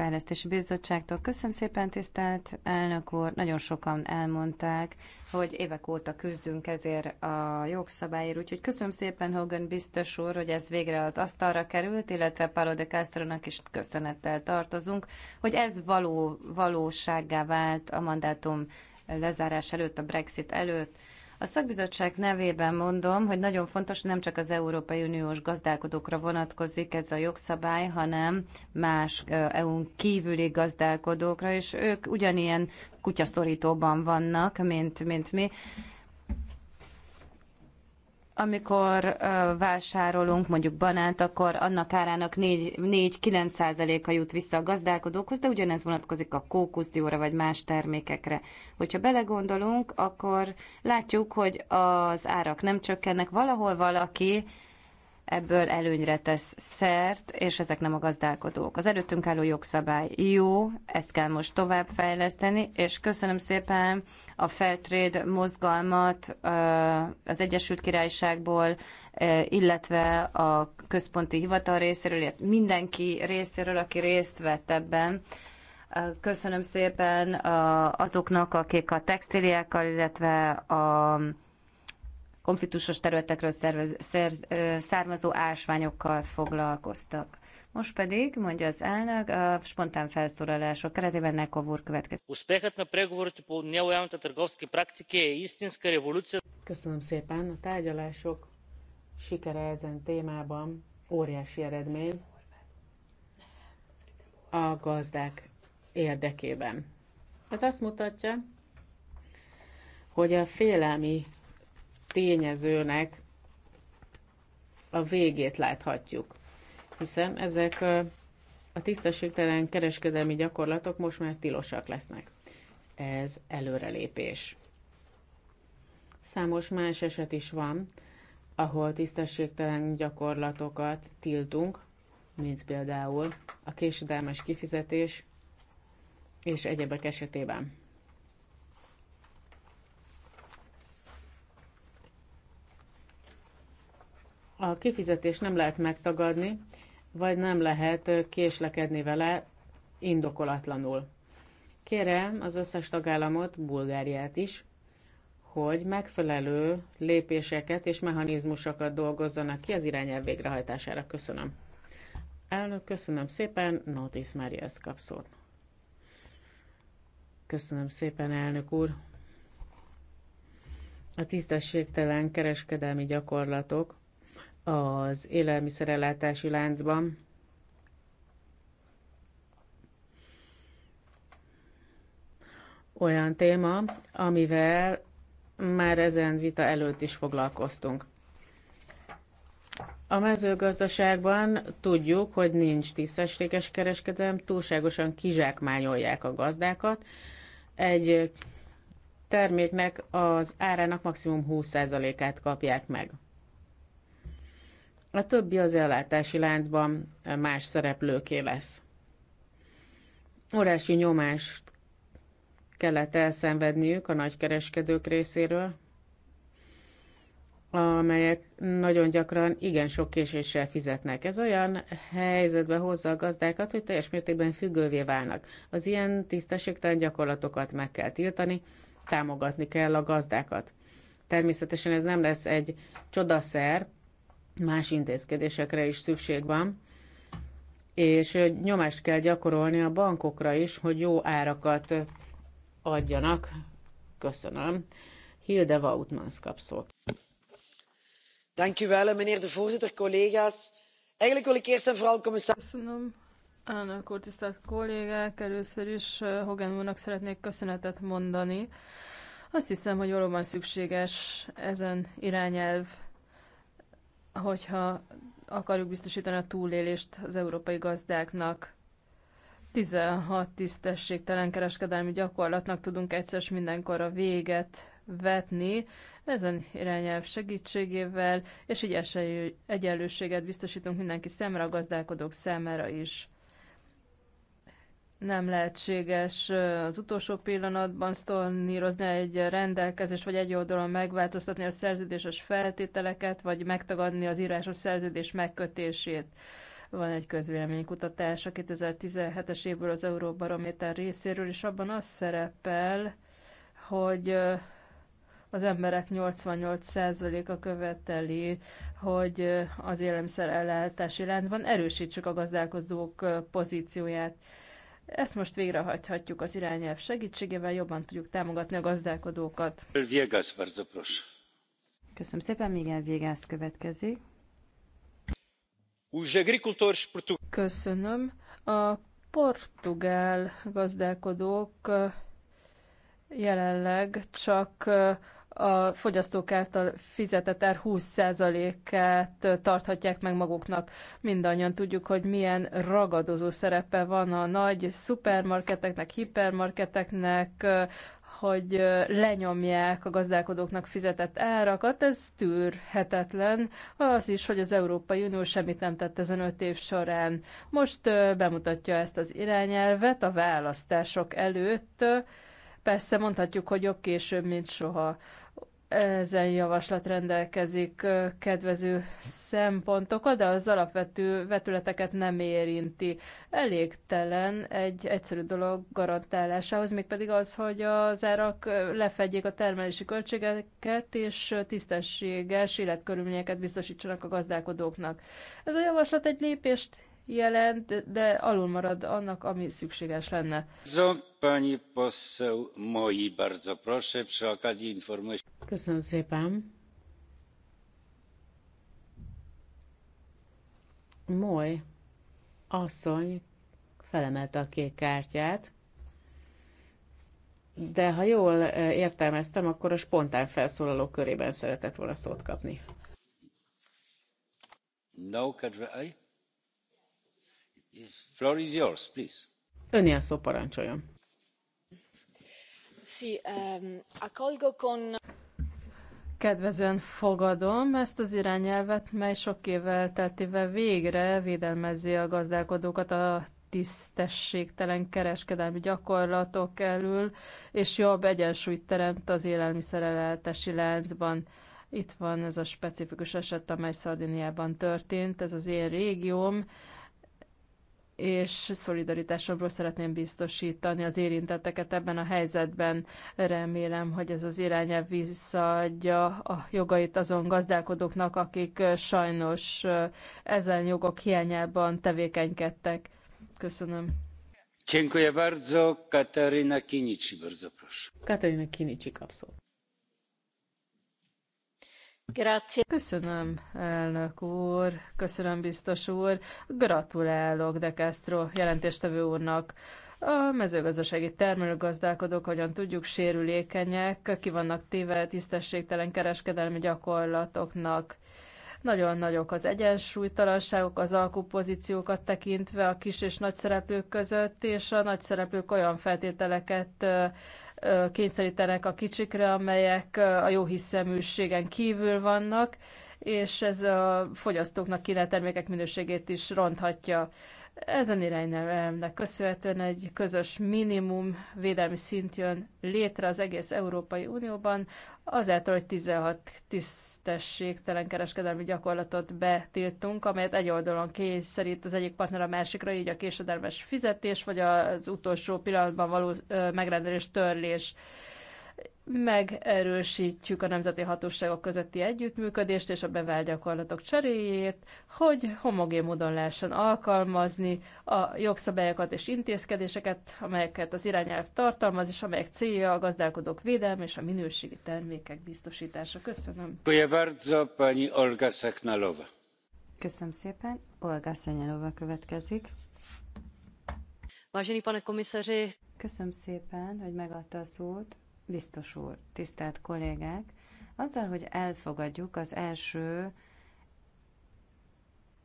Fejlesztési Bizottságtól. Köszönöm szépen, tisztelt elnök úr. Nagyon sokan elmondták, hogy évek óta küzdünk ezért a jogszabályért, úgyhogy köszönöm szépen Hogan biztos úr, hogy ez végre az asztalra került, illetve Palo de Castro-nak is köszönettel tartozunk, hogy ez való, valósággá vált a mandátum lezárás előtt, a Brexit előtt. A szakbizottság nevében mondom, hogy nagyon fontos, nem csak az Európai Uniós gazdálkodókra vonatkozik ez a jogszabály, hanem más EU-n kívüli gazdálkodókra, és ők ugyanilyen kutyaszorítóban vannak, mint, mint mi amikor vásárolunk mondjuk banánt, akkor annak árának 4-9%-a jut vissza a gazdálkodókhoz, de ugyanez vonatkozik a kókuszdióra vagy más termékekre. Hogyha belegondolunk, akkor látjuk, hogy az árak nem csökkennek, valahol valaki ebből előnyre tesz szert, és ezek nem a gazdálkodók. Az előttünk álló jogszabály jó, ezt kell most továbbfejleszteni, és köszönöm szépen a Fairtrade mozgalmat az Egyesült Királyságból, illetve a központi hivatal részéről, mindenki részéről, aki részt vett ebben. Köszönöm szépen azoknak, akik a textiliákkal, illetve a konfliktusos területekről szervez, szerz, származó ásványokkal foglalkoztak. Most pedig, mondja az elnök, a spontán felszólalások keretében Nekov úr következik. Köszönöm szépen. A tárgyalások sikere ezen témában óriási eredmény a gazdák érdekében. Ez azt mutatja, hogy a félelmi tényezőnek a végét láthatjuk. Hiszen ezek a tisztességtelen kereskedelmi gyakorlatok most már tilosak lesznek. Ez előrelépés. Számos más eset is van, ahol tisztességtelen gyakorlatokat tiltunk, mint például a késedelmes kifizetés és egyebek esetében. A kifizetés nem lehet megtagadni, vagy nem lehet késlekedni vele indokolatlanul. Kérem az összes tagállamot, Bulgáriát is, hogy megfelelő lépéseket és mechanizmusokat dolgozzanak ki az irányelv végrehajtására. Köszönöm. Elnök, köszönöm szépen, Notis Marias kapszót. Köszönöm szépen, elnök úr. A tisztességtelen kereskedelmi gyakorlatok az élelmiszerellátási láncban. Olyan téma, amivel már ezen vita előtt is foglalkoztunk. A mezőgazdaságban tudjuk, hogy nincs tisztességes kereskedelem, túlságosan kizsákmányolják a gazdákat. Egy terméknek az árának maximum 20%-át kapják meg a többi az ellátási láncban más szereplőké lesz. Órási nyomást kellett elszenvedniük a nagykereskedők részéről, amelyek nagyon gyakran igen sok késéssel fizetnek. Ez olyan helyzetbe hozza a gazdákat, hogy teljes mértékben függővé válnak. Az ilyen tisztességtelen gyakorlatokat meg kell tiltani, támogatni kell a gazdákat. Természetesen ez nem lesz egy csodaszer, más intézkedésekre is szükség van, és nyomást kell gyakorolni a bankokra is, hogy jó árakat adjanak. Köszönöm. Hilde Wautmans kap szót. meneer de voorzitter, collega's. Eigenlijk wil ik eerst en vooral commissaris... Köszönöm. Elnök úr, tisztelt kollégák, először is eh, Hogan úrnak szeretnék köszönetet mondani. Azt hiszem, hogy valóban szükséges ezen irányelv hogyha akarjuk biztosítani a túlélést az európai gazdáknak. 16 tisztességtelen kereskedelmi gyakorlatnak tudunk egyszer a véget vetni ezen irányelv segítségével, és így esély, egyenlőséget biztosítunk mindenki számára, a gazdálkodók számára is nem lehetséges az utolsó pillanatban sztornírozni egy rendelkezést, vagy egy oldalon megváltoztatni a szerződéses feltételeket, vagy megtagadni az írásos szerződés megkötését. Van egy közvéleménykutatás a 2017-es évből az Euróbarométer részéről, és abban az szerepel, hogy az emberek 88%-a követeli, hogy az élelmiszer ellátási láncban erősítsük a gazdálkodók pozícióját. Ezt most végrehajthatjuk az irányelv segítségével, jobban tudjuk támogatni a gazdálkodókat. Viegas, Köszönöm szépen, még Viegas következik. Köszönöm. A portugál gazdálkodók jelenleg csak a fogyasztók által fizetett ár 20%-át tarthatják meg maguknak. Mindannyian tudjuk, hogy milyen ragadozó szerepe van a nagy szupermarketeknek, hipermarketeknek, hogy lenyomják a gazdálkodóknak fizetett árakat, ez tűrhetetlen. Az is, hogy az Európai Unió semmit nem tett ezen öt év során. Most bemutatja ezt az irányelvet a választások előtt. Persze mondhatjuk, hogy jobb később, mint soha ezen javaslat rendelkezik kedvező szempontokat, de az alapvető vetületeket nem érinti. Elégtelen egy egyszerű dolog garantálásához, mégpedig az, hogy az árak lefedjék a termelési költségeket, és tisztességes életkörülményeket biztosítsanak a gazdálkodóknak. Ez a javaslat egy lépést jelent, de alul marad annak, ami szükséges lenne. Köszönöm szépen. Moly asszony felemelte a kék kártyát, de ha jól e, értelmeztem, akkor a spontán felszólaló körében szeretett volna szót kapni. No, kedvezően fogadom ezt az irányelvet, mely sok év elteltével végre védelmezi a gazdálkodókat a tisztességtelen kereskedelmi gyakorlatok elől, és jobb egyensúlyt teremt az élelmiszerellátási láncban. Itt van ez a specifikus eset, amely Szardiniában történt, ez az én régióm, és szolidaritásomról szeretném biztosítani az érintetteket ebben a helyzetben. Remélem, hogy ez az irányelv visszaadja a jogait azon gazdálkodóknak, akik sajnos ezen jogok hiányában tevékenykedtek. Köszönöm. Dziękuję bardzo. Katarina Kinici, bardzo proszę. Katarina Kinici kapszol. Grazie. Köszönöm, elnök úr, köszönöm, biztos úr. Gratulálok De Castro jelentéstevő úrnak. A mezőgazdasági termelőgazdálkodók, hogyan tudjuk, sérülékenyek, ki vannak téve tisztességtelen kereskedelmi gyakorlatoknak. Nagyon nagyok az egyensúlytalanságok, az alkupozíciókat tekintve a kis és nagy szereplők között, és a nagy szereplők olyan feltételeket kényszerítenek a kicsikre, amelyek a jó hiszeműségen kívül vannak, és ez a fogyasztóknak kínált termékek minőségét is ronthatja. Ezen irányelvnek köszönhetően egy közös minimum védelmi szint jön létre az egész Európai Unióban, azáltal, hogy 16 tisztességtelen kereskedelmi gyakorlatot betiltunk, amelyet egy oldalon kényszerít az egyik partner a másikra, így a késedelmes fizetés, vagy az utolsó pillanatban való megrendelés törlés megerősítjük a nemzeti hatóságok közötti együttműködést és a bevált gyakorlatok cseréjét, hogy homogén módon lehessen alkalmazni a jogszabályokat és intézkedéseket, amelyeket az irányelv tartalmaz, és amelyek célja a gazdálkodók védelme és a minőségi termékek biztosítása. Köszönöm. Köszönöm szépen. Olga Szenyelova következik. Vážený pane komisaři. Köszönöm szépen, hogy megadta a szót. Biztos úr, tisztelt kollégák, azzal, hogy elfogadjuk az első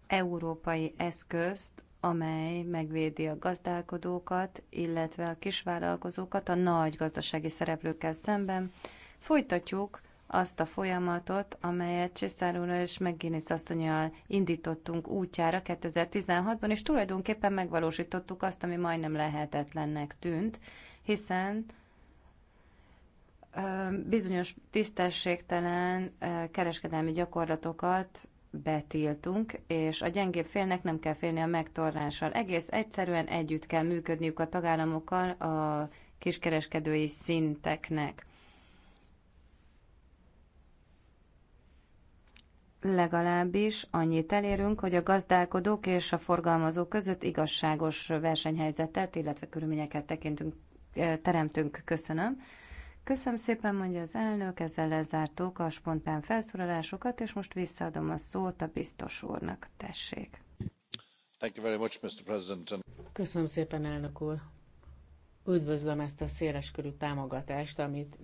európai eszközt, amely megvédi a gazdálkodókat, illetve a kisvállalkozókat a nagy gazdasági szereplőkkel szemben, folytatjuk azt a folyamatot, amelyet Csiszáróra és McGinnis asszonyjal indítottunk útjára 2016-ban, és tulajdonképpen megvalósítottuk azt, ami majdnem lehetetlennek tűnt, hiszen bizonyos tisztességtelen kereskedelmi gyakorlatokat betiltunk, és a gyengébb félnek nem kell félni a megtorlással. Egész egyszerűen együtt kell működniük a tagállamokkal, a kiskereskedői szinteknek. Legalábbis annyit elérünk, hogy a gazdálkodók és a forgalmazók között igazságos versenyhelyzetet, illetve körülményeket tekintünk, teremtünk. Köszönöm. Köszönöm szépen, mondja az elnök, ezzel lezártuk a spontán felszólalásokat, és most visszaadom a szót a biztos úrnak. Tessék. Thank you very much, Mr. President. Köszönöm szépen, elnök úr. Üdvözlöm ezt a széleskörű támogatást, amit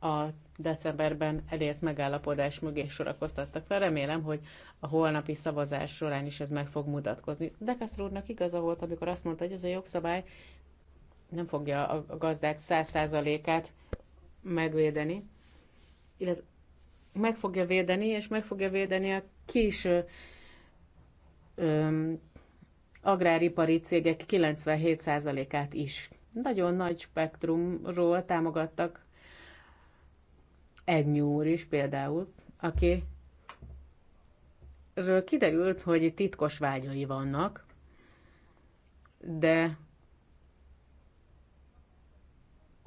a decemberben elért megállapodás mögé sorakoztattak fel. Remélem, hogy a holnapi szavazás során is ez meg fog mutatkozni. De Kastro úrnak igaza volt, amikor azt mondta, hogy ez a jogszabály nem fogja a gazdák száz százalékát megvédeni, illetve meg fogja védeni, és meg fogja védeni a kis ö, agráripari cégek 97%-át is. Nagyon nagy spektrumról támogattak Egnyú úr is például, aki kiderült, hogy titkos vágyai vannak, de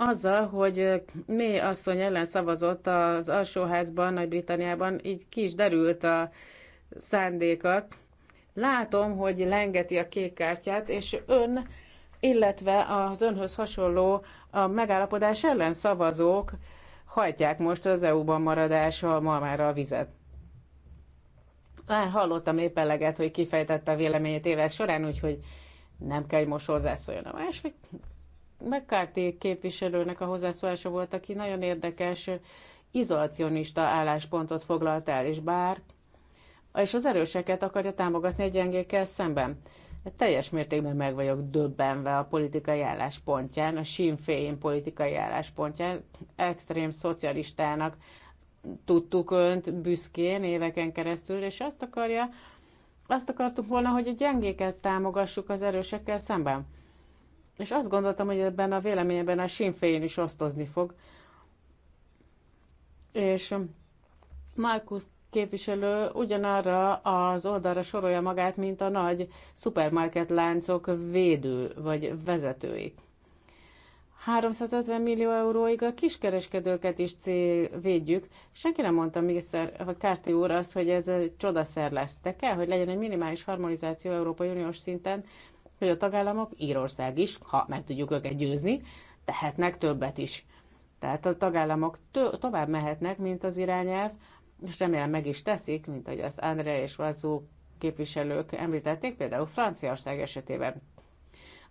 azzal, hogy mi asszony ellen szavazott az alsóházban, Nagy-Britanniában, így ki is derült a szándéka. Látom, hogy lengeti a kék kártyát, és ön, illetve az önhöz hasonló a megállapodás ellen szavazók hajtják most az EU-ban maradással ma már a vizet. Már hallottam épp eleget, hogy kifejtette a véleményét évek során, úgyhogy nem kell, hogy most hozzászóljon a másik McCarthy képviselőnek a hozzászólása volt, aki nagyon érdekes izolacionista álláspontot foglalt el, és bár és az erőseket akarja támogatni a gyengékkel szemben. Teljes mértékben meg vagyok döbbenve a politikai álláspontján, a Sinn Féin politikai álláspontján, extrém szocialistának tudtuk önt büszkén éveken keresztül, és azt akarja, azt akartuk volna, hogy a gyengéket támogassuk az erősekkel szemben. És azt gondoltam, hogy ebben a véleményben a Sinféin is osztozni fog. És um, Markus képviselő ugyanarra az oldalra sorolja magát, mint a nagy szupermarket láncok védő vagy vezetői. 350 millió euróig a kiskereskedőket is cél védjük. Senki nem mondta Mészer, vagy Kárti úr az, hogy ez egy csodaszer lesz. De kell, hogy legyen egy minimális harmonizáció Európai Uniós szinten, hogy a tagállamok, Írország is, ha meg tudjuk őket győzni, tehetnek többet is. Tehát a tagállamok tovább mehetnek, mint az irányelv, és remélem meg is teszik, mint ahogy az André és Vazó képviselők említették, például Franciaország esetében.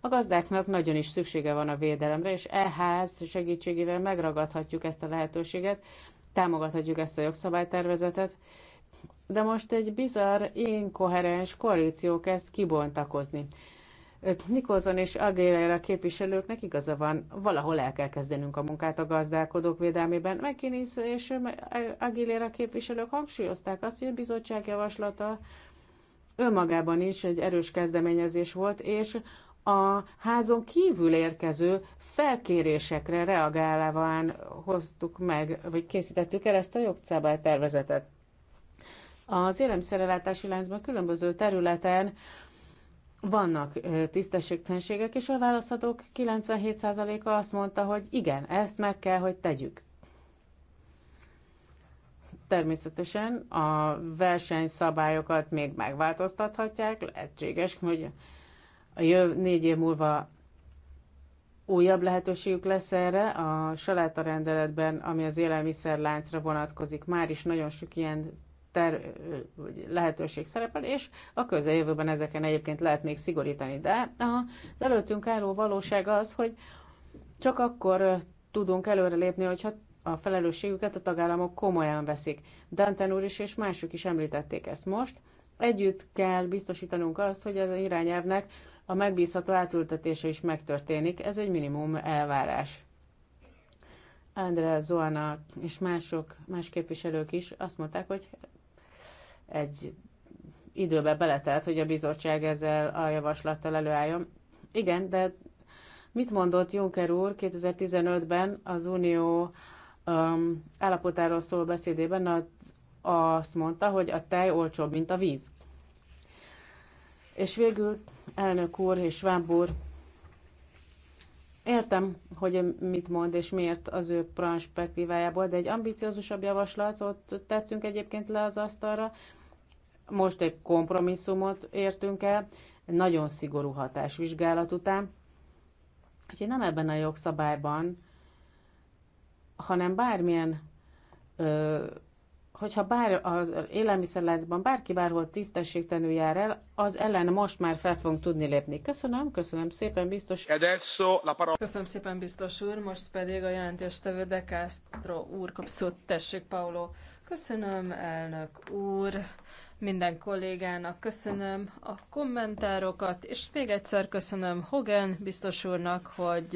A gazdáknak nagyon is szüksége van a védelemre, és e-ház segítségével megragadhatjuk ezt a lehetőséget, támogathatjuk ezt a jogszabálytervezetet, de most egy bizarr, inkoherens koalíció kezd kibontakozni. Nikolson és Aguilera képviselőknek igaza van, valahol el kell kezdenünk a munkát a gazdálkodók védelmében. McKinnis és Aguilera képviselők hangsúlyozták azt, hogy a bizottság javaslata önmagában is egy erős kezdeményezés volt, és a házon kívül érkező felkérésekre reagálván hoztuk meg, vagy készítettük el ezt a jogszabálytervezetet. Az élelmiszerellátási láncban különböző területen vannak tisztességtelenségek, és a válaszadók 97%-a azt mondta, hogy igen, ezt meg kell, hogy tegyük. Természetesen a versenyszabályokat még megváltoztathatják, lehetséges, hogy a jöv, négy év múlva újabb lehetőségük lesz erre. A saláta rendeletben, ami az élelmiszerláncra vonatkozik, már is nagyon sok ilyen ter, vagy lehetőség szerepel, és a közeljövőben ezeken egyébként lehet még szigorítani. De az előttünk álló valóság az, hogy csak akkor tudunk előrelépni, hogyha a felelősségüket a tagállamok komolyan veszik. Danten úr is és mások is említették ezt most. Együtt kell biztosítanunk azt, hogy az irányelvnek a megbízható átültetése is megtörténik. Ez egy minimum elvárás. Andrea Zoana és mások, más képviselők is azt mondták, hogy egy időbe beletelt, hogy a bizottság ezzel a javaslattal előálljon. Igen, de mit mondott Juncker úr 2015-ben az Unió um, állapotáról szóló beszédében? Az, azt mondta, hogy a tej olcsóbb, mint a víz. És végül, elnök úr és Schwab úr, értem, hogy mit mond és miért az ő perspektívájából, de egy ambiciózusabb javaslatot tettünk egyébként le az asztalra, most egy kompromisszumot értünk el, nagyon szigorú hatásvizsgálat után. Úgyhogy nem ebben a jogszabályban, hanem bármilyen, ö, hogyha bár az élelmiszerláncban bárki bárhol tisztességtenül jár el, az ellen most már fel fogunk tudni lépni. Köszönöm, köszönöm szépen, biztos. E köszönöm szépen, biztos úr. Most pedig a jelentéstevő De Castro úr kapszott. Tessék, Paulo. Köszönöm, elnök úr. Minden kollégának köszönöm a kommentárokat, és még egyszer köszönöm Hogan biztos úrnak, hogy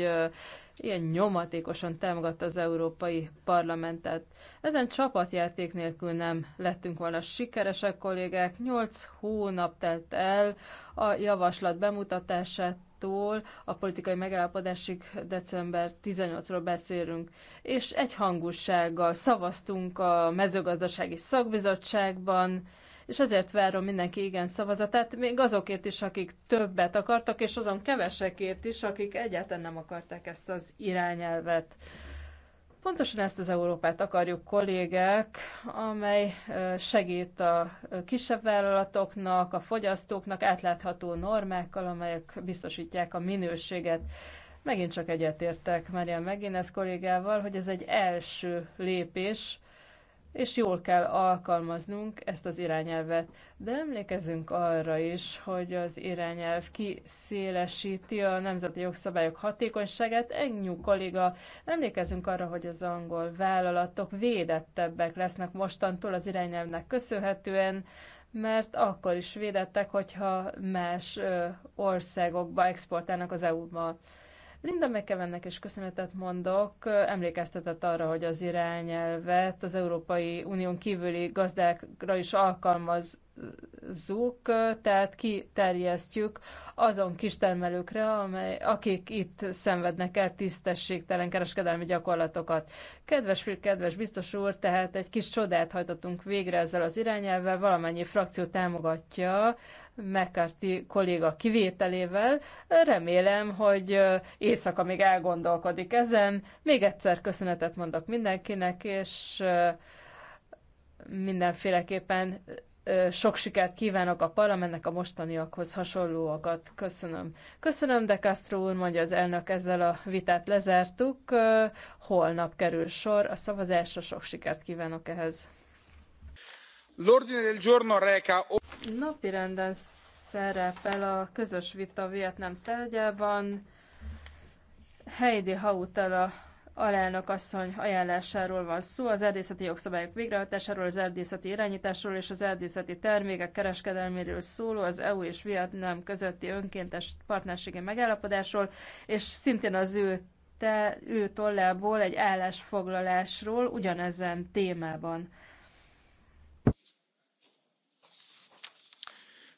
ilyen nyomatékosan támogatta az Európai Parlamentet. Ezen csapatjáték nélkül nem lettünk volna sikeresek kollégák. Nyolc hónap telt el a javaslat bemutatását a politikai megállapodásig december 18-ról beszélünk, és egyhangúsággal szavaztunk a mezőgazdasági szakbizottságban, és ezért várom mindenki igen szavazatát, még azokért is, akik többet akartak, és azon kevesekért is, akik egyáltalán nem akarták ezt az irányelvet. Pontosan ezt az Európát akarjuk, kollégek, amely segít a kisebb vállalatoknak, a fogyasztóknak átlátható normákkal, amelyek biztosítják a minőséget. Megint csak egyetértek Marian Megines kollégával, hogy ez egy első lépés, és jól kell alkalmaznunk ezt az irányelvet. De emlékezzünk arra is, hogy az irányelv kiszélesíti a nemzeti jogszabályok hatékonyságát. Ennyi kolléga, emlékezzünk arra, hogy az angol vállalatok védettebbek lesznek mostantól az irányelvnek köszönhetően, mert akkor is védettek, hogyha más országokba exportálnak az EU-ba. Linda McEvennek is köszönetet mondok. Emlékeztetett arra, hogy az irányelvet az Európai Unión kívüli gazdákra is alkalmaz korlátozzuk, tehát kiterjesztjük azon kistermelőkre, amely, akik itt szenvednek el tisztességtelen kereskedelmi gyakorlatokat. Kedves Fil, kedves biztos úr, tehát egy kis csodát hajtottunk végre ezzel az irányelvvel, valamennyi frakció támogatja, McCarthy kolléga kivételével. Remélem, hogy éjszaka még elgondolkodik ezen. Még egyszer köszönetet mondok mindenkinek, és mindenféleképpen sok sikert kívánok a parlamentnek a mostaniakhoz hasonlóakat. Köszönöm. Köszönöm, de Castro úr, mondja az elnök, ezzel a vitát lezártuk. Holnap kerül sor a szavazásra, sok sikert kívánok ehhez. L'ordine del giorno reca... Napirenden szerepel a közös vita Vietnám tárgyában. Heidi Hautala alelnök asszony ajánlásáról van szó, az erdészeti jogszabályok végrehajtásáról, az erdészeti irányításról és az erdészeti termékek kereskedelméről szóló az EU és Vietnám közötti önkéntes partnerségi megállapodásról, és szintén az ő, te, ő tollából egy állásfoglalásról ugyanezen témában.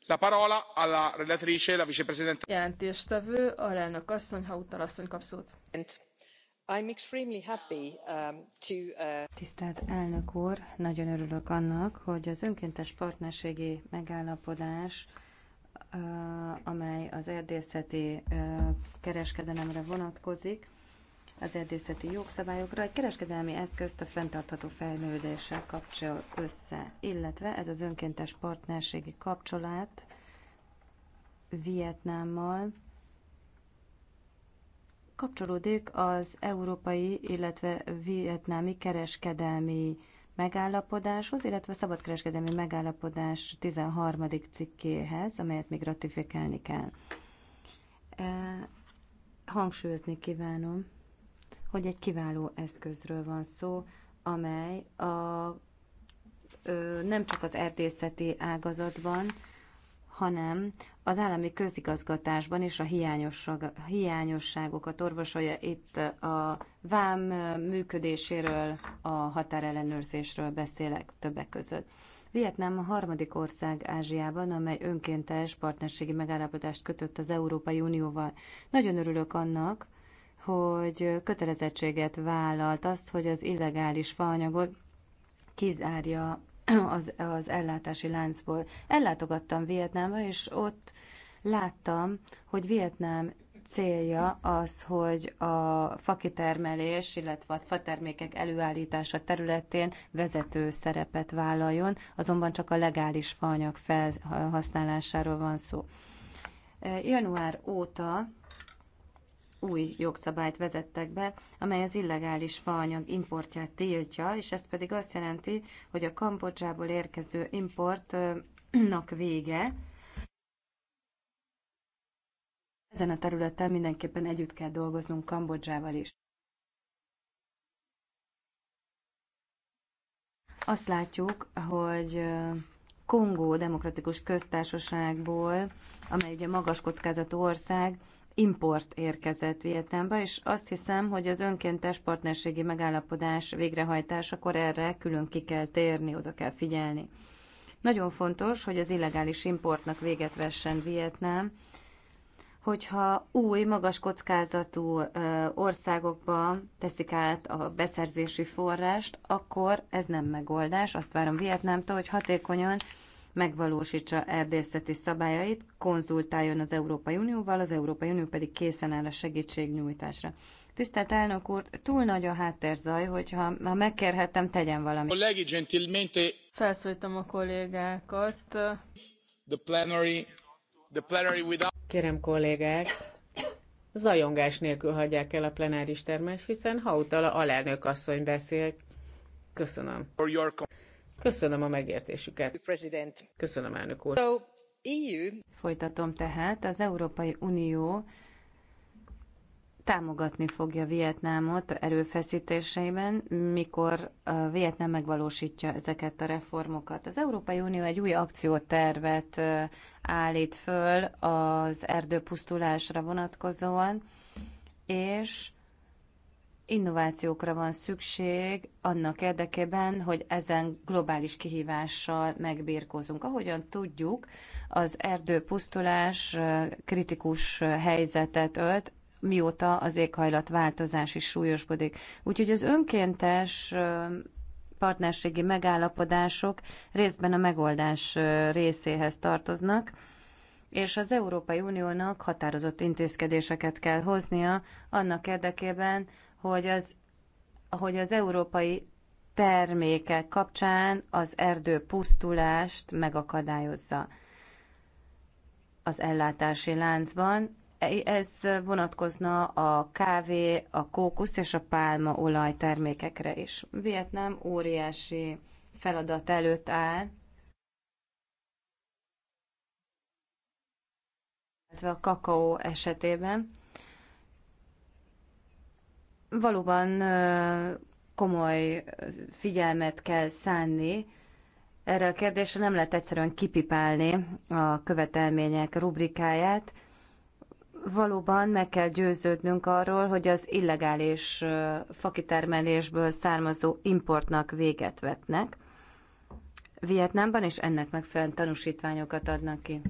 La parola alla relatrice, la vicepresidente. Jelentéstevő, alelnök asszony, ha utal asszony kap szót. Um, uh, Tisztelt elnök úr, nagyon örülök annak, hogy az önkéntes partnerségi megállapodás, uh, amely az erdészeti uh, kereskedelemre vonatkozik, az erdészeti jogszabályokra egy kereskedelmi eszközt a fenntartható fejlődéssel kapcsol össze, illetve ez az önkéntes partnerségi kapcsolat Vietnámmal kapcsolódik az európai, illetve vietnámi kereskedelmi megállapodáshoz, illetve szabadkereskedelmi megállapodás 13. cikkéhez, amelyet még ratifikálni kell. E, hangsúlyozni kívánom, hogy egy kiváló eszközről van szó, amely a, nem csak az erdészeti ágazatban, hanem az állami közigazgatásban is a hiányosságokat orvosolja. Itt a vám működéséről, a határellenőrzésről beszélek többek között. Vietnám a harmadik ország Ázsiában, amely önkéntes partnerségi megállapodást kötött az Európai Unióval. Nagyon örülök annak, hogy kötelezettséget vállalt azt, hogy az illegális faanyagot kizárja az, az ellátási láncból. Ellátogattam Vietnámba, és ott láttam, hogy Vietnám célja az, hogy a fakitermelés, illetve a fatermékek előállítása területén vezető szerepet vállaljon, azonban csak a legális faanyag felhasználásáról van szó. Január óta új jogszabályt vezettek be, amely az illegális faanyag importját tiltja, és ez pedig azt jelenti, hogy a Kambodzsából érkező importnak vége. Ezen a területen mindenképpen együtt kell dolgoznunk Kambodzsával is. Azt látjuk, hogy Kongó demokratikus köztársaságból, amely ugye magas kockázatú ország, import érkezett Vietnámba, és azt hiszem, hogy az önkéntes partnerségi megállapodás végrehajtásakor erre külön ki kell térni, oda kell figyelni. Nagyon fontos, hogy az illegális importnak véget vessen Vietnám, hogyha új, magas kockázatú országokba teszik át a beszerzési forrást, akkor ez nem megoldás. Azt várom Vietnámtól, hogy hatékonyan megvalósítsa erdészeti szabályait, konzultáljon az Európai Unióval, az Európai Unió pedig készen áll a segítségnyújtásra. Tisztelt elnök úr, túl nagy a háttérzaj, hogyha ha megkérhetem tegyen valamit. Kollégi, gentilmente... Felszólítom a kollégákat. The plenary, the plenary without... Kérem kollégák, zajongás nélkül hagyják el a plenáris termes, hiszen Hautala alelnök asszony beszél. Köszönöm. Köszönöm a megértésüket. Köszönöm, elnök úr. E Folytatom tehát, az Európai Unió támogatni fogja Vietnámot erőfeszítéseiben, mikor Vietnám megvalósítja ezeket a reformokat. Az Európai Unió egy új akciótervet állít föl az erdőpusztulásra vonatkozóan, és Innovációkra van szükség annak érdekében, hogy ezen globális kihívással megbírkozunk. Ahogyan tudjuk, az erdőpusztulás kritikus helyzetet ölt, mióta az éghajlatváltozás is súlyosbodik. Úgyhogy az önkéntes partnerségi megállapodások részben a megoldás részéhez tartoznak, és az Európai Uniónak határozott intézkedéseket kell hoznia annak érdekében, hogy az, hogy az európai termékek kapcsán az erdő pusztulást megakadályozza az ellátási láncban. Ez vonatkozna a kávé, a kókusz és a pálma olaj termékekre is. Vietnám óriási feladat előtt áll, illetve a kakaó esetében valóban komoly figyelmet kell szánni erre a kérdésre. Nem lehet egyszerűen kipipálni a követelmények rubrikáját. Valóban meg kell győződnünk arról, hogy az illegális fakitermelésből származó importnak véget vetnek. Vietnámban, és ennek megfelelően tanúsítványokat adnak ki.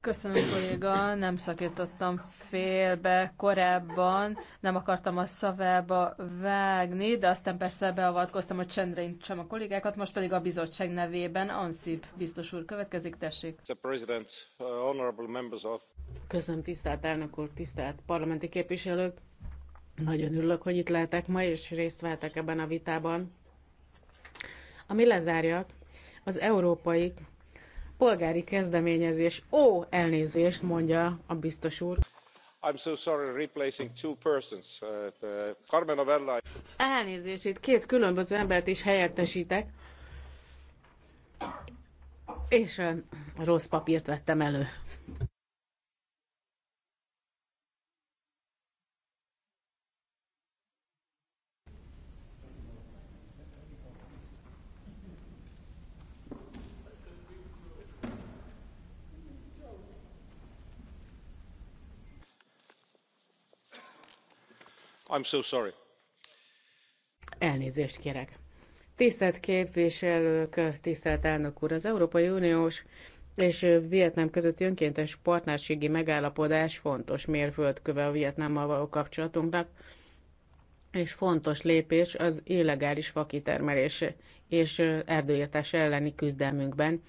Köszönöm, kolléga, nem szakítottam félbe korábban, nem akartam a szavába vágni, de aztán persze beavatkoztam, hogy csendre sem a kollégákat, most pedig a bizottság nevében Ansip biztos úr következik, tessék. Uh, Köszönöm, tisztelt elnök úr, tisztelt parlamenti képviselők. Nagyon örülök, hogy itt lehetek ma, és részt vehetek ebben a vitában ami lezárja az európai polgári kezdeményezés. Ó, elnézést, mondja a biztos úr. I'm so sorry, replacing two persons. Uh, uh, Carmen Avella. Elnézést, itt két különböző embert is helyettesítek. És uh, rossz papírt vettem elő. I'm so sorry. Elnézést kérek. Tisztelt képviselők, tisztelt elnök úr, az Európai Uniós és Vietnám közötti önkéntes partnerségi megállapodás fontos mérföldköve a Vietnámmal való kapcsolatunknak, és fontos lépés az illegális fakitermelés és erdőírtás elleni küzdelmünkben,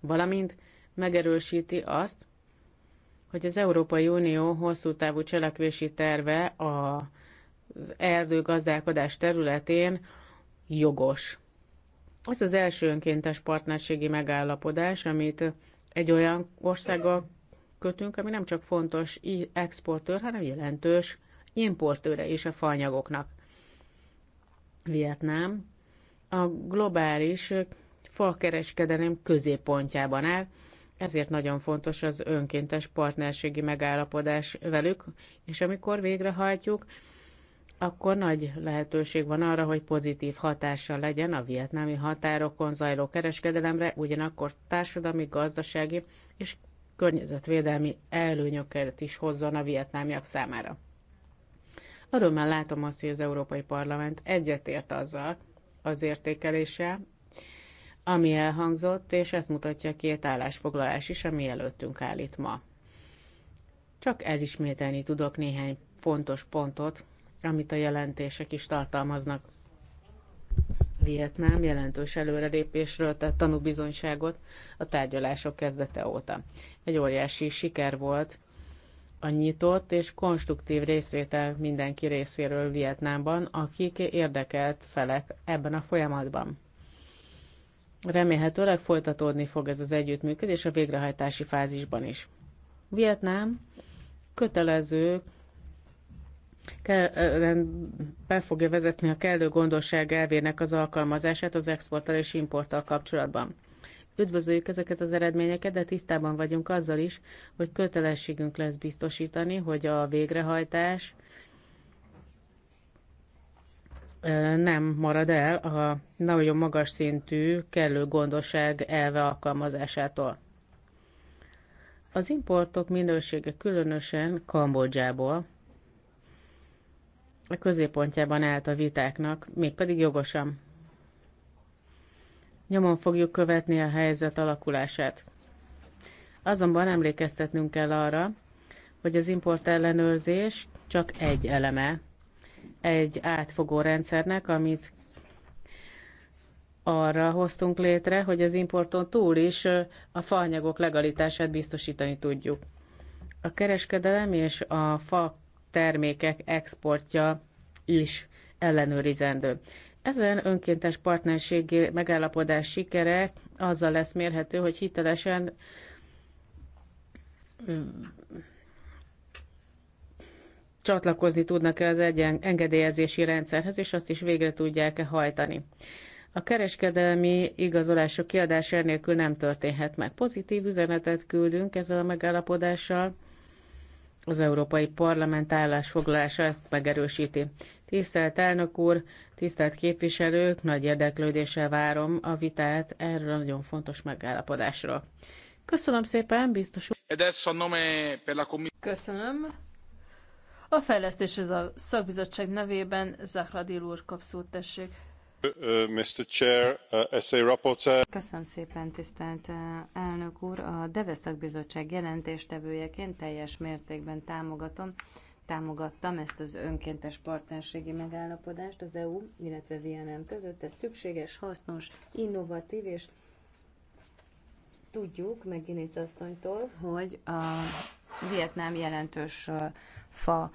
valamint megerősíti azt, hogy az Európai Unió hosszú távú cselekvési terve a az erdőgazdálkodás területén jogos. Ez az első önkéntes partnerségi megállapodás, amit egy olyan országgal kötünk, ami nem csak fontos exportőr, hanem jelentős importőre is a faanyagoknak. Vietnám a globális fakereskedelem középpontjában áll, ezért nagyon fontos az önkéntes partnerségi megállapodás velük, és amikor végrehajtjuk, akkor nagy lehetőség van arra, hogy pozitív hatással legyen a vietnámi határokon zajló kereskedelemre, ugyanakkor társadalmi, gazdasági és környezetvédelmi előnyöket is hozzon a vietnámiak számára. Örömmel látom azt, hogy az Európai Parlament egyetért azzal az értékeléssel, ami elhangzott, és ezt mutatja két állásfoglalás is, ami előttünk áll itt ma. Csak elismételni tudok néhány fontos pontot, amit a jelentések is tartalmaznak. Vietnám jelentős előrelépésről tett tanúbizonyságot a tárgyalások kezdete óta. Egy óriási siker volt a nyitott és konstruktív részvétel mindenki részéről Vietnámban, akik érdekelt felek ebben a folyamatban. Remélhetőleg folytatódni fog ez az együttműködés a végrehajtási fázisban is. Vietnám kötelező be fogja vezetni a kellő gondosság elvének az alkalmazását az exporttal és importtal kapcsolatban. Üdvözöljük ezeket az eredményeket, de tisztában vagyunk azzal is, hogy kötelességünk lesz biztosítani, hogy a végrehajtás nem marad el a nagyon magas szintű kellő gondosság elve alkalmazásától. Az importok minősége különösen Kambodzsából, a középpontjában állt a vitáknak, mégpedig jogosan. Nyomon fogjuk követni a helyzet alakulását. Azonban emlékeztetnünk kell arra, hogy az import ellenőrzés csak egy eleme egy átfogó rendszernek, amit arra hoztunk létre, hogy az importon túl is a faanyagok legalitását biztosítani tudjuk. A kereskedelem és a fa termékek exportja is ellenőrizendő. Ezen önkéntes partnerségi megállapodás sikere azzal lesz mérhető, hogy hitelesen csatlakozni tudnak-e az egyen engedélyezési rendszerhez, és azt is végre tudják-e hajtani. A kereskedelmi igazolások kiadása nélkül nem történhet meg. Pozitív üzenetet küldünk ezzel a megállapodással, az Európai Parlament állásfoglalása ezt megerősíti. Tisztelt elnök úr, tisztelt képviselők, nagy érdeklődéssel várom a vitát erről a nagyon fontos megállapodásról. Köszönöm szépen, biztos úr. Köszönöm. A fejlesztés ez a szakbizottság nevében Zahradil úr kap szót, tessék. Köszönöm szépen, tisztelt elnök úr! A DEVE szakbizottság jelentéstevőjeként teljes mértékben támogatom, támogattam ezt az önkéntes partnerségi megállapodást az EU, illetve Vietnám között. Ez szükséges, hasznos, innovatív, és tudjuk meg asszonytól, hogy a Vietnám jelentős fa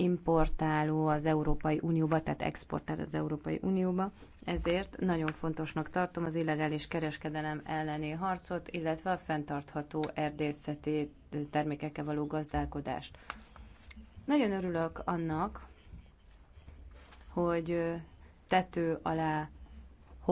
importáló az Európai Unióba, tehát exportál az Európai Unióba. Ezért nagyon fontosnak tartom az illegális kereskedelem elleni harcot, illetve a fenntartható erdészeti termékekkel való gazdálkodást. Nagyon örülök annak, hogy tető alá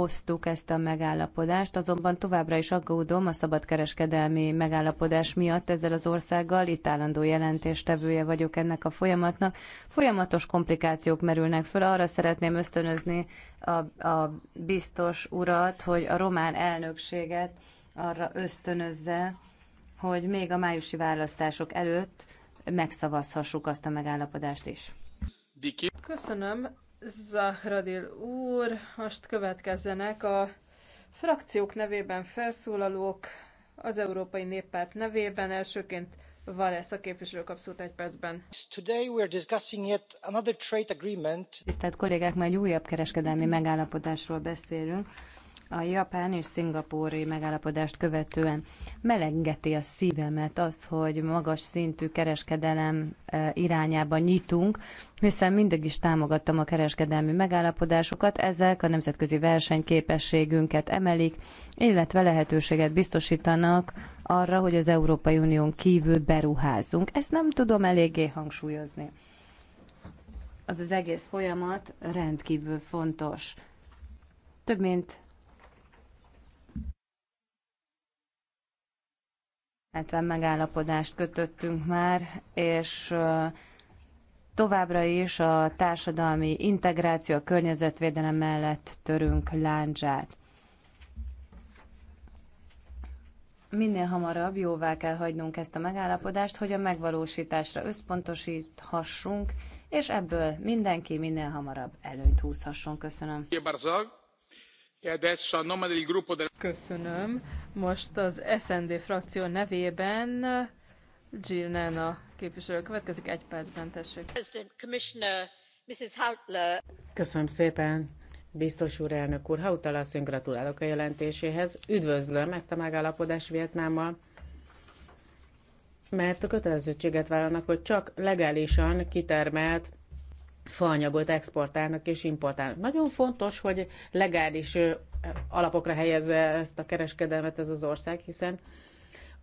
hoztuk ezt a megállapodást, azonban továbbra is aggódom a szabadkereskedelmi megállapodás miatt ezzel az országgal, itt állandó jelentéstevője vagyok ennek a folyamatnak. Folyamatos komplikációk merülnek föl, arra szeretném ösztönözni a, a biztos urat, hogy a román elnökséget arra ösztönözze, hogy még a májusi választások előtt megszavazhassuk azt a megállapodást is. Köszönöm. Zahradil úr, most következzenek a frakciók nevében felszólalók, az Európai Néppárt nevében elsőként Valesz a képviselő kap egy percben. Today we are discussing yet another trade agreement. Tisztelt kollégák, már egy újabb kereskedelmi megállapodásról beszélünk, a japán és szingapúri megállapodást követően. Melengeti a szívemet az, hogy magas szintű kereskedelem e, irányába nyitunk, hiszen mindig is támogattam a kereskedelmi megállapodásokat, ezek a nemzetközi versenyképességünket emelik, illetve lehetőséget biztosítanak arra, hogy az Európai Unión kívül beruházunk. Ezt nem tudom eléggé hangsúlyozni. Az az egész folyamat rendkívül fontos. Több mint 70 megállapodást kötöttünk már, és továbbra is a társadalmi integráció, a környezetvédelem mellett törünk láncsát. Minél hamarabb jóvá kell hagynunk ezt a megállapodást, hogy a megvalósításra összpontosíthassunk, és ebből mindenki minél hamarabb előnyt húzhasson. Köszönöm. E Köszönöm. Most az SND frakció nevében eh, Jill a képviselő következik egy percben, tessék. Köszönöm szépen. Biztos úr, elnök úr, Hautala asszony, gratulálok a jelentéséhez. Üdvözlöm ezt a megállapodást Vietnámmal, mert a kötelezettséget vállalnak, hogy csak legálisan kitermelt faanyagot exportálnak és importálnak. Nagyon fontos, hogy legális alapokra helyezze ezt a kereskedelmet ez az ország, hiszen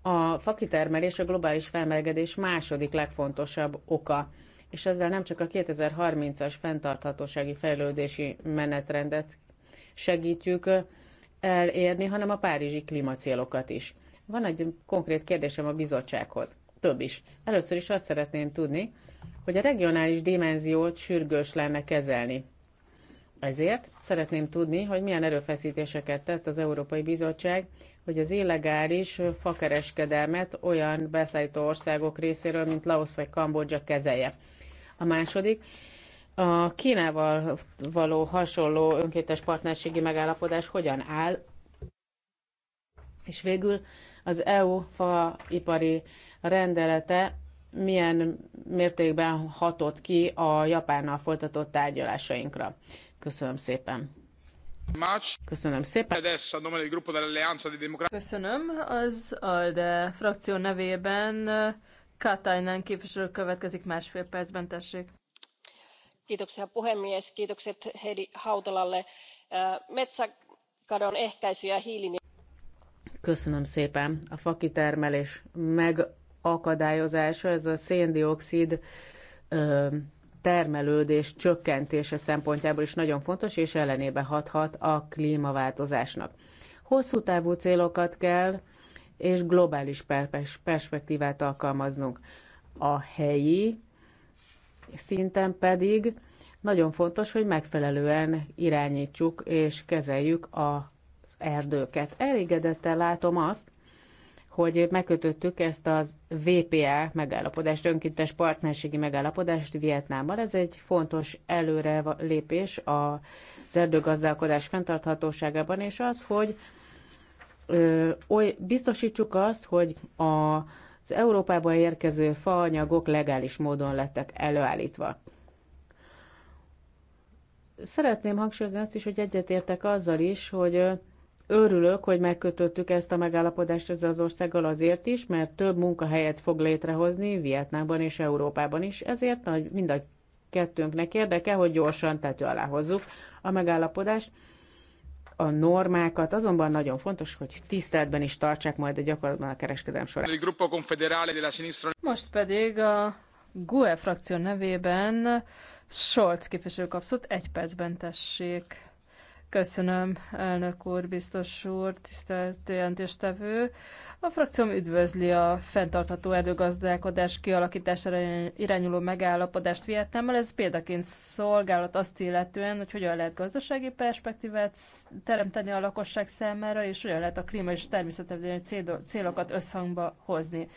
a fakitermelés a globális felmelegedés második legfontosabb oka, és ezzel nem csak a 2030-as fenntarthatósági fejlődési menetrendet segítjük elérni, hanem a párizsi klímacélokat is. Van egy konkrét kérdésem a bizottsághoz. Több is. Először is azt szeretném tudni, hogy a regionális dimenziót sürgős lenne kezelni. Ezért szeretném tudni, hogy milyen erőfeszítéseket tett az Európai Bizottság, hogy az illegális fakereskedelmet olyan beszállító országok részéről, mint Laos vagy Kambodzsa kezelje. A második, a Kínával való hasonló önkéntes partnerségi megállapodás hogyan áll, és végül az EU faipari rendelete milyen mértékben hatott ki a Japánnal folytatott tárgyalásainkra. Köszönöm szépen. Köszönöm szépen. Köszönöm. Az ALDE frakció nevében uh, Katainen képviselő következik másfél percben, tessék. Kiitoksia puhemies, kiitokset Heidi Hautalalle. Uh, metsäkadon ehkäisy ja hiilin... Köszönöm szépen. A fakitermelés meg akadályozása, ez a széndiokszid termelődés csökkentése szempontjából is nagyon fontos, és ellenébe hathat a klímaváltozásnak. Hosszú távú célokat kell, és globális perspektívát alkalmaznunk. A helyi szinten pedig nagyon fontos, hogy megfelelően irányítsuk és kezeljük az erdőket. Elégedettel látom azt, hogy megkötöttük ezt az VPA megállapodást, önkéntes partnerségi megállapodást Vietnámmal. Ez egy fontos előre lépés az erdőgazdálkodás fenntarthatóságában, és az, hogy ö, biztosítsuk azt, hogy a, az Európába érkező faanyagok legális módon lettek előállítva. Szeretném hangsúlyozni azt is, hogy egyetértek azzal is, hogy Örülök, hogy megkötöttük ezt a megállapodást ezzel az országgal azért is, mert több munkahelyet fog létrehozni Vietnámban és Európában is, ezért nagy, mind a kettőnknek érdeke, hogy gyorsan tető alá hozzuk a megállapodást. A normákat azonban nagyon fontos, hogy tiszteletben is tartsák majd a gyakorlatban a kereskedelm során. Most pedig a GUE frakció nevében Scholz képviselő kapszott egy percben tessék. Köszönöm, elnök úr, biztos úr, tisztelt jelentéstevő. A frakcióm üdvözli a fenntartható erdőgazdálkodás kialakítására irányuló megállapodást Vietnámmal. Ez példaként szolgálat azt illetően, hogy hogyan lehet gazdasági perspektívát teremteni a lakosság számára, és hogyan lehet a klíma és természetvédelmi célokat összhangba hozni.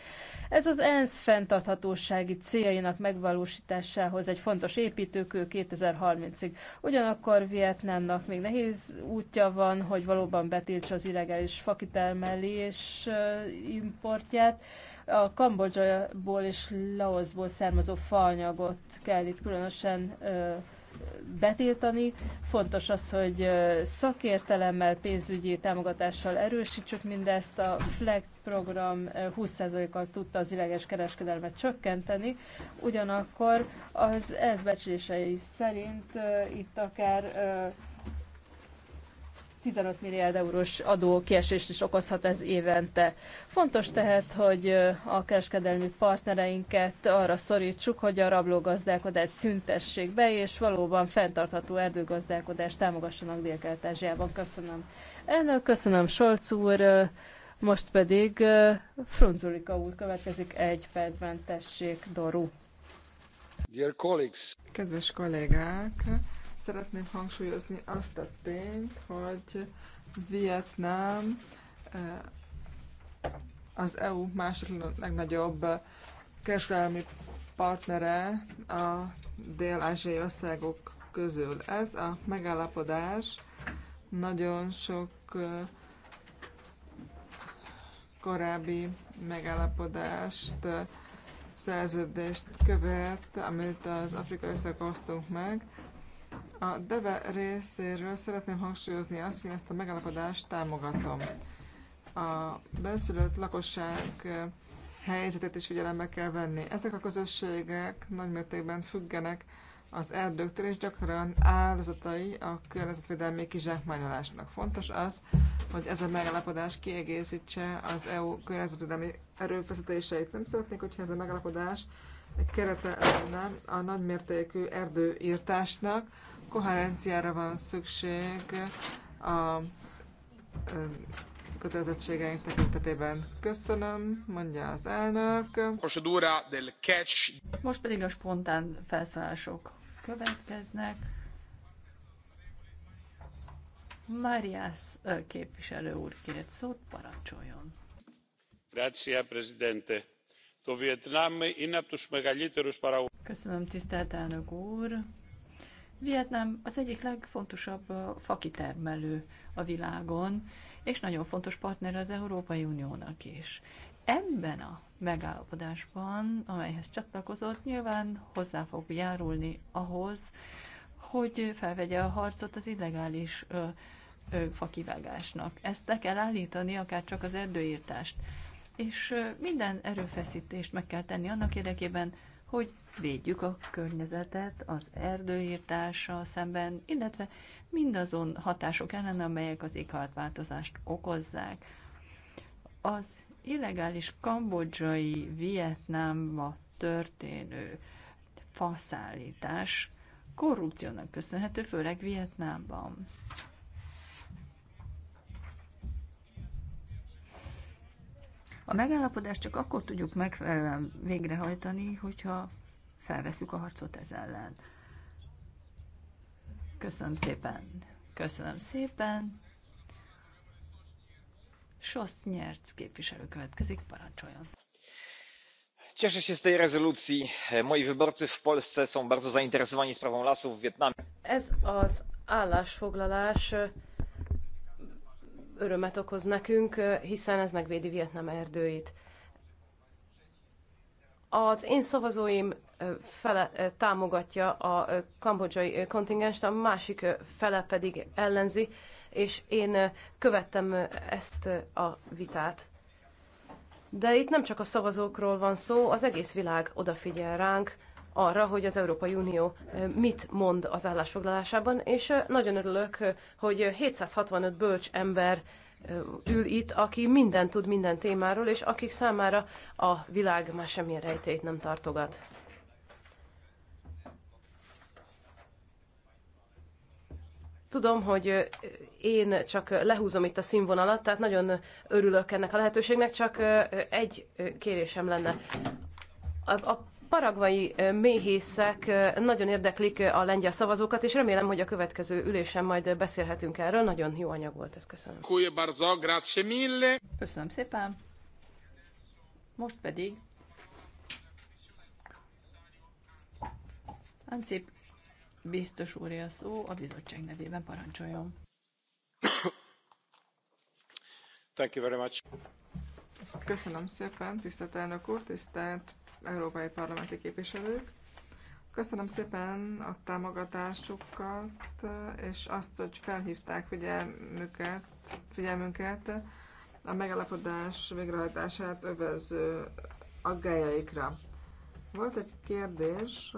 Ez az ENSZ fenntarthatósági céljainak megvalósításához egy fontos építőkő 2030-ig. Ugyanakkor Vietnámnak még nehéz útja van, hogy valóban betiltsa az illegális fakitermelés importját, a Kambodzsából és Laoszból származó faanyagot kell itt különösen betiltani. Fontos az, hogy szakértelemmel, pénzügyi támogatással erősítsük mindezt. A FLEG program 20%-kal tudta az illeges kereskedelmet csökkenteni, ugyanakkor az ez becslései szerint itt akár 15 milliárd eurós adó kiesést is okozhat ez évente. Fontos tehát, hogy a kereskedelmi partnereinket arra szorítsuk, hogy a rablógazdálkodás szüntessék be, és valóban fenntartható erdőgazdálkodást támogassanak Dél-Kelet-Ázsiában. Köszönöm. Elnök, köszönöm Solc úr, most pedig Frunzulika úr következik egy percben, tessék, Doru. Dear colleagues. Kedves kollégák, szeretném hangsúlyozni azt a tényt, hogy Vietnám eh, az EU második legnagyobb kereskedelmi partnere a dél-ázsiai országok közül. Ez a megállapodás nagyon sok eh, korábbi megállapodást, eh, szerződést követ, amit az afrikai osztunk meg, a DEVE részéről szeretném hangsúlyozni azt, hogy én ezt a megállapodást támogatom. A benszülött lakosság helyzetet is figyelembe kell venni. Ezek a közösségek nagymértékben függenek az erdőktől, és gyakran áldozatai a környezetvédelmi kizsákmányolásnak. Fontos az, hogy ez a megállapodás kiegészítse az EU környezetvédelmi erőfeszítéseit. Nem szeretnék, hogyha ez a megállapodás kerete lenne a nagymértékű erdőírtásnak, koherenciára van szükség a kötelezettségeink tekintetében. Köszönöm, mondja az elnök. Procedura del catch. Most pedig a spontán felszólások következnek. Marias képviselő úr kért szót, parancsoljon. Grazie, Presidente. Το Vietnam είναι από τους Köszönöm, tisztelt elnök úr. Vietnám az egyik legfontosabb fakitermelő a világon, és nagyon fontos partner az Európai Uniónak is. Ebben a megállapodásban, amelyhez csatlakozott, nyilván hozzá fog járulni ahhoz, hogy felvegye a harcot az illegális ö, ö, fakivágásnak. Ezt le kell állítani, akár csak az erdőírtást. És ö, minden erőfeszítést meg kell tenni annak érdekében, hogy védjük a környezetet az erdőírtással szemben, illetve mindazon hatások ellen, amelyek az éghajlatváltozást okozzák. Az illegális kambodzsai Vietnámba történő faszállítás korrupciónak köszönhető, főleg Vietnámban. A megállapodást csak akkor tudjuk megfelelően végrehajtani, hogyha felveszük a harcot ez ellen. Köszönöm szépen. Köszönöm szépen. Sost Nyerc képviselő következik, parancsoljon. Cieszę się z tej rezolucji. Moi wyborcy w Polsce są bardzo zainteresowani sprawą lasów w Wietnamie. Ez az állásfoglalás e, örömet okoz nekünk, e, hiszen ez megvédi Vietnam erdőit. Az én szavazóim fele támogatja a kambodzsai kontingenst, a másik fele pedig ellenzi, és én követtem ezt a vitát. De itt nem csak a szavazókról van szó, az egész világ odafigyel ránk, arra, hogy az Európai Unió mit mond az állásfoglalásában, és nagyon örülök, hogy 765 bölcs ember ül itt, aki mindent tud minden témáról, és akik számára a világ már semmilyen rejtét nem tartogat. Tudom, hogy én csak lehúzom itt a színvonalat, tehát nagyon örülök ennek a lehetőségnek, csak egy kérésem lenne. A, a paragvai méhészek nagyon érdeklik a lengyel szavazókat, és remélem, hogy a következő ülésen majd beszélhetünk erről. Nagyon jó anyag volt ez, köszönöm. Köszönöm szépen. Most pedig Anzip, Biztos úr a szó, a bizottság nevében parancsoljon. Thank you very much. Köszönöm szépen, tisztelt elnök úr, tisztelt európai parlamenti képviselők. Köszönöm szépen a támogatásukat, és azt, hogy felhívták figyelmüket, figyelmünket a megállapodás végrehajtását övező aggájaikra. Volt egy kérdés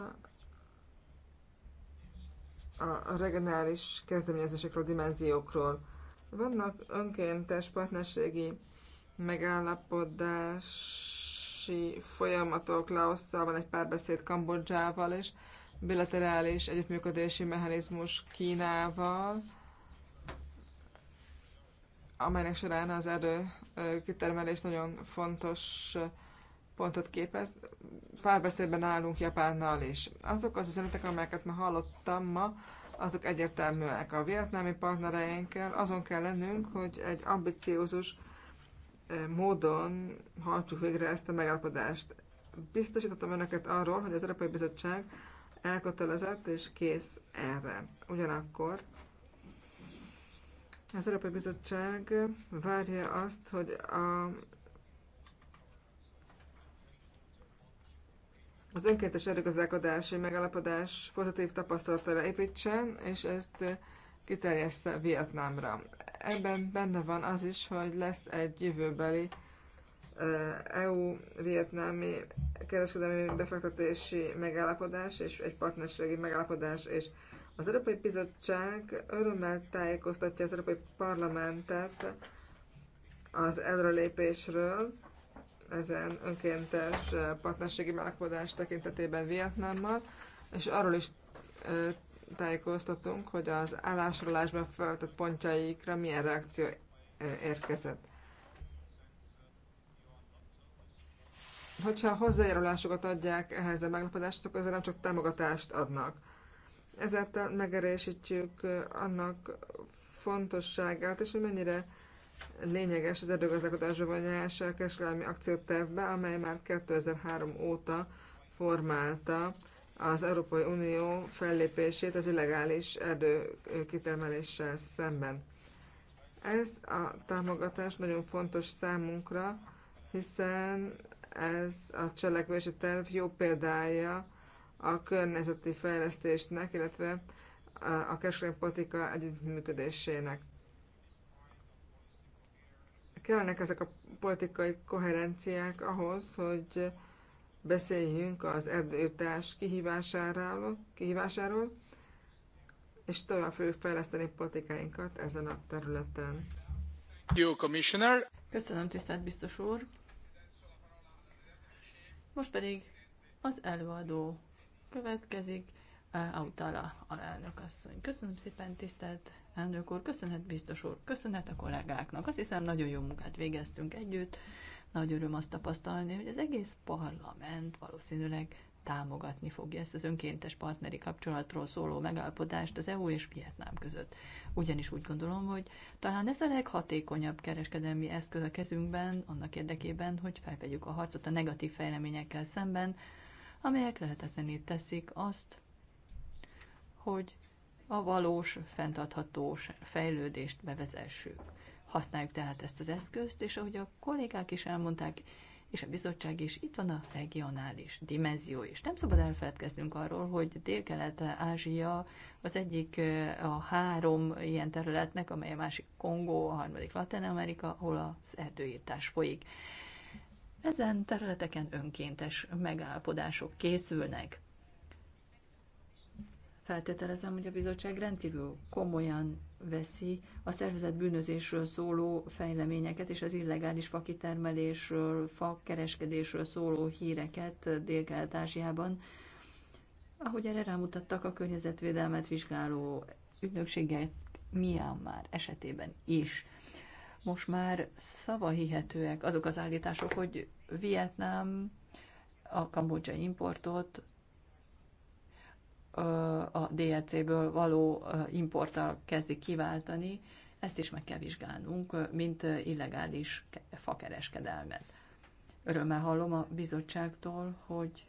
a regionális kezdeményezésekről, dimenziókról. Vannak önkéntes partnerségi megállapodási folyamatok Laosszal, egy párbeszéd Kambodzsával és bilaterális együttműködési mechanizmus Kínával, amelynek során az erő kitermelés nagyon fontos pontot képez. Párbeszédben állunk Japánnal is. Azok az üzenetek, amelyeket ma hallottam ma, azok egyértelműek a vietnámi partnereinkkel. Azon kell lennünk, hogy egy ambiciózus módon hajtsuk végre ezt a megállapodást. Biztosítottam önöket arról, hogy az Európai Bizottság elkötelezett és kész erre. Ugyanakkor az Európai Bizottság várja azt, hogy a az önkéntes erőgazdálkodási megállapodás pozitív tapasztalatára építsen, és ezt kiterjessze Vietnámra. Ebben benne van az is, hogy lesz egy jövőbeli EU-vietnámi kereskedelmi befektetési megállapodás és egy partnerségi megállapodás, és az Európai Bizottság örömmel tájékoztatja az Európai Parlamentet az előrelépésről, ezen önkéntes partnerségi megállapodás tekintetében Vietnámmal, és arról is tájékoztatunk, hogy az állásolásban feltett pontjaikra milyen reakció érkezett. Hogyha hozzájárulásokat adják ehhez a meglepetéshez, akkor ezzel nem csak támogatást adnak. Ezáltal megerősítjük annak fontosságát, és hogy mennyire lényeges az erdőgazdálkodásba vonása a kereskedelmi akciótervbe, amely már 2003 óta formálta az Európai Unió fellépését az illegális erdőkitermeléssel szemben. Ez a támogatás nagyon fontos számunkra, hiszen ez a cselekvési terv jó példája a környezeti fejlesztésnek, illetve a kereskedelmi politika együttműködésének. Kellenek ezek a politikai koherenciák ahhoz, hogy beszéljünk az erdőirtás kihívásáról, kihívásáról és tovább fogjuk fejleszteni politikáinkat ezen a területen. Köszönöm, tisztelt biztos úr! Most pedig az előadó következik, eh, Autala alelnök asszony. Köszönöm szépen, tisztelt elnök úr, köszönhet biztos úr, köszönhet a kollégáknak. Azt hiszem, nagyon jó munkát végeztünk együtt. Nagy öröm azt tapasztalni, hogy az egész parlament valószínűleg támogatni fogja ezt az önkéntes partneri kapcsolatról szóló megállapodást az EU és Vietnám között. Ugyanis úgy gondolom, hogy talán ez a leghatékonyabb kereskedelmi eszköz a kezünkben, annak érdekében, hogy felvegyük a harcot a negatív fejleményekkel szemben, amelyek lehetetlenít teszik azt, hogy a valós, fenntarthatós fejlődést bevezessük. Használjuk tehát ezt az eszközt, és ahogy a kollégák is elmondták, és a bizottság is, itt van a regionális dimenzió is. Nem szabad elfeledkeznünk arról, hogy Dél-Kelet-Ázsia az egyik eh, a három ilyen területnek, amely a másik Kongó, a harmadik Latin-Amerika, ahol az erdőírtás folyik. Ezen területeken önkéntes megállapodások készülnek. Feltételezem, hogy a bizottság rendkívül komolyan veszi a szervezet bűnözésről szóló fejleményeket és az illegális fakitermelésről, fakereskedésről szóló híreket Dél-Kelet-Ázsiában, ahogy erre rámutattak a környezetvédelmet vizsgáló ügynökségek Myanmar esetében is. Most már hihetőek azok az állítások, hogy Vietnám a kambodzsai importot a DLC-ből való importtal kezdik kiváltani, ezt is meg kell vizsgálnunk, mint illegális fakereskedelmet. Örömmel hallom a bizottságtól, hogy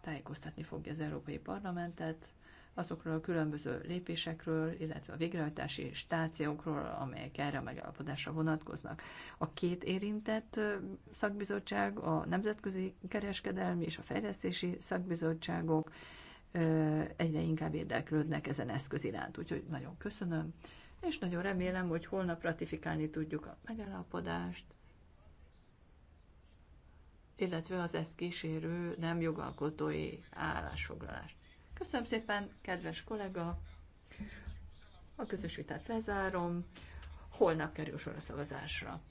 tájékoztatni fogja az Európai Parlamentet azokról a különböző lépésekről, illetve a végrehajtási stációkról, amelyek erre a megállapodásra vonatkoznak. A két érintett szakbizottság, a Nemzetközi Kereskedelmi és a Fejlesztési Szakbizottságok egyre inkább érdeklődnek ezen eszköz iránt. Úgyhogy nagyon köszönöm, és nagyon remélem, hogy holnap ratifikálni tudjuk a megállapodást, illetve az ezt kísérő nem jogalkotói állásfoglalást. Köszönöm szépen, kedves kollega! A közös vitát lezárom. Holnap kerül sor a szavazásra.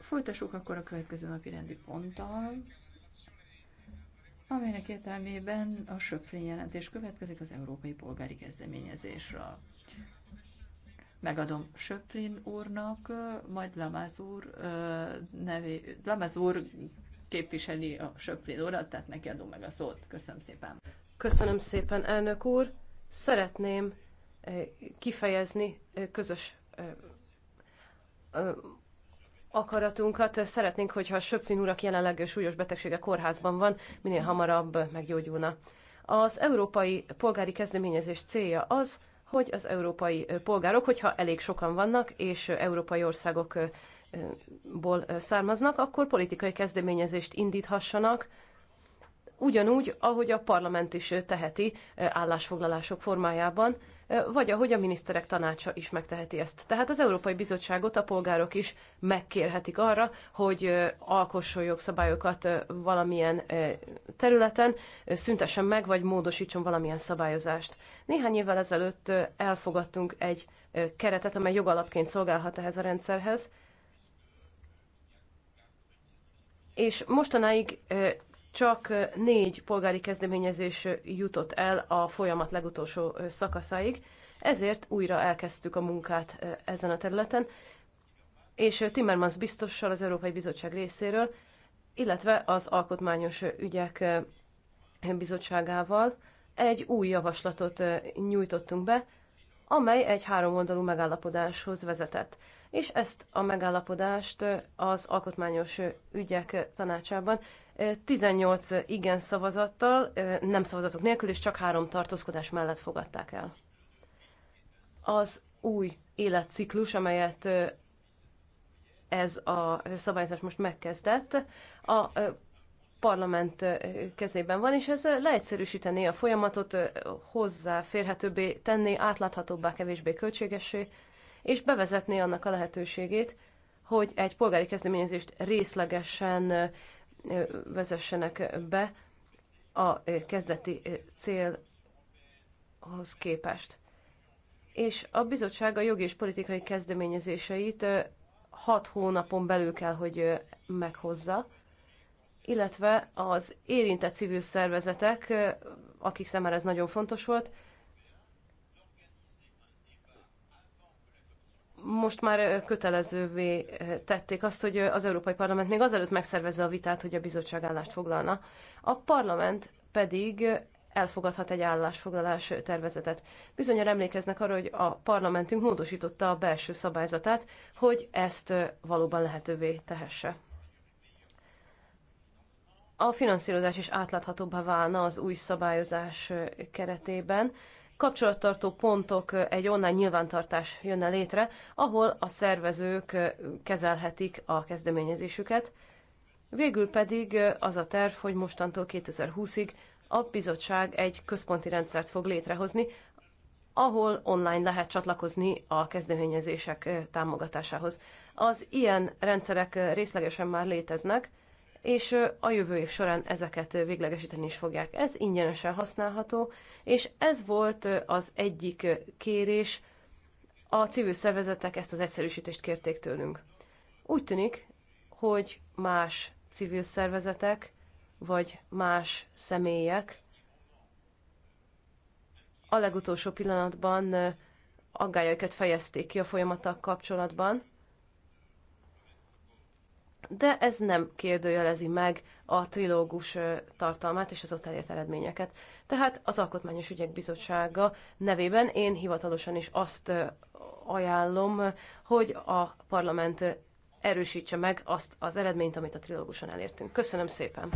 Folytassuk akkor a következő napi rendi ponttal amelynek értelmében a Söpflén jelentés következik az Európai Polgári Kezdeményezésről. Megadom Söprin úrnak, majd Lamaz úr, nevé, Lamaz úr képviseli a Söprin urat, tehát neki adom meg a szót. Köszönöm szépen. Köszönöm szépen, elnök úr. Szeretném kifejezni közös akaratunkat. Szeretnénk, hogyha a Söplin urak jelenleg súlyos betegsége kórházban van, minél hamarabb meggyógyulna. Az európai polgári kezdeményezés célja az, hogy az európai polgárok, hogyha elég sokan vannak, és európai országokból származnak, akkor politikai kezdeményezést indíthassanak, ugyanúgy, ahogy a parlament is teheti állásfoglalások formájában, vagy ahogy a miniszterek tanácsa is megteheti ezt. Tehát az Európai Bizottságot a polgárok is megkérhetik arra, hogy alkosson jogszabályokat valamilyen területen, szüntessen meg, vagy módosítson valamilyen szabályozást. Néhány évvel ezelőtt elfogadtunk egy keretet, amely jogalapként szolgálhat ehhez a rendszerhez, és mostanáig csak négy polgári kezdeményezés jutott el a folyamat legutolsó szakaszáig, ezért újra elkezdtük a munkát ezen a területen, és Timmermans biztossal az Európai Bizottság részéről, illetve az Alkotmányos Ügyek Bizottságával egy új javaslatot nyújtottunk be, amely egy háromoldalú megállapodáshoz vezetett és ezt a megállapodást az alkotmányos ügyek tanácsában 18 igen szavazattal, nem szavazatok nélkül, és csak három tartózkodás mellett fogadták el. Az új életciklus, amelyet ez a szabályzás most megkezdett, a parlament kezében van, és ez leegyszerűsítené a folyamatot, hozzáférhetőbbé tenni, átláthatóbbá, kevésbé költségesé, és bevezetné annak a lehetőségét, hogy egy polgári kezdeményezést részlegesen vezessenek be a kezdeti célhoz képest. És a bizottság a jogi és politikai kezdeményezéseit hat hónapon belül kell, hogy meghozza, illetve az érintett civil szervezetek, akik számára ez nagyon fontos volt, most már kötelezővé tették azt, hogy az Európai Parlament még azelőtt megszervezze a vitát, hogy a bizottság állást foglalna. A parlament pedig elfogadhat egy állásfoglalás tervezetet. Bizonyára emlékeznek arra, hogy a parlamentünk módosította a belső szabályzatát, hogy ezt valóban lehetővé tehesse. A finanszírozás is átláthatóbbá válna az új szabályozás keretében, kapcsolattartó pontok, egy online nyilvántartás jönne létre, ahol a szervezők kezelhetik a kezdeményezésüket. Végül pedig az a terv, hogy mostantól 2020-ig a bizottság egy központi rendszert fog létrehozni, ahol online lehet csatlakozni a kezdeményezések támogatásához. Az ilyen rendszerek részlegesen már léteznek, és a jövő év során ezeket véglegesíteni is fogják. Ez ingyenesen használható, és ez volt az egyik kérés, a civil szervezetek ezt az egyszerűsítést kérték tőlünk. Úgy tűnik, hogy más civil szervezetek vagy más személyek a legutolsó pillanatban aggájaikat fejezték ki a folyamattal kapcsolatban, de ez nem kérdőjelezi meg a trilógus tartalmát és az ott elért eredményeket. Tehát az Alkotmányos Ügyek Bizottsága nevében én hivatalosan is azt ajánlom, hogy a parlament erősítse meg azt az eredményt, amit a trilóguson elértünk. Köszönöm szépen!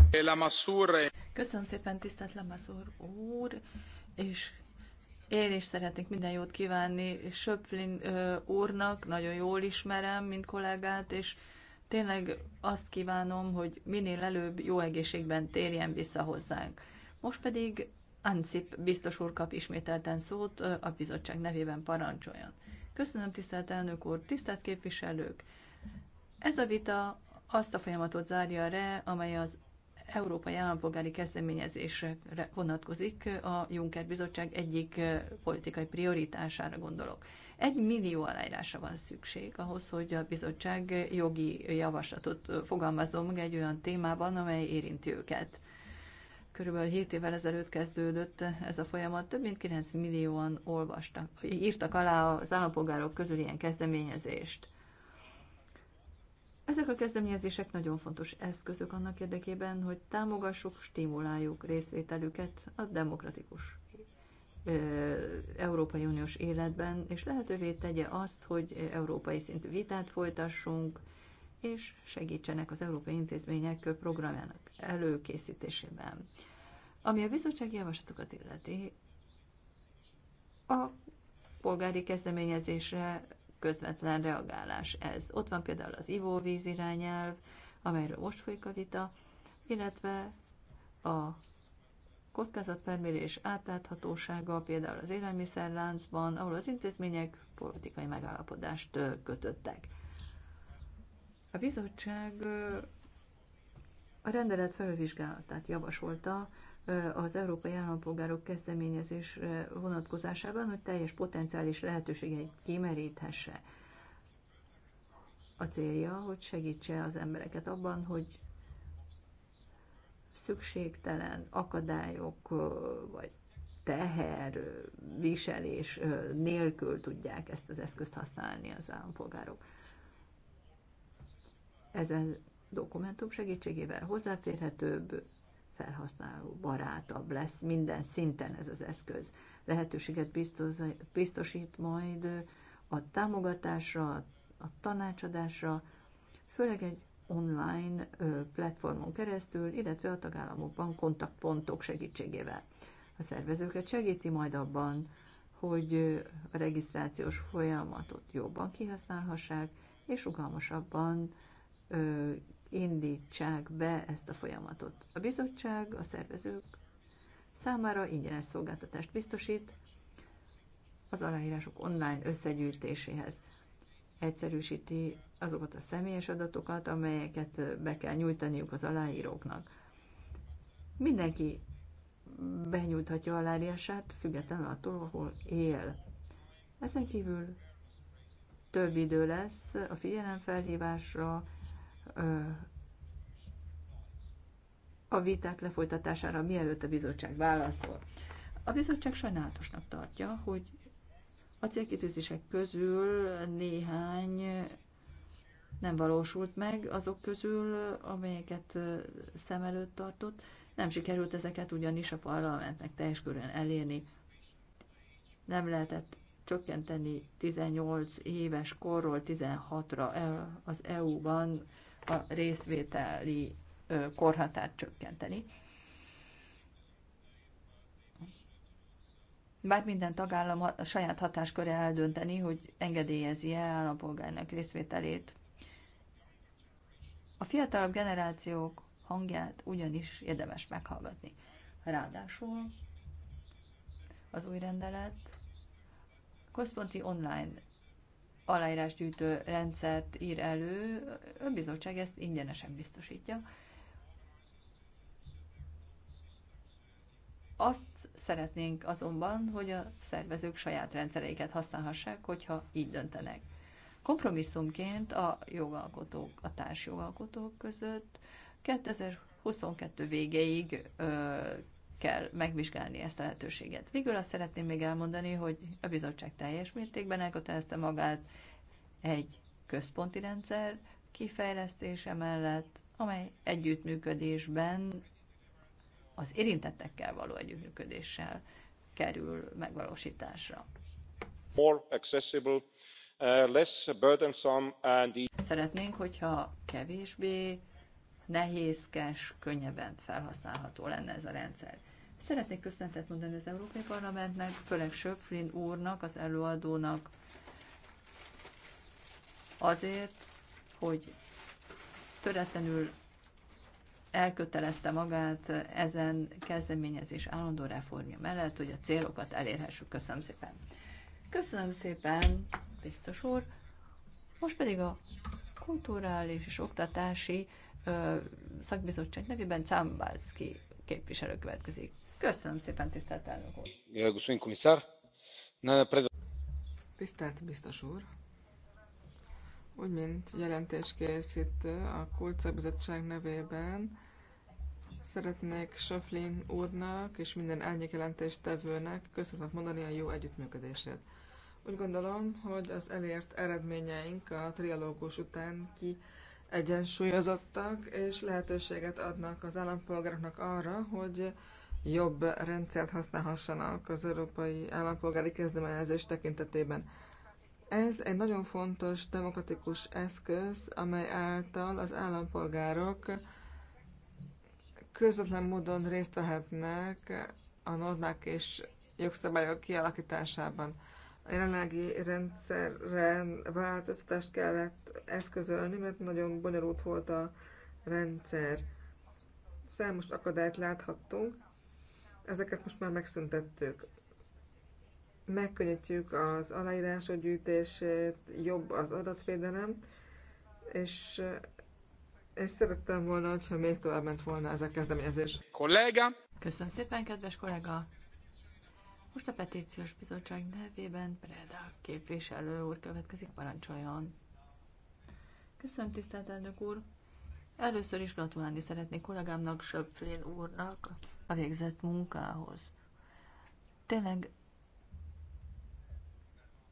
Köszönöm szépen, tisztelt Lamassur úr, és én is szeretnék minden jót kívánni Söplin úrnak, nagyon jól ismerem, mint kollégát, és Tényleg azt kívánom, hogy minél előbb jó egészségben térjen vissza hozzánk. Most pedig Ancip biztos úr kap ismételten szót, a bizottság nevében parancsoljon. Köszönöm, tisztelt elnök úr, tisztelt képviselők! Ez a vita azt a folyamatot zárja re, amely az európai állampolgári kezdeményezésre vonatkozik, a Juncker Bizottság egyik politikai prioritására gondolok. Egy millió aláírása van szükség ahhoz, hogy a bizottság jogi javaslatot fogalmazzon meg egy olyan témában, amely érinti őket. Körülbelül 7 évvel ezelőtt kezdődött ez a folyamat, több mint 9 millióan olvastak, írtak alá az állampolgárok közül ilyen kezdeményezést. Ezek a kezdeményezések nagyon fontos eszközök annak érdekében, hogy támogassuk, stimuláljuk részvételüket a demokratikus Európai Uniós életben, és lehetővé tegye azt, hogy európai szintű vitát folytassunk, és segítsenek az európai intézmények programjának előkészítésében. Ami a bizottsági javaslatokat illeti, a polgári kezdeményezésre közvetlen reagálás ez. Ott van például az ivóvíz irányelv, amelyről most folyik a vita, illetve a kockázatfelmérés átláthatósága például az élelmiszerláncban, ahol az intézmények politikai megállapodást kötöttek. A bizottság a rendelet felvizsgálatát javasolta az európai állampolgárok kezdeményezés vonatkozásában, hogy teljes potenciális lehetőségeit kimeríthesse. A célja, hogy segítse az embereket abban, hogy szükségtelen akadályok vagy teher viselés nélkül tudják ezt az eszközt használni az állampolgárok. Ezen dokumentum segítségével hozzáférhetőbb, felhasználó barátabb lesz minden szinten ez az eszköz. Lehetőséget biztos, biztosít majd a támogatásra, a tanácsadásra, főleg egy online platformon keresztül, illetve a tagállamokban kontaktpontok segítségével. A szervezőket segíti majd abban, hogy a regisztrációs folyamatot jobban kihasználhassák, és rugalmasabban indítsák be ezt a folyamatot. A bizottság a szervezők számára ingyenes szolgáltatást biztosít az aláírások online összegyűjtéséhez. Egyszerűsíti azokat a személyes adatokat, amelyeket be kell nyújtaniuk az aláíróknak. Mindenki benyújthatja aláírását, függetlenül attól, ahol él. Ezen kívül több idő lesz a figyelemfelhívásra, a viták lefolytatására, mielőtt a bizottság válaszol. A bizottság sajnálatosnak tartja, hogy a célkitűzések közül néhány nem valósult meg azok közül, amelyeket szem előtt tartott. Nem sikerült ezeket ugyanis a parlamentnek teljes körön elérni. Nem lehetett csökkenteni 18 éves korról 16-ra e, az EU-ban a részvételi korhatárt csökkenteni. Bár minden tagállam a saját hatásköre eldönteni, hogy engedélyezi-e állampolgárnak részvételét a fiatalabb generációk hangját ugyanis érdemes meghallgatni. Ráadásul az új rendelet központi online aláírásgyűjtő rendszert ír elő, a bizottság ezt ingyenesen biztosítja. Azt szeretnénk azonban, hogy a szervezők saját rendszereiket használhassák, hogyha így döntenek kompromisszumként a jogalkotók, a társjogalkotók között 2022 végéig ö, kell megvizsgálni ezt a lehetőséget. Végül azt szeretném még elmondani, hogy a bizottság teljes mértékben elkötelezte magát egy központi rendszer kifejlesztése mellett, amely együttműködésben az érintettekkel való együttműködéssel kerül megvalósításra. More accessible Uh, less burdensome and... E- Szeretnénk, hogyha kevésbé nehézkes, könnyebben felhasználható lenne ez a rendszer. Szeretnék köszöntet mondani az Európai Parlamentnek, főleg Söpflin úrnak, az előadónak, azért, hogy töretlenül elkötelezte magát ezen kezdeményezés állandó reformja mellett, hogy a célokat elérhessük. Köszönöm szépen! Köszönöm szépen! biztos úr. Most pedig a kulturális és oktatási ö, szakbizottság nevében Csambalszki képviselő következik. Köszönöm szépen, tisztelt elnök úr! Tisztelt biztos úr! Úgy, mint jelentéskészítő a Kultszakbizottság nevében szeretnék Söflin úrnak és minden elnyék tevőnek köszönetet mondani a jó együttműködését. Úgy gondolom, hogy az elért eredményeink a trialógus után ki egyensúlyozottak, és lehetőséget adnak az állampolgároknak arra, hogy jobb rendszert használhassanak az európai állampolgári kezdeményezés tekintetében. Ez egy nagyon fontos demokratikus eszköz, amely által az állampolgárok közvetlen módon részt vehetnek a normák és jogszabályok kialakításában a jelenlegi rendszeren változtatást kellett eszközölni, mert nagyon bonyolult volt a rendszer. Számos akadályt láthattunk, ezeket most már megszüntettük. Megkönnyítjük az aláírások gyűjtését, jobb az adatvédelem, és és szerettem volna, hogyha még tovább ment volna ez a kezdeményezés. Kollega. Köszönöm szépen, kedves kollega! Most a petíciós bizottság nevében Preda képviselő úr következik, parancsoljon. Köszönöm, tisztelt elnök úr! Először is gratulálni szeretnék kollégámnak, Söpflén úrnak a végzett munkához. Tényleg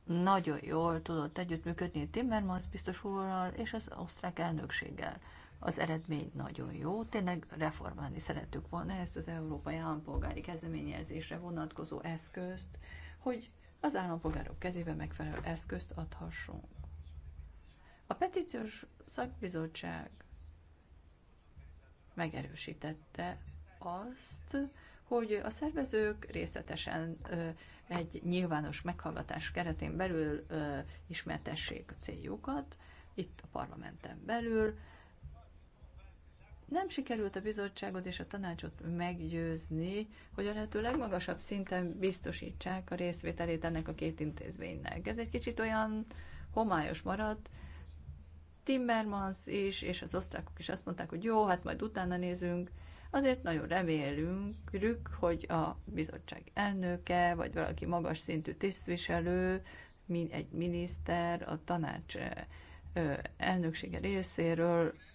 nagyon jól tudott együttműködni Timmermans biztos úrral és az osztrák elnökséggel. Az eredmény nagyon jó, tényleg reformálni szerettük volna ezt az európai állampolgári kezdeményezésre vonatkozó eszközt, hogy az állampolgárok kezébe megfelelő eszközt adhassunk. A petíciós szakbizottság megerősítette azt, hogy a szervezők részletesen egy nyilvános meghallgatás keretén belül ismertessék a céljukat, itt a parlamenten belül, nem sikerült a bizottságot és a tanácsot meggyőzni, hogy a lehető legmagasabb szinten biztosítsák a részvételét ennek a két intézménynek. Ez egy kicsit olyan homályos maradt. Timmermans is, és az osztrákok is azt mondták, hogy jó, hát majd utána nézünk. Azért nagyon remélünk, hogy a bizottság elnöke, vagy valaki magas szintű tisztviselő, egy miniszter, a tanács elnöksége részéről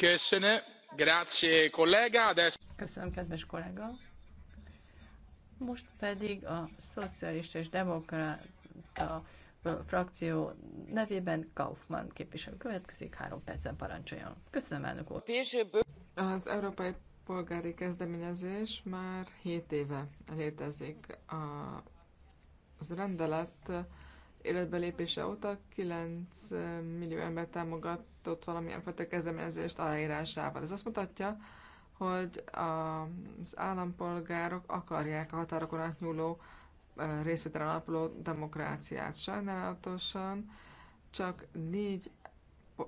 Köszönöm, kedves kollega. Most pedig a szocialista és demokrata frakció nevében Kaufmann képviselő következik, három percben parancsoljon. Köszönöm, elnök úr. Az Európai Polgári Kezdeményezés már 7 éve létezik. A, az rendelet életbe lépése óta 9 eh, millió ember támogatott valamilyen fajta kezdeményezést aláírásával. Ez azt mutatja, hogy az állampolgárok akarják a határokon átnyúló eh, részvételen alapuló demokráciát. Sajnálatosan csak négy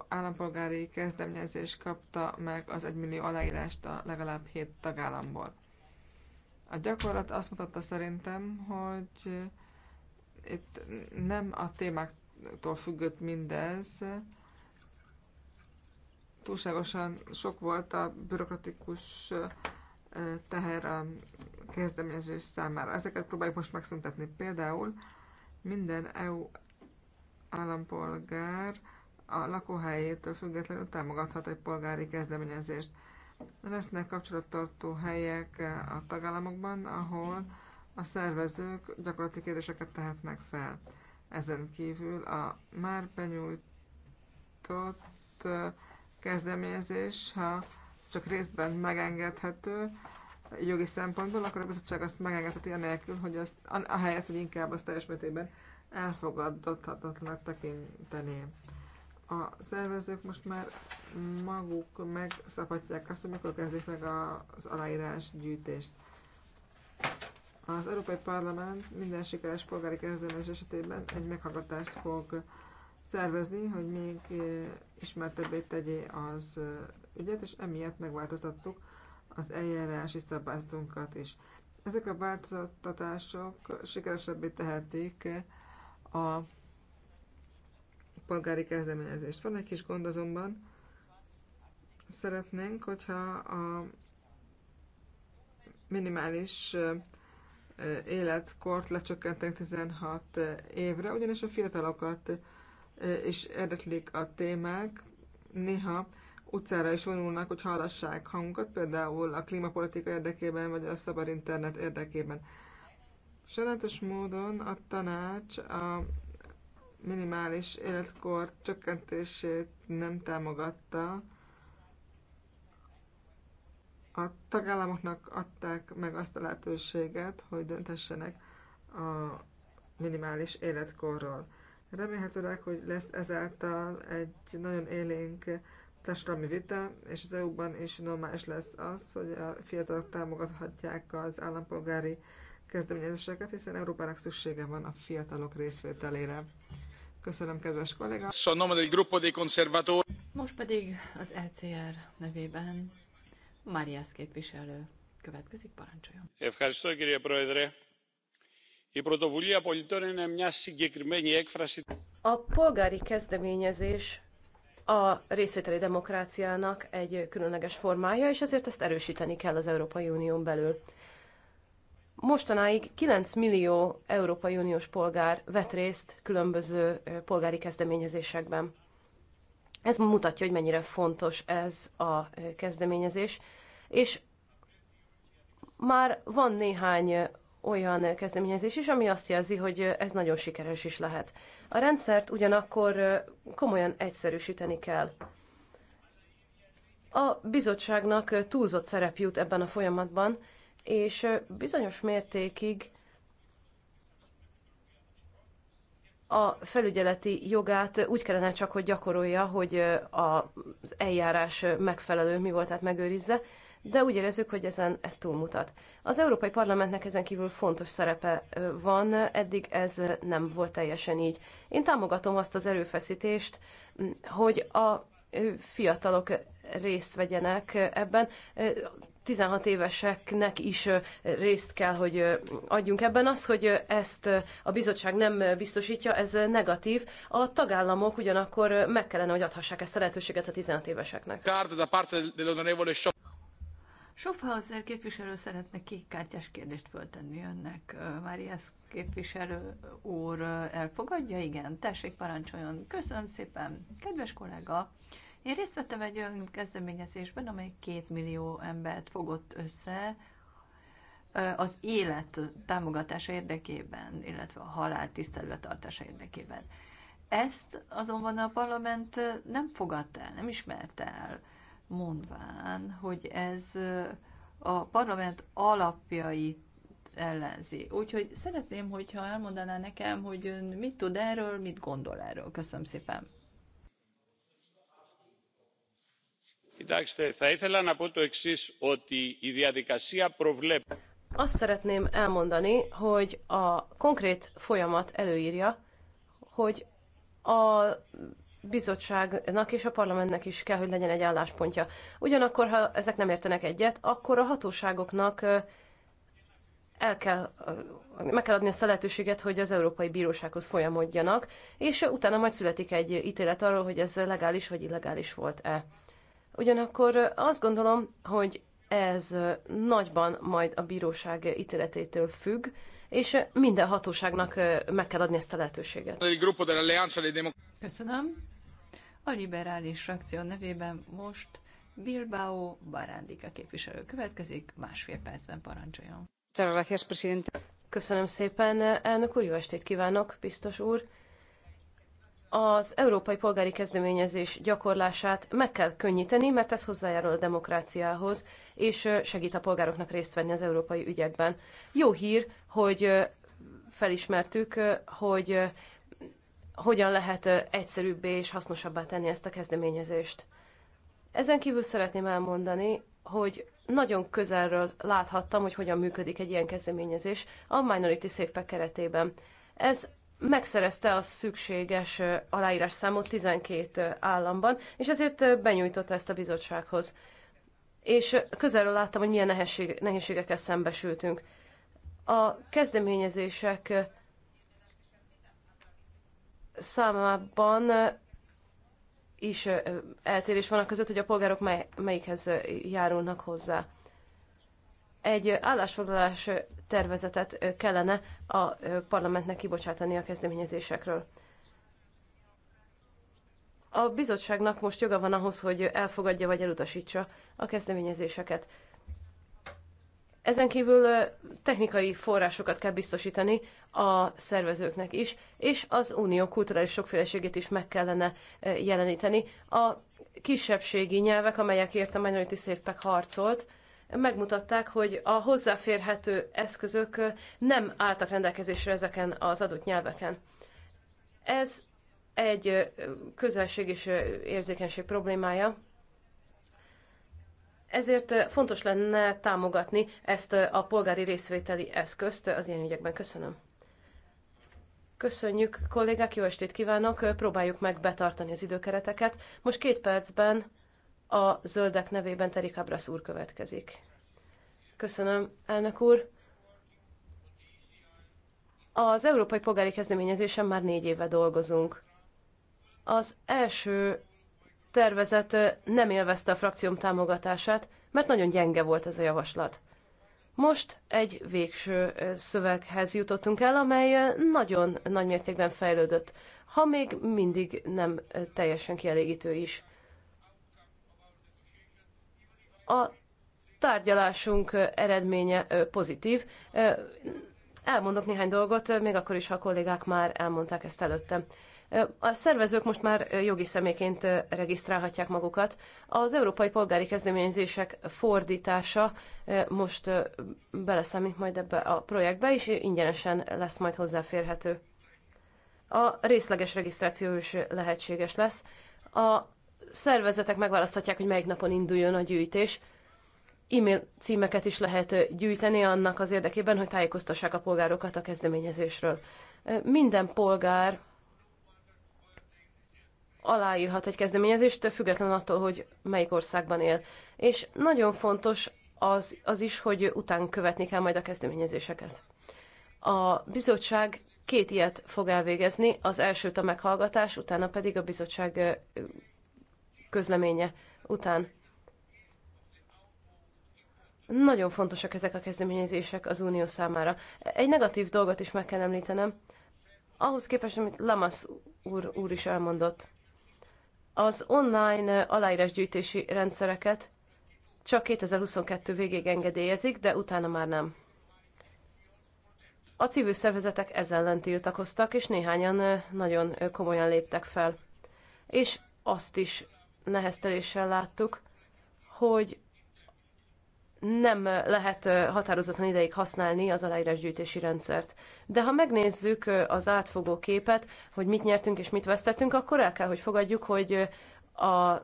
állampolgári kezdeményezés kapta meg az egymillió millió aláírást a legalább hét tagállamból. A gyakorlat azt mutatta szerintem, hogy itt nem a témáktól függött mindez, túlságosan sok volt a bürokratikus teher a kezdeményezés számára. Ezeket próbáljuk most megszüntetni. Például minden EU állampolgár a lakóhelyétől függetlenül támogathat egy polgári kezdeményezést. Lesznek kapcsolattartó helyek a tagállamokban, ahol a szervezők gyakorlati kérdéseket tehetnek fel. Ezen kívül a már benyújtott kezdeményezés, ha csak részben megengedhető jogi szempontból, akkor a bizottság azt megengedheti anélkül, hogy azt, ahelyett, hogy inkább azt teljes mértékben elfogadhatatlanak tekinteni. A szervezők most már maguk megszabhatják azt, hogy mikor kezdik meg az aláírás gyűjtést. Az Európai Parlament minden sikeres polgári kezdeményezés esetében egy meghallgatást fog szervezni, hogy még eh, ismertebbé tegye az eh, ügyet, és emiatt megváltoztattuk az eljárási szabályzatunkat is. Ezek a változtatások sikeresebbé tehetik eh, a polgári kezdeményezést. Van egy kis gond azonban, szeretnénk, hogyha a minimális életkort lecsökkentenek 16 évre, ugyanis a fiatalokat is érdeklik a témák, néha utcára is vonulnak, hogy hallassák hangokat, például a klímapolitika érdekében, vagy a szabad internet érdekében. Sajnálatos módon a tanács a minimális életkor csökkentését nem támogatta, a tagállamoknak adták meg azt a lehetőséget, hogy döntessenek a minimális életkorról. Remélhetőleg, hogy lesz ezáltal egy nagyon élénk társadalmi vita, és az EU-ban is normális lesz az, hogy a fiatalok támogathatják az állampolgári kezdeményezéseket, hiszen Európának szüksége van a fiatalok részvételére. Köszönöm, kedves kolléga! Most pedig az ECR nevében Marias képviselő következik, parancsoljon. A polgári kezdeményezés a részvételi demokráciának egy különleges formája, és ezért ezt erősíteni kell az Európai Unión belül. Mostanáig 9 millió Európai Uniós polgár vett részt különböző polgári kezdeményezésekben. Ez mutatja, hogy mennyire fontos ez a kezdeményezés, és már van néhány olyan kezdeményezés is, ami azt jelzi, hogy ez nagyon sikeres is lehet. A rendszert ugyanakkor komolyan egyszerűsíteni kell. A bizottságnak túlzott szerep jut ebben a folyamatban, és bizonyos mértékig a felügyeleti jogát úgy kellene csak, hogy gyakorolja, hogy az eljárás megfelelő mi volt, tehát megőrizze, de úgy érezzük, hogy ezen ez túlmutat. Az Európai Parlamentnek ezen kívül fontos szerepe van, eddig ez nem volt teljesen így. Én támogatom azt az erőfeszítést, hogy a fiatalok részt vegyenek ebben. 16 éveseknek is részt kell, hogy adjunk ebben. Az, hogy ezt a bizottság nem biztosítja, ez negatív. A tagállamok ugyanakkor meg kellene, hogy adhassák ezt a lehetőséget a 16 éveseknek. Schaffhauser képviselő szeretne kékkártyás kérdést föltenni önnek. Máriász képviselő úr elfogadja? Igen, tessék parancsoljon. Köszönöm szépen, kedves kollega. Én részt vettem egy olyan kezdeményezésben, amely két millió embert fogott össze az élet támogatása érdekében, illetve a halál tisztelve tartása érdekében. Ezt azonban a parlament nem fogadta el, nem ismerte el, mondván, hogy ez a parlament alapjait ellenzi. Úgyhogy szeretném, hogyha elmondaná nekem, hogy ön mit tud erről, mit gondol erről. Köszönöm szépen. Azt szeretném elmondani, hogy a konkrét folyamat előírja, hogy a bizottságnak és a parlamentnek is kell, hogy legyen egy álláspontja. Ugyanakkor, ha ezek nem értenek egyet, akkor a hatóságoknak el kell, meg kell adni azt a lehetőséget, hogy az Európai Bírósághoz folyamodjanak, és utána majd születik egy ítélet arról, hogy ez legális vagy illegális volt-e. Ugyanakkor azt gondolom, hogy ez nagyban majd a bíróság ítéletétől függ, és minden hatóságnak meg kell adni ezt a lehetőséget. Köszönöm. A liberális frakció nevében most Bilbao Barándika képviselő következik, másfél percben parancsoljon. Köszönöm szépen, elnök úr, jó estét kívánok, biztos úr az európai polgári kezdeményezés gyakorlását meg kell könnyíteni, mert ez hozzájárul a demokráciához, és segít a polgároknak részt venni az európai ügyekben. Jó hír, hogy felismertük, hogy hogyan lehet egyszerűbbé és hasznosabbá tenni ezt a kezdeményezést. Ezen kívül szeretném elmondani, hogy nagyon közelről láthattam, hogy hogyan működik egy ilyen kezdeményezés a Minority Safe Pack keretében. Ez megszerezte a szükséges aláírás számot 12 államban, és ezért benyújtotta ezt a bizottsághoz. És közelről láttam, hogy milyen nehézség, nehézségekkel szembesültünk. A kezdeményezések számában is eltérés van a között, hogy a polgárok mely, melyikhez járulnak hozzá egy állásfoglalás tervezetet kellene a parlamentnek kibocsátani a kezdeményezésekről. A bizottságnak most joga van ahhoz, hogy elfogadja vagy elutasítsa a kezdeményezéseket. Ezen kívül technikai forrásokat kell biztosítani a szervezőknek is, és az unió kulturális sokféleségét is meg kellene jeleníteni. A kisebbségi nyelvek, amelyekért a Minority Safe Pack harcolt, megmutatták, hogy a hozzáférhető eszközök nem álltak rendelkezésre ezeken az adott nyelveken. Ez egy közelség és érzékenység problémája, ezért fontos lenne támogatni ezt a polgári részvételi eszközt az ilyen ügyekben. Köszönöm. Köszönjük, kollégák, jó estét kívánok, próbáljuk meg betartani az időkereteket. Most két percben a zöldek nevében Terik Ábrasz úr következik. Köszönöm, elnök úr. Az Európai Polgári Kezdeményezésen már négy éve dolgozunk. Az első tervezet nem élvezte a frakcióm támogatását, mert nagyon gyenge volt ez a javaslat. Most egy végső szöveghez jutottunk el, amely nagyon nagy mértékben fejlődött, ha még mindig nem teljesen kielégítő is. A tárgyalásunk eredménye pozitív. Elmondok néhány dolgot, még akkor is, ha a kollégák már elmondták ezt előttem. A szervezők most már jogi személyként regisztrálhatják magukat. Az európai polgári kezdeményezések fordítása most beleszámít majd ebbe a projektbe, és ingyenesen lesz majd hozzáférhető. A részleges regisztráció is lehetséges lesz. A szervezetek megválaszthatják, hogy melyik napon induljon a gyűjtés. E-mail címeket is lehet gyűjteni annak az érdekében, hogy tájékoztassák a polgárokat a kezdeményezésről. Minden polgár aláírhat egy kezdeményezést, független attól, hogy melyik országban él. És nagyon fontos az, az is, hogy után követni kell majd a kezdeményezéseket. A bizottság két ilyet fog elvégezni, az elsőt a meghallgatás, utána pedig a bizottság közleménye után. Nagyon fontosak ezek a kezdeményezések az Unió számára. Egy negatív dolgot is meg kell említenem, ahhoz képest, amit Lamas úr, úr is elmondott. Az online aláírásgyűjtési rendszereket csak 2022 végéig engedélyezik, de utána már nem. A civil szervezetek ezzel ellen tiltakoztak, és néhányan nagyon komolyan léptek fel. És azt is nehezteléssel láttuk, hogy nem lehet határozatlan ideig használni az aláírásgyűjtési rendszert. De ha megnézzük az átfogó képet, hogy mit nyertünk és mit vesztettünk, akkor el kell, hogy fogadjuk, hogy a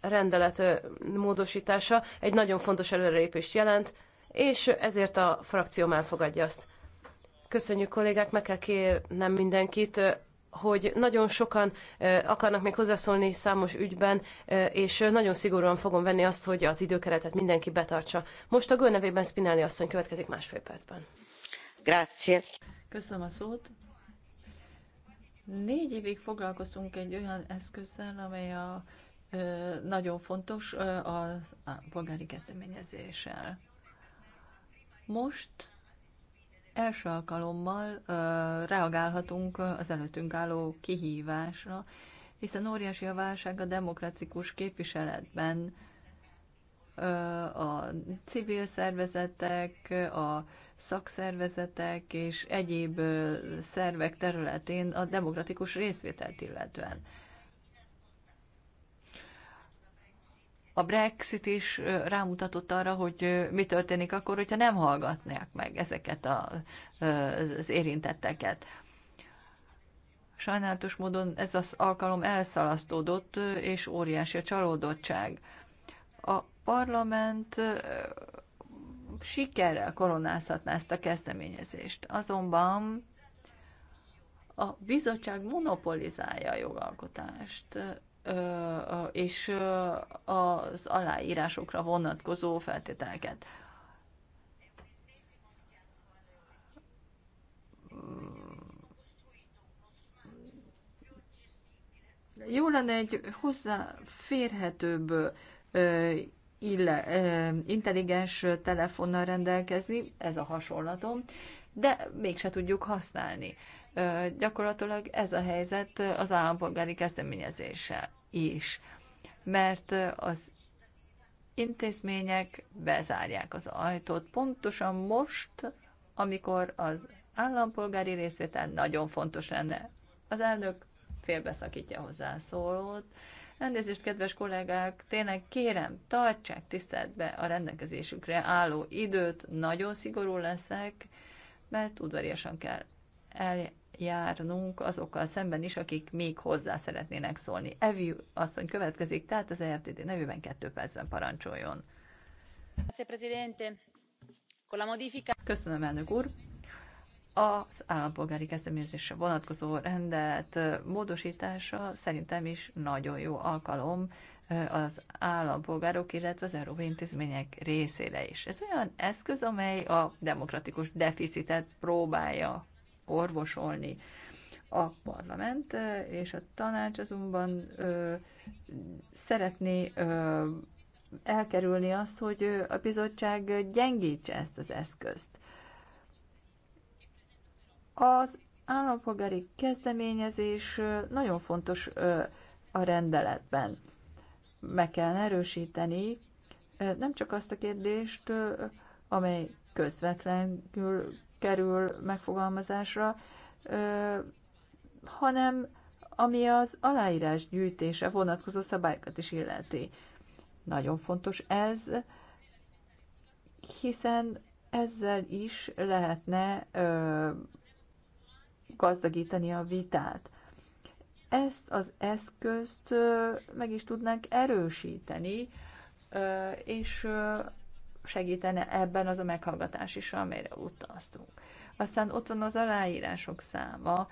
rendelet módosítása egy nagyon fontos előrelépést jelent, és ezért a frakcióm elfogadja azt. Köszönjük kollégák, meg kell kérnem mindenkit hogy nagyon sokan akarnak még hozzászólni számos ügyben, és nagyon szigorúan fogom venni azt, hogy az időkeretet mindenki betartsa. Most a GÖL nevében Spinelli asszony következik másfél percben. Grazie. Köszönöm a szót. Négy évig foglalkoztunk egy olyan eszközzel, amely a, nagyon fontos a, a polgári kezdeményezéssel. Most első alkalommal reagálhatunk az előttünk álló kihívásra, hiszen óriási a válság a demokratikus képviseletben, a civil szervezetek, a szakszervezetek és egyéb szervek területén a demokratikus részvételt illetően. a Brexit is rámutatott arra, hogy mi történik akkor, hogyha nem hallgatnák meg ezeket a, az érintetteket. Sajnálatos módon ez az alkalom elszalasztódott, és óriási a csalódottság. A parlament sikerrel koronázhatná ezt a kezdeményezést. Azonban a bizottság monopolizálja a jogalkotást és az aláírásokra vonatkozó feltételeket. Jó lenne egy hozzáférhetőbb ille, intelligens telefonnal rendelkezni, ez a hasonlatom, de mégse tudjuk használni. Gyakorlatilag ez a helyzet az állampolgári kezdeményezése is, mert az intézmények bezárják az ajtót pontosan most, amikor az állampolgári részvétel nagyon fontos lenne. Az elnök félbeszakítja szólót. Elnézést, kedves kollégák, tényleg kérem, tartsák tiszteletbe a rendelkezésükre álló időt, nagyon szigorú leszek, mert udvariasan kell járnunk azokkal szemben is, akik még hozzá szeretnének szólni. Evi asszony következik, tehát az EFTD nevében kettő percben parancsoljon. Köszönöm, elnök úr! Az állampolgári kezdeményezésre vonatkozó rendelet módosítása szerintem is nagyon jó alkalom az állampolgárok, illetve az európai intézmények részére is. Ez olyan eszköz, amely a demokratikus deficitet próbálja orvosolni. A parlament és a tanács azonban ö, szeretné ö, elkerülni azt, hogy a bizottság gyengítse ezt az eszközt. Az állampolgári kezdeményezés nagyon fontos a rendeletben. Meg kell erősíteni nem csak azt a kérdést, amely közvetlenül kerül megfogalmazásra, hanem ami az aláírás gyűjtése vonatkozó szabályokat is illeti. Nagyon fontos ez, hiszen ezzel is lehetne ö, gazdagítani a vitát. Ezt az eszközt ö, meg is tudnánk erősíteni, ö, és ö, segítene ebben az a meghallgatás is, amelyre utaztunk. Aztán ott van az aláírások száma.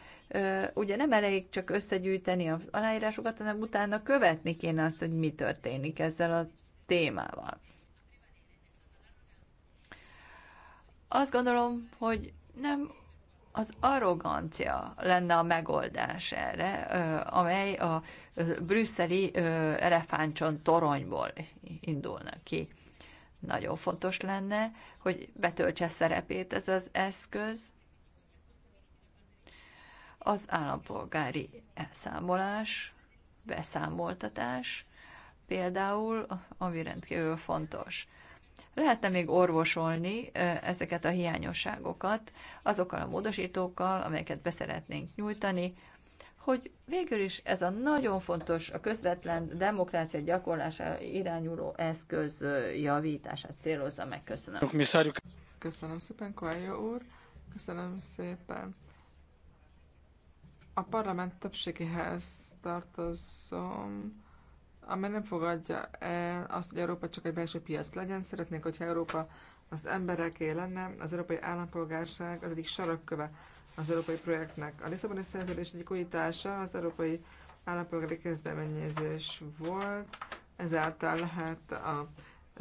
Ugye nem elég csak összegyűjteni az aláírásokat, hanem utána követni kéne azt, hogy mi történik ezzel a témával. Azt gondolom, hogy nem az arrogancia lenne a megoldás erre, amely a brüsszeli elefántcsont toronyból indulna ki. Nagyon fontos lenne, hogy betöltse szerepét ez az eszköz. Az állampolgári elszámolás, beszámoltatás például, ami rendkívül fontos lehetne még orvosolni ezeket a hiányosságokat azokkal a módosítókkal, amelyeket beszeretnénk nyújtani, hogy végül is ez a nagyon fontos, a közvetlen demokrácia gyakorlása irányuló eszköz javítását célozza meg. Köszönöm. Köszönöm szépen, Kovályó úr. Köszönöm szépen. A parlament többségihez tartozom, amely nem fogadja el azt, hogy Európa csak egy belső piac legyen. Szeretnénk, hogyha Európa az embereké lenne, az európai állampolgárság az egyik sarokköve az európai projektnek. A Lisszaboni szerződés egyik újítása az európai állampolgári kezdeményezés volt, ezáltal lehet a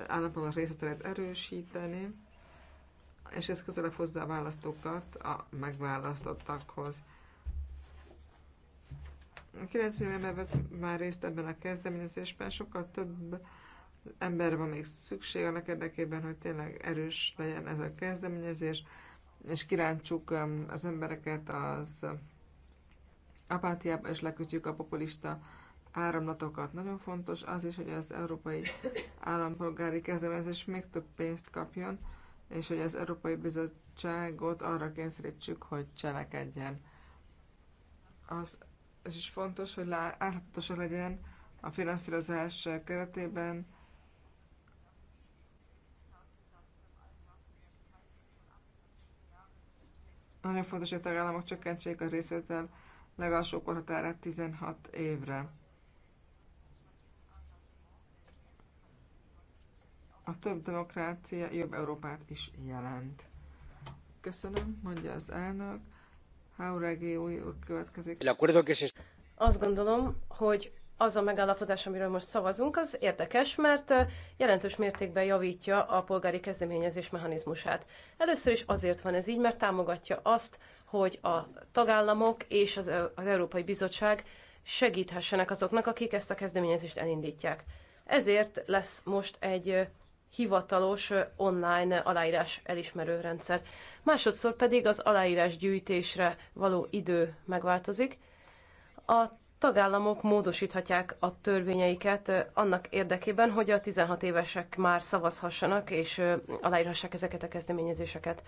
állampolgár részletet erősíteni, és ez közelebb hozzá a választókat a megválasztottakhoz. 9 millió ember vett már részt ebben a kezdeményezésben, sokkal több ember van még szükség annak érdekében, hogy tényleg erős legyen ez a kezdeményezés és kirántsuk um, az embereket az apátiába, és lekötjük a populista áramlatokat. Nagyon fontos az is, hogy az európai állampolgári kezdeményezés még több pénzt kapjon, és hogy az Európai Bizottságot arra kényszerítsük, hogy cselekedjen. Az, ez is fontos, hogy láthatatos legyen a finanszírozás keretében, Nagyon fontos, hogy a tagállamok csökkentsék a részvétel legalsó korhatárát 16 évre. A több demokrácia jobb Európát is jelent. Köszönöm, mondja az elnök. Hauregi új úr következik. Azt gondolom, hogy az a megállapodás, amiről most szavazunk, az érdekes, mert jelentős mértékben javítja a polgári kezdeményezés mechanizmusát. Először is azért van ez így, mert támogatja azt, hogy a tagállamok és az, az Európai Bizottság segíthessenek azoknak, akik ezt a kezdeményezést elindítják. Ezért lesz most egy hivatalos online aláírás elismerő rendszer. Másodszor pedig az aláírás gyűjtésre való idő megváltozik. A tagállamok módosíthatják a törvényeiket annak érdekében, hogy a 16 évesek már szavazhassanak és aláírhassák ezeket a kezdeményezéseket.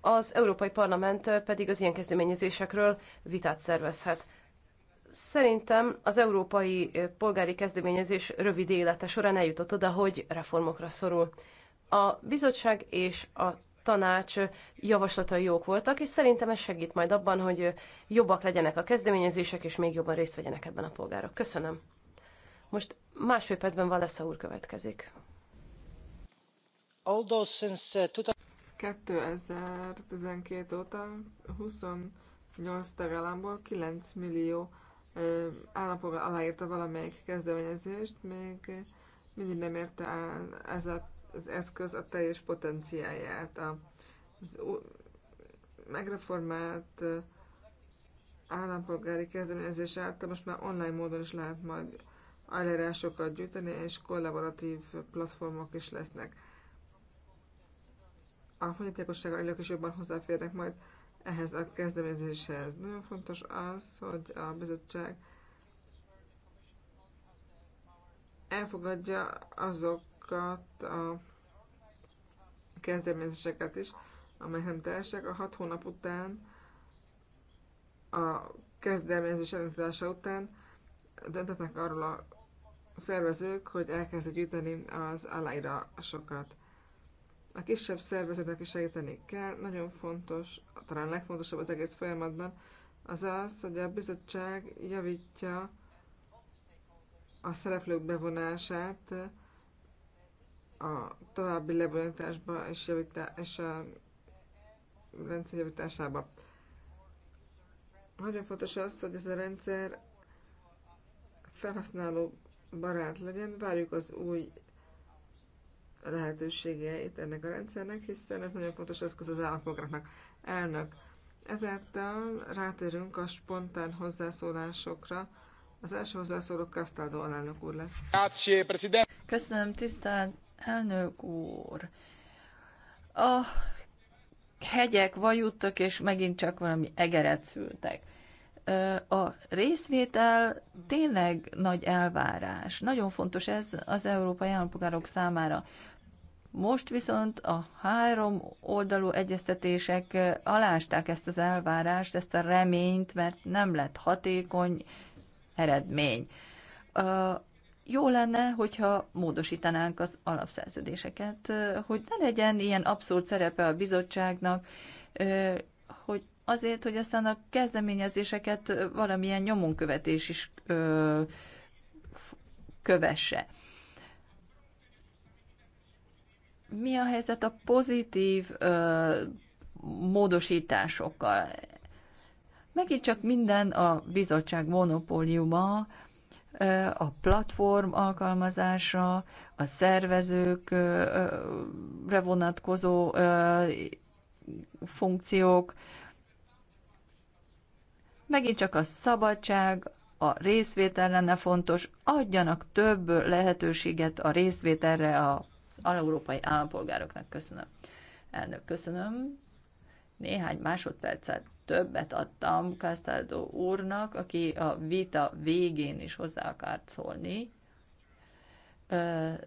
Az Európai Parlament pedig az ilyen kezdeményezésekről vitát szervezhet. Szerintem az európai polgári kezdeményezés rövid élete során eljutott oda, hogy reformokra szorul. A bizottság és a tanács javaslatai jók voltak, és szerintem ez segít majd abban, hogy jobbak legyenek a kezdeményezések, és még jobban részt vegyenek ebben a polgárok. Köszönöm. Most másfél percben Valesza úr következik. 2012 uh, óta 28 tagállamból 9 millió állampolgár aláírta valamelyik kezdeményezést, még mindig nem érte el ez a az eszköz a teljes potenciáját. A, az megreformált állampolgári kezdeményezés által most már online módon is lehet majd alárásokat gyűjteni, és kollaboratív platformok is lesznek. A fogyatékossággal élők is jobban hozzáférnek majd ehhez a kezdeményezéshez. Nagyon fontos az, hogy a bizottság elfogadja azok azokat a kezdeményezéseket is, amelyek nem teljesek. A hat hónap után, a kezdeményezés elindítása után döntetnek arról a szervezők, hogy elkezdjük gyűjteni az aláírásokat. A kisebb szervezőknek is segíteni kell. Nagyon fontos, talán legfontosabb az egész folyamatban, az az, hogy a bizottság javítja a szereplők bevonását a további lebonyolításba és, javítá- és a rendszer javításába. Nagyon fontos az, hogy ez a rendszer felhasználó barát legyen. Várjuk az új lehetőségeit ennek a rendszernek, hiszen ez nagyon fontos eszköz az állatprogramnak. Elnök, ezáltal rátérünk a spontán hozzászólásokra. Az első hozzászóló Castaldo alelnök úr lesz. Köszönöm, tisztelt Elnök úr, a hegyek vajuttak, és megint csak valami egeret szültek. A részvétel tényleg nagy elvárás. Nagyon fontos ez az európai állampolgárok számára. Most viszont a három oldalú egyeztetések alásták ezt az elvárást, ezt a reményt, mert nem lett hatékony eredmény. Jó lenne, hogyha módosítanánk az alapszerződéseket, hogy ne legyen ilyen abszurd szerepe a bizottságnak, hogy azért, hogy aztán a kezdeményezéseket valamilyen nyomonkövetés is kövesse. Mi a helyzet a pozitív módosításokkal? Megint csak minden a bizottság monopóliuma, a platform alkalmazása, a szervezőkre vonatkozó funkciók. Megint csak a szabadság, a részvétel lenne fontos, adjanak több lehetőséget a részvételre az európai állampolgároknak. Köszönöm. Elnök, köszönöm. Néhány másodpercet többet adtam Castaldo úrnak, aki a vita végén is hozzá akart szólni,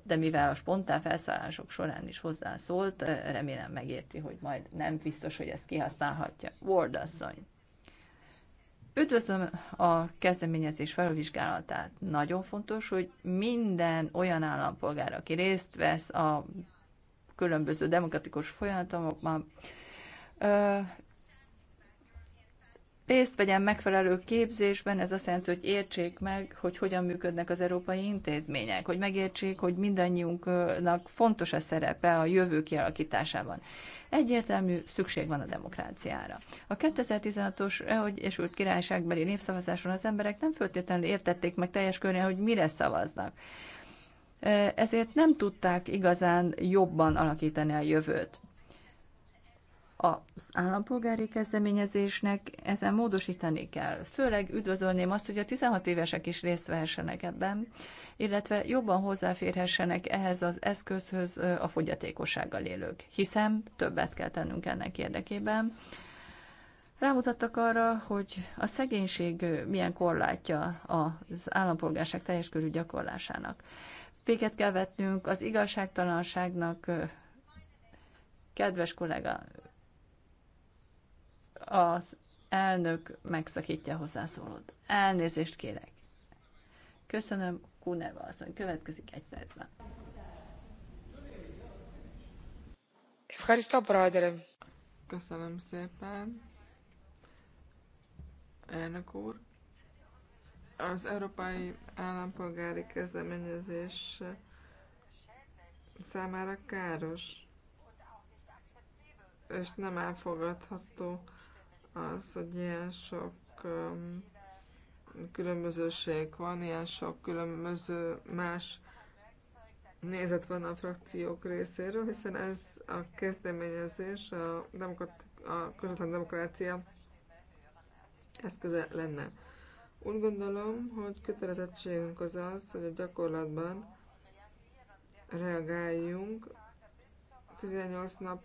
de mivel a spontán felszállások során is hozzászólt, remélem megérti, hogy majd nem biztos, hogy ezt kihasználhatja. Ward asszony. Üdvözlöm a kezdeményezés felvizsgálatát. Nagyon fontos, hogy minden olyan állampolgár, aki részt vesz a különböző demokratikus folyamatokban, részt vegyen megfelelő képzésben, ez azt jelenti, hogy értsék meg, hogy hogyan működnek az európai intézmények, hogy megértsék, hogy mindannyiunknak fontos a szerepe a jövő kialakításában. Egyértelmű szükség van a demokráciára. A 2016-os Egyesült Királyságbeli népszavazáson az emberek nem feltétlenül értették meg teljes körülön, hogy mire szavaznak. Ezért nem tudták igazán jobban alakítani a jövőt az állampolgári kezdeményezésnek ezen módosítani kell. Főleg üdvözölném azt, hogy a 16 évesek is részt vehessenek ebben, illetve jobban hozzáférhessenek ehhez az eszközhöz a fogyatékossággal élők, hiszen többet kell tennünk ennek érdekében. Rámutattak arra, hogy a szegénység milyen korlátja az állampolgárság teljes körű gyakorlásának. Véget kell vetnünk az igazságtalanságnak, kedves kollega, az elnök megszakítja a hozzászólót. Elnézést kérek. Köszönöm, Kuneva asszony. Következik egy percben. Köszönöm szépen. Elnök úr. Az Európai Állampolgári Kezdeményezés számára káros és nem elfogadható az, hogy ilyen sok különbözőség van, ilyen sok különböző más nézet van a frakciók részéről, hiszen ez a kezdeményezés a, demokrat, a közvetlen demokrácia eszköze lenne. Úgy gondolom, hogy kötelezettségünk az az, hogy a gyakorlatban reagáljunk 18 nap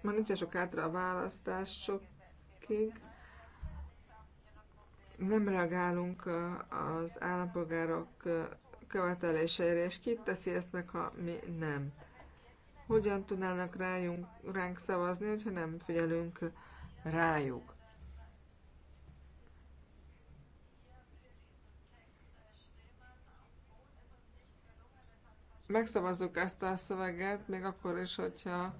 már nincsen sok átra a választásokig. Nem reagálunk az állampolgárok követeléseire, és ki teszi ezt meg, ha mi nem? Hogyan tudnának rájunk, ránk szavazni, hogyha nem figyelünk rájuk? megszavazzuk ezt a szöveget, még akkor is, hogyha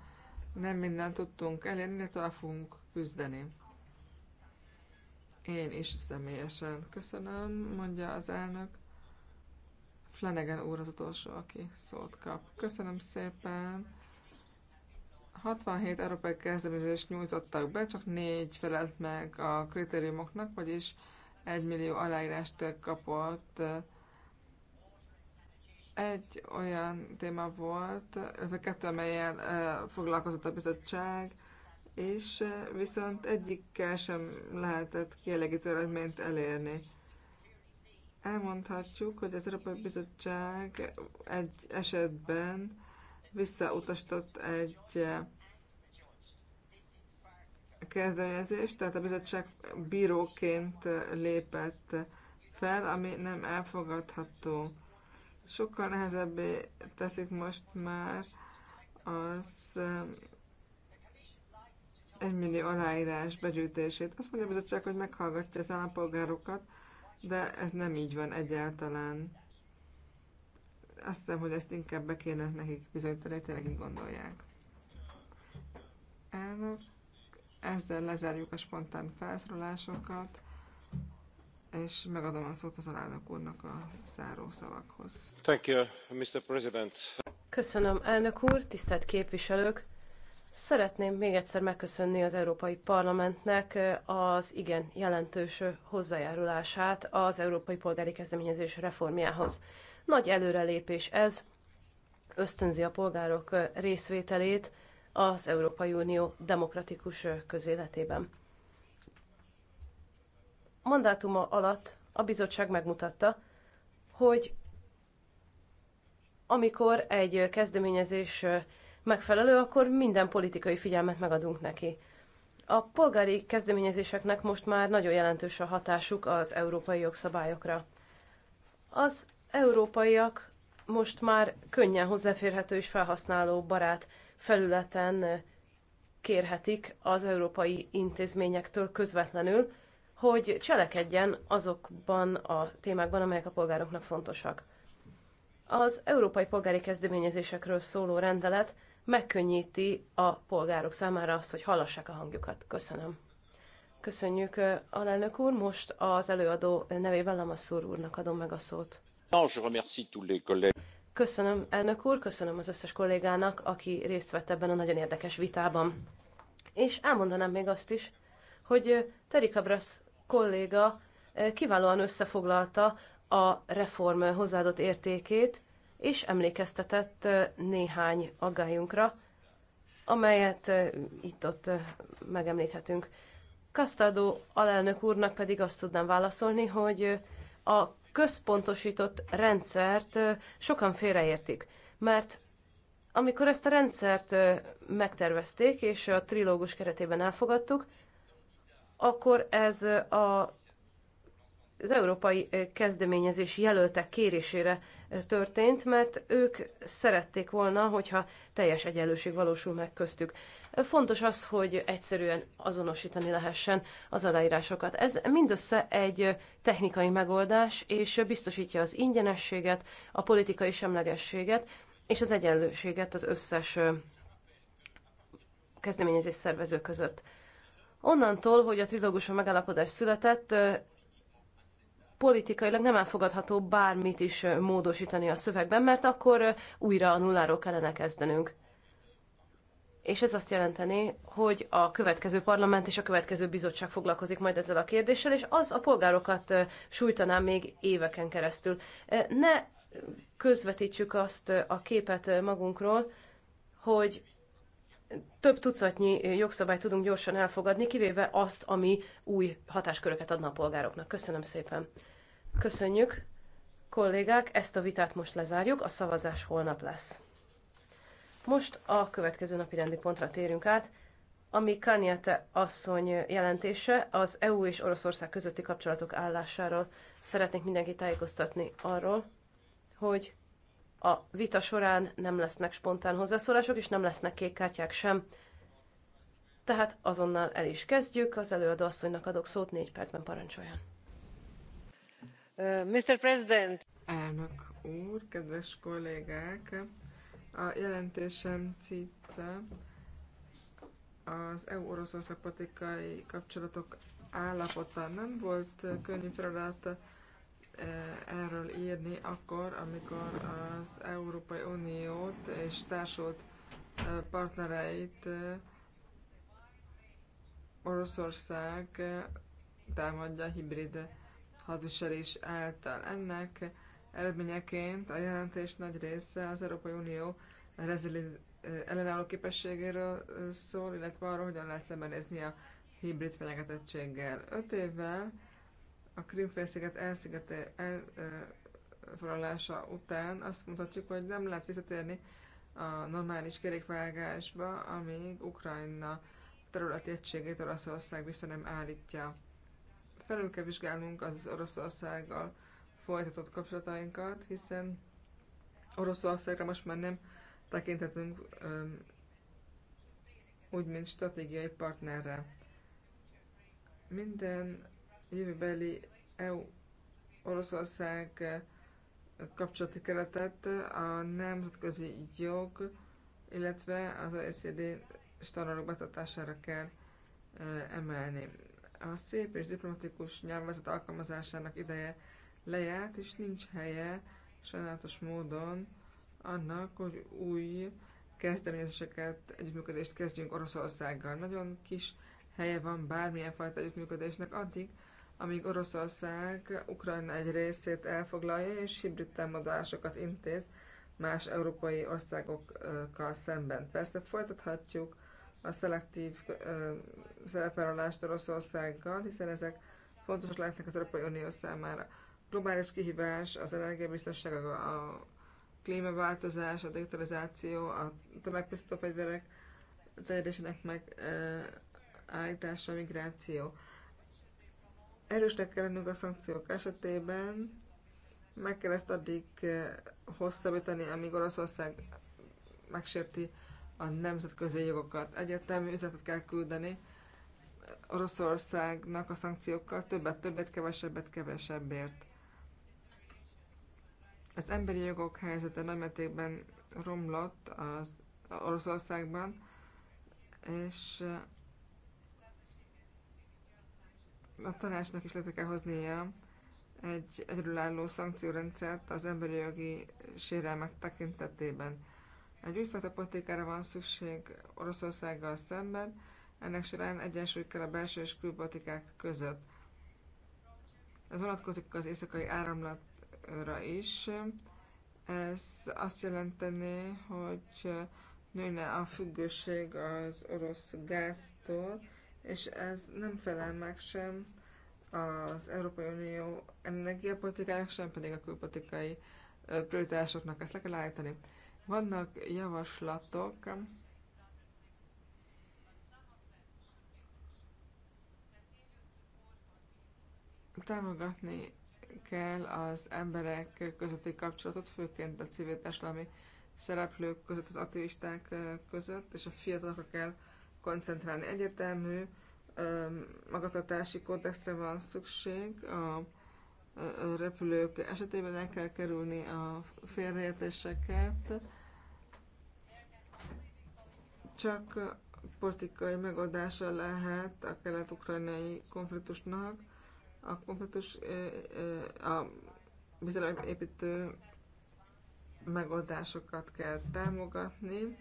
nem mindent tudtunk elérni, de tovább fogunk küzdeni. Én is személyesen köszönöm, mondja az elnök. Flanagan úr az utolsó, aki szót kap. Köszönöm szépen. 67 európai kezdeményezést nyújtottak be, csak négy felelt meg a kritériumoknak, vagyis 1 millió aláírást kapott egy olyan téma volt, illetve kettő, amelyel foglalkozott a bizottság, és viszont egyikkel sem lehetett kielégítő eredményt elérni. Elmondhatjuk, hogy az Európai Bizottság egy esetben visszautasított egy kezdeményezést, tehát a bizottság bíróként lépett fel, ami nem elfogadható sokkal nehezebbé teszik most már az um, egymillió aláírás begyűjtését. Azt mondja a bizottság, hogy meghallgatja az állampolgárokat, de ez nem így van egyáltalán. Azt hiszem, hogy ezt inkább be kéne nekik bizonyítani, hogy tényleg így gondolják. Elnök, ezzel lezárjuk a spontán felszólalásokat és megadom a szót az alelnök úrnak a záró szavakhoz. Thank you, Mr. President. Köszönöm, elnök úr, tisztelt képviselők! Szeretném még egyszer megköszönni az Európai Parlamentnek eh, az igen jelentős eh, hozzájárulását az Európai Polgári Kezdeményezés reformjához. Nagy előrelépés ez, ösztönzi a polgárok eh, részvételét az Európai Unió demokratikus közéletében mandátuma alatt a bizottság megmutatta, hogy amikor egy kezdeményezés megfelelő, akkor minden politikai figyelmet megadunk neki. A polgári kezdeményezéseknek most már nagyon jelentős a hatásuk az európai jogszabályokra. Az európaiak most már könnyen hozzáférhető és felhasználó barát felületen kérhetik az európai intézményektől közvetlenül hogy cselekedjen azokban a témákban, amelyek a polgároknak fontosak. Az európai polgári kezdeményezésekről szóló rendelet megkönnyíti a polgárok számára azt, hogy hallassák a hangjukat. Köszönöm. Köszönjük, alelnök úr. Most az előadó nevében Lamassur úrnak adom meg a szót. Köszönöm, elnök úr, köszönöm az összes kollégának, aki részt vett ebben a nagyon érdekes vitában. És elmondanám még azt is, hogy Terika Brass kolléga eh, kiválóan összefoglalta a reform hozzáadott értékét, és emlékeztetett eh, néhány aggályunkra, amelyet eh, itt-ott megemlíthetünk. Kasztádó alelnök úrnak pedig azt tudnám válaszolni, hogy a központosított rendszert sokan félreértik, mert amikor ezt a rendszert megtervezték és a trilógus keretében elfogadtuk, akkor ez a, az európai kezdeményezés jelöltek kérésére történt, mert ők szerették volna, hogyha teljes egyenlőség valósul meg köztük. Fontos az, hogy egyszerűen azonosítani lehessen az aláírásokat. Ez mindössze egy technikai megoldás, és biztosítja az ingyenességet, a politikai semlegességet és az egyenlőséget az összes kezdeményezés szervező között. Onnantól, hogy a trilóguson megállapodás született, politikailag nem elfogadható bármit is módosítani a szövegben, mert akkor újra a nulláról kellene kezdenünk. És ez azt jelenteni, hogy a következő parlament és a következő bizottság foglalkozik majd ezzel a kérdéssel, és az a polgárokat sújtaná még éveken keresztül. Ne közvetítsük azt a képet magunkról, hogy több tucatnyi jogszabályt tudunk gyorsan elfogadni, kivéve azt, ami új hatásköröket adna a polgároknak. Köszönöm szépen. Köszönjük, kollégák, ezt a vitát most lezárjuk, a szavazás holnap lesz. Most a következő napi rendi pontra térünk át, ami Kanyete asszony jelentése az EU és Oroszország közötti kapcsolatok állásáról. Szeretnék mindenkit tájékoztatni arról, hogy a vita során nem lesznek spontán hozzászólások, és nem lesznek kék kártyák sem. Tehát azonnal el is kezdjük. Az előadó asszonynak adok szót, négy percben parancsoljon. Mr. President! Elnök úr, kedves kollégák! A jelentésem cica az EU-Oroszország politikai kapcsolatok állapota nem volt könnyű feladat erről írni akkor, amikor az Európai Uniót és társult partnereit Oroszország támadja a hibrid hadviselés által. Ennek eredményeként a jelentés nagy része az Európai Unió ellenálló képességéről szól, illetve arról, hogyan lehet szembenézni a hibrid fenyegetettséggel. Öt évvel a Krimfélsziget elszigete, elfoglalása után azt mutatjuk, hogy nem lehet visszatérni a normális kerékvágásba, amíg Ukrajna területi egységét Oroszország vissza nem állítja. Felül kell vizsgálnunk az Oroszországgal folytatott kapcsolatainkat, hiszen Oroszországra most már nem tekinthetünk öm, úgy, mint stratégiai partnerre. Minden jövőbeli EU-Oroszország e, kapcsolati keretet a nemzetközi jog, illetve az OECD standardok betartására kell e, emelni. A szép és diplomatikus nyelvezet alkalmazásának ideje lejárt, és nincs helye sajnálatos módon annak, hogy új kezdeményezéseket, együttműködést kezdjünk Oroszországgal. Nagyon kis helye van bármilyen fajta együttműködésnek addig, amíg Oroszország Ukrajna egy részét elfoglalja és hibrid támadásokat intéz más európai országokkal szemben. Persze folytathatjuk a szelektív szerepelőalást Oroszországgal, hiszen ezek fontosak lehetnek az Európai Unió számára. Globális kihívás, az energiabiztonság, a klímaváltozás, a digitalizáció, a tömegpusztító fegyverek terjedésének megállítása, a migráció. Erősnek kell lennünk a szankciók esetében, meg kell ezt addig eh, hosszabbítani, amíg Oroszország megsérti a nemzetközi jogokat. Egyértelmű üzletet kell küldeni Oroszországnak a szankciókkal, többet, többet, kevesebbet, kevesebbért. Az emberi jogok helyzete mértékben romlott az Oroszországban, és eh, a tanácsnak is létre kell hoznia egy egyedülálló szankciórendszert az emberi jogi sérelmek tekintetében. Egy újfajta politikára van szükség Oroszországgal szemben, ennek során egyensúly kell a belső és külpolitikák között. Ez vonatkozik az éjszakai áramlatra is. Ez azt jelenteni, hogy nőne a függőség az orosz gáztól, és ez nem felel meg sem az Európai Unió energiapolitikának, sem pedig a külpolitikai prioritásoknak. Ezt le kell állítani. Vannak javaslatok, támogatni kell az emberek közötti kapcsolatot, főként a civil társadalmi szereplők között, az aktivisták között, és a fiatalokra kell koncentrálni. Egyetemű magatartási kontextre van szükség, a repülők esetében el kell kerülni a félreértéseket, csak politikai megoldása lehet a kelet-ukrajnai konfliktusnak. A konfliktus a bizalomépítő megoldásokat kell támogatni.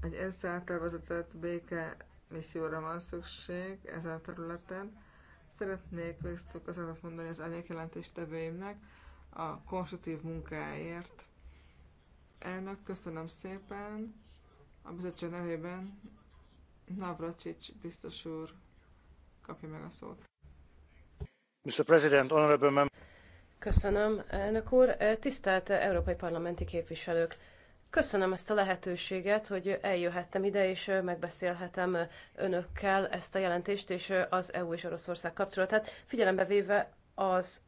Egy ENSZ által vezetett béke misszióra van szükség ezen a területen. Szeretnék végztől köszönetet mondani az elég jelentéstevőimnek a konstruktív munkáért. Elnök, köszönöm szépen. A bizottság nevében Navracsics biztos úr kapja meg a szót. Mr. President, honorable members. Köszönöm, elnök úr. Tisztelt európai parlamenti képviselők! Köszönöm ezt a lehetőséget, hogy eljöhettem ide, és megbeszélhetem önökkel ezt a jelentést és az EU és Oroszország kapcsolatát, figyelembe véve az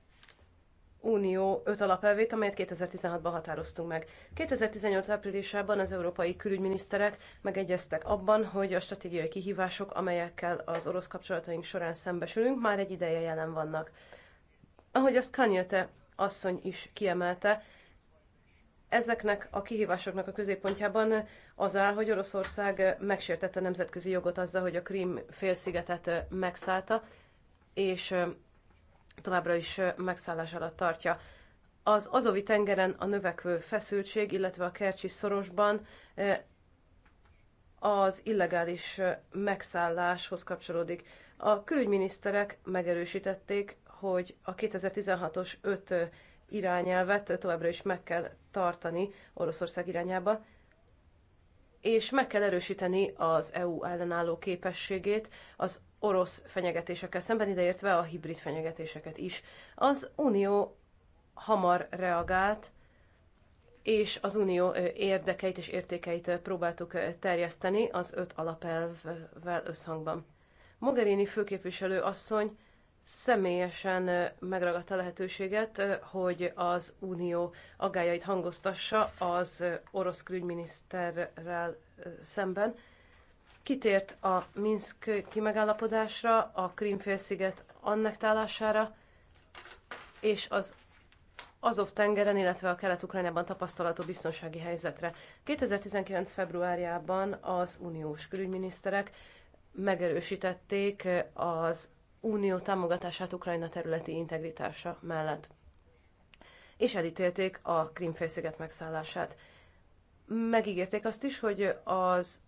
Unió öt alapelvét, amelyet 2016-ban határoztunk meg. 2018 áprilisában az európai külügyminiszterek megegyeztek abban, hogy a stratégiai kihívások, amelyekkel az orosz kapcsolataink során szembesülünk, már egy ideje jelen vannak. Ahogy azt Kanyete asszony is kiemelte, Ezeknek a kihívásoknak a középpontjában az áll, hogy Oroszország megsértette nemzetközi jogot azzal, hogy a Krím félszigetet megszállta, és továbbra is megszállás alatt tartja. Az Azovi tengeren a növekvő feszültség, illetve a Kercsi szorosban az illegális megszálláshoz kapcsolódik. A külügyminiszterek megerősítették, hogy a 2016-os 5 irányelvet továbbra is meg kell tartani Oroszország irányába, és meg kell erősíteni az EU ellenálló képességét az orosz fenyegetésekkel szemben, ideértve a hibrid fenyegetéseket is. Az Unió hamar reagált, és az unió érdekeit és értékeit próbáltuk terjeszteni az öt alapelvvel összhangban. Mogherini főképviselő asszony személyesen megragadta a lehetőséget, hogy az Unió agályait hangoztassa az orosz külügyminiszterrel szemben. Kitért a Minsk kimegállapodásra, a Krímfélsziget annektálására és az Azov tengeren, illetve a kelet-ukrajnában tapasztalható biztonsági helyzetre. 2019. februárjában az uniós külügyminiszterek megerősítették az Unió támogatását Ukrajna területi integritása mellett. És elítélték a Krímfélsziget megszállását. Megígérték azt is, hogy az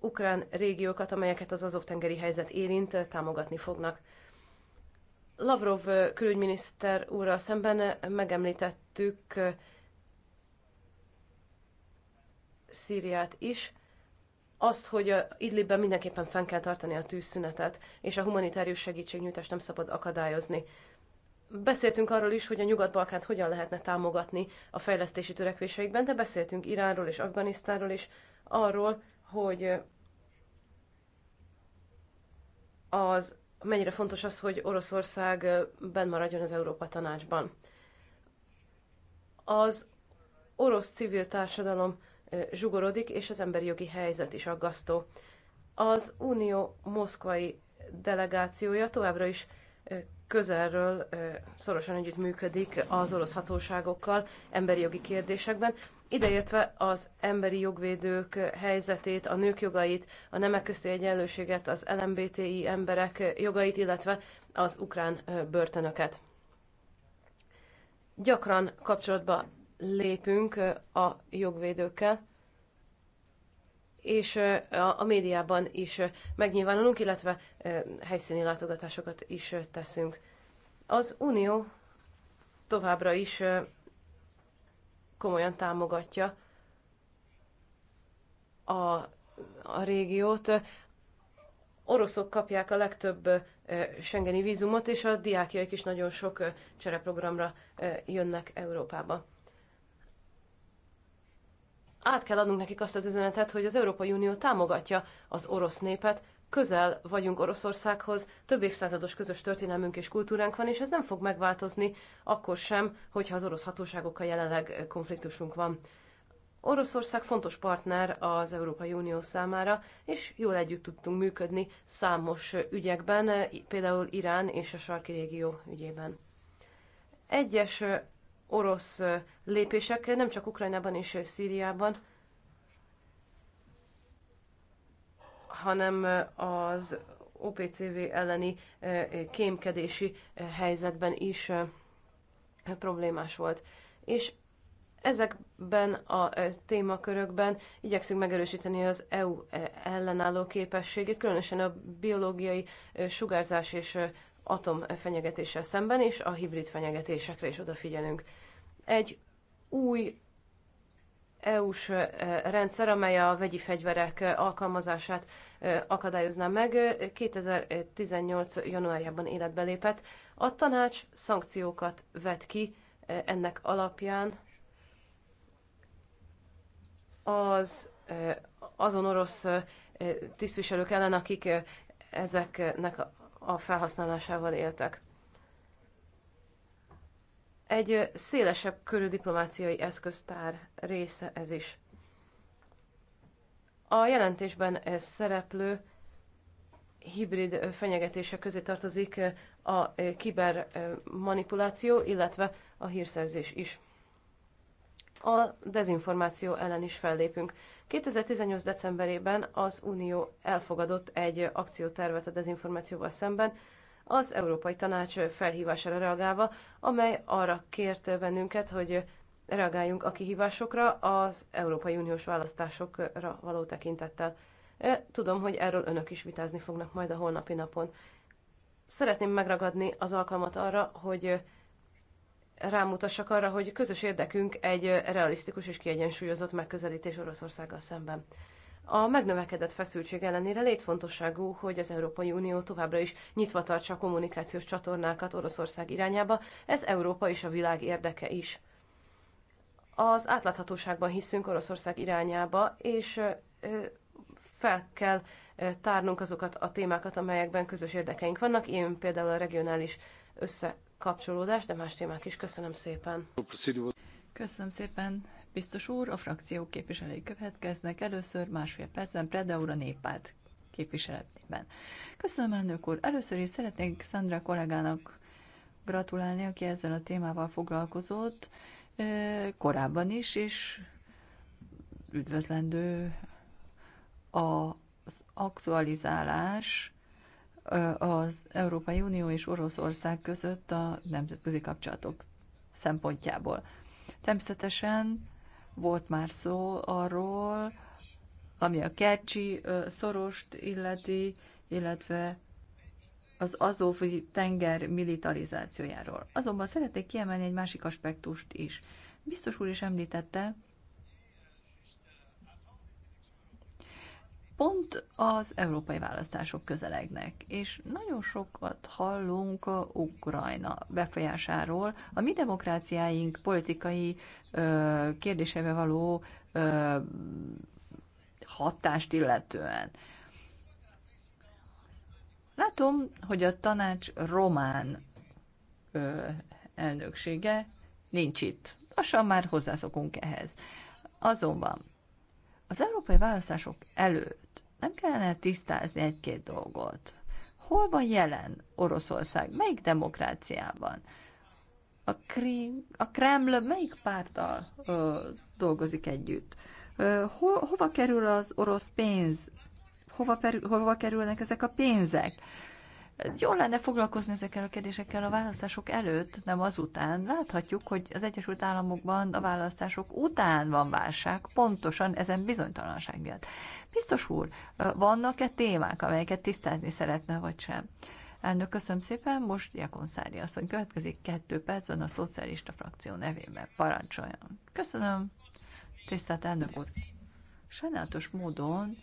ukrán régiókat, amelyeket az Azov-tengeri helyzet érint, támogatni fognak. Lavrov külügyminiszter úrral szemben megemlítettük Szíriát is, azt, hogy Idlibben mindenképpen fenn kell tartani a tűzszünetet, és a humanitárius segítségnyújtást nem szabad akadályozni. Beszéltünk arról is, hogy a Nyugat-Balkánt hogyan lehetne támogatni a fejlesztési törekvéseikben, de beszéltünk Iránról és Afganisztánról is, arról, hogy az mennyire fontos az, hogy Oroszország benn maradjon az Európa Tanácsban. Az orosz civil társadalom zsugorodik, és az emberi jogi helyzet is aggasztó. Az Unió moszkvai delegációja továbbra is közelről szorosan együttműködik az orosz hatóságokkal emberi jogi kérdésekben, ideértve az emberi jogvédők helyzetét, a nők jogait, a nemek közti egyenlőséget, az LMBTI emberek jogait, illetve az ukrán börtönöket. Gyakran kapcsolatba lépünk a jogvédőkkel, és a médiában is megnyilvánulunk, illetve helyszíni látogatásokat is teszünk. Az Unió továbbra is komolyan támogatja a, a régiót. Oroszok kapják a legtöbb Schengeni vízumot, és a diákjaik is nagyon sok csereprogramra jönnek Európába át kell adnunk nekik azt az üzenetet, hogy az Európai Unió támogatja az orosz népet, közel vagyunk Oroszországhoz, több évszázados közös történelmünk és kultúránk van, és ez nem fog megváltozni akkor sem, hogyha az orosz hatóságokkal jelenleg konfliktusunk van. Oroszország fontos partner az Európai Unió számára, és jól együtt tudtunk működni számos ügyekben, például Irán és a sarki régió ügyében. Egyes orosz lépések, nem csak Ukrajnában és Szíriában, hanem az OPCV elleni kémkedési helyzetben is problémás volt. És ezekben a témakörökben igyekszünk megerősíteni az EU ellenálló képességét, különösen a biológiai sugárzás és atomfenyegetéssel szemben, és a hibrid fenyegetésekre is odafigyelünk egy új EU-s rendszer, amely a vegyi fegyverek alkalmazását akadályozná meg, 2018. januárjában életbe lépett. A tanács szankciókat vet ki ennek alapján az azon orosz tisztviselők ellen, akik ezeknek a felhasználásával éltek. Egy szélesebb körű diplomáciai eszköztár része ez is. A jelentésben ez szereplő hibrid fenyegetése közé tartozik a kibermanipuláció, illetve a hírszerzés is. A dezinformáció ellen is fellépünk. 2018. decemberében az Unió elfogadott egy akciótervet a dezinformációval szemben, az Európai Tanács felhívására reagálva, amely arra kért bennünket, hogy reagáljunk a kihívásokra az Európai Uniós választásokra való tekintettel. E, tudom, hogy erről önök is vitázni fognak majd a holnapi napon. Szeretném megragadni az alkalmat arra, hogy rámutassak arra, hogy közös érdekünk egy realisztikus és kiegyensúlyozott megközelítés Oroszországgal szemben. A megnövekedett feszültség ellenére létfontosságú, hogy az Európai Unió továbbra is nyitva tartsa a kommunikációs csatornákat Oroszország irányába, ez Európa és a világ érdeke is. Az átláthatóságban hiszünk Oroszország irányába, és fel kell tárnunk azokat a témákat, amelyekben közös érdekeink vannak, Én például a regionális összekapcsolódás, de más témák is. Köszönöm szépen! Köszönöm szépen Biztos úr, a frakciók képviselői következnek. Először másfél percben Preda úr a néppárt képviseletében. Köszönöm, elnök úr. Először is szeretnék Szandra kollégának gratulálni, aki ezzel a témával foglalkozott korábban is, és üdvözlendő az aktualizálás az Európai Unió és Oroszország között a nemzetközi kapcsolatok szempontjából. Természetesen volt már szó arról, ami a kercsi szorost illeti, illetve az azófi tenger militarizációjáról. Azonban szeretnék kiemelni egy másik aspektust is. Biztos úr is említette, pont az európai választások közelegnek, és nagyon sokat hallunk a Ukrajna befolyásáról, a mi demokráciáink politikai ö, kérdésebe való ö, hatást illetően. Látom, hogy a tanács román ö, elnöksége nincs itt. Lassan már hozzászokunk ehhez. Azonban az európai választások előtt nem kellene tisztázni egy-két dolgot. Hol van jelen Oroszország? Melyik demokráciában? A, Krim, a Kreml melyik pártal ö, dolgozik együtt? Ö, ho, hova kerül az orosz pénz? Hova, per, hova kerülnek ezek a pénzek? Jól lenne foglalkozni ezekkel a kérdésekkel a választások előtt, nem azután. Láthatjuk, hogy az Egyesült Államokban a választások után van válság, pontosan ezen bizonytalanság miatt. Biztos úr, vannak-e témák, amelyeket tisztázni szeretne, vagy sem? Elnök, köszönöm szépen, most Jakon Szári asszony következik kettő percben a szocialista frakció nevében. Parancsoljon. Köszönöm, tisztelt elnök úr. Sajnálatos módon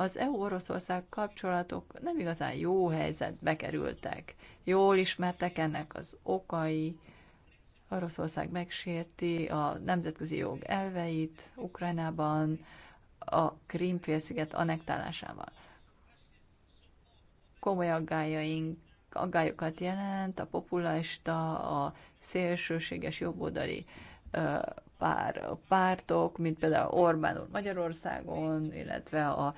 az EU-Oroszország kapcsolatok nem igazán jó helyzetbe kerültek. Jól ismertek ennek az okai, Oroszország megsérti a nemzetközi jog elveit Ukrajnában, a Krímfélsziget anektálásával. Komoly aggájaink, aggályokat jelent a populista, a szélsőséges jobboldali pár pártok, mint például Orbán úr Magyarországon, illetve a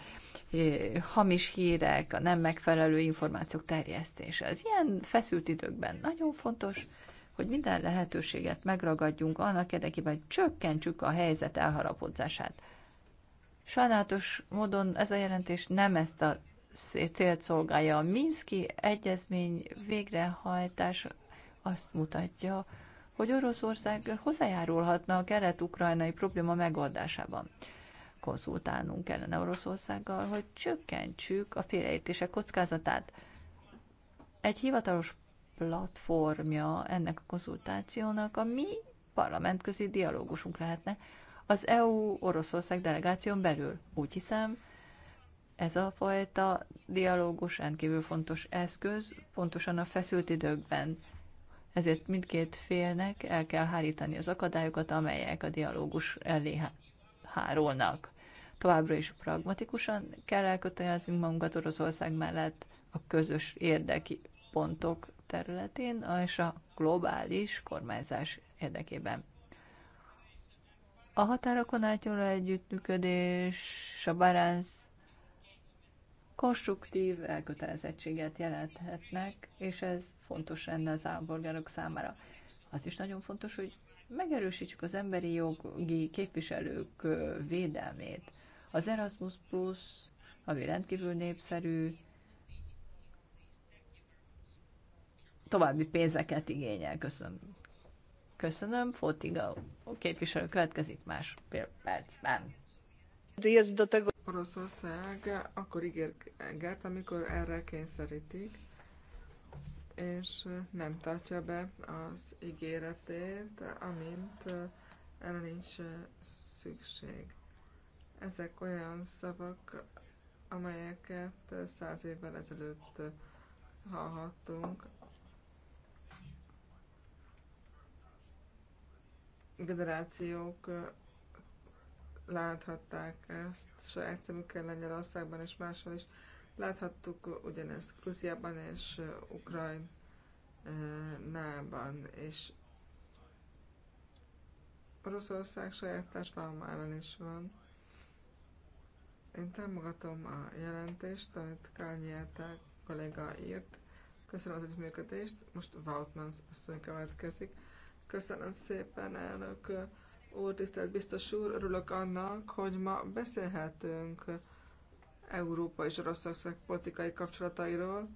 e, hamis hírek, a nem megfelelő információk terjesztése. Az ilyen feszült időkben nagyon fontos, hogy minden lehetőséget megragadjunk annak érdekében, hogy csökkentsük a helyzet elharapodzását. Sajnálatos módon ez a jelentés nem ezt a célt szolgálja. A Minszki egyezmény végrehajtás azt mutatja, hogy Oroszország hozzájárulhatna a kelet-ukrajnai probléma megoldásában. Konzultálnunk kellene Oroszországgal, hogy csökkentsük a félreértések kockázatát. Egy hivatalos platformja ennek a konzultációnak a mi parlamentközi dialógusunk lehetne az EU-Oroszország delegáción belül. Úgy hiszem, ez a fajta dialógus rendkívül fontos eszköz, pontosan a feszült időkben. Ezért mindkét félnek el kell hárítani az akadályokat, amelyek a dialógus elé hárolnak. Továbbra is pragmatikusan kell elkötelezni magunkat Oroszország mellett a közös érdeki pontok területén és a globális kormányzás érdekében. A határokon átnyúló együttműködés, a Barents konstruktív elkötelezettséget jelenthetnek, és ez fontos lenne az állampolgárok számára. Az is nagyon fontos, hogy megerősítsük az emberi jogi képviselők védelmét. Az Erasmus Plus, ami rendkívül népszerű, további pénzeket igényel. Köszönöm. Köszönöm. Fotiga képviselő következik más percben. Oroszország akkor ígérget, amikor erre kényszerítik, és nem tartja be az ígéretét, amint erre nincs szükség. Ezek olyan szavak, amelyeket száz évvel ezelőtt hallhattunk. Generációk láthatták ezt saját szemükkel Lengyelországban és máshol is. Láthattuk ugyanezt Grúziában és Ukrajnában, és Oroszország saját társadalmában is van. Én támogatom a jelentést, amit Kálnyelták kolléga írt. Köszönöm az együttműködést. Most Vautmans asszony következik. Köszönöm szépen, elnök úr, tisztelt biztos úr, örülök annak, hogy ma beszélhetünk Európa és Oroszország politikai kapcsolatairól.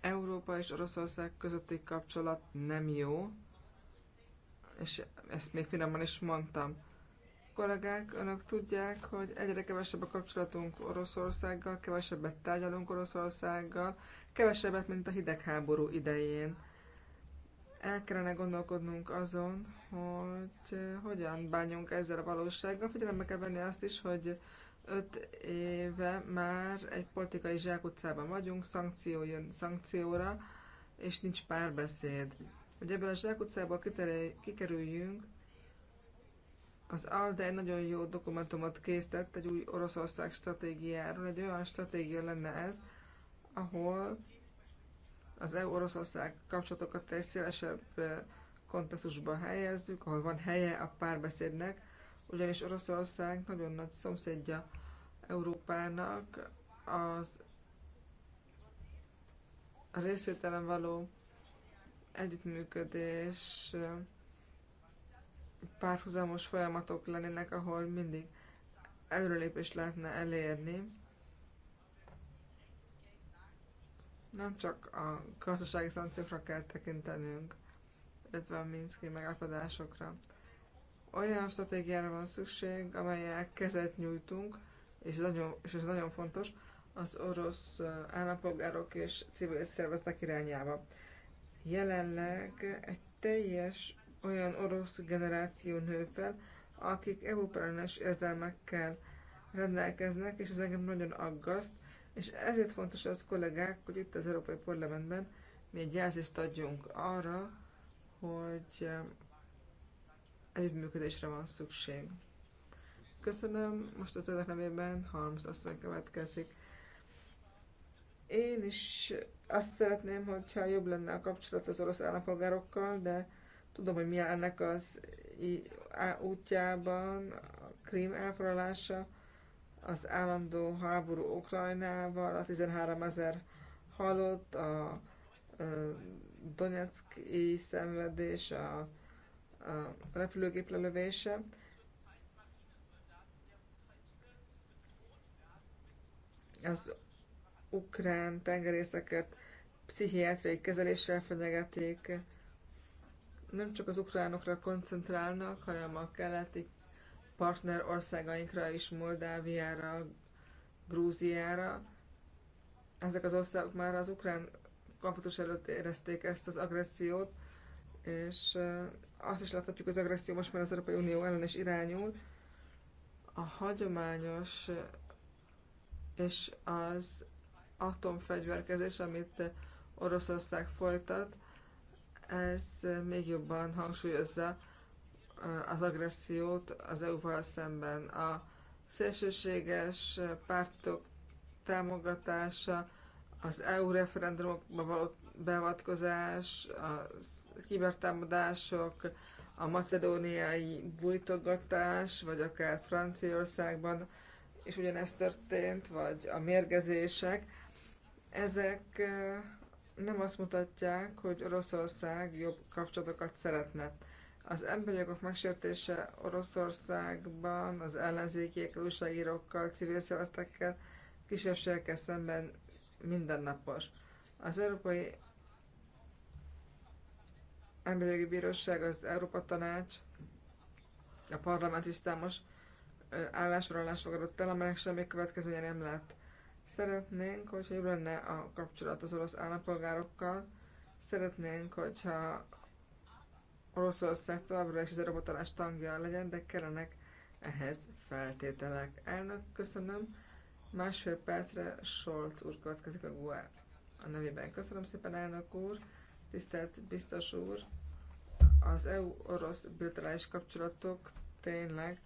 Európa és Oroszország közötti kapcsolat nem jó, és ezt még finoman is mondtam. Kollégák, önök tudják, hogy egyre kevesebb a kapcsolatunk Oroszországgal, kevesebbet tárgyalunk Oroszországgal, kevesebbet, mint a hidegháború idején el kellene gondolkodnunk azon, hogy eh, hogyan bánjunk ezzel a valósággal. Figyelembe kell venni azt is, hogy öt éve már egy politikai zsákutcában vagyunk, szankció jön szankcióra, és nincs párbeszéd. Hogy ebből a zsákutcából kikerüljünk, az ALDE egy nagyon jó dokumentumot készített egy új Oroszország stratégiáról. Egy olyan stratégia lenne ez, ahol az EU-Oroszország kapcsolatokat egy szélesebb kontextusba helyezzük, ahol van helye a párbeszédnek, ugyanis Oroszország nagyon nagy szomszédja Európának, az a részvételen való együttműködés párhuzamos folyamatok lennének, ahol mindig előrelépést lehetne elérni, Nem csak a gazdasági szankciókra kell tekintenünk, illetve a Minszki megállapodásokra. Olyan stratégiára van szükség, amelyel kezet nyújtunk, és ez nagyon, és ez nagyon fontos, az orosz állampolgárok és civil szervezetek irányába. Jelenleg egy teljes olyan orosz generáció nő fel, akik európai érzelmekkel rendelkeznek, és ez engem nagyon aggaszt, és ezért fontos az kollégák, hogy itt az Európai Parlamentben mi egy jelzést adjunk arra, hogy eh, együttműködésre van szükség. Köszönöm, most az önök nevében Harms asszony következik. Én is azt szeretném, hogyha jobb lenne a kapcsolat az orosz állampolgárokkal, de tudom, hogy mi ennek az útjában a krím elfoglalása, az állandó háború Ukrajnával, a 13 ezer halott, a, a Donetszki szenvedés, a, a repülőgép lelövése. Az ukrán tengerészeket pszichiátriai kezeléssel fenyegetik. Nem csak az ukránokra koncentrálnak, hanem a keleti partner országainkra is, Moldáviára, Grúziára. Ezek az országok már az ukrán konfliktus előtt érezték ezt az agressziót, és azt is láthatjuk, hogy az agresszió most már az Európai Unió ellen is irányul. A hagyományos és az atomfegyverkezés, amit Oroszország folytat, ez még jobban hangsúlyozza az agressziót az EU-val szemben. A szélsőséges pártok támogatása, az EU referendumokba való beavatkozás, a kibertámadások, a macedóniai bújtogatás, vagy akár Franciaországban és ugyanezt történt, vagy a mérgezések, ezek nem azt mutatják, hogy Oroszország jobb kapcsolatokat szeretne. Az emberi jogok megsértése Oroszországban az ellenzékiekkel, újságírókkal, civil szervezetekkel, kisebbségekkel szemben mindennapos. Az Európai Emberi Jogi Bíróság, az Európa Tanács, a parlament is számos állásfoglalást fogadott el, amelynek semmi következménye nem lett. Szeretnénk, hogyha jobb lenne a kapcsolat az orosz állampolgárokkal, szeretnénk, hogyha Oroszország továbbra is az Európatalás tagja legyen, de kellenek ehhez feltételek. Elnök, köszönöm. Másfél percre Scholz úr következik a GUE a nevében. Köszönöm szépen, elnök úr, tisztelt biztos úr. Az EU-orosz bilaterális kapcsolatok tényleg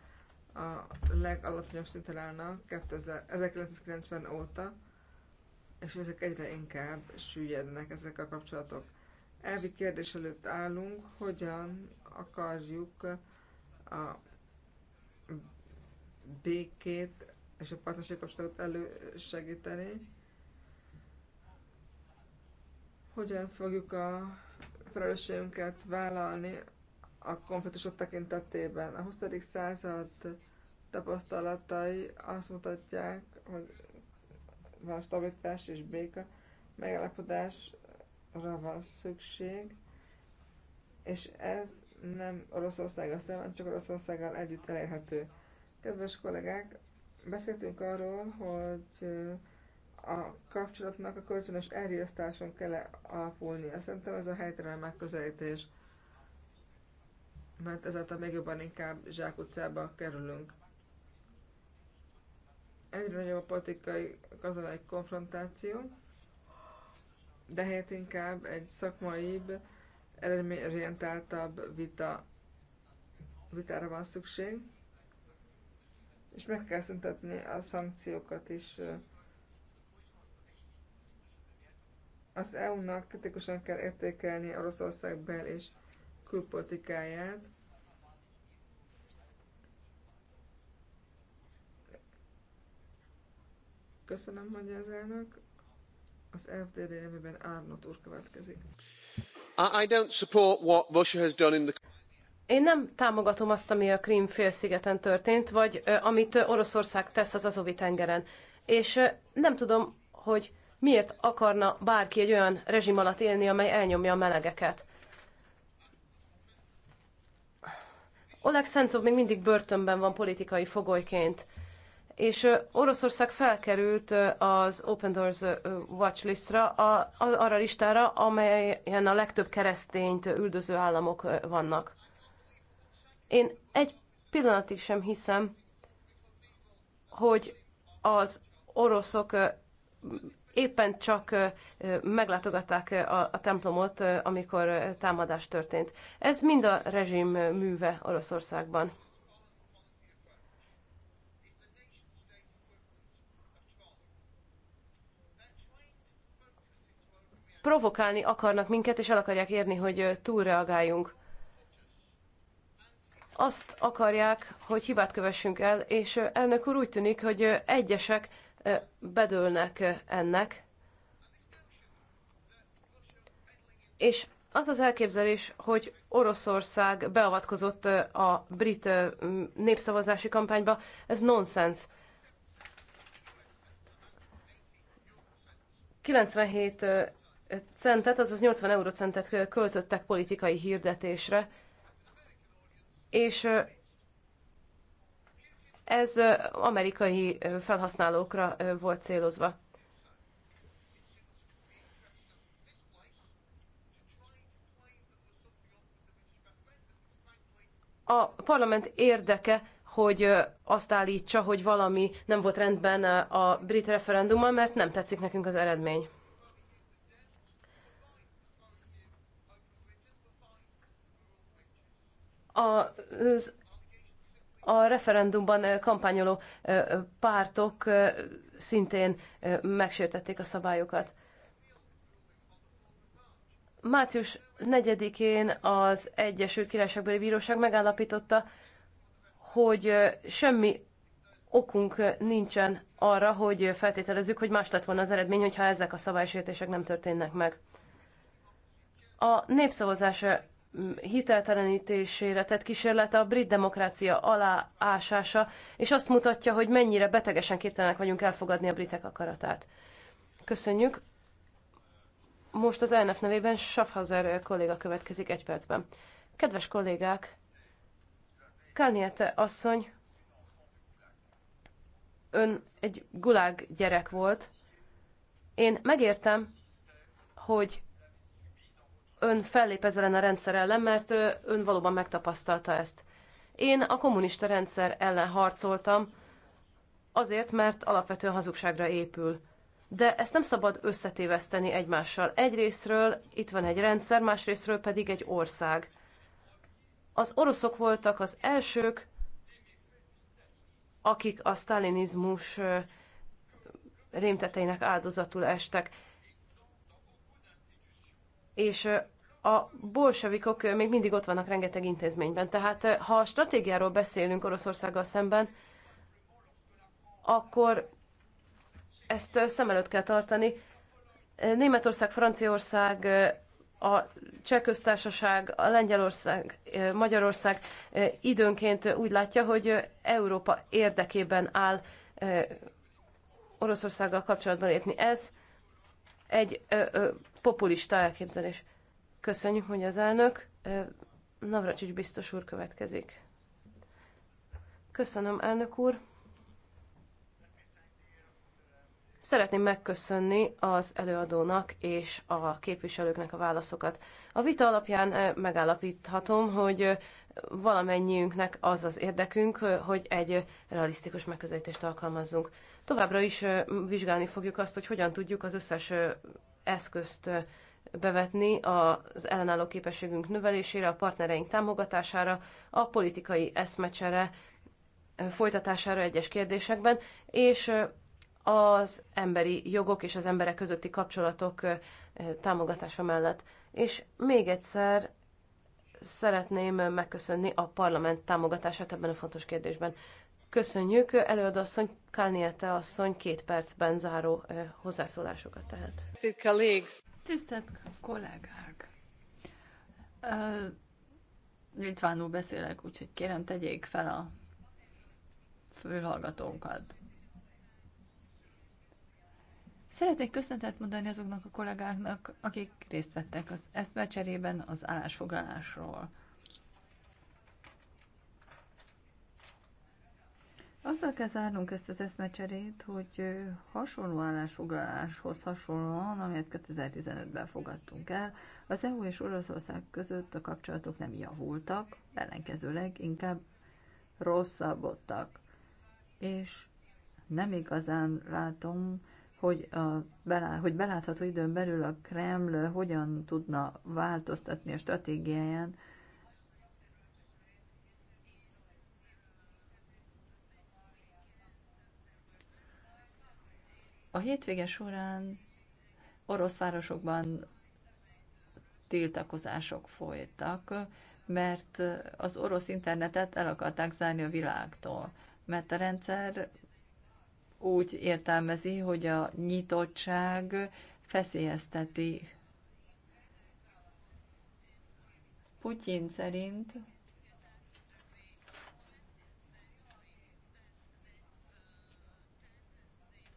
a legalapnyabb szinten állnak 1990 óta, és ezek egyre inkább süllyednek, ezek a kapcsolatok elvi kérdés előtt állunk, hogyan akarjuk a békét és a partnerség kapcsolatot elősegíteni, hogyan fogjuk a felelősségünket vállalni a konfliktusok tekintetében. A 20. század tapasztalatai azt mutatják, hogy van stabilitás és béka, megállapodás van szükség, és ez nem Oroszországgal szemben, csak Oroszországgal együtt elérhető. Kedves kollégák, beszéltünk arról, hogy a kapcsolatnak a kölcsönös elriasztáson kell -e alapulnia. Szerintem ez a helytelen megközelítés, mert ezáltal még jobban inkább zsákutcába kerülünk. Egyre nagyobb a politikai katonai konfrontáció, de helyett inkább egy szakmaibb, eredményorientáltabb vita, vitára van szükség, és meg kell szüntetni a szankciókat is. Az EU-nak kritikusan kell értékelni Oroszország bel- és külpolitikáját, Köszönöm, hogy az elnök. Az FDD nevében Árnott úr következik. I don't support what Russia has done in the... Én nem támogatom azt, ami a Krím félszigeten történt, vagy amit Oroszország tesz az Azovi tengeren. És nem tudom, hogy miért akarna bárki egy olyan rezsim alatt élni, amely elnyomja a melegeket. Oleg Szentszov még mindig börtönben van politikai fogolyként és Oroszország felkerült az Open Doors Watchlistra, a, arra listára, amelyen a legtöbb keresztényt üldöző államok vannak. Én egy pillanatig sem hiszem, hogy az oroszok éppen csak meglátogatták a, a templomot, amikor támadás történt. Ez mind a rezsim műve Oroszországban. provokálni akarnak minket, és el akarják érni, hogy túlreagáljunk. Azt akarják, hogy hibát kövessünk el, és elnök úr úgy tűnik, hogy egyesek bedőlnek ennek. És az az elképzelés, hogy Oroszország beavatkozott a brit népszavazási kampányba, ez nonsens. 97 centet, azaz 80 eurocentet költöttek politikai hirdetésre, és ez amerikai felhasználókra volt célozva. A parlament érdeke, hogy azt állítsa, hogy valami nem volt rendben a brit referendummal, mert nem tetszik nekünk az eredmény. az a referendumban kampányoló pártok szintén megsértették a szabályokat. Március 4-én az Egyesült Királyságbeli Bíróság megállapította, hogy semmi okunk nincsen arra, hogy feltételezzük, hogy más lett volna az eredmény, hogyha ezek a szabálysértések nem történnek meg. A népszavazás hiteltelenítésére tett kísérlet a brit demokrácia aláásása, és azt mutatja, hogy mennyire betegesen képtelenek vagyunk elfogadni a britek akaratát. Köszönjük. Most az ELNF nevében Schaffhauser kolléga következik egy percben. Kedves kollégák, Kálniete asszony, ön egy gulág gyerek volt. Én megértem, hogy ön fellép ezzel a rendszer ellen, mert ön valóban megtapasztalta ezt. Én a kommunista rendszer ellen harcoltam, azért, mert alapvetően hazugságra épül. De ezt nem szabad összetéveszteni egymással. Egyrésztről itt van egy rendszer, másrésztről pedig egy ország. Az oroszok voltak az elsők, akik a sztálinizmus rémteteinek áldozatul estek. És a bolsevikok még mindig ott vannak rengeteg intézményben. Tehát eh, ha a stratégiáról beszélünk Oroszországgal szemben, akkor ezt eh, szem előtt kell tartani. Eh, Németország, Franciaország, a Cseh köztársaság, a Lengyelország, Magyarország időnként úgy látja, hogy Európa érdekében áll Oroszországgal kapcsolatban lépni. Ez egy populista elképzelés. Köszönjük, hogy az elnök. Navracsics biztos úr következik. Köszönöm, elnök úr. Szeretném megköszönni az előadónak és a képviselőknek a válaszokat. A vita alapján megállapíthatom, hogy valamennyiünknek az az érdekünk, hogy egy realisztikus megközelítést alkalmazzunk. Továbbra is vizsgálni fogjuk azt, hogy hogyan tudjuk az összes eszközt bevetni az ellenálló képességünk növelésére, a partnereink támogatására, a politikai eszmecsere folytatására egyes kérdésekben, és az emberi jogok és az emberek közötti kapcsolatok támogatása mellett. És még egyszer szeretném megköszönni a parlament támogatását ebben a fontos kérdésben. Köszönjük, előadasszony, Kálniete asszony két percben záró hozzászólásokat tehet. Tisztelt kollégák! litvánul beszélek, úgyhogy kérem tegyék fel a fülhallgatónkat. Szeretnék köszöntet mondani azoknak a kollégáknak, akik részt vettek az eszmecserében az állásfoglalásról. Azzal kell zárnunk ezt az eszmecserét, hogy hasonló állásfoglaláshoz hasonlóan, amelyet 2015-ben fogadtunk el, az EU és Oroszország között a kapcsolatok nem javultak, ellenkezőleg inkább rosszabbodtak. És nem igazán látom, hogy, a, hogy belátható időn belül a Kreml hogyan tudna változtatni a stratégiáján, A hétvége során orosz városokban tiltakozások folytak, mert az orosz internetet el akarták zárni a világtól, mert a rendszer úgy értelmezi, hogy a nyitottság feszélyezteti. Putyin szerint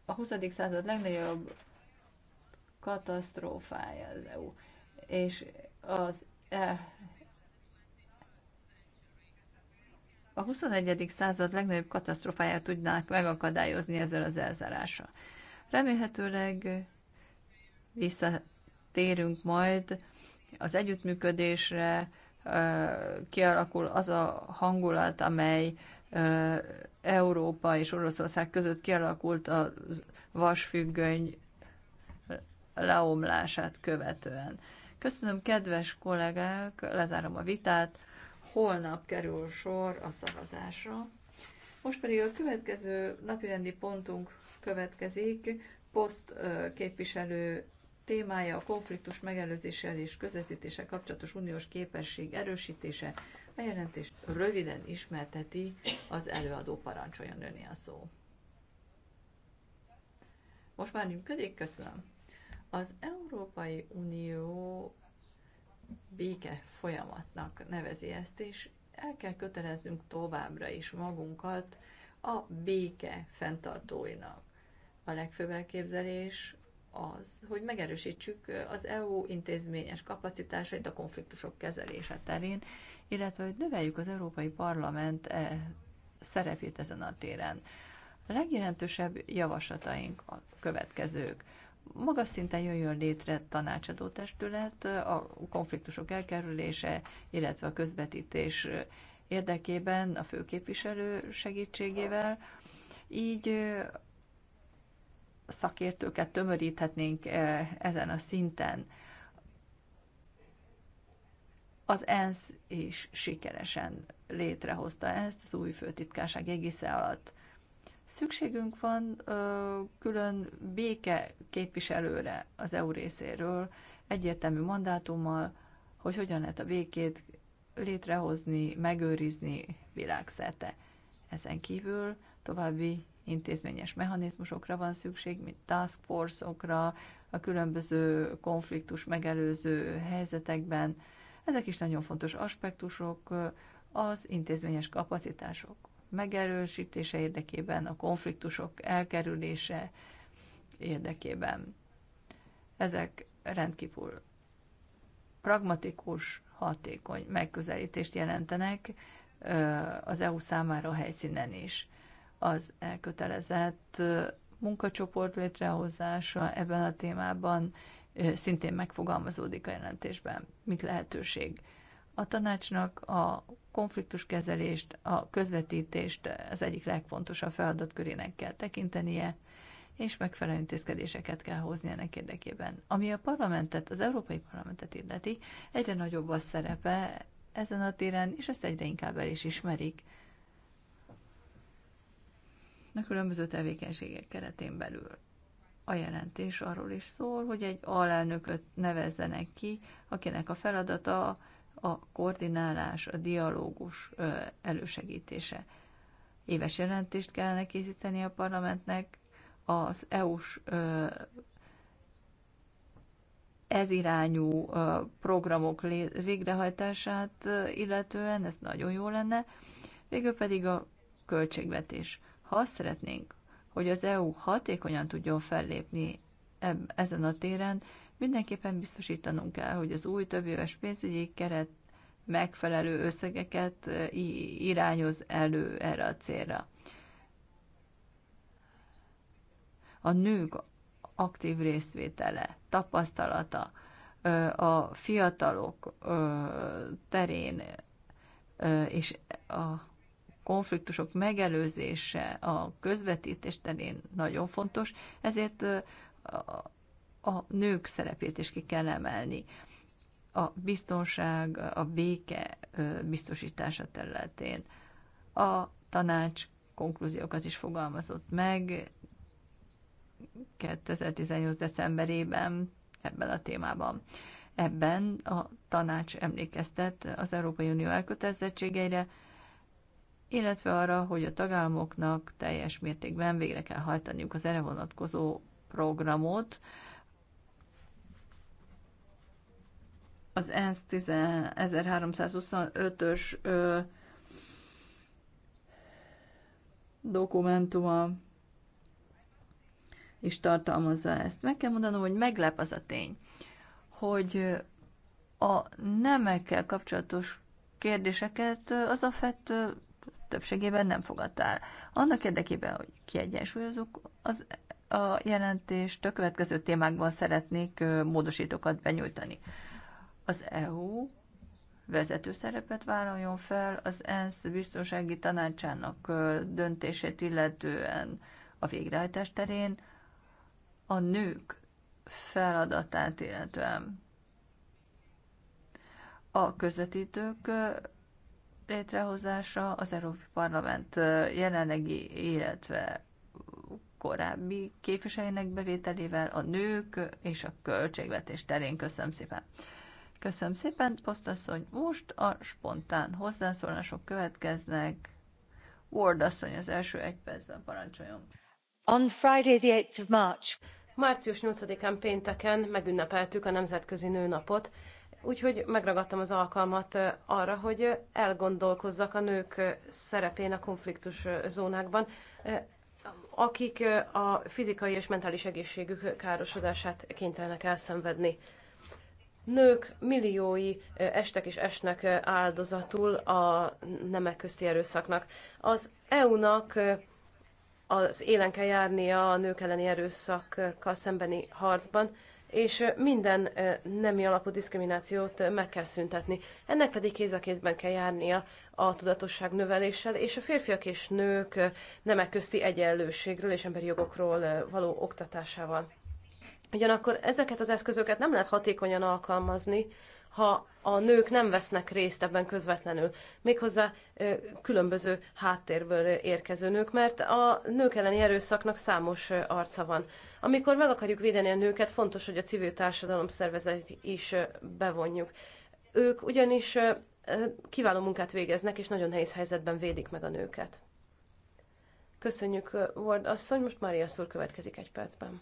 a 20. század legnagyobb katasztrófája az EU. És az e- a 21. század legnagyobb katasztrófáját tudnák megakadályozni ezzel az elzárással. Remélhetőleg visszatérünk majd az együttműködésre, kialakul az a hangulat, amely Európa és Oroszország között kialakult a vasfüggöny leomlását követően. Köszönöm, kedves kollégák, lezárom a vitát. Holnap kerül sor a szavazásra. Most pedig a következő napirendi pontunk következik. Poszt képviselő témája a konfliktus megelőzéssel és közvetítése kapcsolatos uniós képesség erősítése, bejelentést röviden ismerteti, az előadó parancsoljon öné a szó. Most már működik? Köszönöm. Az Európai Unió béke folyamatnak nevezi ezt, és el kell köteleznünk továbbra is magunkat a béke fenntartóinak. A legfőbb elképzelés az, hogy megerősítsük az EU intézményes kapacitásait a konfliktusok kezelése terén, illetve hogy növeljük az Európai Parlament eh, szerepét ezen a téren. A legjelentősebb javaslataink a következők. Magas szinten jöjjön létre tanácsadó testület, eh, a konfliktusok elkerülése, illetve a közvetítés érdekében a főképviselő segítségével. Így eh, szakértőket tömöríthetnénk ezen a szinten. Az ENSZ is sikeresen létrehozta ezt az új főtitkárság égisze alatt. Szükségünk van ö, külön béke képviselőre az EU részéről, egyértelmű mandátummal, hogy hogyan lehet a békét létrehozni, megőrizni világszerte. Ezen kívül további intézményes mechanizmusokra van szükség, mint task force-okra, a különböző konfliktus megelőző helyzetekben, ezek is nagyon fontos aspektusok az intézményes kapacitások megerősítése érdekében, a konfliktusok elkerülése érdekében. Ezek rendkívül pragmatikus, hatékony megközelítést jelentenek az EU számára a helyszínen is. Az elkötelezett munkacsoport létrehozása ebben a témában szintén megfogalmazódik a jelentésben, mint lehetőség. A tanácsnak a konfliktuskezelést, a közvetítést az egyik legfontosabb feladatkörének kell tekintenie, és megfelelő intézkedéseket kell hozni ennek érdekében. Ami a parlamentet, az Európai Parlamentet illeti, egyre nagyobb a szerepe ezen a téren, és ezt egyre inkább el is ismerik a különböző tevékenységek keretén belül. A jelentés arról is szól, hogy egy alelnököt nevezzenek ki, akinek a feladata a koordinálás, a dialógus elősegítése. Éves jelentést kellene készíteni a parlamentnek az EU-s ez irányú programok végrehajtását illetően, ez nagyon jó lenne. Végül pedig a költségvetés. Ha azt szeretnénk, hogy az EU hatékonyan tudjon fellépni ezen a téren, mindenképpen biztosítanunk kell, hogy az új többéves pénzügyi keret megfelelő összegeket e, irányoz elő erre a célra. A nők aktív részvétele, tapasztalata, e, a fiatalok e, terén és a konfliktusok megelőzése a közvetítés terén nagyon fontos, ezért a nők szerepét is ki kell emelni. A biztonság, a béke biztosítása területén. A tanács konklúziókat is fogalmazott meg 2018. decemberében ebben a témában. Ebben a tanács emlékeztet az Európai Unió elkötelezettségeire, illetve arra, hogy a tagállamoknak teljes mértékben végre kell hajtaniuk az erre vonatkozó programot. Az ENSZ 1325-ös dokumentuma is tartalmazza ezt. Meg kell mondanom, hogy meglep az a tény, hogy a nemekkel kapcsolatos kérdéseket az a FET többségében nem fogadta el. Annak érdekében, hogy kiegyensúlyozunk, az a jelentést a következő témákban szeretnék módosítókat benyújtani. Az EU vezető szerepet vállaljon fel az ENSZ biztonsági tanácsának döntését illetően a végrehajtás terén, a nők feladatát illetően. A közvetítők létrehozása az Európai Parlament jelenlegi, illetve korábbi képviselőinek bevételével a nők és a költségvetés terén. Köszönöm szépen! Köszönöm szépen, posztasszony! Most a spontán hozzászólások következnek. Ward asszony az első egy percben parancsoljon. On Friday the 8th of March. Március 8-án pénteken megünnepeltük a Nemzetközi Nőnapot, úgyhogy megragadtam az alkalmat arra, hogy elgondolkozzak a nők szerepén a konfliktus zónákban, akik a fizikai és mentális egészségük károsodását kénytelenek elszenvedni. Nők milliói estek és esnek áldozatul a nemek közti erőszaknak. Az EU-nak az élen kell járnia a nők elleni erőszakkal szembeni harcban, és minden nemi alapú diszkriminációt meg kell szüntetni. Ennek pedig kéz a kézben kell járnia a tudatosság növeléssel, és a férfiak és nők nemek közti egyenlőségről és emberi jogokról való oktatásával. Ugyanakkor ezeket az eszközöket nem lehet hatékonyan alkalmazni, ha a nők nem vesznek részt ebben közvetlenül, méghozzá különböző háttérből érkező nők, mert a nők elleni erőszaknak számos arca van. Amikor meg akarjuk védeni a nőket, fontos, hogy a civil társadalom szervezetét is bevonjuk. Ők ugyanis kiváló munkát végeznek, és nagyon nehéz helyzetben védik meg a nőket. Köszönjük, Ward asszony, most Mária szúr következik egy percben.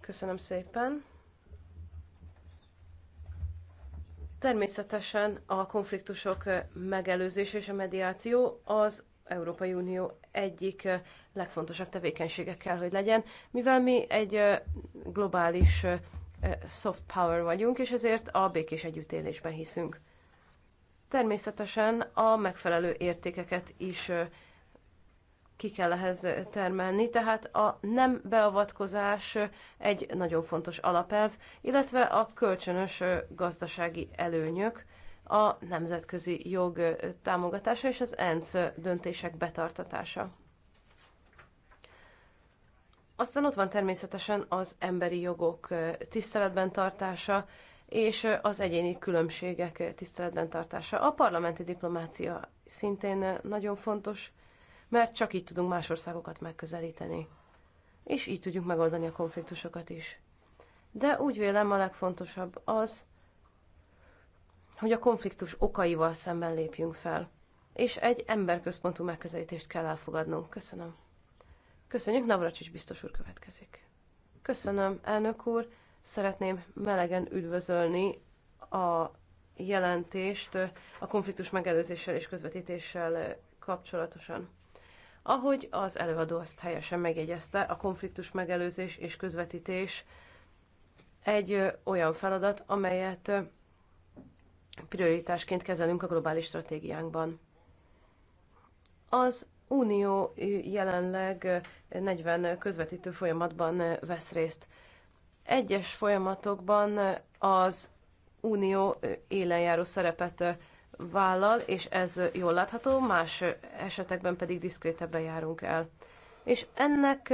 Köszönöm szépen. Természetesen a konfliktusok megelőzése és a mediáció az Európai Unió egyik legfontosabb tevékenysége kell, hogy legyen, mivel mi egy globális soft power vagyunk, és ezért a békés együttélésben hiszünk. Természetesen a megfelelő értékeket is ki kell ehhez termelni, tehát a nem beavatkozás egy nagyon fontos alapelv, illetve a kölcsönös gazdasági előnyök, a nemzetközi jog támogatása és az ENSZ döntések betartatása. Aztán ott van természetesen az emberi jogok tiszteletben tartása, és az egyéni különbségek tiszteletben tartása. A parlamenti diplomácia szintén nagyon fontos mert csak így tudunk más országokat megközelíteni. És így tudjuk megoldani a konfliktusokat is. De úgy vélem a legfontosabb az, hogy a konfliktus okaival szemben lépjünk fel. És egy emberközpontú megközelítést kell elfogadnunk. Köszönöm. Köszönjük, Navracsics biztos úr következik. Köszönöm, elnök úr. Szeretném melegen üdvözölni a jelentést a konfliktus megelőzéssel és közvetítéssel kapcsolatosan. Ahogy az előadó azt helyesen megjegyezte, a konfliktus megelőzés és közvetítés egy olyan feladat, amelyet prioritásként kezelünk a globális stratégiánkban. Az Unió jelenleg 40 közvetítő folyamatban vesz részt. Egyes folyamatokban az Unió élenjáró szerepet vállal, és ez jól látható, más esetekben pedig diszkrétebben járunk el. És ennek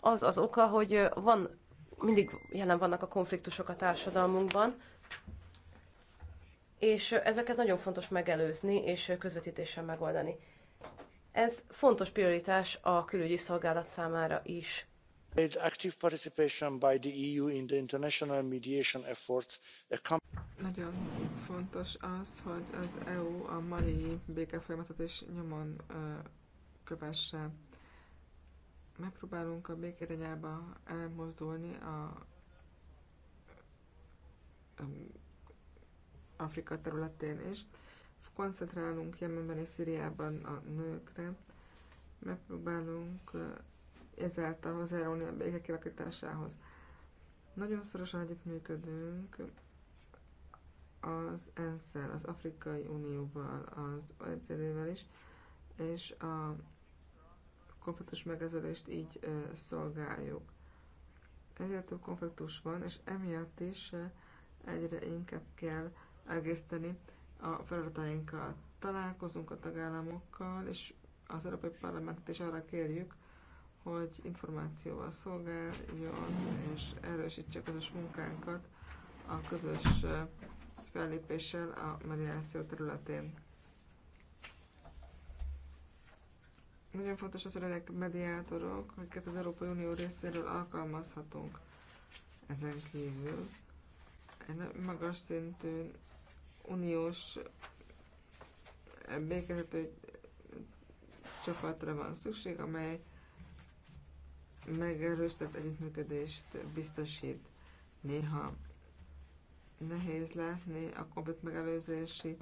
az az oka, hogy van, mindig jelen vannak a konfliktusok a társadalmunkban, és ezeket nagyon fontos megelőzni és közvetítéssel megoldani. Ez fontos prioritás a külügyi szolgálat számára is. Nagyon fontos az, hogy az EU a mali békefolyamatot is nyomon kövesse. Megpróbálunk a békéregyába elmozdulni a Afrika területén is. Koncentrálunk Jemenben és Szíriában a nőkre. Megpróbálunk ezáltal hozzájárulni a béke kialakításához. Nagyon szorosan együttműködünk az ensz az Afrikai Unióval, az oecd is, és a konfliktus megezelést így szolgáljuk. Egyre több konfliktus van, és emiatt is egyre inkább kell egészteni a feladatainkat. Találkozunk a tagállamokkal, és az Európai Parlamentet is arra kérjük, hogy információval szolgáljon és erősítse a közös munkánkat a közös fellépéssel a mediáció területén. Nagyon fontos az, hogy legyenek mediátorok, akiket az Európai Unió részéről alkalmazhatunk. Ezen kívül egy magas szintű uniós békezető csapatra van szükség, amely megerősített együttműködést biztosít. Néha nehéz látni a COVID megelőzési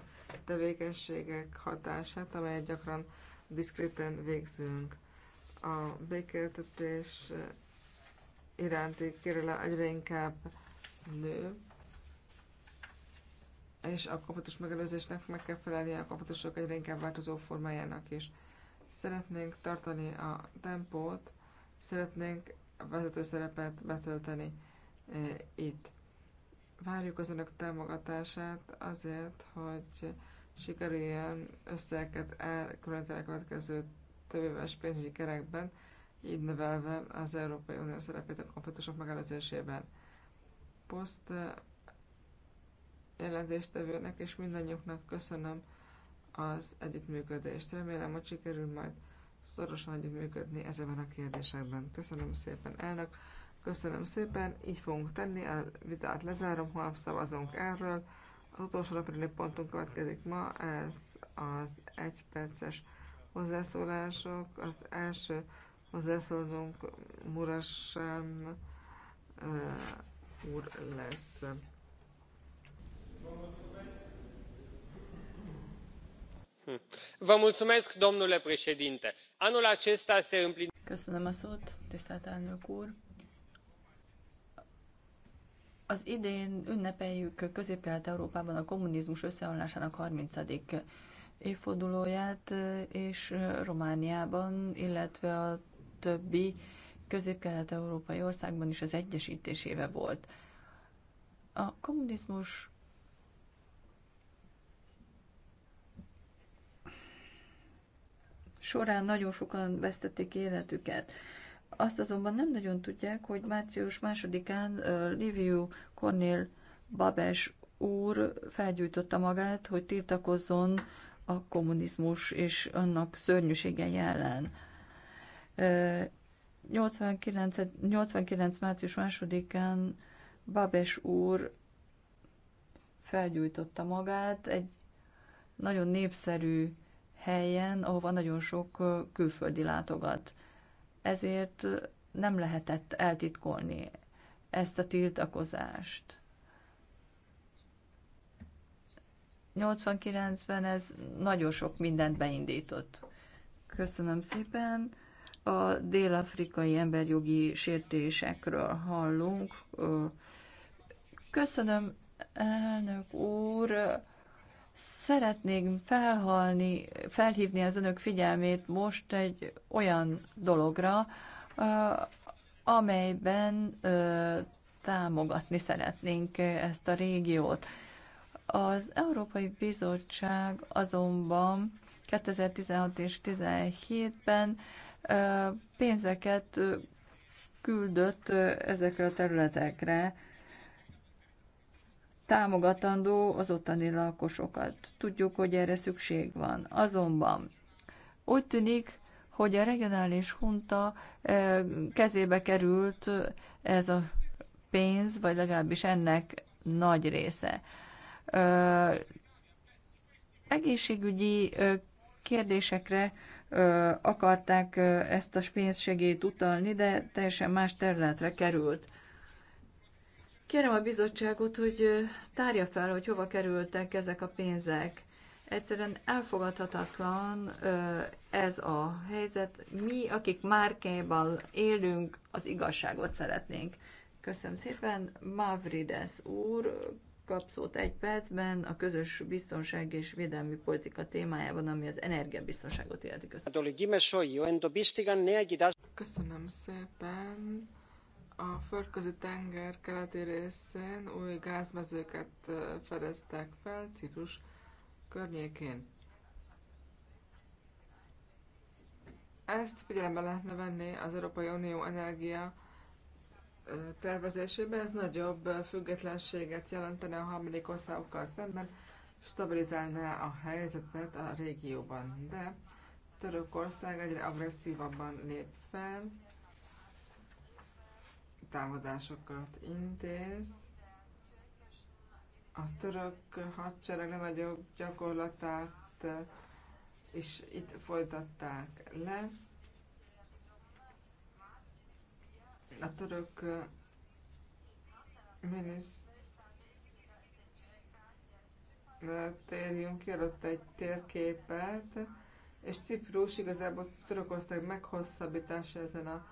tevékenységek hatását, amelyet gyakran diszkréten végzünk. A békéltetés iránti kérelem egyre inkább nő, és a kapatos megelőzésnek meg kell felelni a kapatosok egyre inkább változó formájának is. Szeretnénk tartani a tempót, szeretnénk vezető szerepet betölteni e, itt. Várjuk az önök támogatását azért, hogy sikerüljön összeeket elkülönteni a következő többéves pénzügyi kerekben, így növelve az Európai Unió szerepét a konfliktusok megelőzésében. Poszt e, jelentéstevőnek és mindannyiuknak köszönöm az együttműködést. Remélem, hogy sikerül majd szorosan együttműködni ezekben a kérdésekben. Köszönöm szépen, elnök! Köszönöm szépen, így fogunk tenni, a vitát lezárom, holnap szavazunk erről. Az utolsó napi pontunk következik ma, ez az egyperces hozzászólások. Az első hozzászólunk Murasán uh, úr lesz. Hm. domnule președinte anul acesta se împlinesc. a az idén ünnepeljük európában a kommunizmus összeomlásának évfordulóját és romániában illetve a többi európai országban is az volt. a kommunizmus során nagyon sokan vesztették életüket. Azt azonban nem nagyon tudják, hogy március másodikán Liviu Cornél Babes úr felgyújtotta magát, hogy tiltakozzon a kommunizmus és annak szörnyűsége ellen. 89, 89 március másodikán Babes úr felgyújtotta magát egy nagyon népszerű helyen, ahova nagyon sok külföldi látogat. Ezért nem lehetett eltitkolni ezt a tiltakozást. 89-ben ez nagyon sok mindent beindított. Köszönöm szépen. A dél-afrikai emberjogi sértésekről hallunk. Köszönöm, elnök úr. Szeretnék felhalni, felhívni az önök figyelmét most egy olyan dologra, amelyben támogatni szeretnénk ezt a régiót. Az Európai Bizottság azonban 2016 és 2017-ben pénzeket küldött ezekre a területekre, támogatandó az ottani lakosokat. Tudjuk, hogy erre szükség van. Azonban úgy tűnik, hogy a regionális hunta eh, kezébe került ez a pénz, vagy legalábbis ennek nagy része. Eh, egészségügyi eh, kérdésekre akarták ezt a pénzsegélyt utalni, de teljesen más területre került. Kérem a bizottságot, hogy tárja fel, hogy hova kerültek ezek a pénzek. Egyszerűen elfogadhatatlan ez a helyzet. Mi, akik márkéval élünk, az igazságot szeretnénk. Köszönöm szépen. Mavrides úr kap szót egy percben a közös biztonság és védelmi politika témájában, ami az energiabiztonságot illeti. Köszönöm. Köszönöm szépen a földközi tenger keleti részén új gázmezőket fedeztek fel Ciprus környékén. Ezt figyelembe lehetne venni az Európai Unió energia tervezésében, ez nagyobb függetlenséget jelentene a harmadik országokkal szemben, stabilizálná a helyzetet a régióban. De Törökország egyre agresszívabban lép fel, támadásokat intéz. A török hadsereg nagyobb gyakorlatát eh, is itt folytatták le. A török eh, minisztérium kiadott egy térképet, és Ciprus igazából Törökország meghosszabbítása ezen a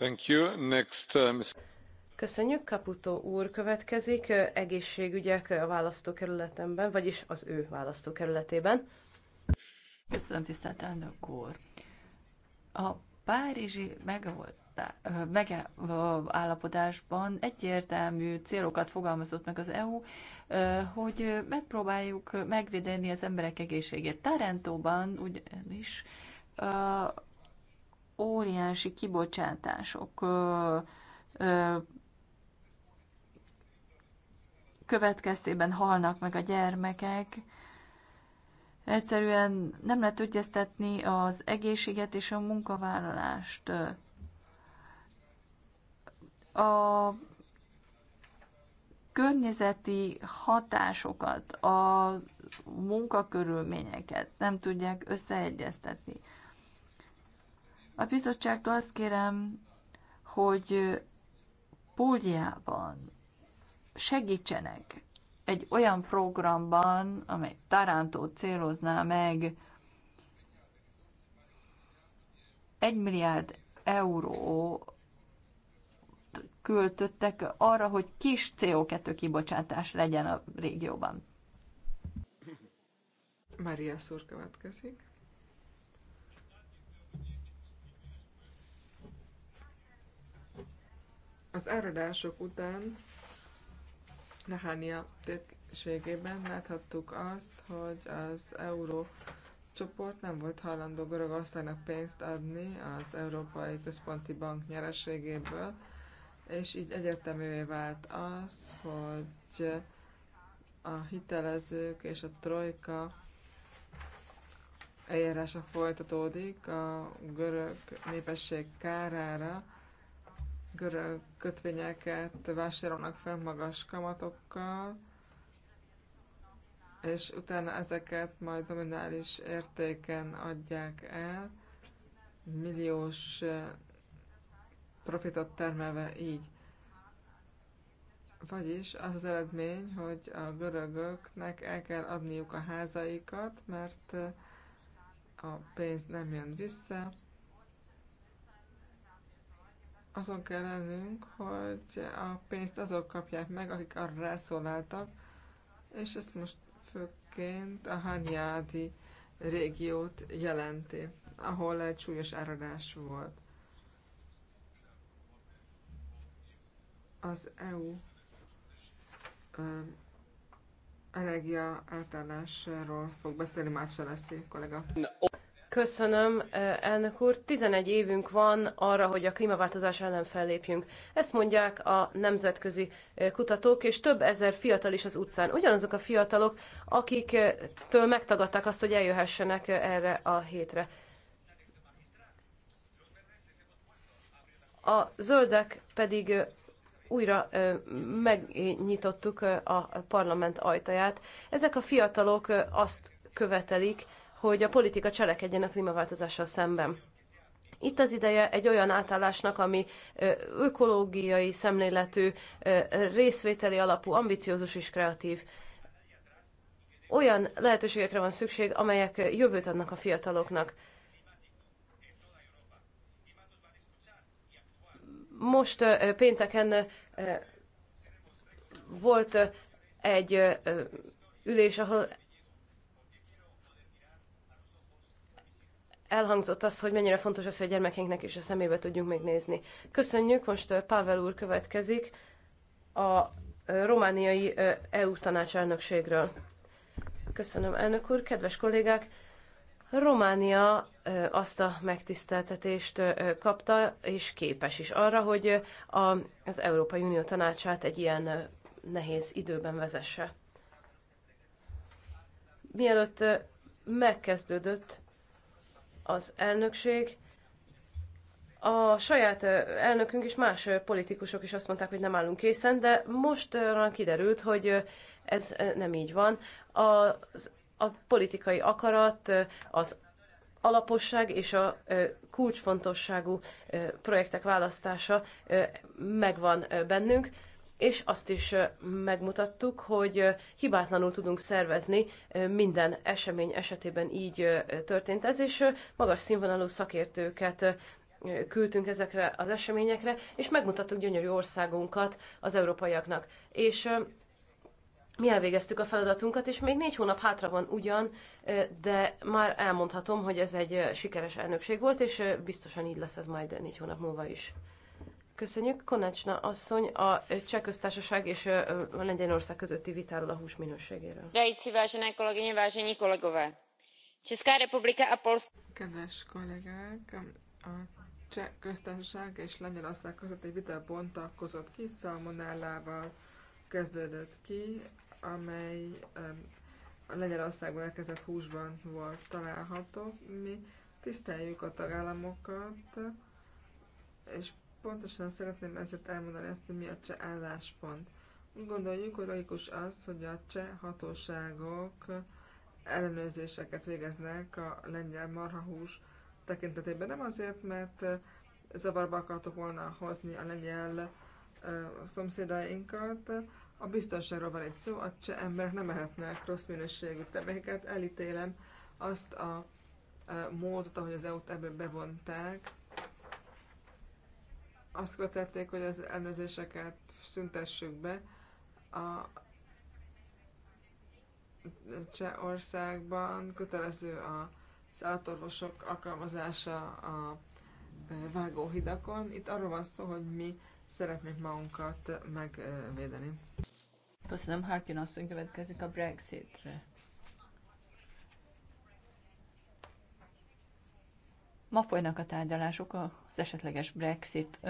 Uh, Köszönjük, Caputo úr következik egészségügyek a választókerületemben, vagyis az ő választókerületében. Köszönöm, tisztelt elnök úr. A párizsi megállapodásban egyértelmű célokat fogalmazott meg az EU, hogy megpróbáljuk megvédeni az emberek egészségét. Tarentóban ugyanis óriási kibocsátások következtében halnak meg a gyermekek. Egyszerűen nem lehet ügyeztetni az egészséget és a munkavállalást. A környezeti hatásokat, a munkakörülményeket nem tudják összeegyeztetni. A bizottságtól azt kérem, hogy Púliában segítsenek egy olyan programban, amely Tarantót célozná meg, 1 milliárd euró költöttek arra, hogy kis CO2 kibocsátás legyen a régióban. Maria Szúr következik. Az áradások után Lehánia térségében láthattuk azt, hogy az euró csoport nem volt hajlandó Görögországnak pénzt adni az Európai Központi Bank nyereségéből, és így egyértelművé vált az, hogy a hitelezők és a trojka eljárása folytatódik a görög népesség kárára, görög kötvényeket vásárolnak fel magas kamatokkal, és utána ezeket majd nominális értéken adják el, milliós profitot termelve így. Vagyis az az eredmény, hogy a görögöknek el kell adniuk a házaikat, mert a pénz nem jön vissza, azon kell lennünk, hogy a pénzt azok kapják meg, akik arra rászólaltak, és ezt most főként a Hanyádi régiót jelenti, ahol egy súlyos áradás volt. Az EU energia átállásról fog beszélni Mácsa Leszi kollega. Köszönöm, elnök úr. 11 évünk van arra, hogy a klímaváltozás ellen fellépjünk. Ezt mondják a nemzetközi kutatók, és több ezer fiatal is az utcán. Ugyanazok a fiatalok, akiktől megtagadták azt, hogy eljöhessenek erre a hétre. A zöldek pedig újra megnyitottuk a parlament ajtaját. Ezek a fiatalok azt követelik, hogy a politika cselekedjen a klímaváltozással szemben. Itt az ideje egy olyan átállásnak, ami ökológiai szemléletű, részvételi alapú, ambiciózus és kreatív. Olyan lehetőségekre van szükség, amelyek jövőt adnak a fiataloknak. Most pénteken volt egy ülés, ahol elhangzott az, hogy mennyire fontos az, hogy a gyermekeinknek is a szemébe tudjunk még nézni. Köszönjük, most Pavel úr következik a romániai EU tanács elnökségről. Köszönöm, elnök úr, kedves kollégák! Románia azt a megtiszteltetést kapta, és képes is arra, hogy az Európai Unió tanácsát egy ilyen nehéz időben vezesse. Mielőtt megkezdődött az elnökség. A saját elnökünk és más politikusok is azt mondták, hogy nem állunk készen, de most kiderült, hogy ez nem így van. A, a politikai akarat, az alaposság és a kulcsfontosságú projektek választása megvan bennünk és azt is megmutattuk, hogy hibátlanul tudunk szervezni minden esemény esetében így történt ez, és magas színvonalú szakértőket küldtünk ezekre az eseményekre, és megmutattuk gyönyörű országunkat az európaiaknak. És mi elvégeztük a feladatunkat, és még négy hónap hátra van ugyan, de már elmondhatom, hogy ez egy sikeres elnökség volt, és biztosan így lesz ez majd négy hónap múlva is. Köszönjük. Konácsna asszony a Cseh Köztársaság és Lengyelország közötti vitáról a hús minőségéről. Rejci, vážené kolegyne, vážení kolegové. Česká republika a Polska... Kedves kollégák, a Cseh Köztársaság és Lengyelország közötti vita bontakozott ki, szalmonellával kezdődött ki, amely a Lengyelországban elkezdett húsban volt található. Mi tiszteljük a tagállamokat, és Pontosan szeretném ezért elmondani azt, hogy mi a cseh álláspont. Gondoljuk, hogy logikus az, hogy a cseh hatóságok ellenőrzéseket végeznek a lengyel marhahús tekintetében. Nem azért, mert eh, zavarba akartok volna hozni a lengyel eh, szomszédainkat. A biztonságról van egy szó, a cseh emberek nem ehetnek rossz minőségű terméket. Elítélem azt a eh, módot, ahogy az EU-t ebbe bevonták azt követelték, hogy az ellenőrzéseket szüntessük be. A Csehországban kötelező a szállatorvosok alkalmazása a vágóhidakon. Itt arról van szó, hogy mi szeretnénk magunkat megvédeni. Köszönöm, Harkin asszony következik a Brexitre. Ma folynak a tárgyalások az esetleges Brexit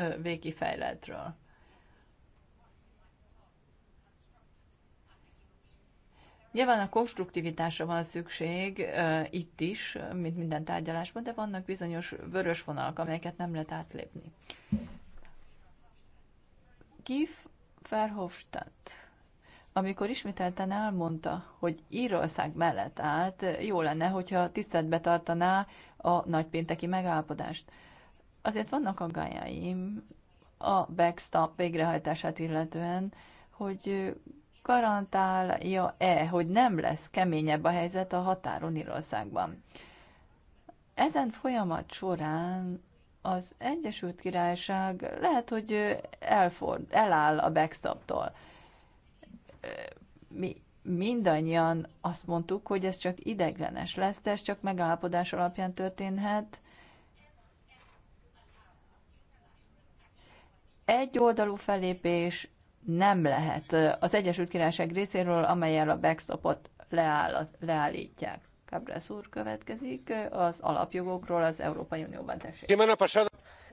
fejletről. Nyilván a konstruktivitásra van szükség itt is, mint minden tárgyalásban, de vannak bizonyos vörös vonalak, amelyeket nem lehet átlépni. Kif Verhofstadt, amikor ismételten elmondta, hogy Írország mellett állt, jó lenne, hogyha tiszteletbe tartaná a nagypénteki megállapodást. Azért vannak aggájaim a backstop végrehajtását illetően, hogy garantálja-e, hogy nem lesz keményebb a helyzet a határon Írországban. Ezen folyamat során az Egyesült Királyság lehet, hogy elford, eláll a backstoptól. Mi mindannyian azt mondtuk, hogy ez csak ideglenes lesz, de ez csak megállapodás alapján történhet. Egy oldalú felépés nem lehet az Egyesült Királyság részéről, amelyel a backstopot leáll, leállítják. Cabres úr következik az alapjogokról az Európai Unióban. Tessék.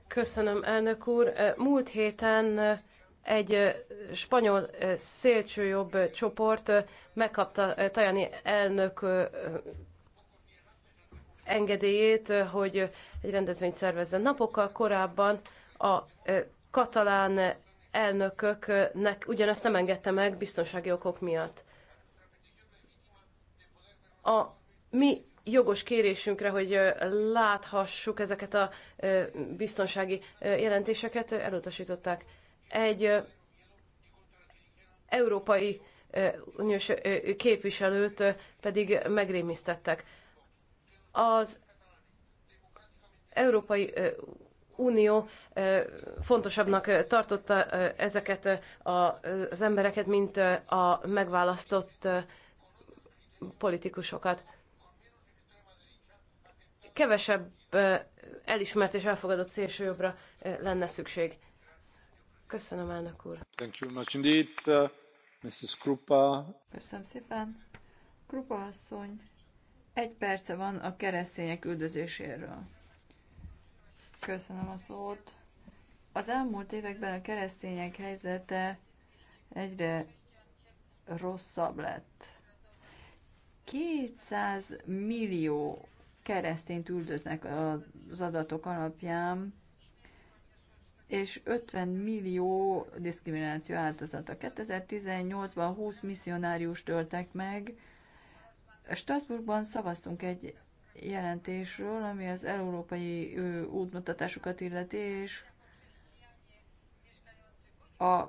Köszönöm, elnök úr. Múlt héten egy spanyol szélsőjobb csoport megkapta Tajani elnök engedélyét, hogy egy rendezvényt szervezzen. Napokkal korábban a katalán elnököknek ugyanezt nem engedte meg biztonsági okok miatt. A mi jogos kérésünkre, hogy láthassuk ezeket a biztonsági jelentéseket, elutasították egy európai uniós képviselőt pedig megrémisztettek. Az Európai Unió fontosabbnak tartotta ezeket az embereket, mint a megválasztott politikusokat. Kevesebb elismert és elfogadott szélsőjobbra lenne szükség. Köszönöm, elnök úr. Thank you much indeed, uh, Mrs. Krupa. Köszönöm szépen. Krupa asszony, egy perce van a keresztények üldözéséről. Köszönöm a szót. Az elmúlt években a keresztények helyzete egyre rosszabb lett. 200 millió keresztényt üldöznek az adatok alapján, és 50 millió diszkrimináció áldozata. 2018-ban 20 misszionárius töltek meg. Strasbourgban szavaztunk egy jelentésről, ami az európai útmutatásokat illeti, és a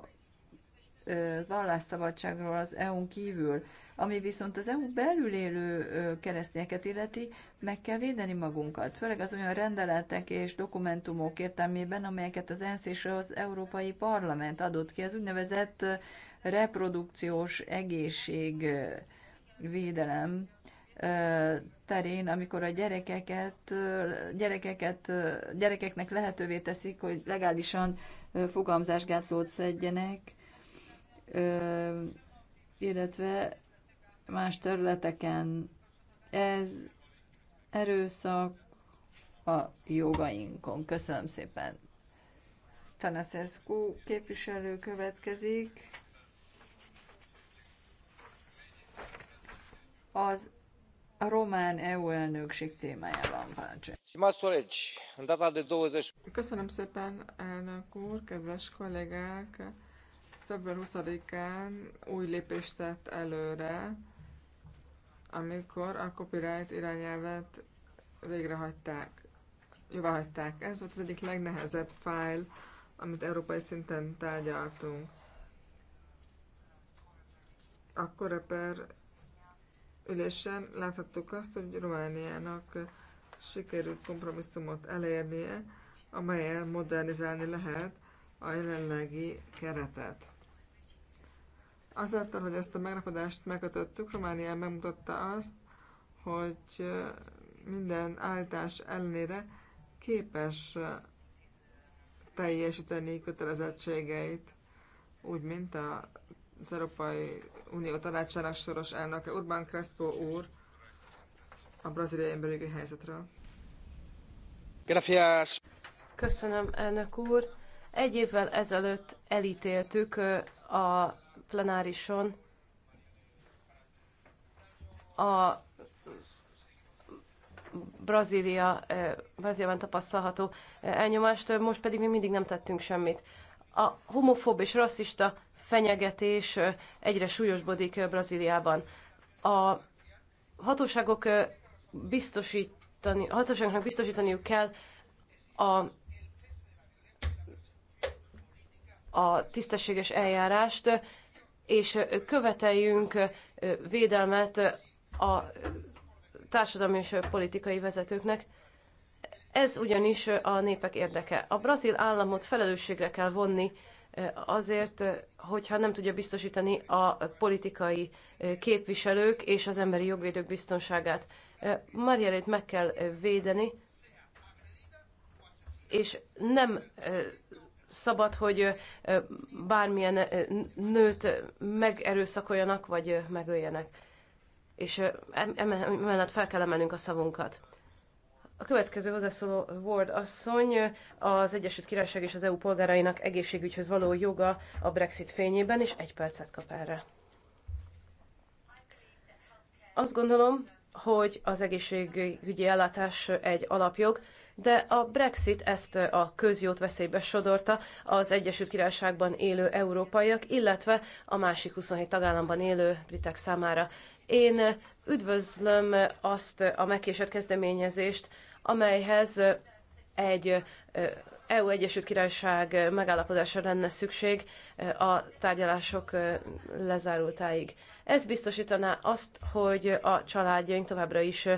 vallásszabadságról az EU-n kívül. Ami viszont az EU belül élő keresztényeket illeti, meg kell védeni magunkat, főleg az olyan rendeletek és dokumentumok értelmében, amelyeket az ENSZ és az Európai Parlament adott ki, az úgynevezett reprodukciós egészségvédelem terén, amikor a gyerekeket, gyerekeket, gyerekeknek lehetővé teszik, hogy legálisan fogamzásgátlót szedjenek, illetve más területeken. Ez erőszak a jogainkon. Köszönöm szépen. Tanaszeszkó képviselő következik. Az a román EU elnökség témájában van. Köszönöm szépen, elnök úr, kedves kollégák! február 20-án új lépést tett előre, amikor a copyright irányelvet végrehagyták, jóváhagyták. Ez volt az egyik legnehezebb fájl, amit európai szinten tárgyaltunk. A Koreper ülésen láthattuk azt, hogy Romániának sikerült kompromisszumot elérnie, amelyel modernizálni lehet a jelenlegi keretet. Azáltal, hogy ezt a megrapadást megkötöttük, Románia megmutatta azt, hogy minden állítás ellenére képes teljesíteni kötelezettségeit, úgy, mint az Európai Unió tanácsának soros elnöke Urban Crespo úr a braziliai emberi helyzetről. Gracias. Köszönöm, elnök úr. Egy évvel ezelőtt elítéltük a plenárison a Brazília, eh, Brazíliában tapasztalható eh, elnyomást, eh, most pedig mi mindig nem tettünk semmit. A homofób és rasszista fenyegetés egyre súlyosbodik Brazíliában. A hatóságok biztosítani, hatóságoknak biztosítaniuk kell a a tisztességes eljárást, és követeljünk védelmet a társadalmi és politikai vezetőknek. Ez ugyanis a népek érdeke. A brazil államot felelősségre kell vonni azért, hogyha nem tudja biztosítani a politikai képviselők és az emberi jogvédők biztonságát. Marielét meg kell védeni, és nem szabad, hogy bármilyen nőt megerőszakoljanak, vagy megöljenek. És emellett fel kell emelnünk a szavunkat. A következő hozzászóló Ward asszony az Egyesült Királyság és az EU polgárainak egészségügyhöz való joga a Brexit fényében, és egy percet kap erre. Azt gondolom, hogy az egészségügyi ellátás egy alapjog, de a Brexit ezt a közjót veszélybe sodorta az Egyesült Királyságban élő európaiak, illetve a másik 27 tagállamban élő britek számára. Én üdvözlöm azt a megkésett kezdeményezést, amelyhez egy EU Egyesült Királyság megállapodásra lenne szükség a tárgyalások lezárultáig. Ez biztosítaná azt, hogy a családjaink továbbra is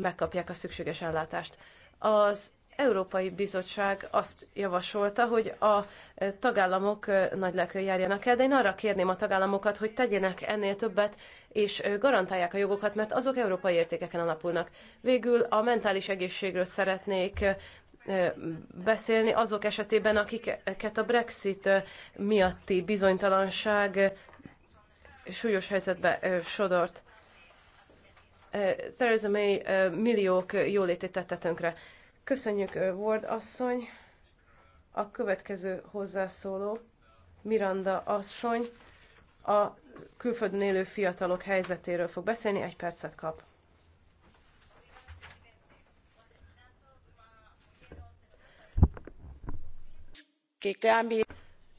megkapják a szükséges ellátást. Az Európai Bizottság azt javasolta, hogy a tagállamok nagy járjanak el, de én arra kérném a tagállamokat, hogy tegyenek ennél többet, és garantálják a jogokat, mert azok európai értékeken alapulnak. Végül a mentális egészségről szeretnék beszélni azok esetében, akiket a Brexit miatti bizonytalanság súlyos helyzetbe sodort. Theresa May milliók jólétét tette tönkre. Köszönjük, Ward asszony. A következő hozzászóló, Miranda asszony, a külföldön élő fiatalok helyzetéről fog beszélni, egy percet kap.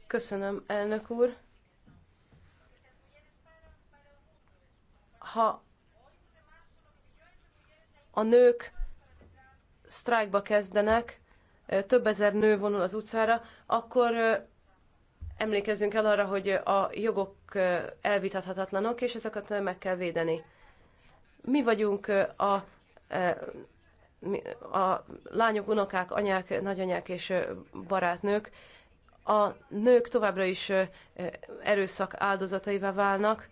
Köszönöm, elnök úr. Ha a nők sztrájkba kezdenek, több ezer nő vonul az utcára, akkor emlékezzünk el arra, hogy a jogok elvitathatatlanok, és ezeket meg kell védeni. Mi vagyunk a, a lányok, unokák, anyák, nagyanyák és barátnők. A nők továbbra is erőszak áldozataivá válnak,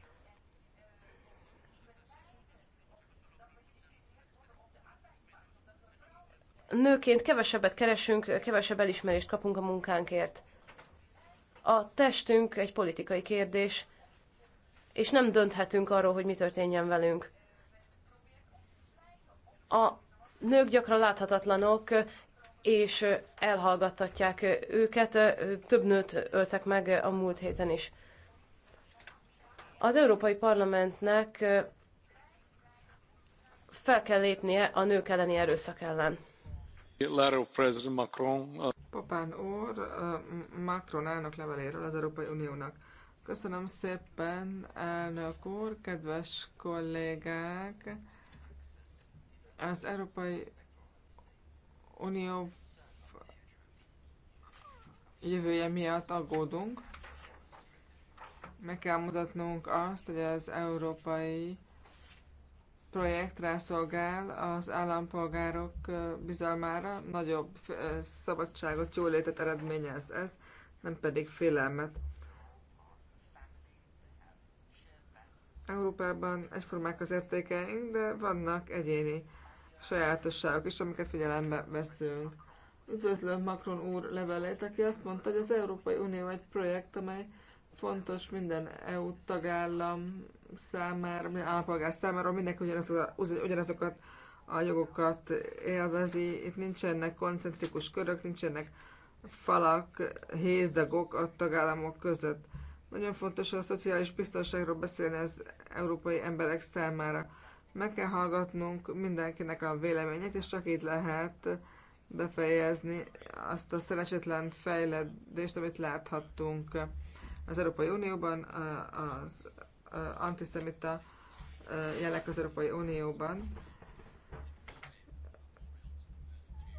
nőként kevesebbet keresünk, kevesebb elismerést kapunk a munkánkért. A testünk egy politikai kérdés, és nem dönthetünk arról, hogy mi történjen velünk. A nők gyakran láthatatlanok, és elhallgattatják őket. Több nőt öltek meg a múlt héten is. Az Európai Parlamentnek fel kell lépnie a nők elleni erőszak ellen. Papán uh, úr uh, Macron elnök leveléről az Európai Uniónak. Köszönöm szépen, elnök úr, kedves kollégák! Az Európai Unió jövője miatt aggódunk. Meg kell mutatnunk azt, hogy az európai projekt rászolgál az állampolgárok bizalmára, nagyobb szabadságot, jólétet eredményez ez, nem pedig félelmet. Európában egyformák az értékeink, de vannak egyéni sajátosságok is, amiket figyelembe veszünk. Üdvözlöm Macron úr levelét, aki azt mondta, hogy az Európai Unió egy projekt, amely fontos minden EU tagállam számára, minden állampolgár számára mindenki ugyanazokat, ugyanazokat a jogokat élvezi. Itt nincsenek koncentrikus körök, nincsenek falak, hézdagok a tagállamok között. Nagyon fontos a szociális biztonságról beszélni az európai emberek számára. Meg kell hallgatnunk mindenkinek a véleményét, és csak így lehet befejezni azt a szerencsétlen fejlődést, amit láthattunk az Európai Unióban, az antiszemita jelek az Európai Unióban.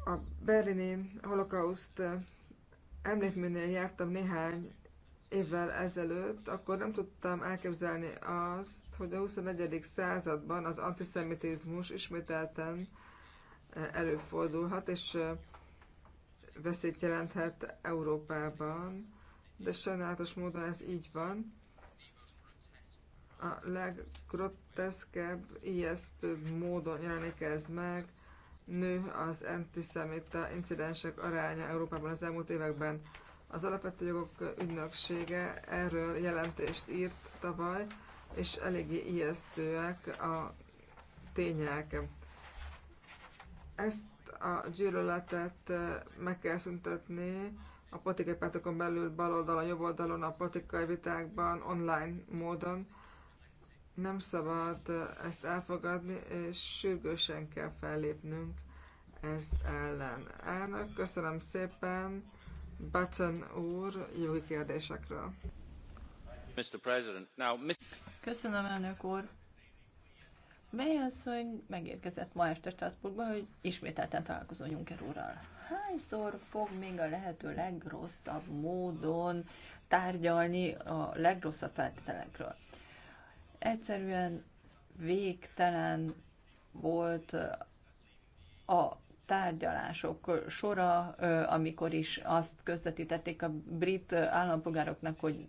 A berlini holokauszt emlékműnél jártam néhány évvel ezelőtt, akkor nem tudtam elképzelni azt, hogy a 21. században az antiszemitizmus ismételten előfordulhat, és veszélyt jelenthet Európában, de sajnálatos módon ez így van a leggroteszkebb, ijesztőbb módon jelenik ez meg. Nő az antiszemita incidensek aránya Európában az elmúlt években. Az Alapvető Jogok Ügynöksége erről jelentést írt tavaly, és eléggé ijesztőek a tények. Ezt a gyűlöletet eh, meg kell szüntetni a politikai pártokon belül baloldalon, jobb oldalon, a politikai vitákban, online módon nem szabad ezt elfogadni, és sürgősen kell fellépnünk ez ellen. Elnök, köszönöm szépen. Batten úr, jogi kérdésekről. Mr. President. Now, Mr. Köszönöm, elnök úr. Mely az, megérkezett ma este Strasbourgba, hogy ismételten találkozó Juncker úrral? Hányszor fog még a lehető legrosszabb módon tárgyalni a legrosszabb feltételekről? Egyszerűen végtelen volt a tárgyalások sora, amikor is azt közvetítették a brit állampolgároknak, hogy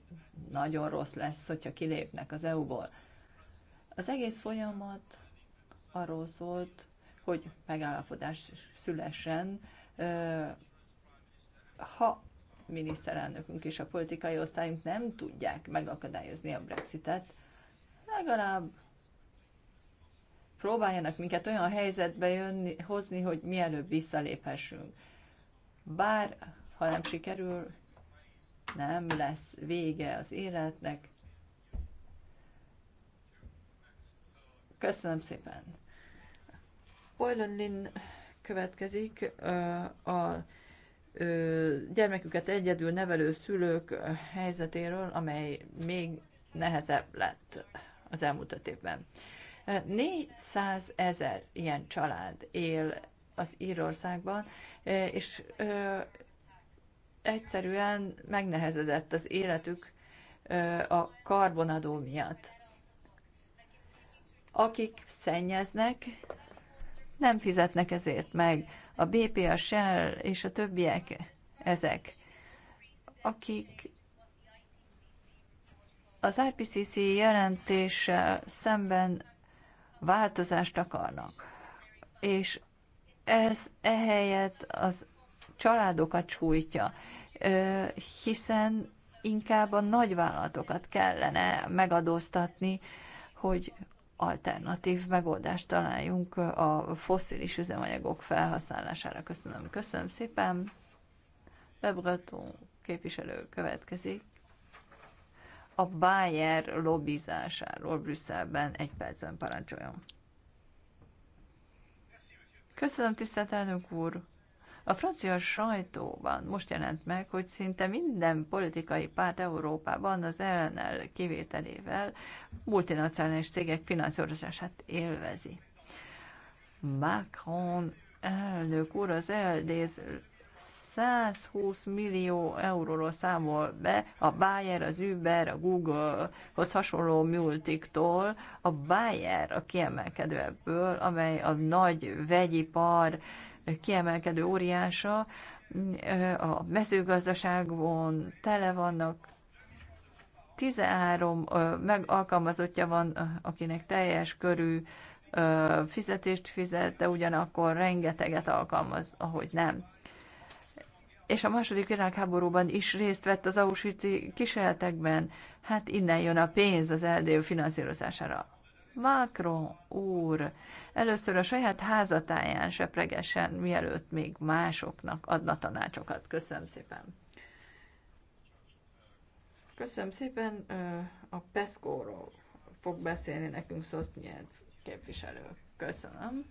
nagyon rossz lesz, hogyha kilépnek az EU-ból. Az egész folyamat arról szólt, hogy megállapodás szülesen, ha miniszterelnökünk és a politikai osztályunk nem tudják megakadályozni a Brexitet, legalább próbáljanak minket olyan helyzetbe jönni, hozni, hogy mielőbb visszaléphessünk. Bár, ha nem sikerül, nem lesz vége az életnek. Köszönöm szépen. Oilanin következik a gyermeküket egyedül nevelő szülők helyzetéről, amely még nehezebb lett az elmúlt öt évben. 400 ezer ilyen család él az Írországban, és egyszerűen megnehezedett az életük a karbonadó miatt. Akik szennyeznek, nem fizetnek ezért meg. A BP, a Shell és a többiek ezek, akik az IPCC jelentéssel szemben változást akarnak, és ez ehelyett az családokat sújtja, hiszen inkább a nagyvállalatokat kellene megadóztatni, hogy alternatív megoldást találjunk a foszilis üzemanyagok felhasználására. Köszönöm. Köszönöm szépen. Lebreton képviselő következik a Bayer lobbizásáról Brüsszelben egy percben parancsoljon. Köszönöm, tisztelt elnök úr! A francia sajtóban most jelent meg, hogy szinte minden politikai párt Európában az ellenel kivételével multinacionális cégek finanszírozását élvezi. Macron elnök úr az LD 120 millió euróról számol be a Bayer, az Uber, a Google-hoz hasonló multiktól. A Bayer a kiemelkedő ebből, amely a nagy vegyipar kiemelkedő óriása. A mezőgazdaságon tele vannak 13 megalkalmazottja van, akinek teljes körű fizetést fizet, de ugyanakkor rengeteget alkalmaz, ahogy nem és a második világháborúban is részt vett az auschwitz kísérletekben. Hát innen jön a pénz az LDU finanszírozására. Macron úr, először a saját házatáján sepregesen, mielőtt még másoknak adna tanácsokat. Köszönöm szépen. Köszönöm szépen. A Peszkóról fog beszélni nekünk Szosznyelc képviselő. Köszönöm.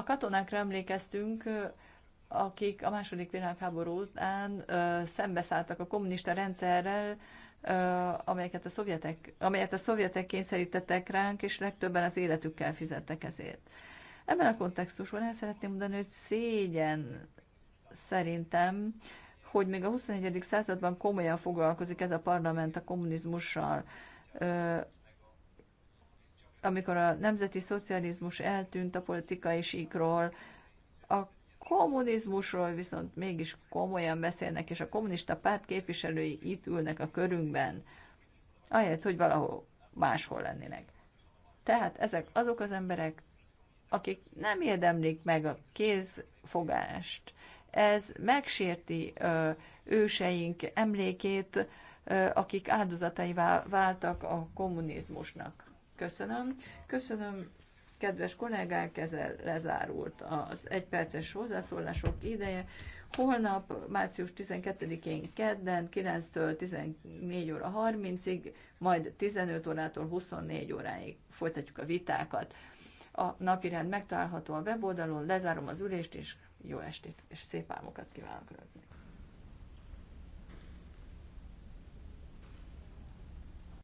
A katonákra emlékeztünk, akik a második világháború után ö, szembeszálltak a kommunista rendszerrel, ö, amelyeket a szovjetek, amelyet a szovjetek kényszerítettek ránk, és legtöbben az életükkel fizettek ezért. Ebben a kontextusban el szeretném mondani, hogy szégyen szerintem, hogy még a 21. században komolyan foglalkozik ez a parlament a kommunizmussal. Ö, amikor a nemzeti szocializmus eltűnt a politikai síkról, a kommunizmusról viszont mégis komolyan beszélnek, és a kommunista párt képviselői itt ülnek a körünkben, ahelyett, hogy valahol máshol lennének. Tehát ezek azok az emberek, akik nem érdemlik meg a kézfogást. Ez megsérti ö, őseink emlékét, ö, akik áldozataivá váltak a kommunizmusnak. Köszönöm. Köszönöm, kedves kollégák, ezzel lezárult az egyperces hozzászólások ideje. Holnap, március 12-én kedden 9-től 14 óra 30-ig, majd 15 órától 24 óráig folytatjuk a vitákat. A napirend megtalálható a weboldalon, lezárom az ülést, és jó estét és szép álmokat kívánok önöknek.